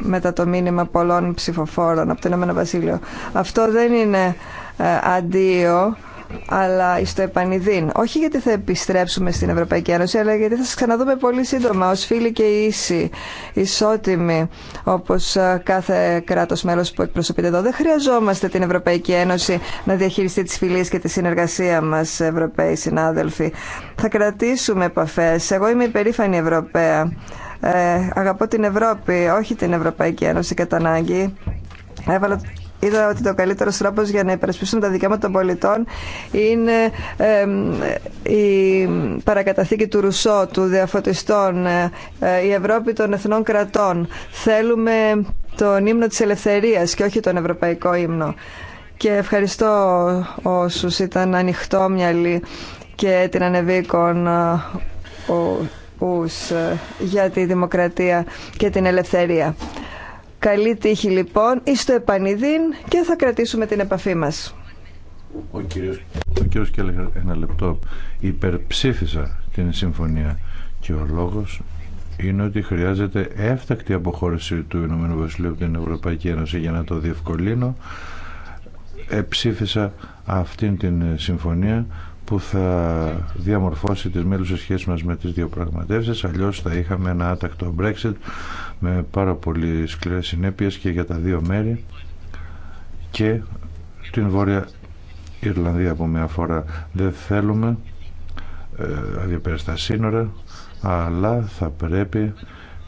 C: μετά το μήνυμα πολλών ψηφοφόρων από το Ηνωμένο Βασίλειο. Αυτό δεν είναι αντίο αλλά εις το επανειδήν. Όχι γιατί θα επιστρέψουμε στην Ευρωπαϊκή Ένωση, αλλά γιατί θα σας ξαναδούμε πολύ σύντομα ως φίλοι και ίσοι, ισότιμοι, όπως κάθε κράτος μέλος που εκπροσωπείται εδώ. Δεν χρειαζόμαστε την Ευρωπαϊκή Ένωση να διαχειριστεί τις φιλίες και τη συνεργασία μας, Ευρωπαίοι συνάδελφοι. Θα κρατήσουμε επαφές. Εγώ είμαι υπερήφανη Ευρωπαία. Ε, αγαπώ την Ευρώπη, όχι την Ευρωπαϊκή Ένωση κατά ανάγκη είδα ότι το καλύτερο τρόπο για να υπερασπιστούν τα δικαιώματα των πολιτών είναι η παρακαταθήκη του Ρουσό, του Διαφωτιστών, ε, ε, η Ευρώπη των Εθνών Κρατών. Θέλουμε τον ύμνο της ελευθερίας και όχι τον ευρωπαϊκό ύμνο. Και ευχαριστώ όσους ήταν ανοιχτόμυαλοι και την ανεβήκον ε, για τη δημοκρατία και την ελευθερία. Καλή τύχη λοιπόν, εις το επανειδήν και θα κρατήσουμε την επαφή μας.
G: Ο κύριος, ο κύριος ένα λεπτό, υπερψήφισα την συμφωνία και ο λόγος είναι ότι χρειάζεται έφτακτη αποχώρηση του Ηνωμένου Βασιλείου από την Ευρωπαϊκή Ένωση για να το διευκολύνω. Εψήφισα αυτήν την συμφωνία που θα διαμορφώσει τις μέλους σχέσεις μας με τις δύο πραγματεύσεις αλλιώς θα είχαμε ένα άτακτο Brexit με πάρα πολύ σκληρές συνέπειες και για τα δύο μέρη και την Βόρεια Ιρλανδία που με αφορά δεν θέλουμε ε, αδιαπέραστα σύνορα αλλά θα πρέπει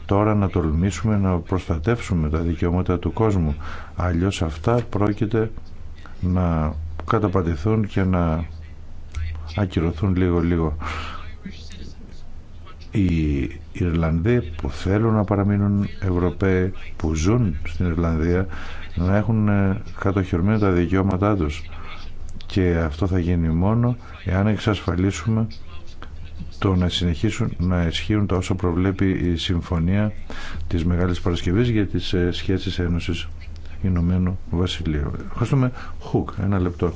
G: τώρα να τολμήσουμε να προστατεύσουμε τα δικαιώματα του κόσμου αλλιώς αυτά πρόκειται να καταπατηθούν και να ακυρωθούν λίγο λίγο οι Ιρλανδοί που θέλουν να παραμείνουν Ευρωπαίοι που ζουν στην Ιρλανδία να έχουν ε, κατοχυρωμένα τα δικαιώματά τους και αυτό θα γίνει μόνο εάν εξασφαλίσουμε το να συνεχίσουν να ισχύουν τα όσο προβλέπει η συμφωνία της Μεγάλης Παρασκευής για τις ε, σχέσεις Ένωσης Ηνωμένου Βασιλείου. Ευχαριστούμε. Χουκ, ένα λεπτό.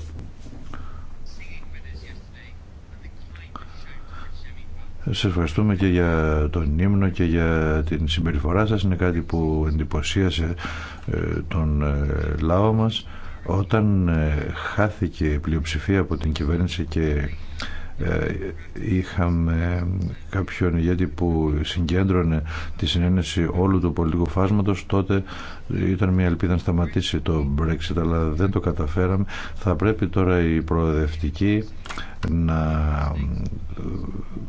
G: Σα ευχαριστούμε και για τον ύμνο και για την συμπεριφορά σας. Είναι κάτι που εντυπωσίασε ε, τον ε, λαό μας όταν ε, χάθηκε πλειοψηφία από την κυβέρνηση και ε, είχαμε κάποιον ηγέτη που συγκέντρωνε τη συνένεση όλου του πολιτικού φάσματος τότε ήταν μια ελπίδα να σταματήσει το Brexit αλλά δεν το καταφέραμε θα πρέπει τώρα οι προοδευτικοί να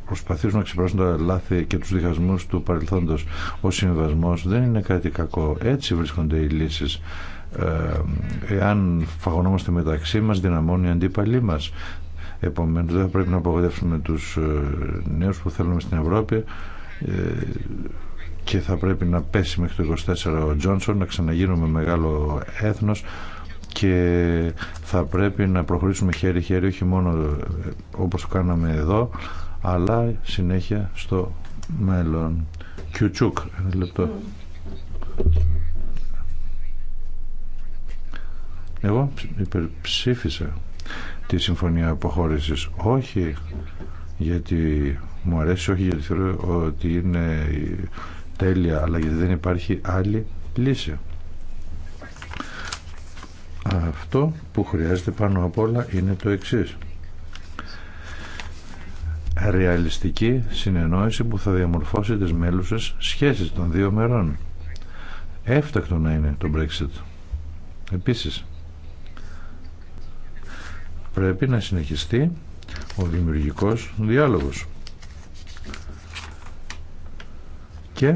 G: προσπαθήσουν να ξεπεράσουν τα λάθη και τους διχασμούς του παρελθόντος ο συμβασμός δεν είναι κάτι κακό έτσι βρίσκονται οι λύσεις ε, εάν φαγωνόμαστε μεταξύ μας δυναμώνει η αντίπαλή μας Επομένως δεν θα πρέπει να απογοητεύσουμε τους ε, νέους που θέλουμε στην Ευρώπη ε, και θα πρέπει να πέσει μέχρι το 24 ο Τζόνσον, να ξαναγίνουμε μεγάλο έθνος και θα πρέπει να προχωρήσουμε χέρι-χέρι όχι μόνο ε, όπως κάναμε εδώ αλλά συνέχεια στο μέλλον. Κιουτσούκ, ένα λεπτό. Εγώ υπερψήφισα τη συμφωνία αποχώρησης. Όχι γιατί μου αρέσει, όχι γιατί θεωρώ ότι είναι τέλεια, αλλά γιατί δεν υπάρχει άλλη λύση. Αυτό που χρειάζεται πάνω απ' όλα είναι το εξής. Ρεαλιστική συνεννόηση που θα διαμορφώσει τις μέλουσες σχέσεις των δύο μερών. Εύτακτο να είναι το Brexit. Επίσης, πρέπει να συνεχιστεί ο δημιουργικός διάλογος και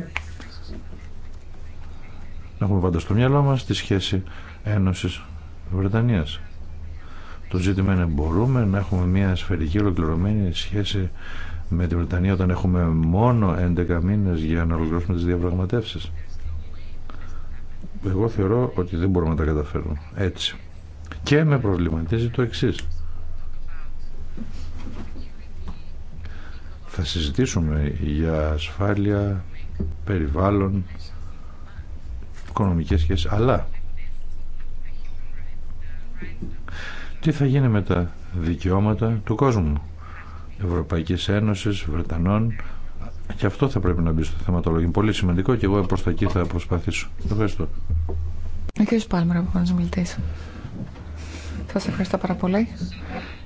G: να έχουμε πάντα στο μυαλό μας τη σχέση Ένωσης Βρετανίας το ζήτημα είναι μπορούμε να έχουμε μια σφαιρική ολοκληρωμένη σχέση με τη Βρετανία όταν έχουμε μόνο 11 μήνες για να ολοκληρώσουμε τις διαπραγματεύσεις εγώ θεωρώ ότι δεν μπορούμε να τα καταφέρουμε έτσι και με προβληματίζει το εξή. Θα συζητήσουμε για ασφάλεια, περιβάλλον, οικονομικές σχέσεις, αλλά τι θα γίνει με τα δικαιώματα του κόσμου, Ευρωπαϊκής Ένωσης, Βρετανών, και αυτό θα πρέπει να μπει στο θεματολόγιο. Πολύ σημαντικό και εγώ προ τα εκεί θα προσπαθήσω. Ευχαριστώ.
H: Ο κ. Σα ευχαριστώ πάρα πολύ.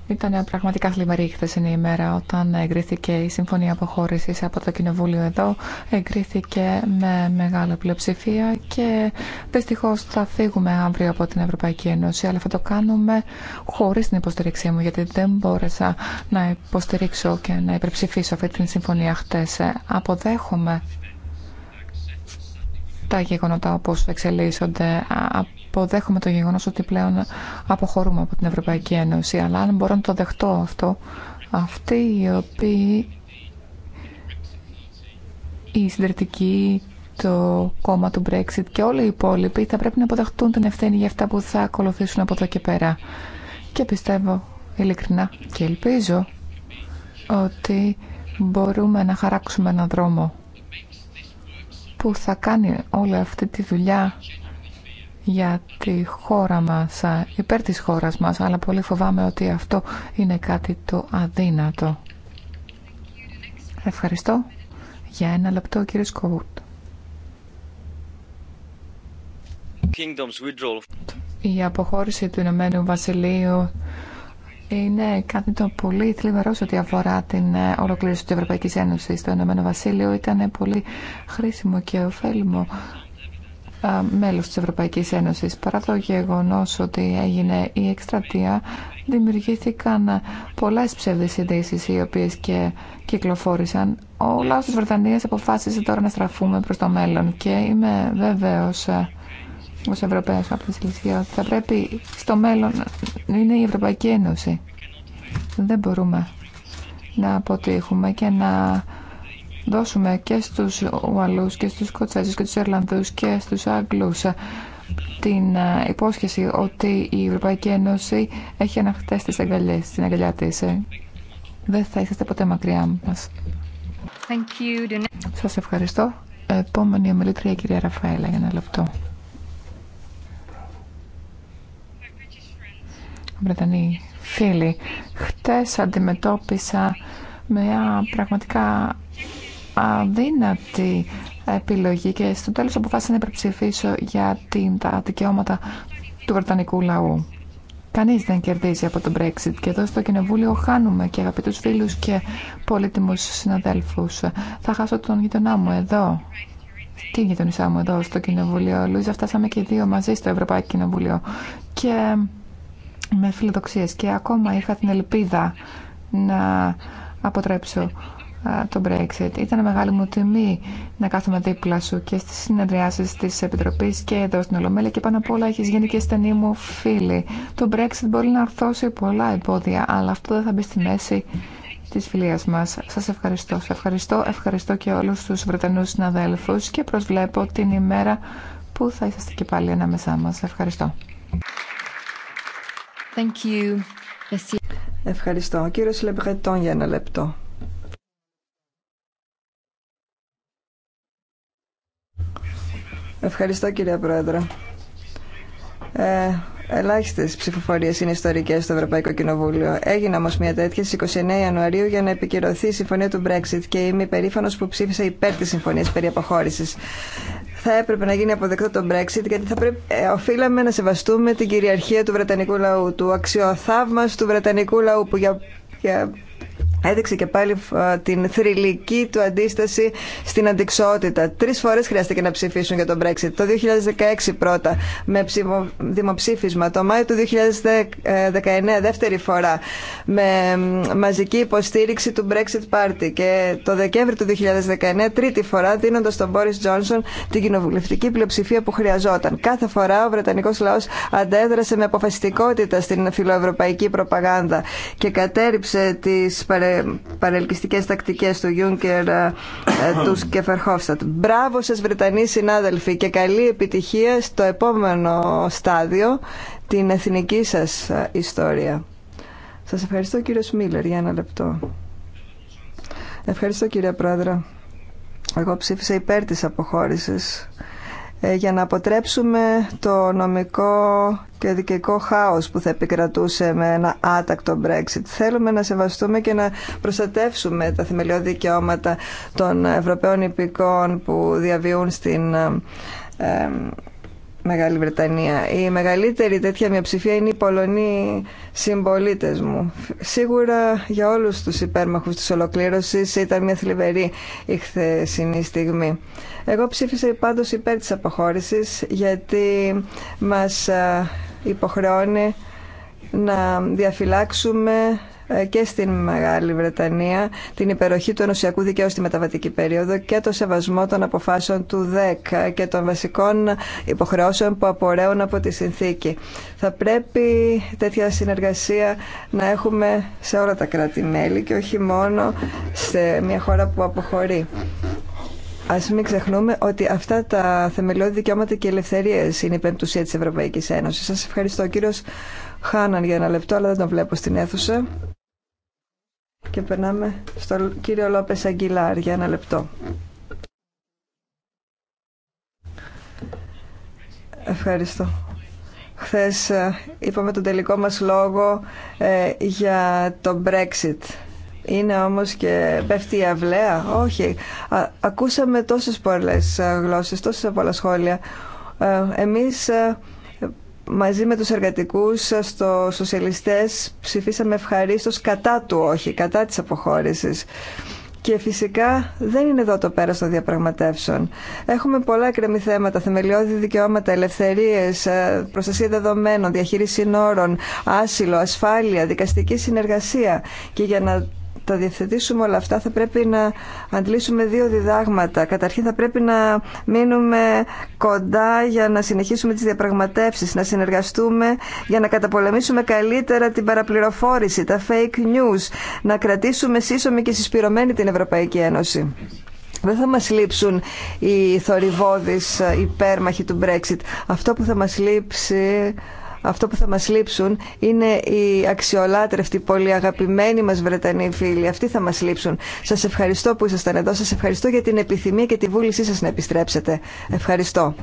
H: Ήταν πραγματικά θλιβερή η χθεσινή ημέρα όταν εγκρίθηκε η Συμφωνία αποχώρηση από το Κοινοβούλιο εδώ. Εγκρίθηκε με μεγάλη πλειοψηφία και δυστυχώ θα φύγουμε αύριο από την Ευρωπαϊκή Ένωση. Αλλά θα το κάνουμε χωρίς την υποστήριξή μου γιατί δεν μπόρεσα να υποστηρίξω και να υπερψηφίσω αυτή τη συμφωνία χτες. Αποδέχομαι τα γεγονότα όπω εξελίσσονται. Αποδέχομαι το γεγονός ότι πλέον αποχωρούμε από την Ευρωπαϊκή Ένωση, αλλά αν μπορώ να το δεχτώ αυτό, αυτοί οι οποίοι η συντηρητική, το κόμμα του Brexit και όλοι οι υπόλοιποι θα πρέπει να αποδεχτούν την ευθύνη για αυτά που θα ακολουθήσουν από εδώ και πέρα. Και πιστεύω ειλικρινά και ελπίζω ότι μπορούμε να χαράξουμε έναν δρόμο που θα κάνει όλη αυτή τη δουλειά για τη χώρα μας, υπέρ της χώρας μας, αλλά πολύ φοβάμαι ότι αυτό είναι κάτι το αδύνατο. Ευχαριστώ. Για ένα λεπτό, κύριε Σκοβούτ. Η αποχώρηση του Ηνωμένου Βασιλείου είναι κάτι το πολύ θλιβερό ό,τι αφορά την ε, ολοκλήρωση της Ευρωπαϊκής Ένωσης στο Ηνωμένο Βασίλειο. Ήταν πολύ χρήσιμο και ωφέλιμο ε, μέλος της Ευρωπαϊκής Ένωσης. Παρά το γεγονός ότι έγινε η εκστρατεία, δημιουργήθηκαν πολλές ψεύδεις ειδήσει οι οποίες και κυκλοφόρησαν. Ο λαός της Βρετανίας αποφάσισε τώρα να στραφούμε προς το μέλλον και είμαι βέβαιος ε, ως Ευρωπαίος από τη θα πρέπει στο μέλλον είναι η Ευρωπαϊκή Ένωση. Δεν μπορούμε να αποτύχουμε και να δώσουμε και στους Ουαλούς και στους Σκοτσέζους και στους Ιρλανδούς και στους Άγγλους την ε, υπόσχεση ότι η Ευρωπαϊκή Ένωση έχει αναχτές τις αγκαλιές στην αγκαλιά της. Ε, δεν θα είστε ποτέ μακριά μας.
E: Thank
H: Σας ευχαριστώ. Επόμενη ομιλήτρια κυρία Ραφαέλα για ένα λεπτό. Βρετανοί φίλοι. Χτες αντιμετώπισα μια πραγματικά αδύνατη επιλογή και στο τέλος αποφάσισα να υπερψηφίσω για την, τα δικαιώματα του Βρετανικού λαού. Κανείς δεν κερδίζει από το Brexit και εδώ στο Κοινοβούλιο χάνουμε και αγαπητούς φίλους και πολύτιμους συναδέλφους. Θα χάσω τον γειτονά μου εδώ, Τι γειτονισά μου εδώ στο Κοινοβούλιο. Λουίζα, φτάσαμε και δύο μαζί στο Ευρωπαϊκό Κοινοβούλιο. Και με φιλοδοξίες και ακόμα είχα την ελπίδα να αποτρέψω το Brexit. Ήταν μεγάλη μου τιμή να κάθομαι δίπλα σου και στις συνεδριάσεις της Επιτροπής και εδώ στην Ολομέλεια και πάνω απ' όλα έχεις γίνει και στενή μου φίλη. Το Brexit μπορεί να αρθώσει πολλά εμπόδια, αλλά αυτό δεν θα μπει στη μέση της φιλίας μας. Σας ευχαριστώ. Σας ευχαριστώ, ευχαριστώ και όλους τους Βρετανούς συναδέλφους και προσβλέπω την ημέρα που θα είσαστε και πάλι ανάμεσά μας. Ευχαριστώ.
C: Ευχαριστώ. Ο κύριος Λεμπρετών για ένα λεπτό. Ευχαριστώ κύριε Πρόεδρε. Ε, Ελάχιστε ψηφοφορίε είναι ιστορικέ στο Ευρωπαϊκό Κοινοβούλιο. Έγινε όμω μια τέτοια στι 29 Ιανουαρίου για να επικυρωθεί η συμφωνία του Brexit και είμαι υπερήφανο που ψήφισα υπέρ τη συμφωνία περί αποχώρηση θα έπρεπε να γίνει αποδεκτό το Brexit, γιατί θα πρέπει, ε, οφείλαμε να σεβαστούμε την κυριαρχία του Βρετανικού λαού, του αξιοθαύμαστου του Βρετανικού λαού, που για, για έδειξε και πάλι την θρηλυκή του αντίσταση στην αντικσότητα. Τρει φορέ χρειάστηκε να ψηφίσουν για τον Brexit. Το 2016 πρώτα με δημοψήφισμα. Το Μάιο του 2019 δεύτερη φορά με μαζική υποστήριξη του Brexit Party. Και το Δεκέμβρη του 2019 τρίτη φορά δίνοντα τον Boris Johnson την κοινοβουλευτική πλειοψηφία που χρειαζόταν. Κάθε φορά ο Βρετανικό λαό αντέδρασε με αποφασιστικότητα στην φιλοευρωπαϊκή προπαγάνδα και κατέριψε τι παρελκυστικές τακτικές του Γιούνκερ, του Σκεφερχόφστατ. Μπράβο σας Βρετανοί συνάδελφοι και καλή επιτυχία στο επόμενο στάδιο, την εθνική σας ε, ιστορία. Σας ευχαριστώ κύριο Σμίλερ για ένα λεπτό. Ευχαριστώ κύριε Πρόεδρε. Εγώ ψήφισα υπέρ της αποχώρησης ε, για να αποτρέψουμε το νομικό και δικαιικό χάος που θα επικρατούσε με ένα άτακτο Brexit. Θέλουμε να σεβαστούμε και να προστατεύσουμε τα θεμελιώδη δικαιώματα των Ευρωπαίων υπηκών που διαβιούν στην ε, ε, Μεγάλη Βρετανία. Η μεγαλύτερη τέτοια μειοψηφία είναι οι Πολωνοί συμπολίτε μου. Σίγουρα για όλου του υπέρμαχου τη ολοκλήρωση ήταν μια θλιβερή η χθεσινή στιγμή. Εγώ ψήφισα πάντω υπέρ τη αποχώρηση γιατί μα ε, υποχρεώνει να διαφυλάξουμε ε, και στην Μεγάλη Βρετανία την υπεροχή του ενωσιακού δικαίου στη μεταβατική περίοδο και το σεβασμό των αποφάσεων του ΔΕΚ και των βασικών υποχρεώσεων που απορρέουν από τη συνθήκη. Θα πρέπει τέτοια συνεργασία να έχουμε σε όλα τα κράτη-μέλη και όχι μόνο σε μια χώρα που αποχωρεί. Ας μην ξεχνούμε ότι αυτά τα θεμελιώδη δικαιώματα και ελευθερίες είναι η πεμπτουσία της Ευρωπαϊκής Ένωσης. Σας ευχαριστώ Ο κύριος Χάναν για ένα λεπτό, αλλά δεν τον βλέπω στην αίθουσα. Και περνάμε στον κύριο Λόπες Αγγιλάρ για ένα λεπτό. Ευχαριστώ. Χθες ε, είπαμε τον τελικό μας λόγο ε, για το Brexit. Είναι όμως και πέφτει η αυλαία. Όχι. Α, ακούσαμε τόσες πολλές ε, γλώσσες, τόσες πολλά σχόλια. εμείς μαζί με τους εργατικούς στο σοσιαλιστές ψηφίσαμε ευχαρίστως κατά του όχι, κατά της αποχώρησης. Και φυσικά δεν είναι εδώ το πέρας των διαπραγματεύσεων. Έχουμε πολλά εκκρεμή θέματα, θεμελιώδη δικαιώματα, ελευθερίες, ε, προστασία δεδομένων, διαχείριση συνόρων, άσυλο, ασφάλεια, δικαστική συνεργασία. Και για να τα διευθετήσουμε όλα αυτά θα πρέπει να αντλήσουμε δύο διδάγματα. Καταρχήν θα πρέπει να μείνουμε κοντά για να συνεχίσουμε τις διαπραγματεύσεις, να συνεργαστούμε για να καταπολεμήσουμε καλύτερα την παραπληροφόρηση, τα fake news, να κρατήσουμε σύσσωμη και συσπηρωμένη την Ευρωπαϊκή Ένωση. Δεν θα μας λείψουν οι θορυβόδεις ε, υπέρμαχοι του Brexit. Αυτό που θα μας λείψει αυτό που θα μας λείψουν είναι οι αξιολάτρευτοι, πολύ αγαπημένοι μας Βρετανοί φίλοι. Αυτοί θα μας λείψουν. Σας ευχαριστώ που ήσασταν εδώ. Σας ευχαριστώ για την επιθυμία και τη βούλησή σας να επιστρέψετε. Ευχαριστώ.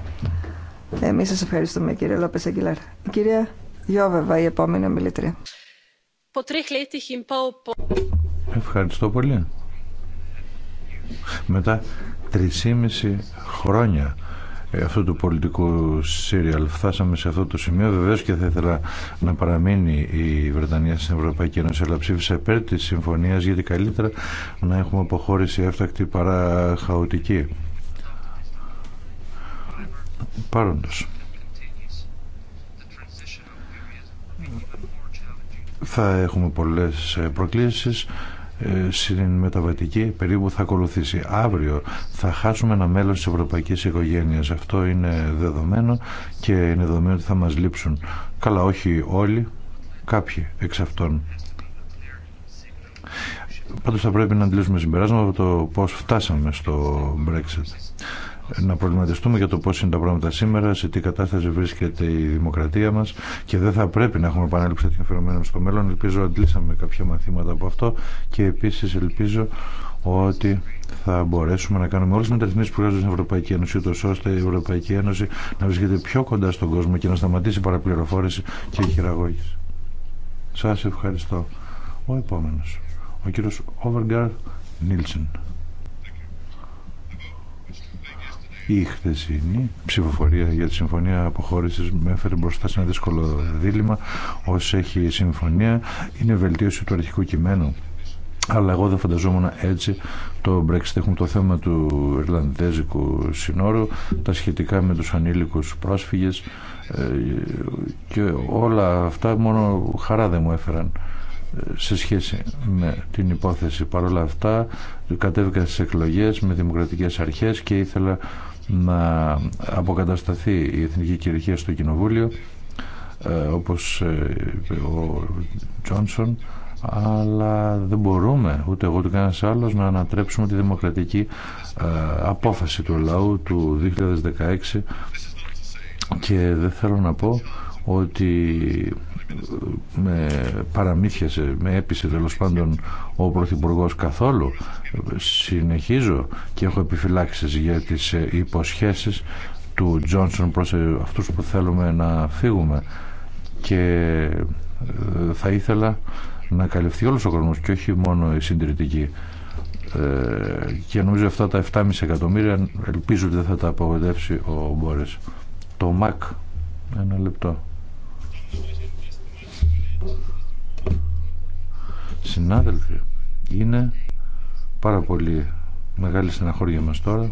C: Εμείς σας ευχαριστούμε κύριε Λόπες Αγγιλάρ. Κυρία Γιώβεβα, η επόμενη ομιλήτρια.
G: Ευχαριστώ πολύ. Μετά τρισήμιση χρόνια ε, αυτού του πολιτικού σύριαλ. Φτάσαμε σε αυτό το σημείο. Βεβαίω και θα ήθελα να παραμείνει η Βρετανία στην Ευρωπαϊκή Ένωση, αλλά ψήφισα υπέρ τη συμφωνία γιατί καλύτερα να έχουμε αποχώρηση έφτακτη παρά χαοτική. Πάροντο. Θα έχουμε πολλές προκλήσεις ε, στην μεταβατική περίπου θα ακολουθήσει. Αύριο θα χάσουμε ένα μέλος της ευρωπαϊκής οικογένειας. Αυτό είναι δεδομένο και είναι δεδομένο ότι θα μας λείψουν. Καλά, όχι όλοι, κάποιοι εξ αυτών. Πάντως θα πρέπει να αντιλήσουμε συμπεράσματα από το πώς φτάσαμε στο Brexit να προβληματιστούμε για το πώς είναι τα πράγματα σήμερα, σε τι κατάσταση βρίσκεται η δημοκρατία μας και δεν θα πρέπει να έχουμε επανέλειψη τέτοιων φαινομένων στο μέλλον. Ελπίζω αντλήσαμε κάποια μαθήματα από αυτό και επίσης ελπίζω ότι θα μπορέσουμε να κάνουμε όλε τι μεταρρυθμίσει που χρειάζονται στην Ευρωπαϊκή Ένωση, ούτω ώστε η Ευρωπαϊκή Ένωση να βρίσκεται πιο κοντά στον κόσμο και να σταματήσει η παραπληροφόρηση και η χειραγώγηση. Σα ευχαριστώ. Ο επόμενο, ο κύριο Overgard Νίλσεν. Η χθεσινή ψηφοφορία για τη συμφωνία αποχώρηση με έφερε μπροστά σε ένα δύσκολο δίλημα. Όσο έχει η συμφωνία, είναι βελτίωση του αρχικού κειμένου. Αλλά εγώ δεν φανταζόμουν έτσι το Brexit. Έχουμε το θέμα του Ιρλανδέζικου συνόρου, τα σχετικά με τους ανήλικους πρόσφυγες ε, και όλα αυτά μόνο χαρά δεν μου έφεραν ε, σε σχέση με την υπόθεση. Παρ' όλα αυτά κατέβηκα στις εκλογές με δημοκρατικές αρχές και ήθελα να αποκατασταθεί η εθνική κυριαρχία στο Κοινοβούλιο ε, όπως ε, ο Τζόνσον αλλά δεν μπορούμε ούτε εγώ ούτε κανένας άλλος να ανατρέψουμε τη δημοκρατική ε, απόφαση του λαού του 2016 και δεν θέλω να πω ότι με παραμύθιασε, με έπεισε τέλο πάντων ο Πρωθυπουργό καθόλου. Συνεχίζω και έχω επιφυλάξει για τι ε, υποσχέσεις του Τζόνσον προ ε, αυτούς που θέλουμε να φύγουμε και ε, θα ήθελα να καλυφθεί όλο ο κόσμο και όχι μόνο η συντηρητική και νομίζω αυτά τα 7,5 εκατομμύρια ελπίζω ότι δεν θα τα απογοητεύσει ο Μπόρες το ΜΑΚ ένα λεπτό Συνάδελφοι, είναι πάρα πολύ μεγάλη στεναχώρια μας τώρα.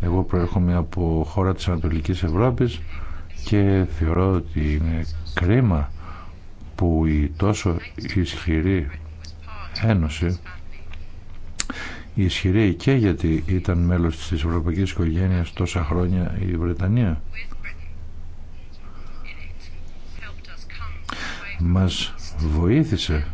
G: Εγώ προέρχομαι από χώρα της Ανατολικής Ευρώπης και θεωρώ ότι είναι κρίμα που η τόσο ισχυρή ένωση ισχυρή και γιατί ήταν μέλος της ευρωπαϊκής οικογένειας τόσα χρόνια η Βρετανία μας βοήθησε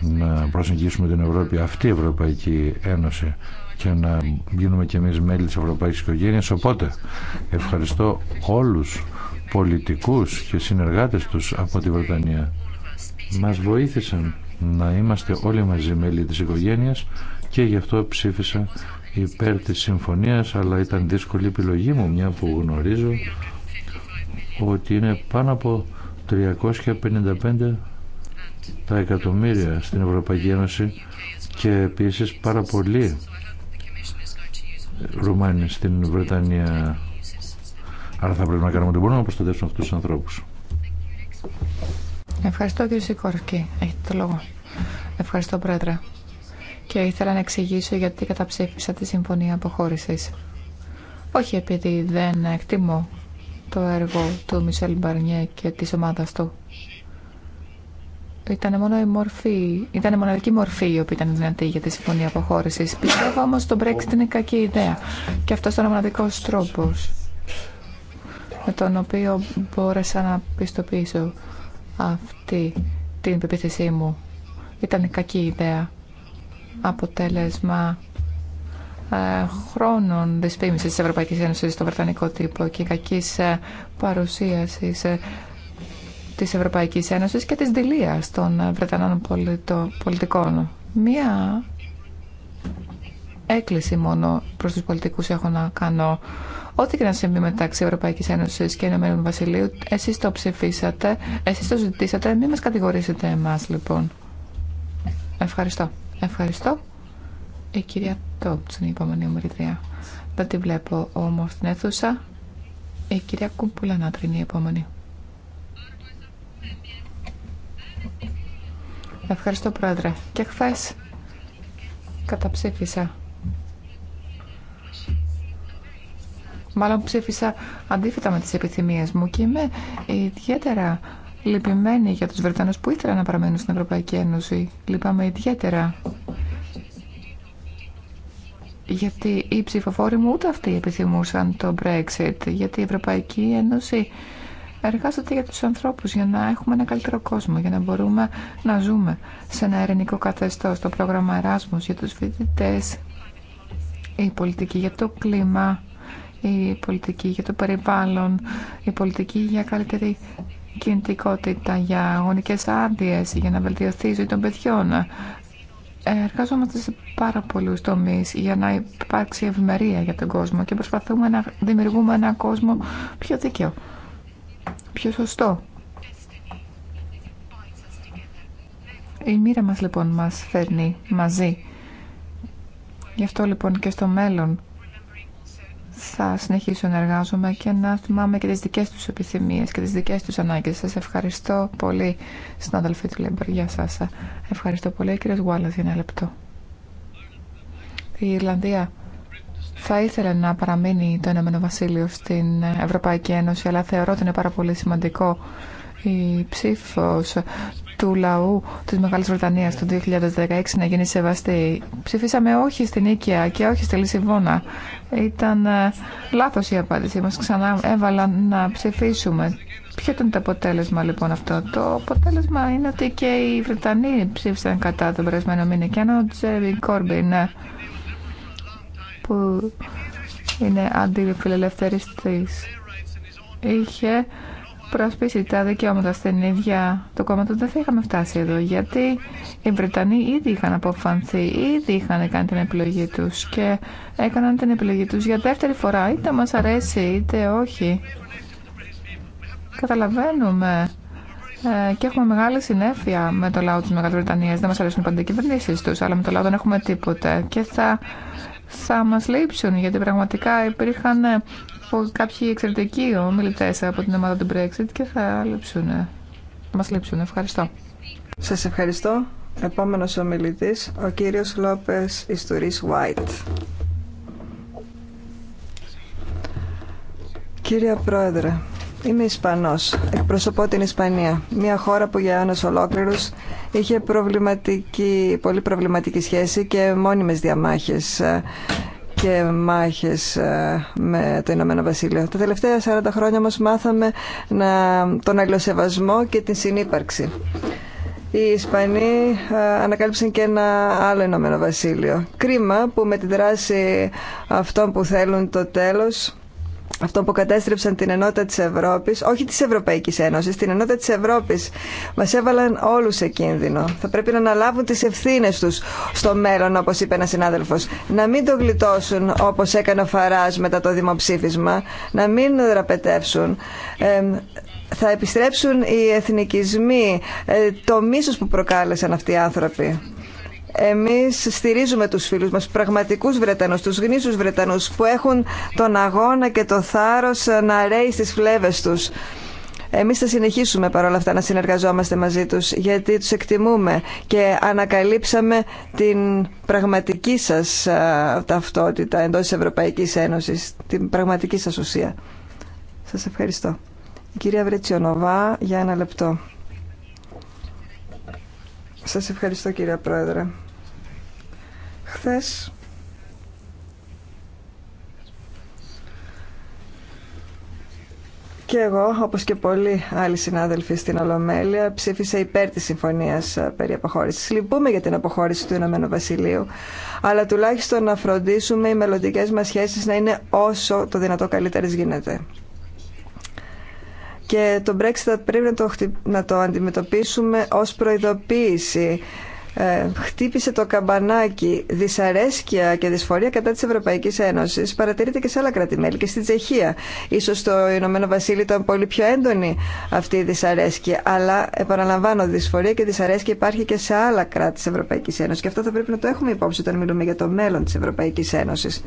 G: να προσεγγίσουμε την Ευρώπη αυτή η Ευρωπαϊκή Ένωση και να γίνουμε και εμείς μέλη της Ευρωπαϊκής Οικογένειας. Οπότε ευχαριστώ όλους πολιτικούς και συνεργάτες τους από τη Βρετανία. Μας βοήθησαν να είμαστε όλοι μαζί μέλη της οικογένειας και γι' αυτό ψήφισα υπέρ της συμφωνίας αλλά ήταν δύσκολη επιλογή μου μια που γνωρίζω ότι είναι πάνω από 355 τα εκατομμύρια στην Ευρωπαϊκή Ένωση και επίσης πάρα πολλοί Ρουμάνοι στην Βρετανία. Άρα θα πρέπει να κάνουμε ό,τι μπορούμε να προστατεύσουμε αυτούς τους ανθρώπους.
H: Ευχαριστώ κύριε Σικόρσκι. Έχετε το λόγο. Ευχαριστώ πρόεδρε. Και ήθελα να εξηγήσω γιατί καταψήφισα τη συμφωνία αποχώρησης. Όχι επειδή δεν εκτιμώ το έργο του Μισελ Μπαρνιέ και της ομάδας του. Ήταν μόνο η μορφή, ήταν μοναδική μορφή η οποία ήταν δυνατή για τη συμφωνία αποχώρηση. Πιστεύω όμω το Brexit είναι κακή ιδέα. Και αυτό ήταν ο μοναδικό τρόπο με τον οποίο μπόρεσα να πιστοποιήσω αυτή την πεποίθησή μου. Ήταν κακή ιδέα. Αποτέλεσμα ε, χρόνων δυσφήμισης της Ευρωπαϊκής Ένωσης στο Βρετανικό τύπο και κακής ε, παρουσίασης ε, της Ευρωπαϊκής Ένωσης και της δηλίας των Βρετανών πολιτικών. Μία έκκληση μόνο προς τους πολιτικούς έχω να κάνω. Ό,τι και να συμβεί μεταξύ Ευρωπαϊκής Ένωσης και Ηνωμένου Βασιλείου, εσείς το ψηφίσατε, εσείς το ζητήσατε, μην μας κατηγορήσετε εμάς λοιπόν. Ευχαριστώ. Ευχαριστώ. Η ε, κυρία Τόπτσον, η επόμενη ομιλητρία. Δεν τη βλέπω όμω στην αίθουσα. Η ε, κυρία Κούμπουλα να η επόμενη. Ευχαριστώ πρόεδρε. Και χθε καταψήφισα. Μάλλον ψήφισα αντίθετα με τις επιθυμίες μου και είμαι ιδιαίτερα λυπημένη για τους Βρετανούς που ήθελαν να παραμένουν στην Ευρωπαϊκή Ένωση. Λυπάμαι ιδιαίτερα γιατί οι ψηφοφόροι μου ούτε αυτοί επιθυμούσαν το Brexit, γιατί η Ευρωπαϊκή Ένωση εργάζεται για τους ανθρώπους, για να έχουμε ένα καλύτερο κόσμο, για να μπορούμε να ζούμε σε ένα ειρηνικό καθεστώς, το πρόγραμμα Εράσμους για τους φοιτητέ, η πολιτική για το κλίμα, η πολιτική για το περιβάλλον, η πολιτική για καλύτερη κινητικότητα, για αγωνικές άδειες, για να βελτιωθεί η ζωή των παιδιών εργαζόμαστε σε πάρα πολλού τομεί για να υπάρξει ευημερία για τον κόσμο και προσπαθούμε να δημιουργούμε έναν κόσμο πιο δίκαιο, πιο σωστό. Η μοίρα μας λοιπόν μας φέρνει μαζί. Γι' αυτό λοιπόν και στο μέλλον θα συνεχίσω να εργάζομαι και να θυμάμαι και τις δικές τους επιθυμίες και τις δικές τους ανάγκες. Σας ευχαριστώ πολύ, συνάδελφοι του Λέμπερ. Γεια σας. Ευχαριστώ πολύ, κύριε Γουάλλας, για ένα λεπτό. Η Ιρλανδία θα ήθελε να παραμείνει το Ηνωμένο Βασίλειο στην Ευρωπαϊκή Ένωση, αλλά θεωρώ ότι είναι πάρα πολύ σημαντικό η ψήφος του λαού τη μεγάλη Βρετανία το 2016 να γίνει σεβαστή. Ψηφίσαμε όχι στην Ίκαια και όχι στη Λισιβόνα. Ήταν ε, λάθο η απάντησή μα Ξανά έβαλαν να ψηφίσουμε. Ποιο ήταν το αποτέλεσμα λοιπόν αυτό. Το αποτέλεσμα είναι ότι και οι Βρετανοί ψήφισαν κατά τον περασμένο μήνα και αν ο Τζέρι Κόρμπιν ε, που είναι αντιφιλελευθερίστης είχε προσπίσει τα δικαιώματα στην ίδια το κόμμα του, δεν θα είχαμε φτάσει εδώ. Γιατί οι Βρετανοί ήδη είχαν αποφανθεί, ήδη είχαν κάνει την επιλογή του και έκαναν την επιλογή του για δεύτερη φορά, είτε μα αρέσει είτε όχι. Καταλαβαίνουμε ε, και έχουμε μεγάλη συνέφεια με το λαό τη Μεγάλη Βρετανία. Δεν μα αρέσουν πάντα οι κυβερνήσει του, αλλά με το λαό δεν έχουμε τίποτα. Και θα θα μας λείψουν γιατί πραγματικά υπήρχαν ε, από κάποιοι εξαιρετικοί ομιλητέ από την ομάδα του Brexit και θα λείψουν. μας λείψουν. Ευχαριστώ.
C: Σας ευχαριστώ. Επόμενο ομιλητή. ο κύριο Λόπες Ιστορή Βάιτ. Κύριε Πρόεδρε, είμαι Ισπανός. Εκπροσωπώ την Ισπανία, μια χώρα που για αιώνες ολόκληρους είχε προβληματική, πολύ προβληματική σχέση και μόνιμες διαμάχες και μάχες ε, με το Ηνωμένο Βασίλειο. Τα τελευταία 40 χρόνια όμως μάθαμε να, τον αγγλοσεβασμό και την συνύπαρξη. Οι Ισπανοί ε, ανακάλυψαν και ένα άλλο Ηνωμένο Βασίλειο. Κρίμα που με τη δράση αυτών που θέλουν το τέλος αυτό που κατέστρεψαν την ενότητα της Ευρώπης, όχι της Ευρωπαϊκής Ένωσης, την ενότητα της Ευρώπης, μας έβαλαν όλους σε κίνδυνο. Θα πρέπει να αναλάβουν τις ευθύνες τους στο μέλλον, όπως είπε ένα συνάδελφος. Να μην το γλιτώσουν όπως έκανε ο Φαράς μετά το δημοψήφισμα, να μην δραπετεύσουν. θα επιστρέψουν οι εθνικισμοί, ε, το μίσος που προκάλεσαν αυτοί οι άνθρωποι εμείς στηρίζουμε τους φίλους μας, πραγματικούς Βρετανούς, τους γνήσους Βρετανούς που έχουν τον αγώνα και το θάρρος να ρέει στις φλέβες τους. Εμείς θα συνεχίσουμε παρόλα αυτά να συνεργαζόμαστε μαζί τους γιατί τους εκτιμούμε και ανακαλύψαμε την πραγματική σας ταυτότητα εντός της Ευρωπαϊκής Ένωσης, την πραγματική σας ουσία. Σας ευχαριστώ. Η κυρία Βρετσιονοβά για ένα λεπτό. Σας ευχαριστώ κύριε Πρόεδρε. Χθες και εγώ, όπως και πολλοί άλλοι συνάδελφοι στην Ολομέλεια, ψήφισα υπέρ της συμφωνίας ε, περί αποχώρησης. Λυπούμε για την αποχώρηση του Ηνωμένου Βασιλείου, αλλά τουλάχιστον να φροντίσουμε οι μελλοντικέ μας σχέσεις να είναι όσο το δυνατό καλύτερες γίνεται. Και το Brexit θα πρέπει να το, να το αντιμετωπίσουμε ως προειδοποίηση. Ε, χτύπησε το καμπανάκι δυσαρέσκεια και δυσφορία κατά της Ευρωπαϊκής Ένωσης παρατηρείται και σε άλλα και στη Τσεχία ίσως στο Ηνωμένο Βασίλειο ήταν πολύ πιο έντονη αυτή η δυσαρέσκεια αλλά επαναλαμβάνω δυσφορία και δυσαρέσκεια υπάρχει και σε άλλα κράτη της Ευρωπαϊκής Ένωσης και αυτό θα πρέπει να το έχουμε υπόψη όταν μιλούμε για το μέλλον της Ευρωπαϊκής Ένωσης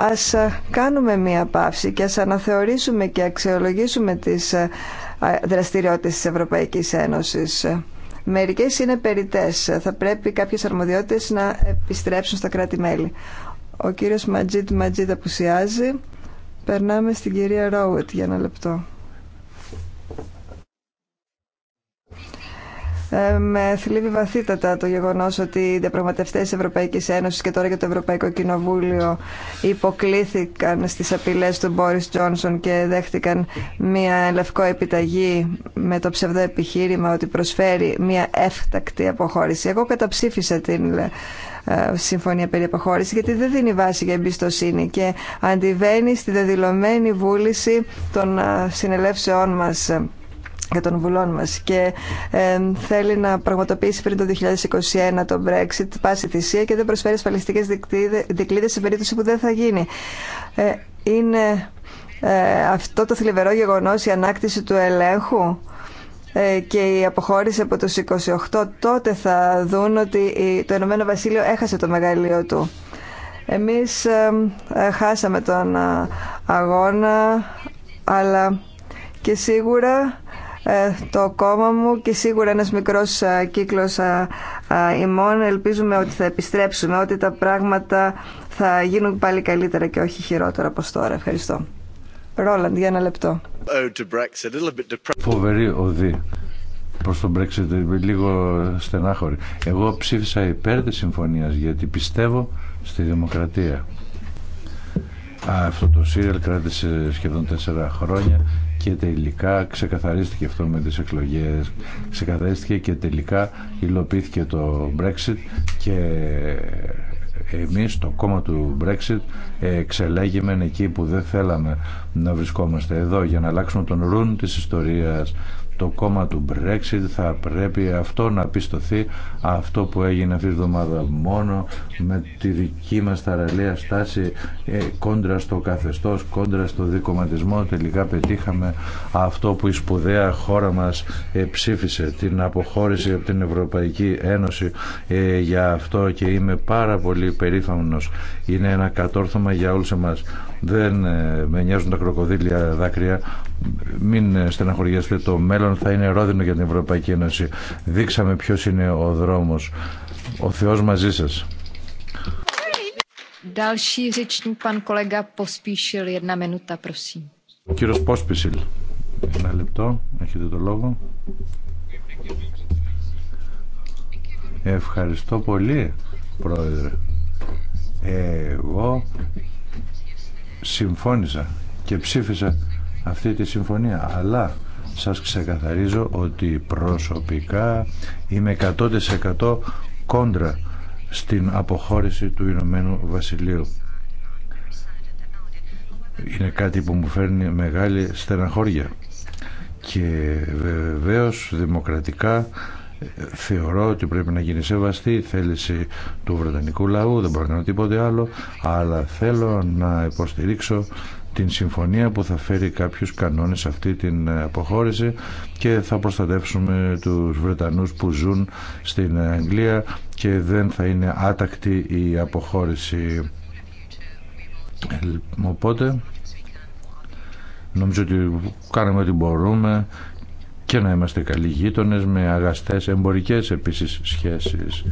C: Ας ε, κάνουμε μία παύση και ας αναθεωρήσουμε και αξιολογήσουμε τις ε, δραστηριότητες της Ευρωπαϊκής Ένωσης. Μερικές είναι περιτές. Θα πρέπει κάποιες αρμοδιότητες να επιστρέψουν στα κράτη-μέλη. Ο κύριος Ματζίτ Ματζίτ απουσιάζει. Περνάμε στην κυρία Ρόουετ για ένα λεπτό. Ε, με θλίβει βαθύτατα το γεγονό ότι οι διαπραγματευτέ τη Ευρωπαϊκή Ένωση και τώρα και το Ευρωπαϊκό Κοινοβούλιο υποκλήθηκαν στι απειλέ του Μπόρι Τζόνσον και δέχτηκαν μια λευκό επιταγή με το ψευδό επιχείρημα ότι προσφέρει μια έφτακτη αποχώρηση. Εγώ καταψήφισα την ε, συμφωνία περί αποχώρηση γιατί δεν δίνει βάση για εμπιστοσύνη και αντιβαίνει στη δεδηλωμένη βούληση των ε, συνελεύσεών μας για τον βουλών μας και θέλει να πραγματοποιήσει πριν το 2021 το Brexit πάση θυσία και δεν προσφέρει ασφαλιστικές δικλείδες σε περίπτωση που δεν θα γίνει. Ε, είναι ε, αυτό το θλιβερό γεγονός η ανάκτηση του ελέγχου ε, και η αποχώρηση από τους 28 τότε θα δουν ότι το Ηνωμένο Βασίλειο έχασε το μεγαλείο του. Εμείς ε, χάσαμε τον αγώνα αλλά και σίγουρα ε, το κόμμα μου και σίγουρα ένας μικρός κύκλος ημών ελπίζουμε ότι θα επιστρέψουμε, ότι τα πράγματα θα γίνουν πάλι καλύτερα και όχι χειρότερα από τώρα. Ευχαριστώ. Ρόλαντ, για ένα λεπτό.
G: Φοβερή οδή προ τον Brexit, λίγο στενάχωρη. Εγώ ψήφισα υπέρ της συμφωνίας γιατί πιστεύω στη δημοκρατία. Αυτό το Σύριαλ κράτησε σχεδόν τέσσερα χρόνια και τελικά ξεκαθαρίστηκε αυτό με τις εκλογές ξεκαθαρίστηκε και τελικά υλοποιήθηκε το Brexit και εμείς το κόμμα του Brexit εξελέγημε εκεί που δεν θέλαμε να βρισκόμαστε εδώ για να αλλάξουμε τον ρούν της ιστορίας το κόμμα του Brexit θα πρέπει αυτό να πιστωθεί αυτό που έγινε αυτή τη βδομάδα μόνο με τη δική μας ταραλία στάση ε, κόντρα στο καθεστώς, κόντρα στο δικοματισμό τελικά πετύχαμε αυτό που η σπουδαία χώρα μας ε, ψήφισε την αποχώρηση από την Ευρωπαϊκή Ένωση ε, για αυτό και είμαι πάρα πολύ περήφανος είναι ένα κατόρθωμα για όλους εμάς δεν ε, με νοιάζουν τα κροκοδίλια δάκρυα μην ε, στεναχωριέστε το μέλλον θα είναι ρόδινο για την Ευρωπαϊκή Ένωση. Δείξαμε ποιο είναι ο δρόμο Ο Θεό μαζί σας. Ο κύριος Πόσπισιλ. Ένα λεπτό, έχετε το λόγο. Ευχαριστώ πολύ, Πρόεδρε. Εγώ συμφώνησα και ψήφισα αυτή τη συμφωνία, αλλά σας ξεκαθαρίζω ότι προσωπικά είμαι 100% κόντρα στην αποχώρηση του Ηνωμένου Βασιλείου. Είναι κάτι που μου φέρνει μεγάλη στεναχώρια και βεβαίως δημοκρατικά θεωρώ ότι πρέπει να γίνει σεβαστή η θέληση του βρετανικού λαού, δεν μπορώ να κάνω τίποτε άλλο, αλλά θέλω να υποστηρίξω την συμφωνία που θα φέρει κάποιους κανόνες αυτή την αποχώρηση και θα προστατεύσουμε τους Βρετανούς που ζουν στην Αγγλία και δεν θα είναι άτακτη η αποχώρηση. Οπότε νομίζω ότι κάνουμε ό,τι μπορούμε και να είμαστε καλοί γείτονες με αγαστές εμπορικές επίσης σχέσεις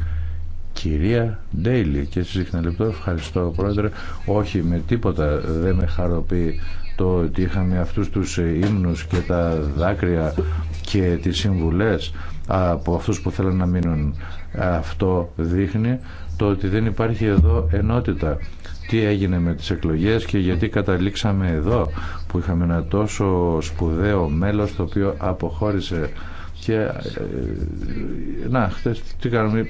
G: κυρία Ντέιλι και εσείς λεπτό ευχαριστώ πρόεδρε όχι με τίποτα δεν με χαροποιεί το ότι είχαμε αυτούς τους ύμνους και τα δάκρυα και τις συμβουλές από αυτούς που θέλουν να μείνουν αυτό δείχνει το ότι δεν υπάρχει εδώ ενότητα τι έγινε με τις εκλογές και γιατί καταλήξαμε εδώ που είχαμε ένα τόσο σπουδαίο μέλος το οποίο αποχώρησε και ε, ε, να χτες τι κάνουμε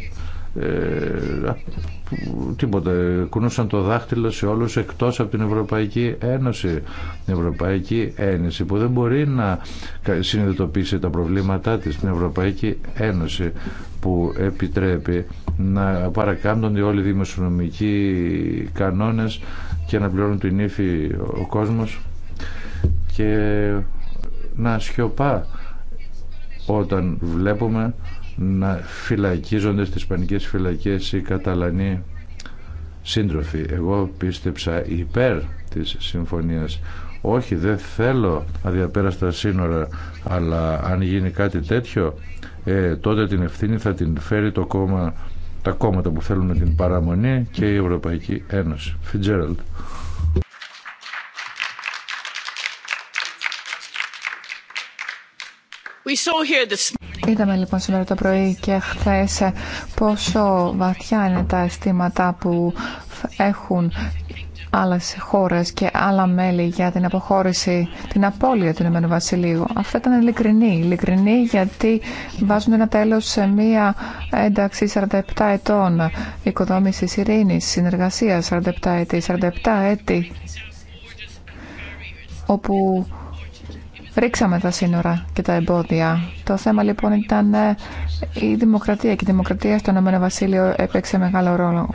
G: ε, τίποτα, κουνούσαν το δάχτυλο σε όλους εκτός από την Ευρωπαϊκή Ένωση. Την Ευρωπαϊκή Ένωση που δεν μπορεί να συνειδητοποιήσει τα προβλήματά της. Την Ευρωπαϊκή Ένωση που επιτρέπει να παρακάμπτονται όλοι οι δημοσιονομικοί κανόνες και να πληρώνουν την ύφη ο κόσμος και να σιωπά όταν βλέπουμε να φυλακίζονται στις πανικές φυλακές οι Καταλανοί σύντροφοι. Εγώ πίστεψα υπέρ της συμφωνίας. Όχι, δεν θέλω αδιαπέραστα σύνορα, αλλά αν γίνει κάτι τέτοιο, ε, τότε την ευθύνη θα την φέρει το κόμμα, τα κόμματα που θέλουν την παραμονή και η Ευρωπαϊκή Ένωση. Φιτζέραλτ.
H: Είδαμε λοιπόν σήμερα το πρωί και χθε πόσο βαθιά είναι τα αισθήματα που έχουν άλλε χώρε και άλλα μέλη για την αποχώρηση, την απώλεια του Ηνωμένου Βασιλείου. Αυτά ήταν ειλικρινή. Ειλικρινή γιατί βάζουν ένα τέλο σε μία ένταξη 47 ετών οικοδόμηση Ειρηνή, συνεργασία 47 έτη, 47 έτη όπου Ρίξαμε τα σύνορα και τα εμπόδια. Το θέμα λοιπόν ήταν ε, η δημοκρατία και η δημοκρατία στον Ηνωμένο Βασίλειο έπαιξε μεγάλο ρόλο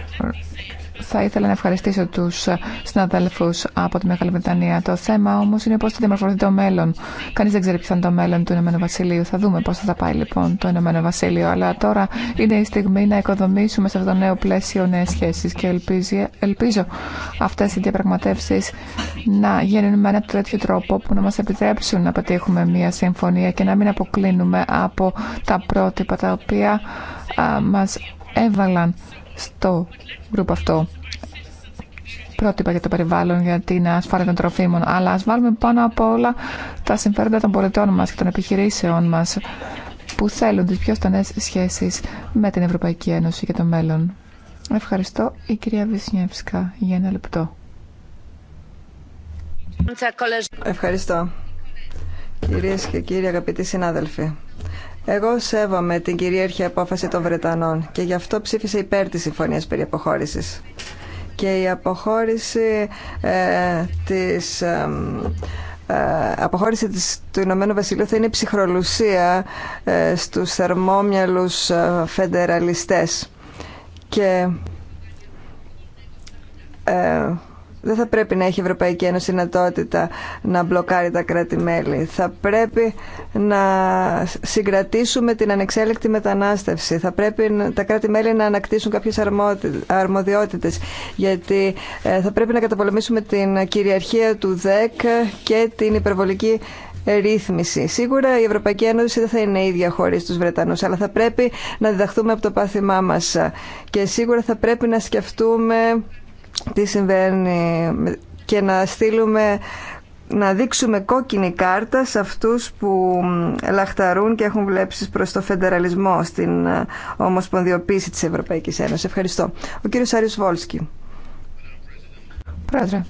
H: θα ήθελα να ευχαριστήσω του συναδέλφου από τη Μεγάλη Βρετανία. Το θέμα όμω είναι πώ θα διαμορφωθεί το μέλλον. Κανεί δεν ξέρει ποιο θα είναι το μέλλον του Ηνωμένου Βασιλείου. Θα δούμε πώ θα πάει λοιπόν το Ηνωμένο Βασίλειο. Αλλά τώρα είναι η στιγμή να οικοδομήσουμε σε αυτό το νέο πλαίσιο νέε σχέσει και ελπίζω, ελπίζω αυτέ οι διαπραγματεύσει να γίνουν με ένα τέτοιο τρόπο που να μα επιτρέψουν να πετύχουμε μια συμφωνία και να μην αποκλίνουμε από τα πρότυπα τα οποία μα έβαλαν στο γκρουπ αυτό πρότυπα για το περιβάλλον, για την ασφάλεια των τροφίμων, αλλά ας βάλουμε πάνω απ' όλα τα συμφέροντα των πολιτών μας και των επιχειρήσεων μας που θέλουν τις πιο στενές σχέσεις με την Ευρωπαϊκή Ένωση και το μέλλον. Ευχαριστώ η κυρία Βυσνιεύσκα για ένα λεπτό.
C: Ευχαριστώ. Κυρίες και κύριοι αγαπητοί συνάδελφοι, εγώ σέβομαι την κυρίαρχη απόφαση των Βρετανών και γι' αυτό ψήφισε υπέρ της συμφωνίας περί αποχώρησης. Και η αποχώρηση ε, της... Ε, αποχώρηση της, του Ηνωμένου Βασιλείου θα είναι ψυχρολουσία ε, στους θερμόμυαλους ε, φεντεραλιστές. Και ε, δεν θα πρέπει να έχει η Ευρωπαϊκή Ένωση δυνατότητα να μπλοκάρει τα κράτη-μέλη. Θα πρέπει να συγκρατήσουμε την ανεξέλεκτη μετανάστευση. Θα πρέπει τα κράτη-μέλη να ανακτήσουν κάποιες αρμοδιότητες. Γιατί ε, θα πρέπει να καταπολεμήσουμε την κυριαρχία του ΔΕΚ και την υπερβολική ρύθμιση. Σίγουρα η Ευρωπαϊκή Ένωση δεν θα είναι ίδια χωρί του Βρετανού, αλλά θα πρέπει να διδαχθούμε από το πάθημά μα. Και σίγουρα θα πρέπει να σκεφτούμε τι συμβαίνει και να στείλουμε να δείξουμε κόκκινη κάρτα σε αυτούς που λαχταρούν και έχουν βλέψεις προς το φεντεραλισμό στην ε, ομοσπονδιοποίηση της Ευρωπαϊκής Ένωσης. Ευχαριστώ. Ο κύριος Άριος Βόλσκι.
H: Πρόεδρε,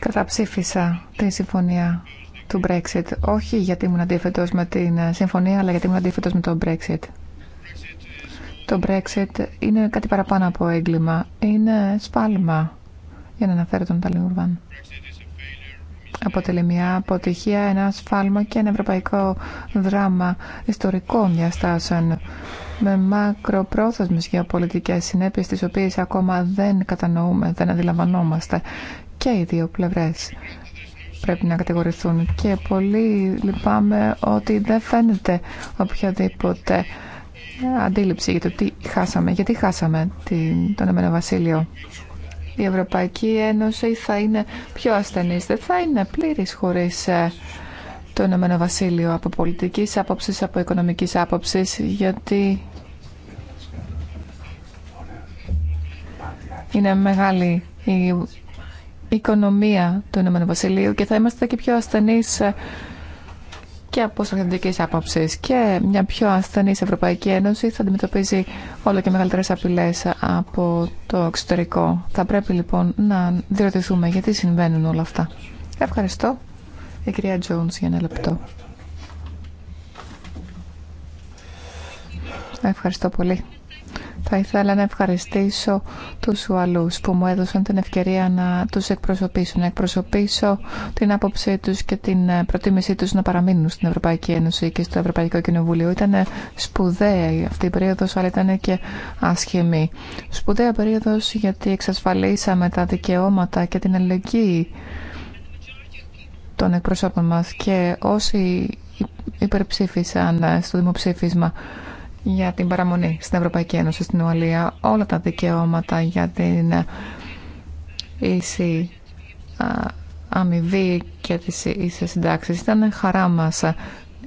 H: καταψήφισα τη συμφωνία του Brexit. Όχι γιατί ήμουν αντίθετο με την ε, συμφωνία, αλλά γιατί ήμουν αντίθετο με τον Brexit. Το Brexit είναι κάτι παραπάνω από έγκλημα. Είναι σφάλμα, για να αναφέρω τον Ταλή Ουρβάν. Αποτελεί μια αποτυχία, ένα σφάλμα και ένα ευρωπαϊκό δράμα ιστορικών διαστάσεων με μακροπρόθεσμες γεωπολιτικές συνέπειες τις οποίες ακόμα δεν κατανοούμε, δεν αντιλαμβανόμαστε και οι δύο πλευρές πρέπει να κατηγορηθούν και πολύ λυπάμαι ότι δεν φαίνεται οποιαδήποτε αντίληψη για το τι χάσαμε, γιατί χάσαμε την, τον Εμένο Βασίλειο. Η Ευρωπαϊκή Ένωση θα είναι πιο ασθενής, δεν θα είναι πλήρης χωρίς ε, το Ηνωμένο Βασίλειο από πολιτικής άποψης, από οικονομικής άποψης, γιατί είναι μεγάλη η οικονομία του Ηνωμένου Βασιλείου και θα είμαστε και πιο ασθενείς ε, και από στρατιωτικής άποψη και μια πιο ασθενή Ευρωπαϊκή Ένωση θα αντιμετωπίζει όλο και μεγαλύτερες απειλές από το εξωτερικό. Θα πρέπει λοιπόν να διερωτηθούμε γιατί συμβαίνουν όλα αυτά. Ευχαριστώ. Η κυρία Τζόουνς για ένα λεπτό. Ευχαριστώ πολύ. Θα ήθελα να ευχαριστήσω τους Ουαλούς που μου έδωσαν την ευκαιρία να τους εκπροσωπήσω, να εκπροσωπήσω την άποψή τους και την ε, προτίμησή τους να παραμείνουν στην Ευρωπαϊκή Ένωση και στο Ευρωπαϊκό Κοινοβούλιο. Ήταν σπουδαία αυτή η περίοδος, αλλά ήταν και άσχημη. Σπουδαία περίοδος γιατί εξασφαλίσαμε τα δικαιώματα και την αλληλεγγύη των εκπροσώπων μας και όσοι υπερψήφισαν ε, στο δημοψήφισμα για την παραμονή στην Ευρωπαϊκή Ένωση, στην Ουαλία, όλα τα δικαιώματα για την ίση αμοιβή και τις ίσες συντάξεις. Ήταν χαρά μας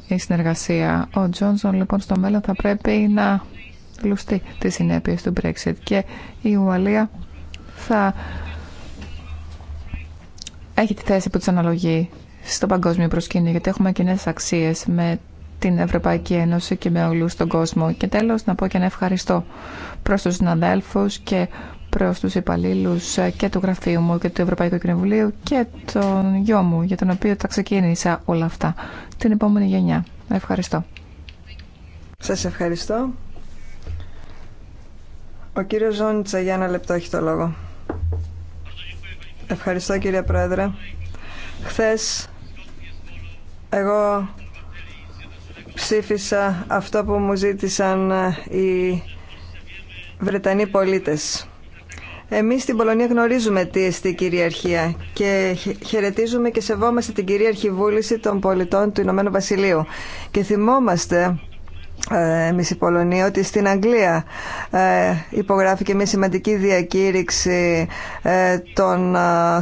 H: η συνεργασία. Ο Τζόνσον λοιπόν στο μέλλον θα πρέπει να λουστεί τις συνέπειες του Brexit και η Ουαλία θα έχει τη θέση που της αναλογεί στο παγκόσμιο προσκήνιο γιατί έχουμε κοινέ αξίες με την Ευρωπαϊκή Ένωση και με όλου τον κόσμο. Και τέλος να πω και να ευχαριστώ προς τους συναδέλφου και προς τους υπαλλήλους ε, και του γραφείου μου και του Ευρωπαϊκού Κοινοβουλίου και τον γιο μου για τον οποίο τα ξεκίνησα όλα αυτά την επόμενη γενιά. Ευχαριστώ.
C: Σα ευχαριστώ. Ο κύριο Ζόνιτσα για ένα λεπτό έχει το λόγο. Ευχαριστώ κύριε Πρόεδρε. Χθες εγώ ψήφισα αυτό που μου ζήτησαν ε, οι Βρετανοί πολίτες. Εμείς στην Πολωνία γνωρίζουμε τι εστί κυριαρχία και χαιρετίζουμε και σεβόμαστε την κυρίαρχη βούληση των πολιτών του Ηνωμένου Βασιλείου. Και θυμόμαστε ε, εμείς η Πολωνία ότι στην Αγγλία ε, υπογράφηκε μια σημαντική διακήρυξη των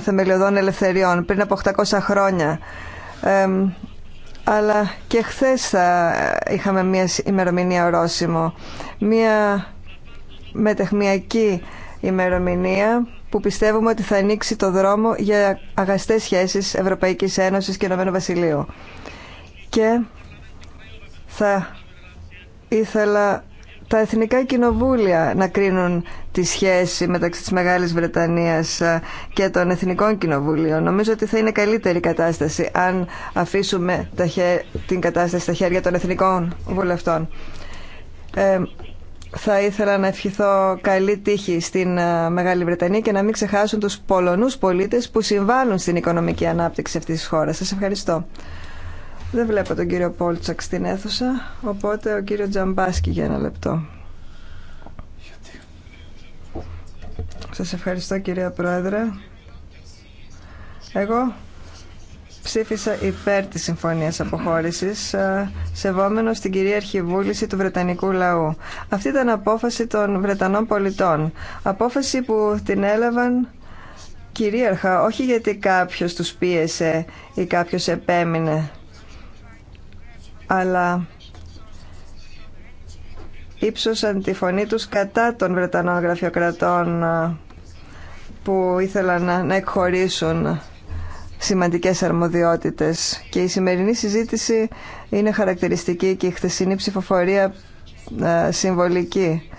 C: θεμελιωδών ελευθεριών πριν από 800 χρόνια αλλά και χθες είχαμε μια ημερομηνία ορόσημο, μια μετεχμιακή ημερομηνία που πιστεύουμε ότι θα ανοίξει το δρόμο για αγαστές σχέσεις Ευρωπαϊκής Ένωσης και Ηνωμένου Βασιλείου. Και θα ήθελα τα εθνικά κοινοβούλια να κρίνουν τη σχέση μεταξύ της Μεγάλης Βρετανίας ε, και των Εθνικών Κοινοβουλίων. Νομίζω ότι θα είναι καλύτερη κατάσταση αν αφήσουμε την κατάσταση στα χέρια των Εθνικών Βουλευτών. Ε, θα ήθελα να ευχηθώ καλή τύχη στην ε, Μεγάλη Βρετανία και να μην ξεχάσουν τους Πολωνούς πολίτες που συμβάλλουν στην οικονομική ανάπτυξη αυτής της χώρας. Σας ευχαριστώ. Δεν βλέπω τον κύριο Πόλτσακ στην αίθουσα, οπότε ο κύριο Τζαμπάσκι για ένα λεπτό. Σας ευχαριστώ κυρία Πρόεδρε. Εγώ ψήφισα υπέρ της Συμφωνίας Αποχώρησης, ε, σεβόμενος την κυρίαρχη βούληση του Βρετανικού λαού. Αυτή ήταν απόφαση των Βρετανών πολιτών. Απόφαση που την έλαβαν κυρίαρχα, όχι γιατί κάποιος τους πίεσε ή κάποιος επέμεινε, αλλά ύψωσαν τη φωνή τους κατά των Βρετανών γραφειοκρατών ε, που ήθελαν να εκχωρήσουν σημαντικές αρμοδιότητες. Και η σημερινή συζήτηση είναι χαρακτηριστική και η χθεσινή ψηφοφορία ε, συμβολική.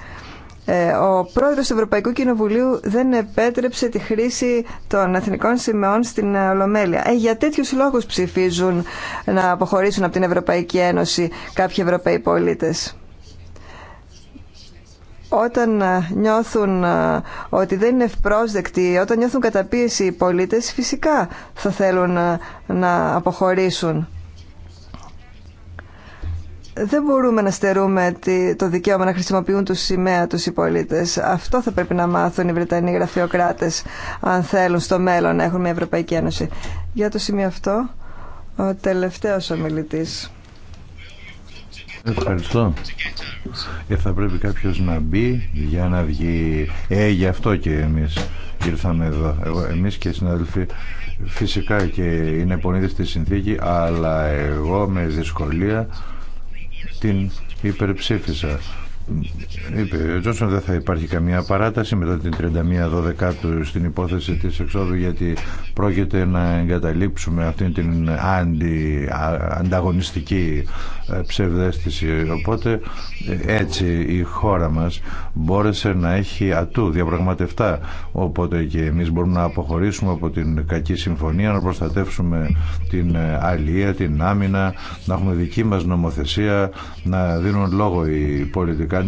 C: Ε, ο πρόεδρος του Ευρωπαϊκού Κοινοβουλίου δεν επέτρεψε τη χρήση των εθνικών σημεών στην Ολομέλεια. Ε, για τέτοιους λόγους ψηφίζουν να αποχωρήσουν από την Ευρωπαϊκή Ένωση κάποιοι Ευρωπαίοι πολίτες όταν ε, νιώθουν ε, ότι δεν είναι ευπρόσδεκτοι, όταν νιώθουν καταπίεση οι πολίτες, φυσικά θα θέλουν ε, να αποχωρήσουν. Δεν μπορούμε να στερούμε το δικαίωμα να χρησιμοποιούν του σημαία τους οι πολίτες. Αυτό θα πρέπει να μάθουν οι Βρετανοί γραφειοκράτες αν θέλουν στο μέλλον να έχουν μια Ευρωπαϊκή Ένωση. Για το σημείο αυτό, ο τελευταίος ομιλητής.
G: Ευχαριστώ. Ε, θα πρέπει κάποιο να μπει για να βγει. Ε, γι' αυτό και εμείς ήρθαμε εδώ. εμείς και οι συναδελφοί φυσικά και είναι πονίδες στη συνθήκη, αλλά εγώ με δυσκολία την υπερψήφισα. Είπε ο δεν θα υπάρχει καμία παράταση μετά την 31 του στην υπόθεση της εξόδου γιατί πρόκειται να εγκαταλείψουμε αυτήν την αντι, ανταγωνιστική ε, ψευδέστηση. Οπότε ε, έτσι η χώρα μας μπόρεσε να έχει ατού διαπραγματευτά. Οπότε και εμείς μπορούμε να αποχωρήσουμε από την κακή συμφωνία, να προστατεύσουμε την ε, αλληλεία, την άμυνα, να έχουμε δική μας νομοθεσία, να δίνουν λόγο οι πολιτικά.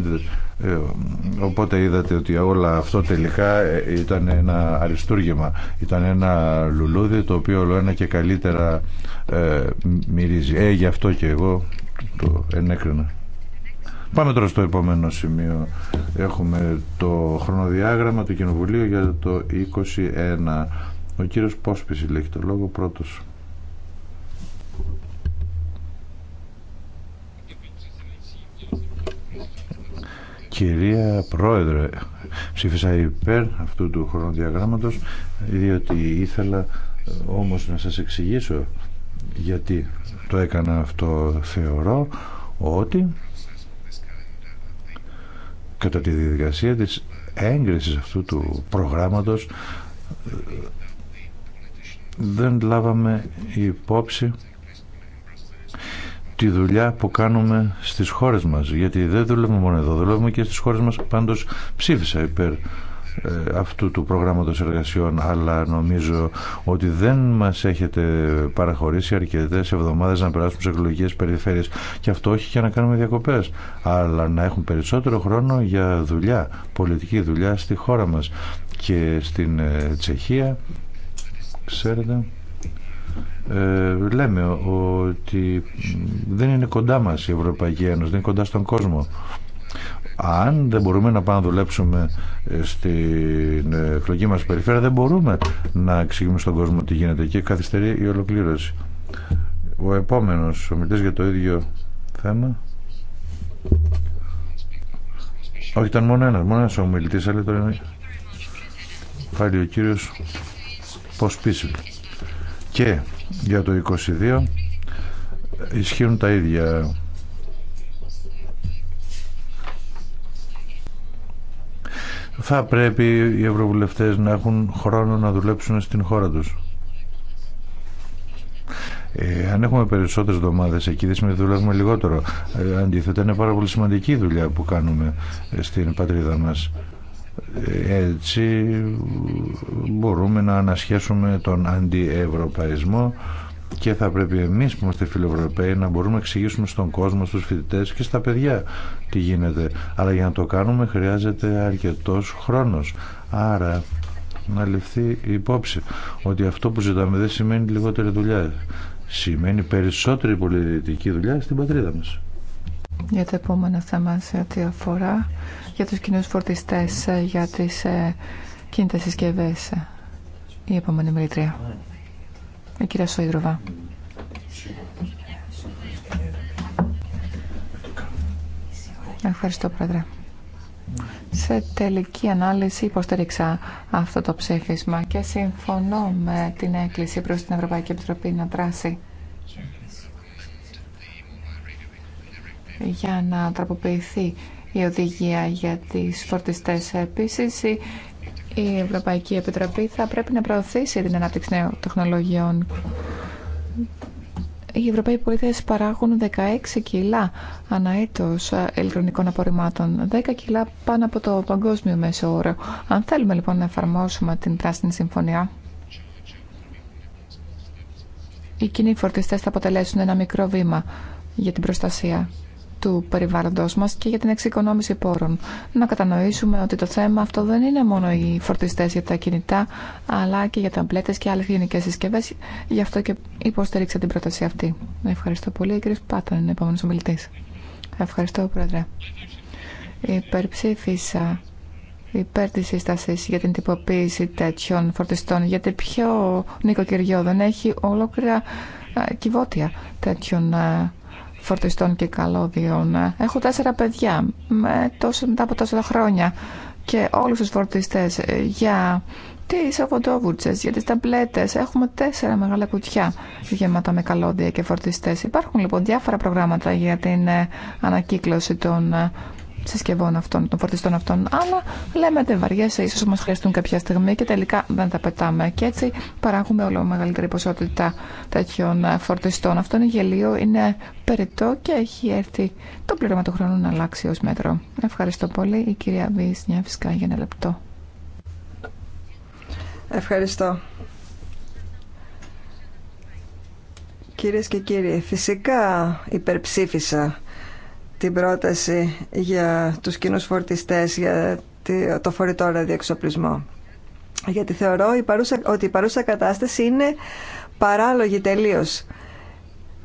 G: Οπότε είδατε ότι όλα αυτό τελικά ήταν ένα αριστούργημα. Ήταν ένα λουλούδι το οποίο όλο ένα και καλύτερα μυρίζει. Ε, γι' αυτό και εγώ το ενέκρινα. Πάμε τώρα στο επόμενο σημείο. Έχουμε το χρονοδιάγραμμα του Κοινοβουλίου για το 21. Ο κύριος Πόσπης λέει το λόγο πρώτος. Κυρία Πρόεδρε, ψήφισα υπέρ αυτού του χρονοδιαγράμματος διότι ήθελα όμως να σας εξηγήσω γιατί το έκανα αυτό θεωρώ ότι κατά τη διαδικασία της έγκρισης αυτού του προγράμματος δεν λάβαμε υπόψη τη δουλειά που κάνουμε στις χώρες μας γιατί δεν δουλεύουμε μόνο εδώ, δουλεύουμε και στις χώρες μας πάντως ψήφισα υπέρ ε, αυτού του προγράμματος εργασιών αλλά νομίζω ότι δεν μας έχετε παραχωρήσει αρκετές εβδομάδες να περάσουμε σε εκλογικέ περιφέρειες και αυτό όχι και να κάνουμε διακοπές αλλά να έχουν περισσότερο χρόνο για δουλειά, πολιτική δουλειά στη χώρα μας και στην ε, Τσεχία ξέρετε ε, λέμε ότι δεν είναι κοντά μας η Ευρωπαϊκή Ένωση, δεν είναι κοντά στον κόσμο αν δεν μπορούμε να πάμε να δουλέψουμε ε, στην ε, εκλογή μας περιφέρεια, δεν μπορούμε να εξηγούμε στον κόσμο τι γίνεται και καθυστερεί η ολοκλήρωση. Ο επόμενος ομιλητής για το ίδιο θέμα. Όχι, ήταν μόνο ένας, μόνο ομιλητής, αλλά τώρα είναι πάλι ο κύριος Ποσπίσιλ. Και για το 22 ισχύουν τα ίδια θα πρέπει οι ευρωβουλευτές να έχουν χρόνο να δουλέψουν στην χώρα τους. Ε, αν έχουμε περισσότερες εβδομάδε εκεί, δεν δουλεύουμε λιγότερο. Ε, αντίθετα, είναι πάρα πολύ σημαντική η δουλειά που κάνουμε ε, στην πατρίδα μας. Ε, έτσι μπορούμε να ανασχέσουμε τον αντιευρωπαϊσμό και θα πρέπει εμείς που είμαστε φιλοευρωπαίοι να μπορούμε να εξηγήσουμε στον κόσμο, στους φοιτητέ και στα παιδιά τι γίνεται. Αλλά για να το κάνουμε χρειάζεται αρκετό χρόνος. Άρα να ληφθεί υπόψη ότι αυτό που ζητάμε δεν σημαίνει λιγότερη δουλειά. Σημαίνει περισσότερη πολιτική δουλειά στην πατρίδα μας.
H: Για το επόμενο θέμα σε ό,τι αφορά για τους κοινούς φορτιστέ ε, για τις ε, κίνητε συσκευέ, ε, Η επόμενη μιλήτρια. Η κυρία Σόιδροβα. Ευχαριστώ, Πρόεδρε. Σε τελική ανάλυση υποστήριξα αυτό το ψήφισμα και συμφωνώ με την έκκληση προς την Ευρωπαϊκή Επιτροπή να δράσει για να τραποποιηθεί η οδηγία για τις φορτιστές. Επίσης, η Ευρωπαϊκή Επιτροπή θα πρέπει να προωθήσει την ανάπτυξη νέων τεχνολογιών. Οι Ευρωπαίοι πολίτε παράγουν 16 κιλά ανά έτος ηλεκτρονικών απορριμμάτων, 10 κιλά πάνω από το παγκόσμιο μέσο όρο. Αν θέλουμε λοιπόν να εφαρμόσουμε την Πράσινη Συμφωνία, οι κοινοί φορτιστές θα αποτελέσουν ένα μικρό βήμα για την προστασία του περιβάλλοντος μας και για την εξοικονόμηση πόρων. Να κατανοήσουμε ότι το θέμα αυτό δεν είναι μόνο οι φορτιστές για τα κινητά, αλλά και για τα μπλέτες και άλλες γενικές συσκευές. Γι' αυτό και υποστήριξα την πρόταση αυτή. Ευχαριστώ πολύ. Κύριε κ. Πάτων είναι επόμενος ομιλητής. Ευχαριστώ, Πρόεδρε. Υπερψήφισα υπέρ τη σύσταση για την τυποποίηση τέτοιων φορτιστών, γιατί πιο νοικοκυριό δεν έχει ολόκληρα ε, κυβότια τέτοιων ε, φορτιστών και καλώδιων. Έχω τέσσερα παιδιά με μετά από τόσα χρόνια και όλους τους φορτιστές για τις αβοντόβουτσες, για τις ταμπλέτες. Έχουμε τέσσερα μεγάλα κουτιά γεμάτα με καλώδια και φορτιστές. Υπάρχουν λοιπόν διάφορα προγράμματα για την ε, ανακύκλωση των ε, συσκευών αυτών, των φορτιστών αυτών. Αλλά λέμε δεν βαριέσαι, ίσω μα χρειαστούν κάποια στιγμή και τελικά δεν τα πετάμε. Και έτσι παράγουμε όλο μεγαλύτερη ποσότητα τέτοιων ε, φορτιστών. Αυτό είναι γελίο, είναι περιττό και έχει έρθει το πλήρωμα του χρόνου να αλλάξει ω μέτρο. Ευχαριστώ πολύ. Η κυρία Βίσνια φυσικά για ένα λεπτό.
C: Ευχαριστώ. Κυρίες και κύριοι, φυσικά υπερψήφισα την πρόταση για τους κοινού φορτιστές, για το φορητό ραδιοεξοπλισμό. Γιατί θεωρώ ότι η παρούσα κατάσταση είναι παράλογη τελείως.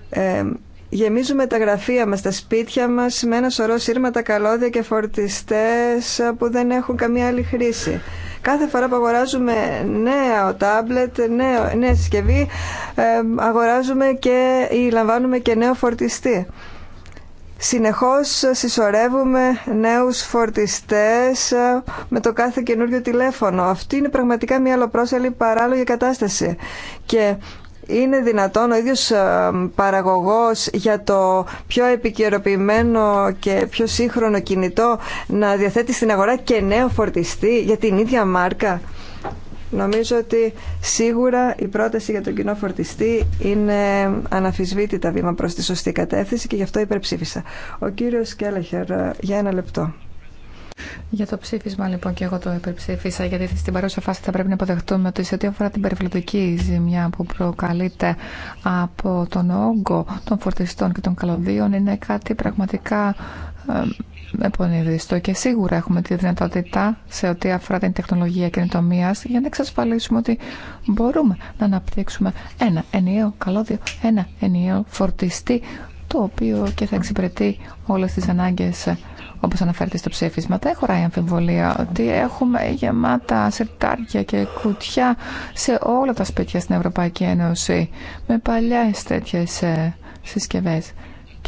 C: Ε, γεμίζουμε τα γραφεία μας, τα σπίτια μας με ένα σωρό σύρματα, καλώδια και φορτιστές που δεν έχουν καμία άλλη χρήση. Κάθε φορά που αγοράζουμε νέο τάμπλετ, νέο, νέα συσκευή, ε, αγοράζουμε και ή λαμβάνουμε και νέο φορτιστή. Συνεχώς συσσωρεύουμε νέους φορτιστές με το κάθε καινούριο τηλέφωνο. Αυτή είναι πραγματικά μια αλλοπρόσελη παράλογη κατάσταση. Και είναι δυνατόν ο ίδιος ε, παραγωγός για το πιο επικαιροποιημένο και πιο σύγχρονο κινητό να διαθέτει στην αγορά και νέο φορτιστή για την ίδια μάρκα. Νομίζω ότι σίγουρα η πρόταση για τον κοινό φορτιστή είναι αναφυσβήτητα βήμα προς τη σωστή κατεύθυνση και γι' αυτό υπερψήφισα. Ο κύριος Κέλεχερ, για ένα λεπτό.
H: Για το ψήφισμα λοιπόν και εγώ το υπερψήφισα γιατί στην παρούσα φάση θα πρέπει να υποδεχτούμε ότι σε ό,τι αφορά την περιβαλλοντική ζημιά που προκαλείται από τον όγκο των φορτιστών και των καλωδίων είναι κάτι πραγματικά ε, και σίγουρα έχουμε τη δυνατότητα σε ό,τι αφορά την τεχνολογία καινοτομία για να εξασφαλίσουμε ότι μπορούμε να αναπτύξουμε ένα ενιαίο καλώδιο, ένα ενιαίο φορτιστή το οποίο και θα εξυπηρετεί όλες τις ανάγκες όπως αναφέρεται στο ψήφισμα. Δεν χωράει αμφιβολία ότι έχουμε γεμάτα σερτάρια και κουτιά σε όλα τα σπίτια στην Ευρωπαϊκή Ένωση με παλιέ τέτοιε συσκευέ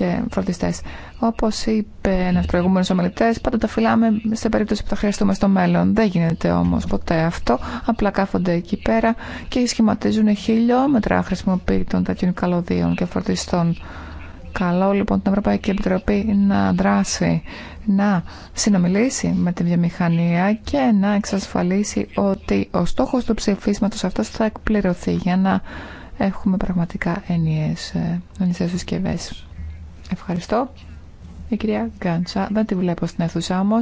H: και φροντιστέ. Όπω είπε ένα προηγούμενο ομιλητή, πάντα τα φυλάμε σε περίπτωση που τα χρειαστούμε στο μέλλον. Δεν γίνεται όμω ποτέ αυτό. Απλά κάφονται εκεί πέρα και σχηματίζουν χιλιόμετρα χρησιμοποιητών τέτοιων καλωδίων και φορτιστών. Καλό λοιπόν την Ευρωπαϊκή Επιτροπή να δράσει, να συνομιλήσει με τη βιομηχανία και να εξασφαλίσει ότι ο στόχος του ψηφίσματος αυτός θα εκπληρωθεί για να έχουμε πραγματικά ενιαίες, ενιαίες συσκευές. Ευχαριστώ. Η κυρία Γκάντσα, δεν τη βλέπω στην αίθουσα όμω.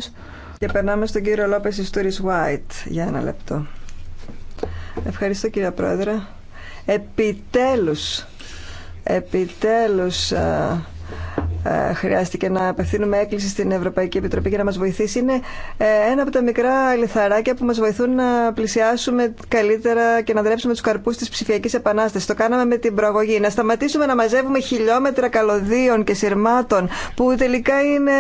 C: Και περνάμε στον κύριο Λόπε Ιστούρη Βάιτ για ένα λεπτό. Ευχαριστώ κύριε Πρόεδρε. Επιτέλους, επιτέλους ε, χρειάστηκε να απευθύνουμε έκκληση στην Ευρωπαϊκή Επιτροπή για να μας βοηθήσει είναι ε, ένα από τα μικρά λιθαράκια που μας βοηθούν να πλησιάσουμε καλύτερα και να δρέψουμε τους καρπούς της ψηφιακής επανάστασης. Το κάναμε με την προαγωγή. Να σταματήσουμε να μαζεύουμε χιλιόμετρα καλωδίων και σειρμάτων που τελικά είναι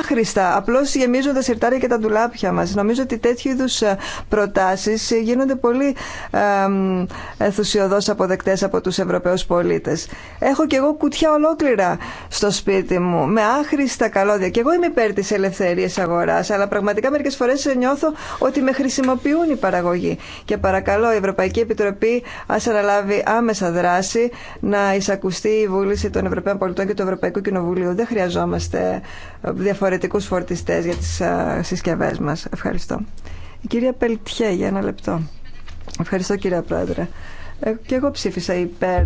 C: άχρηστα. Απλώς γεμίζουν τα σιρτάρια και τα ντουλάπια μας. Νομίζω ότι τέτοιου είδου ε, προτάσεις γίνονται πολύ ενθουσιοδός αποδεκτές από τους Ευρωπαίους πολίτες. Έχω και εγώ κουτιά ολόκληρα στο σπίτι σπίτι μου με άχρηστα καλώδια. Και εγώ είμαι υπέρ τη ελευθερία αγορά, αλλά πραγματικά μερικέ φορέ νιώθω ότι με χρησιμοποιούν οι παραγωγοί. Και παρακαλώ η Ευρωπαϊκή Επιτροπή α αναλάβει άμεσα δράση να εισακουστεί η βούληση των Ευρωπαίων Πολιτών και του Ευρωπαϊκού Κοινοβουλίου. Δεν χρειαζόμαστε διαφορετικού φορτιστέ για τι συσκευέ μα. Ευχαριστώ. Η κυρία Πελτιέ, για ένα λεπτό. Ευχαριστώ, κυρία Πρόεδρε. Ε, και εγώ ψήφισα υπέρ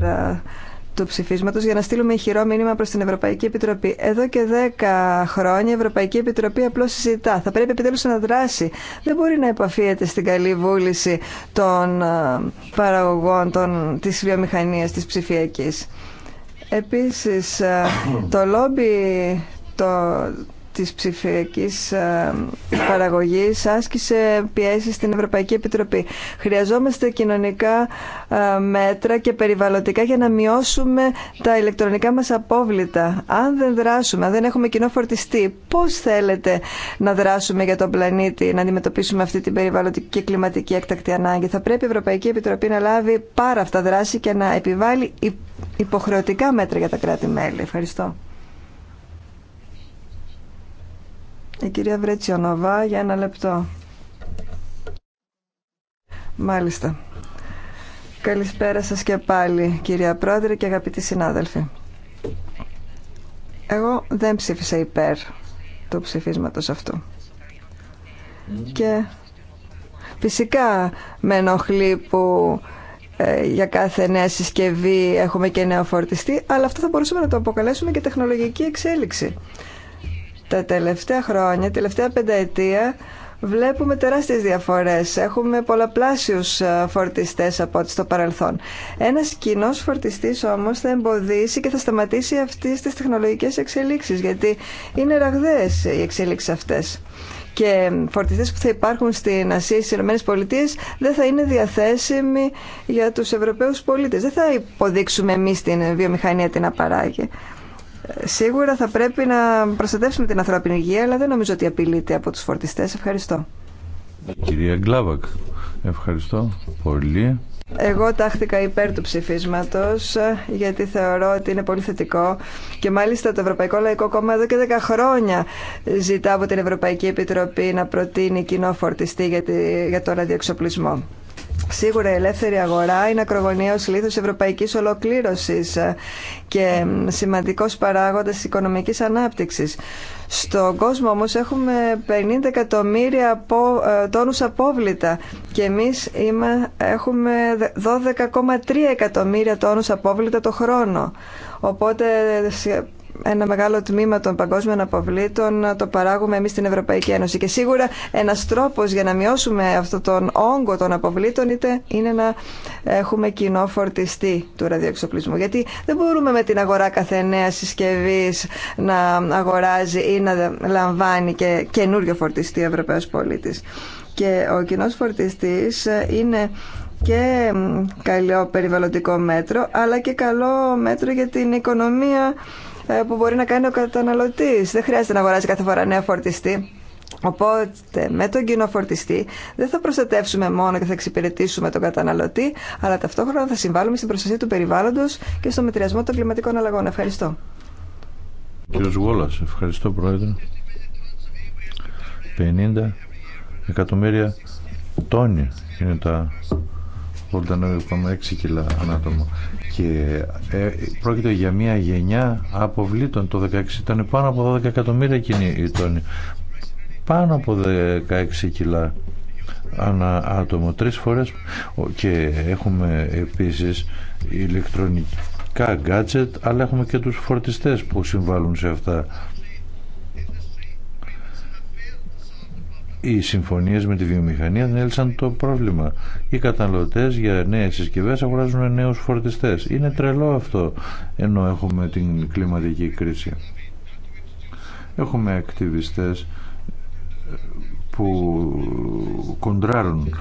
C: του ψηφίσματο για να στείλουμε ηχηρό μήνυμα προ την Ευρωπαϊκή Επιτροπή. Εδώ και δέκα χρόνια η Ευρωπαϊκή Επιτροπή απλώ συζητά. Θα πρέπει επιτέλου να δράσει. Δεν μπορεί να επαφίεται στην καλή βούληση των ε, παραγωγών τη της βιομηχανίας της ψηφιακής. Επίσης, ε, το λόμπι το, της ψηφιακής ε, παραγωγής άσκησε πιέσεις στην Ευρωπαϊκή Επιτροπή. Χρειαζόμαστε κοινωνικά ε, μέτρα και περιβαλλοντικά για να μειώσουμε τα ηλεκτρονικά μας απόβλητα. Αν δεν δράσουμε, αν δεν έχουμε κοινό φορτιστή, πώς θέλετε να δράσουμε για τον πλανήτη, να αντιμετωπίσουμε αυτή την περιβαλλοντική και κλιματική έκτακτη ανάγκη. Θα πρέπει η Ευρωπαϊκή Επιτροπή να λάβει πάρα αυτά δράση και να επιβάλλει υποχρεωτικά μέτρα για τα κράτη-μέλη. Ευχαριστώ. Η κυρία Βρέτσιονοβά για ένα λεπτό. Μάλιστα. Καλησπέρα σας και πάλι κυρία Πρόεδρε και αγαπητοί συνάδελφοι. Εγώ δεν ψήφισα υπέρ του ψηφίσματος αυτού. Και φυσικά με ενοχλεί που ε, για κάθε νέα συσκευή έχουμε και νέο φορτιστή, αλλά αυτό θα μπορούσαμε να το αποκαλέσουμε και τεχνολογική εξέλιξη. Τα τελευταία χρόνια, τελευταία πενταετία, βλέπουμε τεράστιες διαφορές. Έχουμε πολλαπλάσιους ε, φορτιστές από ό,τι στο παρελθόν. Ένας κοινό φορτιστής όμως θα εμποδίσει και θα σταματήσει αυτές τις τεχνολογικές εξελίξεις, γιατί είναι ραγδαίες οι εξελίξεις αυτές. Και φορτιστές που θα υπάρχουν στην Ασία, στις Ηνωμένες Πολιτείες, δεν θα είναι διαθέσιμοι για τους Ευρωπαίους πολίτες. Δεν θα υποδείξουμε εμείς την βιομηχανία την παράγει σίγουρα θα πρέπει να προστατεύσουμε την ανθρώπινη υγεία, αλλά δεν νομίζω ότι απειλείται από τους φορτιστές. Ευχαριστώ.
G: Κυρία Γκλάβακ, ευχαριστώ πολύ.
C: Εγώ τάχθηκα υπέρ του ψηφίσματος γιατί θεωρώ ότι είναι πολύ θετικό και μάλιστα το Ευρωπαϊκό Λαϊκό Κόμμα εδώ και 10 χρόνια ζητά από την Ευρωπαϊκή Επιτροπή να προτείνει κοινό φορτιστή για το ραδιοεξοπλισμό. Σίγουρα η ελεύθερη αγορά είναι ακρογωνιαίος λίθος ευρωπαϊκής ολοκλήρωσης και σημαντικός παράγοντας οικονομικής ανάπτυξης. Στον κόσμο όμως έχουμε 50 εκατομμύρια ε, τόνους απόβλητα και εμείς έχουμε 12,3 εκατομμύρια τόνους απόβλητα το χρόνο. Οπότε ε, ένα μεγάλο τμήμα των παγκόσμιων αποβλήτων το παράγουμε εμείς στην Ευρωπαϊκή Ένωση. Και σίγουρα ένας τρόπος για να μειώσουμε αυτόν τον όγκο των αποβλήτων είναι να έχουμε κοινό φορτιστή του ραδιοεξοπλισμού. Γιατί δεν μπορούμε με την αγορά κάθε νέα συσκευή να αγοράζει ή να λαμβάνει και καινούριο φορτιστή Ευρωπαίος πολίτης. Και ο κοινό φορτιστής είναι και καλό περιβαλλοντικό μέτρο αλλά και καλό μέτρο για την οικονομία ε, που μπορεί να κάνει ο καταναλωτής. Δεν χρειάζεται να αγοράζει κάθε φορά νέο φορτιστή. Οπότε με τον κοινό φορτιστή δεν θα προστατεύσουμε μόνο και θα εξυπηρετήσουμε τον καταναλωτή, αλλά ταυτόχρονα θα συμβάλλουμε στην προστασία του περιβάλλοντος και στο μετριασμό των κλιματικών αλλαγών. Ευχαριστώ.
G: Κύριος Γόλας, ευχαριστώ Πρόεδρε. 50 εκατομμύρια τόνοι είναι τα 6 κιλά ανάτομο και πρόκειται για μια γενιά αποβλήτων το 16 ήταν πάνω από 12 εκατομμύρια εκείνη η πάνω από 16 κιλά ανά άτομο τρεις φορές και έχουμε επίσης ηλεκτρονικά gadget αλλά έχουμε και τους φορτιστές που συμβάλλουν σε αυτά οι συμφωνίε με τη βιομηχανία δεν έλυσαν το πρόβλημα. Οι καταναλωτέ για νέε συσκευέ αγοράζουν νέους φορτιστές. Είναι τρελό αυτό ενώ έχουμε την κλιματική κρίση. Έχουμε ακτιβιστέ που κοντράρουν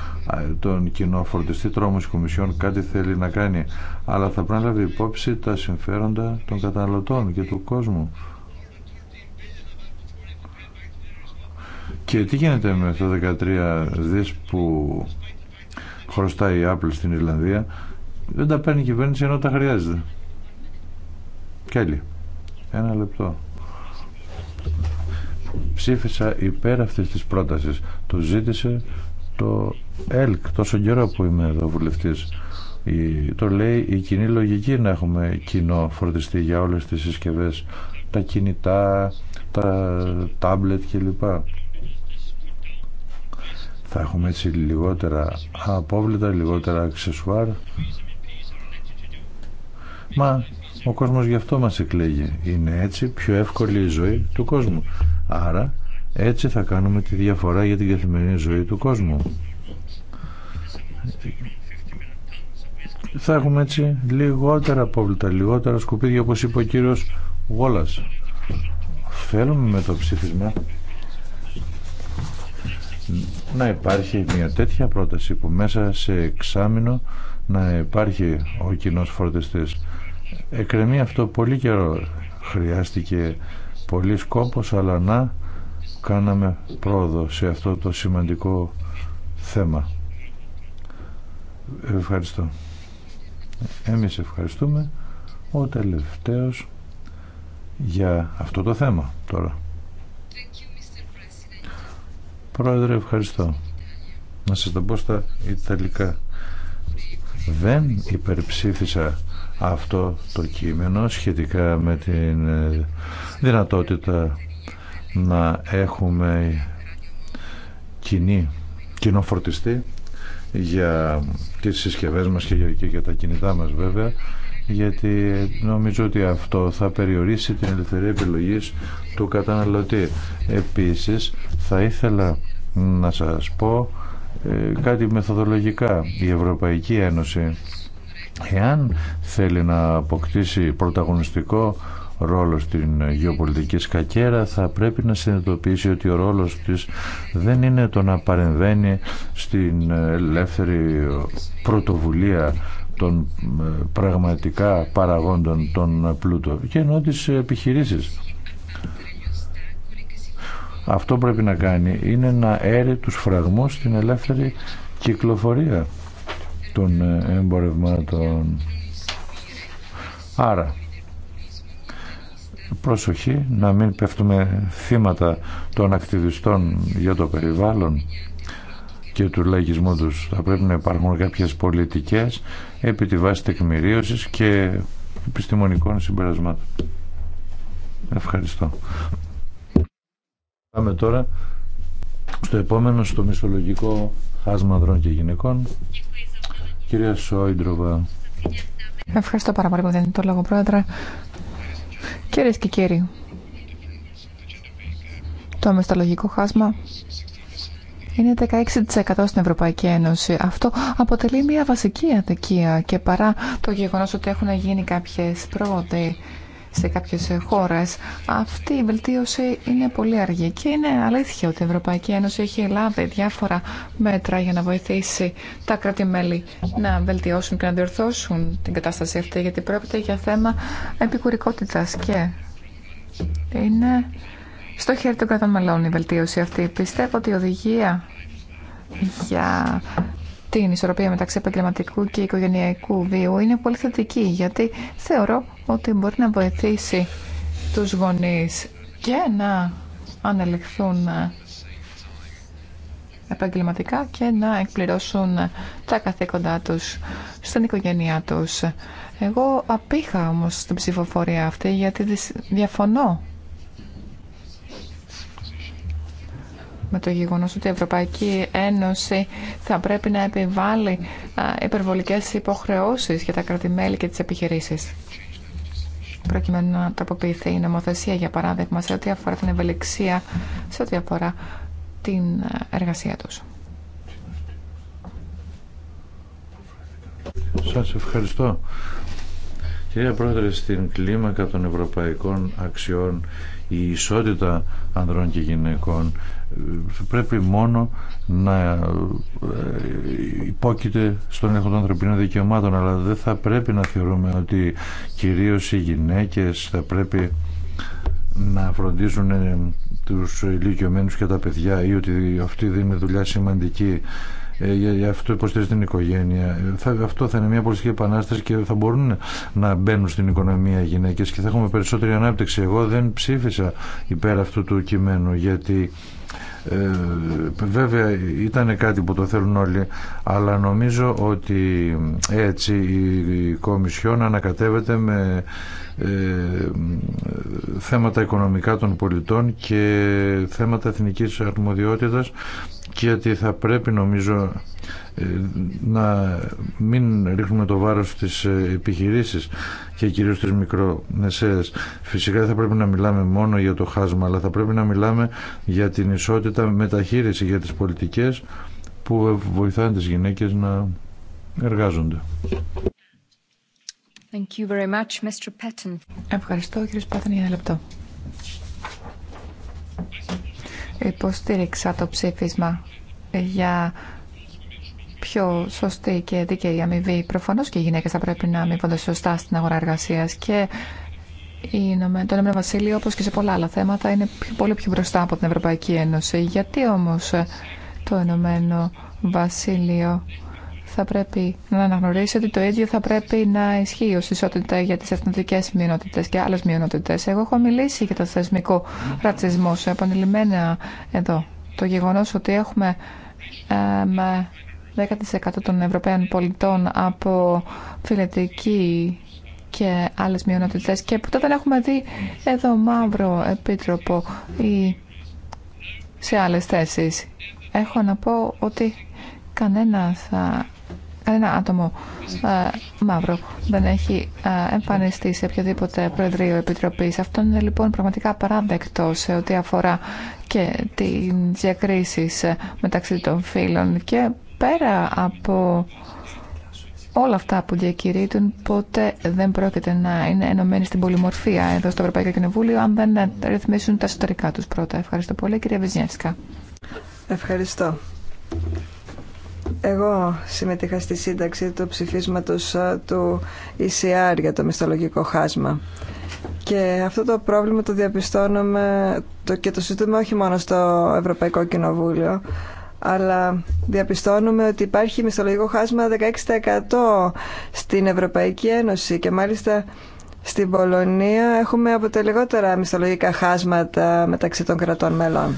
G: τον κοινό φορτιστή τρόμος κομισιόν κάτι θέλει να κάνει αλλά θα πρέπει να λάβει υπόψη τα συμφέροντα των καταναλωτών και του κόσμου Και τι γίνεται με το 13 δις που χρωστάει η Apple στην Ιρλανδία δεν τα παίρνει η κυβέρνηση ενώ τα χρειάζεται. Κέλλη, ένα λεπτό. Ψήφισα υπέρ αυτής της πρότασης. Το ζήτησε το ΕΛΚ τόσο καιρό που είμαι εδώ βουλευτής. Η, το λέει η κοινή λογική να έχουμε κοινό φορτιστή για όλες τις συσκευές τα κινητά, τα τάμπλετ κλπ. Θα έχουμε έτσι λιγότερα απόβλητα, λιγότερα αξεσουάρ. Μα ο κόσμος γι' αυτό μας εκλέγει. Είναι έτσι πιο εύκολη η ζωή του κόσμου. Άρα έτσι θα κάνουμε τη διαφορά για την καθημερινή ζωή του κόσμου. Θα έχουμε έτσι λιγότερα απόβλητα, λιγότερα σκουπίδια όπως είπε ο κύριος Γόλας. Θέλουμε με το ψήφισμα να υπάρχει μια τέτοια πρόταση που μέσα σε εξάμεινο να υπάρχει ο κοινός φορτιστής. Εκρεμεί αυτό πολύ καιρό. Χρειάστηκε πολύ κόπος αλλά να κάναμε πρόοδο σε αυτό το σημαντικό θέμα. Ευχαριστώ. Εμείς ευχαριστούμε ο τελευταίος για αυτό το θέμα τώρα. Πρόεδρε, ευχαριστώ. Να σας το πω στα Ιταλικά. Δεν υπερψήφισα αυτό το κείμενο σχετικά με την ε, δυνατότητα να έχουμε κοινή, κοινό φορτιστή για τις συσκευές μας και για, και για τα κινητά μας βέβαια γιατί νομίζω ότι αυτό θα περιορίσει την ελευθερία επιλογής του καταναλωτή. Επίσης, θα ήθελα να σας πω ε, κάτι μεθοδολογικά. Η Ευρωπαϊκή Ένωση, εάν θέλει να αποκτήσει πρωταγωνιστικό ρόλο στην γεωπολιτική σκακέρα θα πρέπει να συνειδητοποιήσει ότι ο ρόλος της δεν είναι το να παρεμβαίνει στην ελεύθερη πρωτοβουλία των ε, πραγματικά παραγόντων των πλούτων και ενώ τις επιχειρήσεις. Αυτό πρέπει να κάνει είναι να έρει τους φραγμούς στην ελεύθερη κυκλοφορία των ε, εμπορευμάτων. Άρα, προσοχή να μην πέφτουμε θύματα των ακτιβιστών για το περιβάλλον και του λαϊκισμού τους. Θα πρέπει να υπάρχουν κάποιες πολιτικές επί τη βάση τεκμηρίωσης και επιστημονικών συμπερασμάτων. Ευχαριστώ. Πάμε τώρα στο επόμενο, στο μισθολογικό χάσμα ανδρών και γυναικών. Κυρία Σόιντροβα.
H: Ευχαριστώ πάρα πολύ που δίνετε το λόγο, Πρόεδρε. Κυρίε και κύριοι, το μισθολογικό χάσμα είναι 16% στην Ευρωπαϊκή Ένωση. Αυτό αποτελεί μια βασική αδικία και παρά το γεγονός ότι έχουν γίνει κάποιες πρόοδοι σε κάποιες χώρες, αυτή η βελτίωση είναι πολύ αργή και είναι αλήθεια ότι η Ευρωπαϊκή Ένωση έχει λάβει διάφορα μέτρα για να βοηθήσει τα κράτη-μέλη να βελτιώσουν και να διορθώσουν την κατάσταση αυτή γιατί πρόκειται για θέμα επικουρικότητας και είναι στο χέρι των κρατών μελών η βελτίωση αυτή. Πιστεύω ότι η οδηγία για την ισορροπία μεταξύ επαγγελματικού και οικογενειακού βίου είναι πολύ θετική γιατί θεωρώ ότι μπορεί να βοηθήσει τους γονείς και να ανελεχθούν επαγγελματικά και να εκπληρώσουν τα καθήκοντά τους στην οικογένειά τους. Εγώ απήχα όμως την ψηφοφορία αυτή γιατί διαφωνώ με το γεγονός ότι η Ευρωπαϊκή Ένωση θα πρέπει να επιβάλλει υπερβολικές υποχρεώσεις για τα κρατημέλη και τις επιχειρήσεις προκειμένου να τροποποιηθεί η νομοθεσία, για παράδειγμα, σε ό,τι αφορά την ευελιξία, σε ό,τι αφορά την εργασία τους.
G: Σας ευχαριστώ. Κυρία Πρόεδρε, στην κλίμακα των ευρωπαϊκών αξιών η ισότητα ανδρών και γυναικών πρέπει μόνο να ε, υπόκειται στον έλεγχο των ανθρωπίνων δικαιωμάτων αλλά δεν θα πρέπει να θεωρούμε ότι κυρίως οι γυναίκες θα πρέπει να φροντίζουν ε, τους ηλικιωμένους και τα παιδιά ή ότι αυτή δίνει δουλειά σημαντική ε, για αυτό υποστηρίζει την οικογένεια. αυτό θα είναι μια πολιτική επανάσταση και θα μπορούν να μπαίνουν στην οικονομία οι γυναίκες και θα έχουμε περισσότερη ανάπτυξη. Εγώ δεν ψήφισα υπέρ αυτού του κειμένου γιατί ε, βέβαια ήταν κάτι που το θέλουν όλοι αλλά νομίζω ότι έτσι η Κομισιόν ανακατεύεται με ε, θέματα οικονομικά των πολιτών και θέματα εθνικής αρμοδιότητας γιατί θα πρέπει νομίζω ε, να μην ρίχνουμε το βάρος στις ε, επιχειρήσεις και κυρίως στις μικρομεσαίες. Φυσικά θα πρέπει να μιλάμε μόνο για το χάσμα, αλλά θα πρέπει να μιλάμε για την ισότητα μεταχείριση για τις πολιτικές που βοηθάνε τις γυναίκες να εργάζονται.
E: Thank you very much, Mr. Patton. Ευχαριστώ, κύριε Πάτεν, για ένα λεπτό
H: υποστήριξα το ψήφισμα για πιο σωστή και δίκαιη αμοιβή. Προφανώς και οι γυναίκες θα πρέπει να αμοιβούνται σωστά στην αγορά εργασίας και το Ηνωμένο Βασίλειο, όπως και σε πολλά άλλα θέματα, είναι πολύ πιο μπροστά από την Ευρωπαϊκή Ένωση. Γιατί όμως το Ηνωμένο Βασίλειο θα πρέπει να αναγνωρίσει ότι το ίδιο θα πρέπει να ισχύει ως ισότητα για τις εθνικές μειονότητες και άλλες μειονότητες. Εγώ έχω μιλήσει για το θεσμικό ρατσισμό σε επανειλημμένα εδώ. Το γεγονός ότι έχουμε με 10% των Ευρωπαίων πολιτών από φιλετική και άλλες μειονότητες και ποτέ δεν έχουμε δει εδώ μαύρο επίτροπο ή σε άλλες θέσεις. Έχω να πω ότι κανένας κανένα ε, άτομο ε, μαύρο δεν έχει ε, εμφανιστεί σε οποιοδήποτε Προεδρείο Επιτροπής. Αυτό είναι λοιπόν πραγματικά παράδεκτο σε ό,τι αφορά και τι διακρίσει μεταξύ των φίλων και πέρα από όλα αυτά που διακηρύττουν ποτέ δεν πρόκειται να είναι ενωμένοι στην πολυμορφία εδώ στο Ευρωπαϊκό Κοινοβούλιο αν δεν ρυθμίσουν τα εσωτερικά τους πρώτα. Ευχαριστώ πολύ κυρία Βυζνιέσκα.
C: Ευχαριστώ. Εγώ συμμετείχα στη σύνταξη του ψηφίσματος ε, του ECR για το μισθολογικό χάσμα. Και αυτό το πρόβλημα το διαπιστώνουμε το, και το συζητούμε όχι μόνο στο Ευρωπαϊκό Κοινοβούλιο, αλλά διαπιστώνουμε ότι υπάρχει μισθολογικό χάσμα 16% στην Ευρωπαϊκή Ένωση και μάλιστα στην Πολωνία έχουμε από τα λιγότερα μισθολογικά χάσματα μεταξύ των κρατών μελών.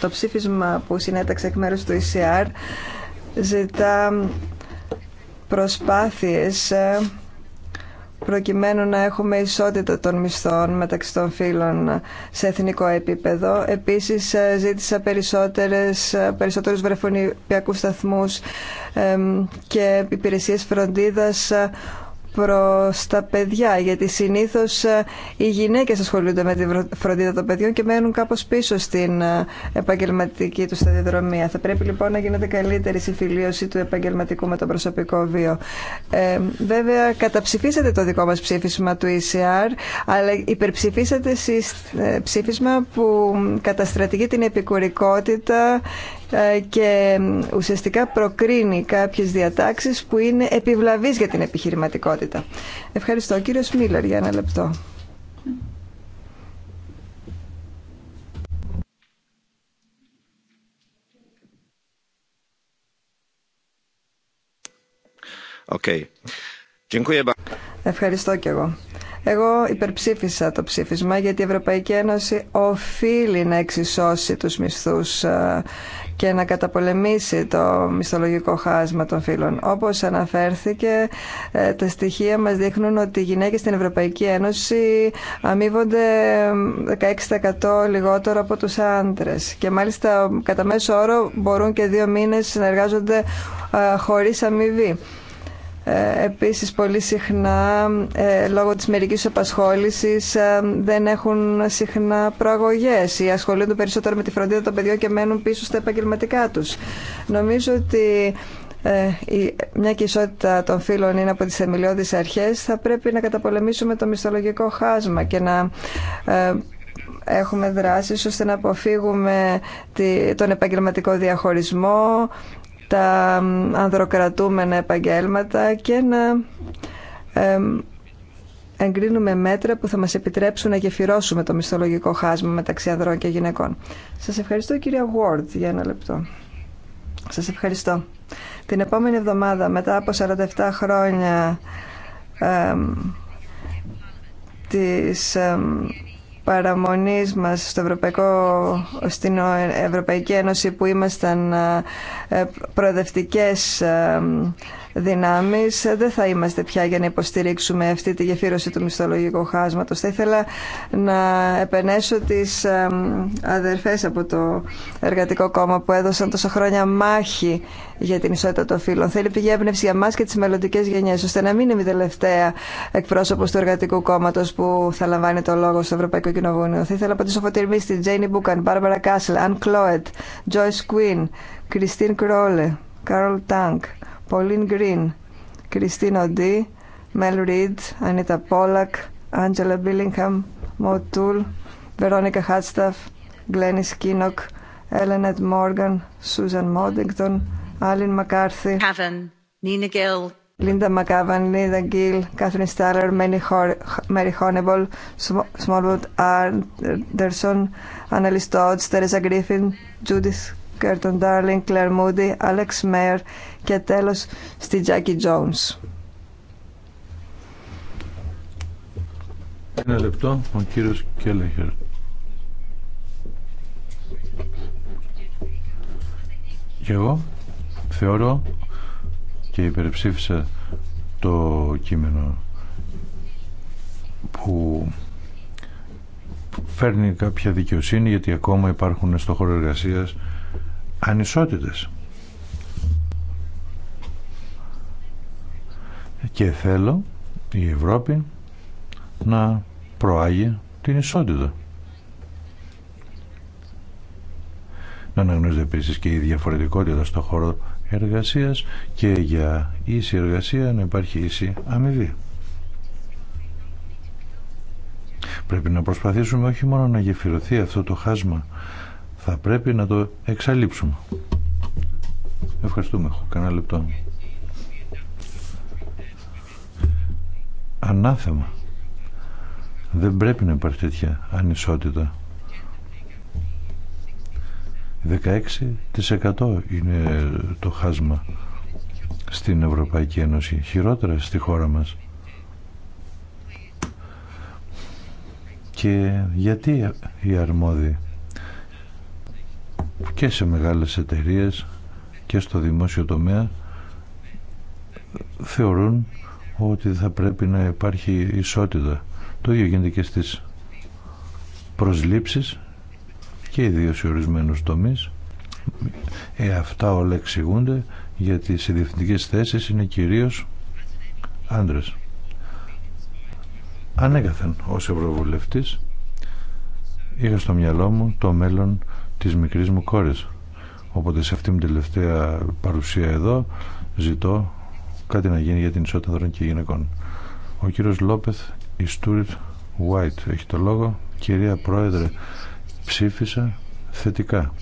C: Το ψήφισμα που συνέταξε εκ μέρους του ECR ζητά προσπάθειες ε, προκειμένου να έχουμε ισότητα των μισθών μεταξύ των φύλων σε εθνικό επίπεδο. Επίσης ε, ζήτησα περισσότερες, ε, περισσότερους βρεφονιπιακούς σταθμούς και υπηρεσίες φροντίδας προς τα παιδιά, γιατί συνήθως ε, οι γυναίκες ασχολούνται με τη φροντίδα των παιδιών και μένουν κάπως πίσω στην ε, επαγγελματική του σταδιοδρομία. Θα πρέπει λοιπόν να γίνεται καλύτερη συμφιλίωση του επαγγελματικού με το προσωπικό βίο. Ε, βέβαια, καταψηφίσατε το δικό μας ψήφισμα του ECR, αλλά υπερψηφίσατε ε, ψήφισμα που καταστρατηγεί την επικουρικότητα ε, και ουσιαστικά προκρίνει κάποιες διατάξεις που είναι επιβλαβείς για την επιχειρηματικότητα. Ευχαριστώ. Κύριος Μίλλερ για ένα λεπτό. Okay. Ευχαριστώ κι εγώ. Εγώ υπερψήφισα το ψήφισμα γιατί η Ευρωπαϊκή Ένωση οφείλει να εξισώσει τους μισθούς ε, και να καταπολεμήσει το μισθολογικό χάσμα των φύλων. Όπως αναφέρθηκε, ε, τα στοιχεία μας δείχνουν ότι οι γυναίκες στην Ευρωπαϊκή Ένωση αμείβονται 16% ε, λιγότερο από τους άντρες και μάλιστα ε, κατά μέσο όρο μπορούν και δύο μήνες να εργάζονται χωρίς αμοιβή. Ε, επίσης πολύ συχνά ε, λόγω της μερικής απασχόλησης ε, δεν έχουν συχνά προαγωγές ή ασχολούνται περισσότερο με τη φροντίδα των παιδιών και μένουν πίσω στα επαγγελματικά τους. Νομίζω ότι μια και ισότητα των φύλων είναι από τις θεμελιώδεις αρχές θα πρέπει να καταπολεμήσουμε το μισθολογικό χάσμα και να έχουμε δράσεις ώστε να αποφύγουμε τον επαγγελματικό διαχωρισμό τα ανδροκρατούμενα επαγγέλματα και να εγκρίνουμε μέτρα που θα μας επιτρέψουν να γεφυρώσουμε το μισθολογικό χάσμα μεταξύ ανδρών και γυναικών. Σας ευχαριστώ κυρία Ward για ένα λεπτό. Σας ευχαριστώ. Την επόμενη εβδομάδα μετά από 47 χρόνια ε, της... Παραμονή μας στην Ευρωπαϊκή Ένωση που ήμασταν ε, προοδευτικέ ε, δυνάμεις δεν θα είμαστε πια για να υποστηρίξουμε αυτή τη γεφύρωση του μισθολογικού χάσματο. Θα ήθελα να επενέσω τι αδερφές από το Εργατικό Κόμμα που έδωσαν τόσα χρόνια μάχη για την ισότητα των φύλων. Θέλει πηγή έμπνευση για εμά και τι μελλοντικέ γενιέ, ώστε να μην είμαι η τελευταία εκπρόσωπο του Εργατικού κόμματο που θα λαμβάνει το λόγο στο Ευρωπαϊκό Κοινοβούλιο. Θα ήθελα να απαντήσω φωτιρμή στην Τζέινι Μπούκαν, Μπάρμπαρα Κάσλ, Αν Κλόετ, Τζόι Κουίν, Κριστίν Κρόλε, Κάρολ Τάνκ. Πολίν Γκριν, Κριστίν Οντί, Μέλ Ριντ, Ανίτα Πόλακ, Άντζελα Μπίλιγχαμ, Μοτούλ, Βερόνικα Χάτσταφ, Γκλένι Σκίνοκ, Έλενετ Μόργαν, Σούζαν Μόντιγκτον, Άλιν Μακάρθη, Λίντα Μακάβαν, Λίντα Γκίλ, Κάθριν Στάλλερ, Μέρι Χόνεμπολ, Σμόλβουτ Άντερσον, Αναλυστότ, Τερέζα Γκρίφιν, Τζούντιθ Κέρτον Ντάρλινγκ, Κλέρ Μούντι, Άλεξ Μέερ και τέλος στη Τζάκι Τζόουνς.
G: Ένα λεπτό, ο κύριος Κέλεχερ. Και εγώ θεωρώ και υπερψήφισα το κείμενο που φέρνει κάποια δικαιοσύνη γιατί ακόμα υπάρχουν στο χώρο εργασίας ανισότητες. Και θέλω η Ευρώπη να προάγει την ισότητα. Να αναγνωρίζεται επίσης και η διαφορετικότητα στο χώρο εργασίας και για ίση εργασία να υπάρχει ίση αμοιβή. Πρέπει να προσπαθήσουμε όχι μόνο να γεφυρωθεί αυτό το χάσμα θα πρέπει να το εξαλείψουμε. Ευχαριστούμε. Έχω κανένα λεπτό. Ανάθεμα. Δεν πρέπει να υπάρχει τέτοια ανισότητα. 16% είναι το χάσμα στην Ευρωπαϊκή Ένωση. Χειρότερα στη χώρα μας. Και γιατί οι αρμόδιοι και σε μεγάλες εταιρείες και στο δημόσιο τομέα θεωρούν ότι θα πρέπει να υπάρχει ισότητα. Το ίδιο γίνεται και στις προσλήψεις και ιδίω σε ορισμένου τομεί. Ε, αυτά όλα εξηγούνται γιατί σε διευθυντικέ θέσει είναι κυρίω άντρε. Ανέκαθεν ω Ευρωβουλευτή είχα στο μυαλό μου το μέλλον της μικρής μου κόρη. Οπότε σε αυτή την τελευταία παρουσία εδώ ζητώ κάτι να γίνει για την ισότητα ανδρών και γυναικών. Ο κύριος Λόπεθ Ιστούριτ White έχει το λόγο. Κυρία Πρόεδρε, ψήφισα θετικά.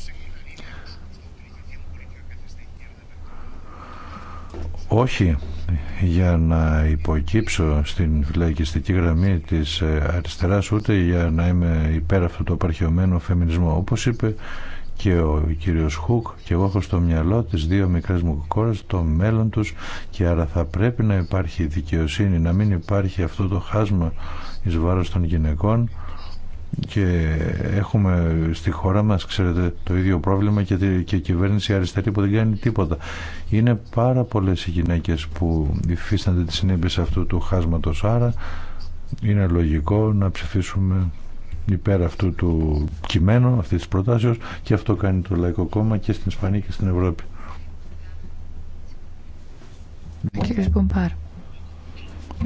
G: Όχι για να υποκύψω στην φυλακιστική γραμμή της ε, αριστεράς ούτε για να είμαι υπέρ αυτού του απαρχαιωμένου φεμινισμού όπως είπε και ο κύριος Χουκ και εγώ έχω στο μυαλό τις δύο μικρές μου κόρες το μέλλον τους και άρα θα πρέπει να υπάρχει δικαιοσύνη να μην υπάρχει αυτό το χάσμα εις βάρος των γυναικών και έχουμε στη χώρα μας ξέρετε το ίδιο πρόβλημα και, και η κυβέρνηση αριστερή που δεν κάνει τίποτα είναι πάρα πολλές οι γυναίκες που υφίστανται τις συνέπειες αυτού του χάσματος άρα είναι λογικό να ψηφίσουμε υπέρ αυτού του κειμένου αυτής της προτάσεως και αυτό κάνει το Λαϊκό Κόμμα και στην Ισπανία και στην Ευρώπη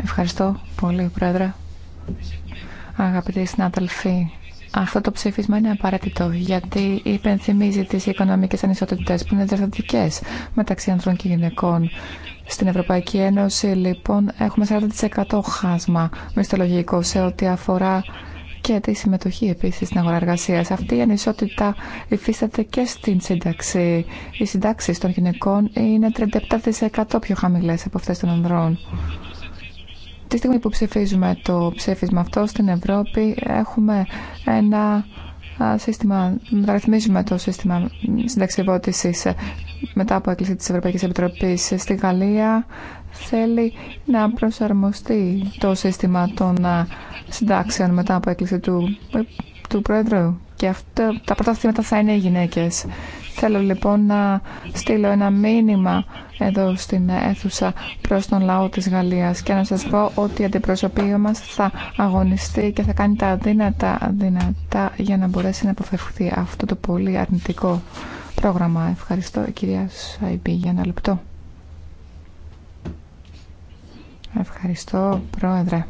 H: Ευχαριστώ πολύ Πρόεδρε Αγαπητοί συνάδελφοι, αυτό το ψήφισμα είναι απαραίτητο γιατί υπενθυμίζει τις οικονομικές ανισότητες που είναι διαφορετικές μεταξύ ανδρών και γυναικών. Στην Ευρωπαϊκή Ένωση λοιπόν έχουμε 40% χάσμα μισθολογικό σε ό,τι αφορά και τη συμμετοχή επίσης στην αγορά εργασίας. Αυτή η ανισότητα υφίσταται και στην σύνταξη. Οι συντάξει των γυναικών είναι 37% πιο χαμηλές από αυτές των ανδρών τη στιγμή που ψηφίζουμε το ψήφισμα αυτό στην Ευρώπη έχουμε ένα σύστημα, μεταρρυθμίζουμε το σύστημα συνταξιβότησης ε, μετά από έκκληση της Ευρωπαϊκής Επιτροπής στη Γαλλία θέλει να προσαρμοστεί το σύστημα των συντάξεων μετά από έκκληση του, ε, του Πρόεδρου και αυτό, τα πρώτα θύματα θα είναι οι γυναίκες. Θέλω λοιπόν να στείλω ένα μήνυμα εδώ στην αίθουσα προς τον λαό της Γαλλίας και να σας πω ότι η αντιπροσωπεία μας θα αγωνιστεί και θα κάνει τα δύνατα δυνατά για να μπορέσει να αποφευχθεί αυτό το πολύ αρνητικό πρόγραμμα. Ευχαριστώ κυρία Σαϊμπή για ένα λεπτό. Ευχαριστώ πρόεδρε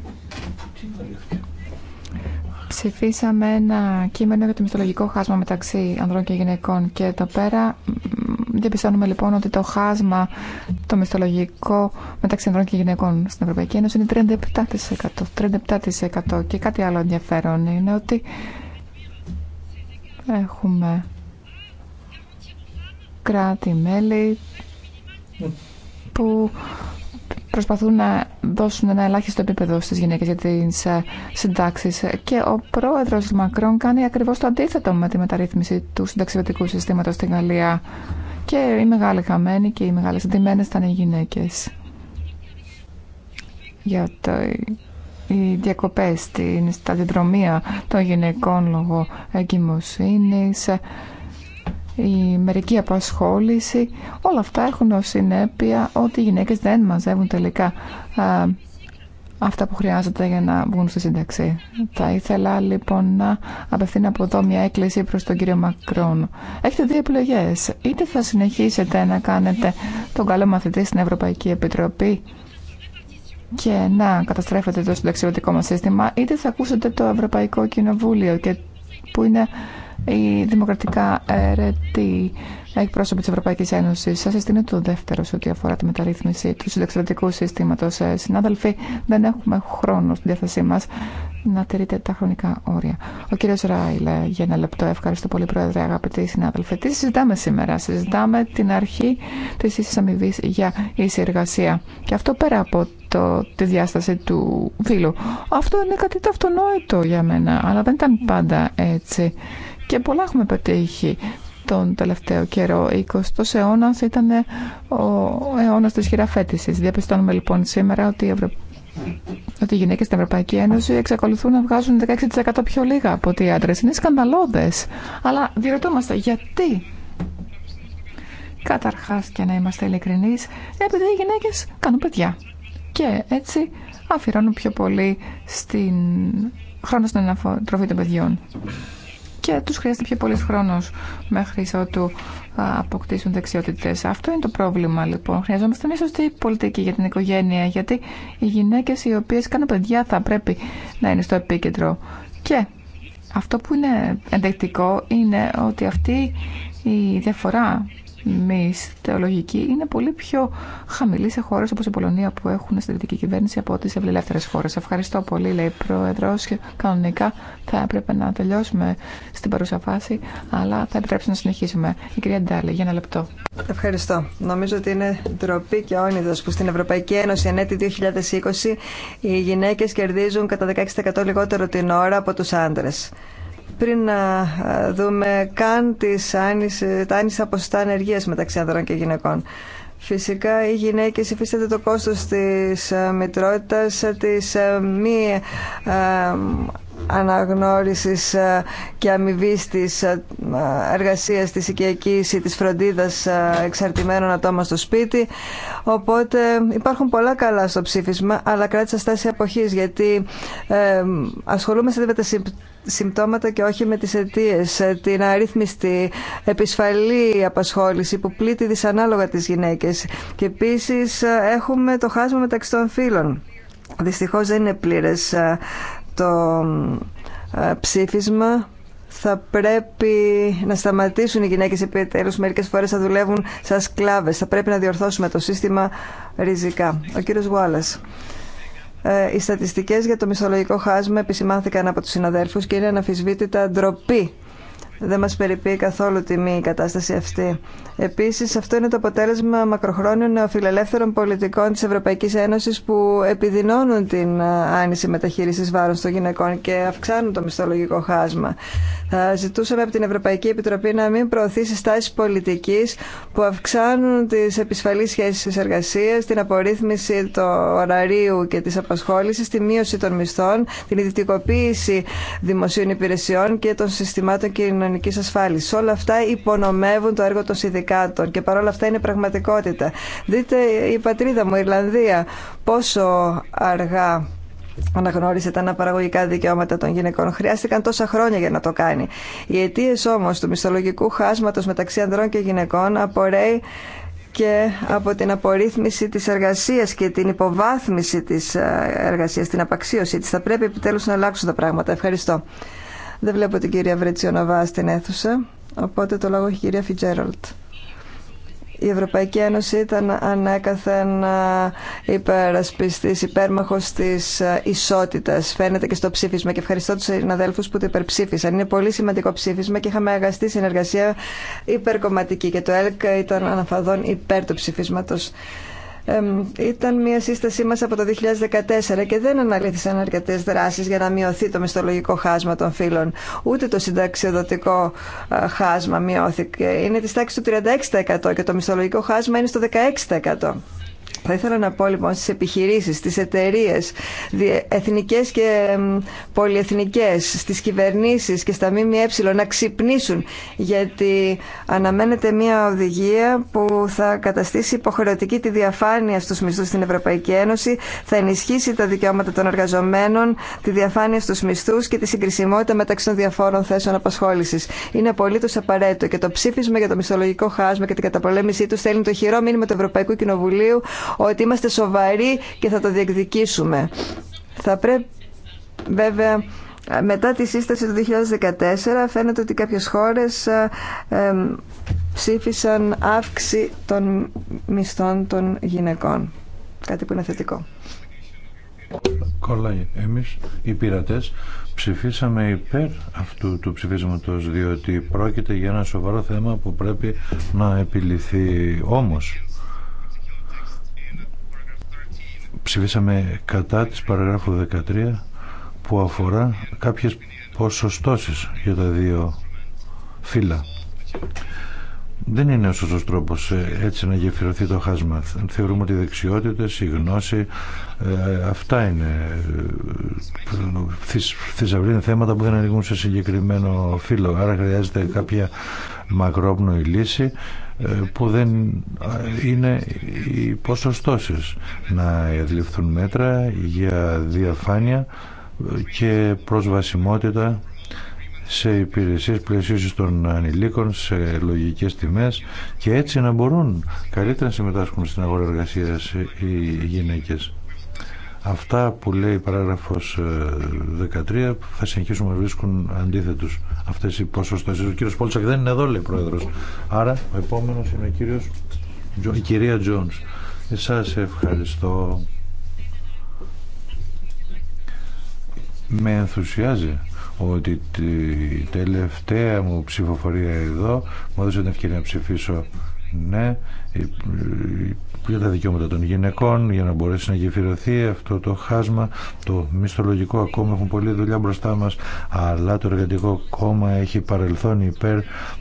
H: ψηφίσαμε ένα κείμενο για το μισθολογικό χάσμα μεταξύ ανδρών και γυναικών και εδώ πέρα διαπιστώνουμε λοιπόν ότι το χάσμα το μισθολογικό μεταξύ ανδρών και γυναικών στην Ευρωπαϊκή Ένωση είναι 37%, 37% και κάτι άλλο ενδιαφέρον είναι ότι έχουμε κράτη-μέλη που προσπαθούν να δώσουν ένα ελάχιστο επίπεδο στις γυναίκες για τι ε, συντάξει. και ο πρόεδρο Μακρόν κάνει ακριβώς το αντίθετο με τη μεταρρύθμιση του συνταξιδετικού συστήματος στην Γαλλία και οι μεγάλοι χαμένοι και οι μεγάλε συντημένες ήταν οι γυναίκες για το, οι διακοπές στην σταδιοδρομία των γυναικών λόγω εγκυμοσύνη η μερική απασχόληση, όλα αυτά έχουν ως συνέπεια ότι οι γυναίκες δεν μαζεύουν τελικά αυτά που χρειάζονται για να βγουν στη σύνταξη. Θα ήθελα λοιπόν να απευθύνω από εδώ μια έκκληση προς τον κύριο Μακρόν. Έχετε δύο επιλογές. Είτε θα συνεχίσετε να κάνετε τον καλό μαθητή στην Ευρωπαϊκή Επιτροπή και να καταστρέφετε το συνταξιωτικό μας σύστημα, είτε θα ακούσετε το Ευρωπαϊκό Κοινοβούλιο και που είναι η δημοκρατικά αιρετοί εκπρόσωποι της Ευρωπαϊκής Ένωσης. Σας συστήνω το δεύτερο σε ό,τι αφορά τη μεταρρύθμιση του συνταξιδοτικού συστήματος. Ε, συνάδελφοι, δεν έχουμε χρόνο στην διάθεσή μας να τηρείτε τα χρονικά όρια. Ο κύριος Ράιλε, για ένα λεπτό, ευχαριστώ πολύ πρόεδρε, αγαπητοί συνάδελφοι. Τι συζητάμε σήμερα, συζητάμε την αρχή της ίσης αμοιβή για ίση εργασία. Και αυτό πέρα από το, τη διάσταση του φίλου. Αυτό είναι κάτι το αυτονόητο για μένα, αλλά δεν ήταν πάντα έτσι. Και πολλά έχουμε πετύχει τον τελευταίο καιρό. Ο 20 ο αιωνα ήταν ο αιώνα τη χειραφέτηση. Διαπιστώνουμε λοιπόν σήμερα ότι, οι γυναίκες στην Ευρωπαϊκή Ένωση εξακολουθούν να βγάζουν 16% πιο λίγα από ότι οι άντρες. Είναι σκανδαλώδε. Αλλά διερωτώμαστε γιατί. Καταρχάς και να είμαστε ειλικρινεί, επειδή οι γυναίκε, κάνουν παιδιά. Και έτσι αφιερώνουν πιο πολύ στην χρόνο στην τροφή των παιδιών και τους χρειάζεται πιο πολύ χρόνος μέχρι ότου αποκτήσουν δεξιότητες. Αυτό είναι το πρόβλημα λοιπόν. Χρειαζόμαστε μια σωστή πολιτική για την οικογένεια γιατί οι γυναίκες οι οποίες κάνουν παιδιά θα πρέπει να είναι στο επίκεντρο. Και αυτό που είναι ενδεικτικό είναι ότι αυτή η διαφορά μης θεολογική είναι πολύ πιο χαμηλή σε χώρες όπως η Πολωνία που έχουν δυτική κυβέρνηση από σε ευλελεύθερες χώρες. Ευχαριστώ πολύ, λέει η Πρόεδρος κανονικά θα έπρεπε να τελειώσουμε στην παρούσα φάση, αλλά θα επιτρέψει να συνεχίσουμε. Η κυρία Ντάλη, για ένα λεπτό.
C: Ευχαριστώ. Νομίζω ότι είναι ντροπή και όνειδος που στην Ευρωπαϊκή Ένωση εν 2020 οι γυναίκες κερδίζουν κατά 16% λιγότερο την ώρα από τους άντρες πριν να δούμε καν τις άνιση, τα άνισα ποσοστά μεταξύ ανδρών και γυναικών. Φυσικά οι γυναίκες υφίστανται το κόστος της μητρότητας, της μη αναγνώρισης ε, και αμοιβή της ε, εργασίας της οικιακής ή της φροντίδας ε, εξαρτημένων ατόμων στο σπίτι. Οπότε υπάρχουν πολλά καλά στο ψήφισμα, αλλά κράτησα στάση αποχής γιατί ε, ασχολούμαστε με τα συμπτώματα και όχι με τις αιτίε, την αρρύθμιστη επισφαλή απασχόληση που πλήττει δυσανάλογα τις γυναίκες και επίσης έχουμε το χάσμα μεταξύ των φύλων. Δυστυχώς δεν είναι πλήρες το ε, ψήφισμα θα πρέπει να σταματήσουν οι γυναίκες επιτέλους μερικές φορές θα δουλεύουν σαν σκλάβες. Θα πρέπει να διορθώσουμε το σύστημα ριζικά. Ο κύριος Γουάλλας. Ε, οι στατιστικές για το μισθολογικό χάσμα επισημάνθηκαν από τους συναδέλφους και είναι αναφυσβήτητα ντροπή δεν μας περιποιεί καθόλου τιμή η κατάσταση αυτή. Επίσης αυτό είναι το αποτέλεσμα μακροχρόνιων νεοφιλελεύθερων πολιτικών της Ευρωπαϊκής Ένωσης που επιδεινώνουν την ε, άνηση μεταχείρισης βάρων των γυναικών και αυξάνουν το μισθολογικό χάσμα ζητούσαμε από την Ευρωπαϊκή Επιτροπή να μην προωθήσει στάσεις πολιτική που αυξάνουν τις επισφαλείς τη εργασίας, την απορρίθμιση του ωραρίου και τη απασχόλησης, τη μείωση των μισθών, την ιδιωτικοποίηση δημοσίων υπηρεσιών και των συστημάτων κοινωνικής ασφάλισης. Όλα αυτά υπονομεύουν το έργο των συνδικάτων και παρόλα αυτά είναι πραγματικότητα. Δείτε η πατρίδα μου, η Ιρλανδία, πόσο αργά αναγνώρισε τα αναπαραγωγικά δικαιώματα των γυναικών. Χρειάστηκαν τόσα χρόνια για να το κάνει. Οι αιτίε όμω του μισθολογικού χάσματο μεταξύ ανδρών και γυναικών απορρέει και από την απορρίθμιση της εργασίας και την υποβάθμιση της ε, εργασίας, την απαξίωση της. Θα πρέπει επιτέλους να αλλάξουν τα πράγματα. Ευχαριστώ. Δεν βλέπω την κυρία Βρετσιονοβά στην αίθουσα, οπότε το λόγο έχει η κυρία Φιτζέρολτ η Ευρωπαϊκή Ένωση ήταν ανέκαθεν υπερασπιστής, υπέρμαχος της ισότητας. Φαίνεται και στο ψήφισμα και ευχαριστώ τους συναδέλφους που το υπερψήφισαν. Είναι πολύ σημαντικό ψήφισμα και είχαμε αγαστή συνεργασία υπερκομματική και το ΕΛΚ ήταν αναφαδόν υπέρ του ψηφίσματος ήταν μια σύστασή μας από το 2014 και δεν αναλύθησαν αρκετές δράσεις για να μειωθεί το μισθολογικό χάσμα των φύλων. Ούτε το συνταξιοδοτικό χάσμα μειώθηκε. Είναι της τάξης του 36% και το μισθολογικό χάσμα είναι στο 16%. Θα ήθελα να πω λοιπόν στις επιχειρήσεις, στις εταιρείες, εθνικές και πολυεθνικές, στις κυβερνήσεις και στα ΜΜΕ να ξυπνήσουν γιατί αναμένεται μια οδηγία που θα καταστήσει υποχρεωτική τη διαφάνεια στους μισθούς στην Ευρωπαϊκή Ένωση, θα ενισχύσει τα δικαιώματα των εργαζομένων, τη διαφάνεια στους μισθούς και τη συγκρισιμότητα μεταξύ των διαφόρων θέσεων απασχόλησης. Είναι απολύτως απαραίτητο και το ψήφισμα για το μισθολογικό χάσμα και την καταπολέμησή του στέλνει το χειρό μήνυμα του Ευρωπαϊκού Κοινοβουλίου ότι είμαστε σοβαροί και θα το διεκδικήσουμε. Θα πρέπει βέβαια μετά τη σύσταση του 2014 φαίνεται ότι κάποιες χώρες ε, ε, ψήφισαν αύξηση των μισθών των γυναικών. Κάτι που είναι θετικό.
G: Κολλά, Εμείς οι πειρατές ψηφίσαμε υπέρ αυτού του ψηφίσματος διότι πρόκειται για ένα σοβαρό θέμα που πρέπει να επιληθεί όμως ψηφίσαμε κατά της παραγράφου 13 που αφορά κάποιες ποσοστώσεις για τα δύο φύλλα. Δεν είναι ο σωστός τρόπος ε, έτσι να γεφυρωθεί το χάσμα. Θεωρούμε ότι οι δεξιότητες, η γνώση, ε, αυτά είναι ε, θησαυρή θέματα που δεν ανοίγουν σε συγκεκριμένο φύλλο. Άρα χρειάζεται κάποια μακρόπνοη λύση που δεν είναι οι ποσοστώσεις να εδληφθούν μέτρα για διαφάνεια και προσβασιμότητα σε υπηρεσίες πλαισίωσης των ανηλίκων, σε λογικές τιμές και έτσι να μπορούν καλύτερα να συμμετάσχουν στην αγορά εργασίας οι γυναίκες αυτά που λέει η παράγραφος 13 ε, θα συνεχίσουμε να βρίσκουν αντίθετους αυτές οι ποσοστές. Ο κύριος Πόλτσακ δεν είναι εδώ λέει πρόεδρος. Άρα ο επόμενος είναι ο κύριος, η κυρία Τζόνς. Εσάς ευχαριστώ. Με ενθουσιάζει ότι τη τελευταία μου ψηφοφορία εδώ μου έδωσε την ευκαιρία να ψηφίσω ναι για τα δικαιώματα των γυναικών για να μπορέσει να γεφυρωθεί αυτό το χάσμα το μισθολογικό ακόμα έχουν πολλή δουλειά μπροστά μας αλλά το εργατικό κόμμα έχει παρελθόν υπέρ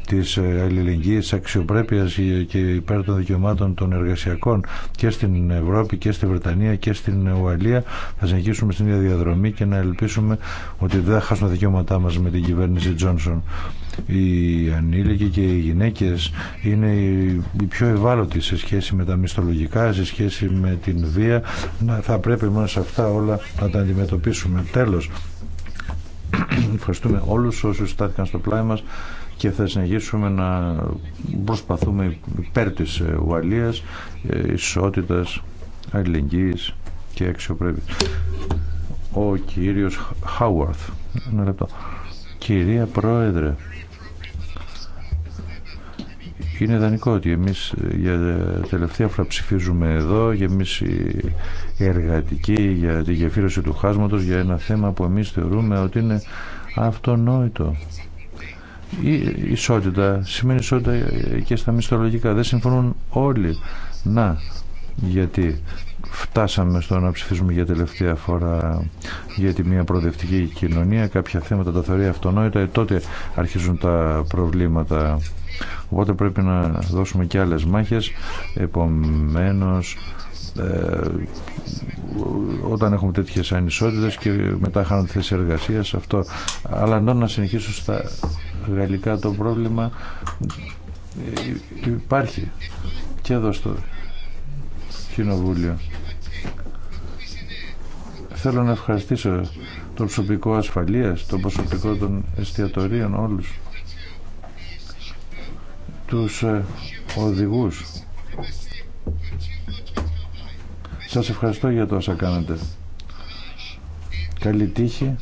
G: της ε, αλληλεγγύης αξιοπρέπειας και υπέρ των δικαιωμάτων των εργασιακών και στην Ευρώπη και στη Βρετανία και στην Ουαλία θα συνεχίσουμε στην ίδια διαδρομή και να ελπίσουμε ότι δεν θα χάσουν τα δικαιώματά μας με την κυβέρνηση Τζόνσον οι ανήλικοι και οι γυναίκες είναι οι πιο ευάλωτοι σε σχέση με τα μισθολογικά σε σχέση με την βία θα πρέπει μόνο σε αυτά όλα να τα αντιμετωπίσουμε. Τέλος, ευχαριστούμε όλους όσους στάθηκαν στο πλάι μας και θα συνεχίσουμε να προσπαθούμε υπέρ της Ουαλίας ισότητας, αλληλεγγύης και αξιοπρέπειας. Ο κύριος Χάουαρθ. Ένα λεπτό. Κυρία Πρόεδρε, είναι ιδανικό ότι εμεί ε, για τελευταία φορά ψηφίζουμε εδώ για εμεί οι εργατικοί για τη γεφύρωση του χάσματο για ένα θέμα που εμεί θεωρούμε ότι είναι αυτονόητο η ισότητα σημαίνει ισότητα ε, και στα μισθολογικά δεν συμφωνούν όλοι να γιατί φτάσαμε στο να ψηφίσουμε για τελευταία φορά για μια προοδευτική κοινωνία κάποια θέματα τα θεωρεί αυτονόητα ε, τότε αρχίζουν τα προβλήματα Οπότε πρέπει να δώσουμε και άλλες μάχες. Επομένως, ε, όταν έχουμε τέτοιες ανισότητες και μετά χάνονται θέσεις εργασίας, αυτό. Αλλά ενώ να συνεχίσω στα γαλλικά το πρόβλημα ε, υπάρχει και εδώ στο Κοινοβούλιο. Θέλω να ευχαριστήσω το προσωπικό ασφαλείας, το προσωπικό των εστιατορίων, όλους τους ε, οδηγούς. Σας ευχαριστώ για το όσα κάνατε. Καλή τύχη,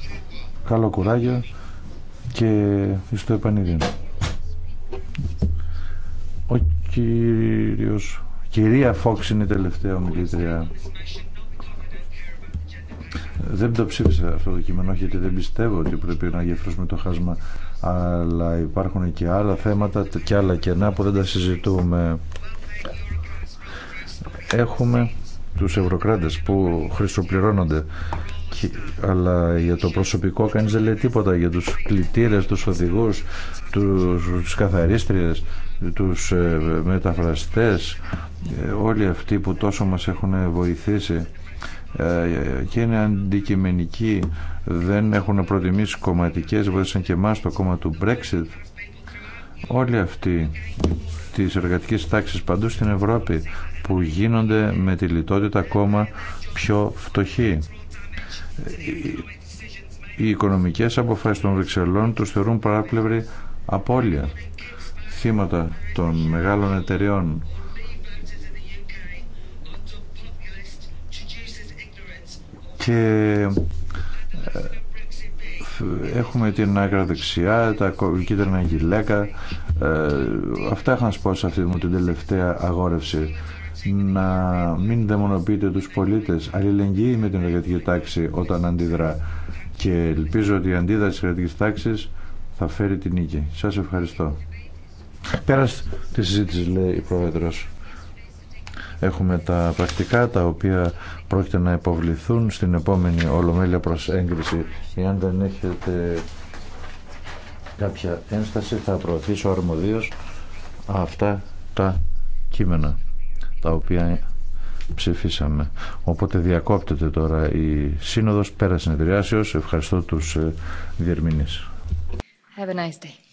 G: καλό κουράγιο και στο επανειδή. Ο κύριος, κυρία Φόξ είναι η τελευταία ομιλήτρια. Δεν το ψήφισα αυτό το κείμενο, γιατί δεν πιστεύω ότι πρέπει να γεφρώσουμε το χάσμα αλλά υπάρχουν και άλλα θέματα και άλλα κενά που δεν τα συζητούμε. Έχουμε τους ευρωκράτες που χρησιμοπληρώνονται αλλά για το προσωπικό κανείς δεν λέει τίποτα για τους κλητήρες, τους οδηγούς τους καθαρίστριες τους ε, μεταφραστές ε, όλοι αυτοί που τόσο μας έχουν βοηθήσει ε, και είναι αντικειμενικοί δεν έχουν προτιμήσει κομματικές βοήθησαν και εμάς το κόμμα του Brexit όλοι αυτοί τις εργατικές τάξεις παντού στην Ευρώπη που γίνονται με τη λιτότητα ακόμα πιο φτωχοί οι οικονομικές αποφάσεις των Βρυξελών τους θεωρούν παράπλευρη απώλεια θύματα των μεγάλων εταιριών και ε, έχουμε την δεξιά, τα κίτρινα γυλαίκα ε, αυτά είχα να σας πω σε αυτή μου την τελευταία αγόρευση να μην δαιμονοποιείτε τους πολίτες αλληλεγγύη με την εργατική τάξη όταν αντιδρά και ελπίζω ότι η αντίδραση της εργατικής τάξης θα φέρει την νίκη. Σας ευχαριστώ. Πέρας τη συζήτηση λέει η Πρόεδρος. Έχουμε τα πρακτικά τα οποία πρόκειται να υποβληθούν στην επόμενη Ολομέλεια προς έγκριση. Εάν δεν έχετε κάποια ένσταση θα προωθήσω αρμοδίως αυτά τα κείμενα τα οποία ψηφίσαμε. Οπότε διακόπτεται τώρα η σύνοδος πέρα συνεδριάσεως. Ευχαριστώ τους ε, διερμηνείς.
E: Have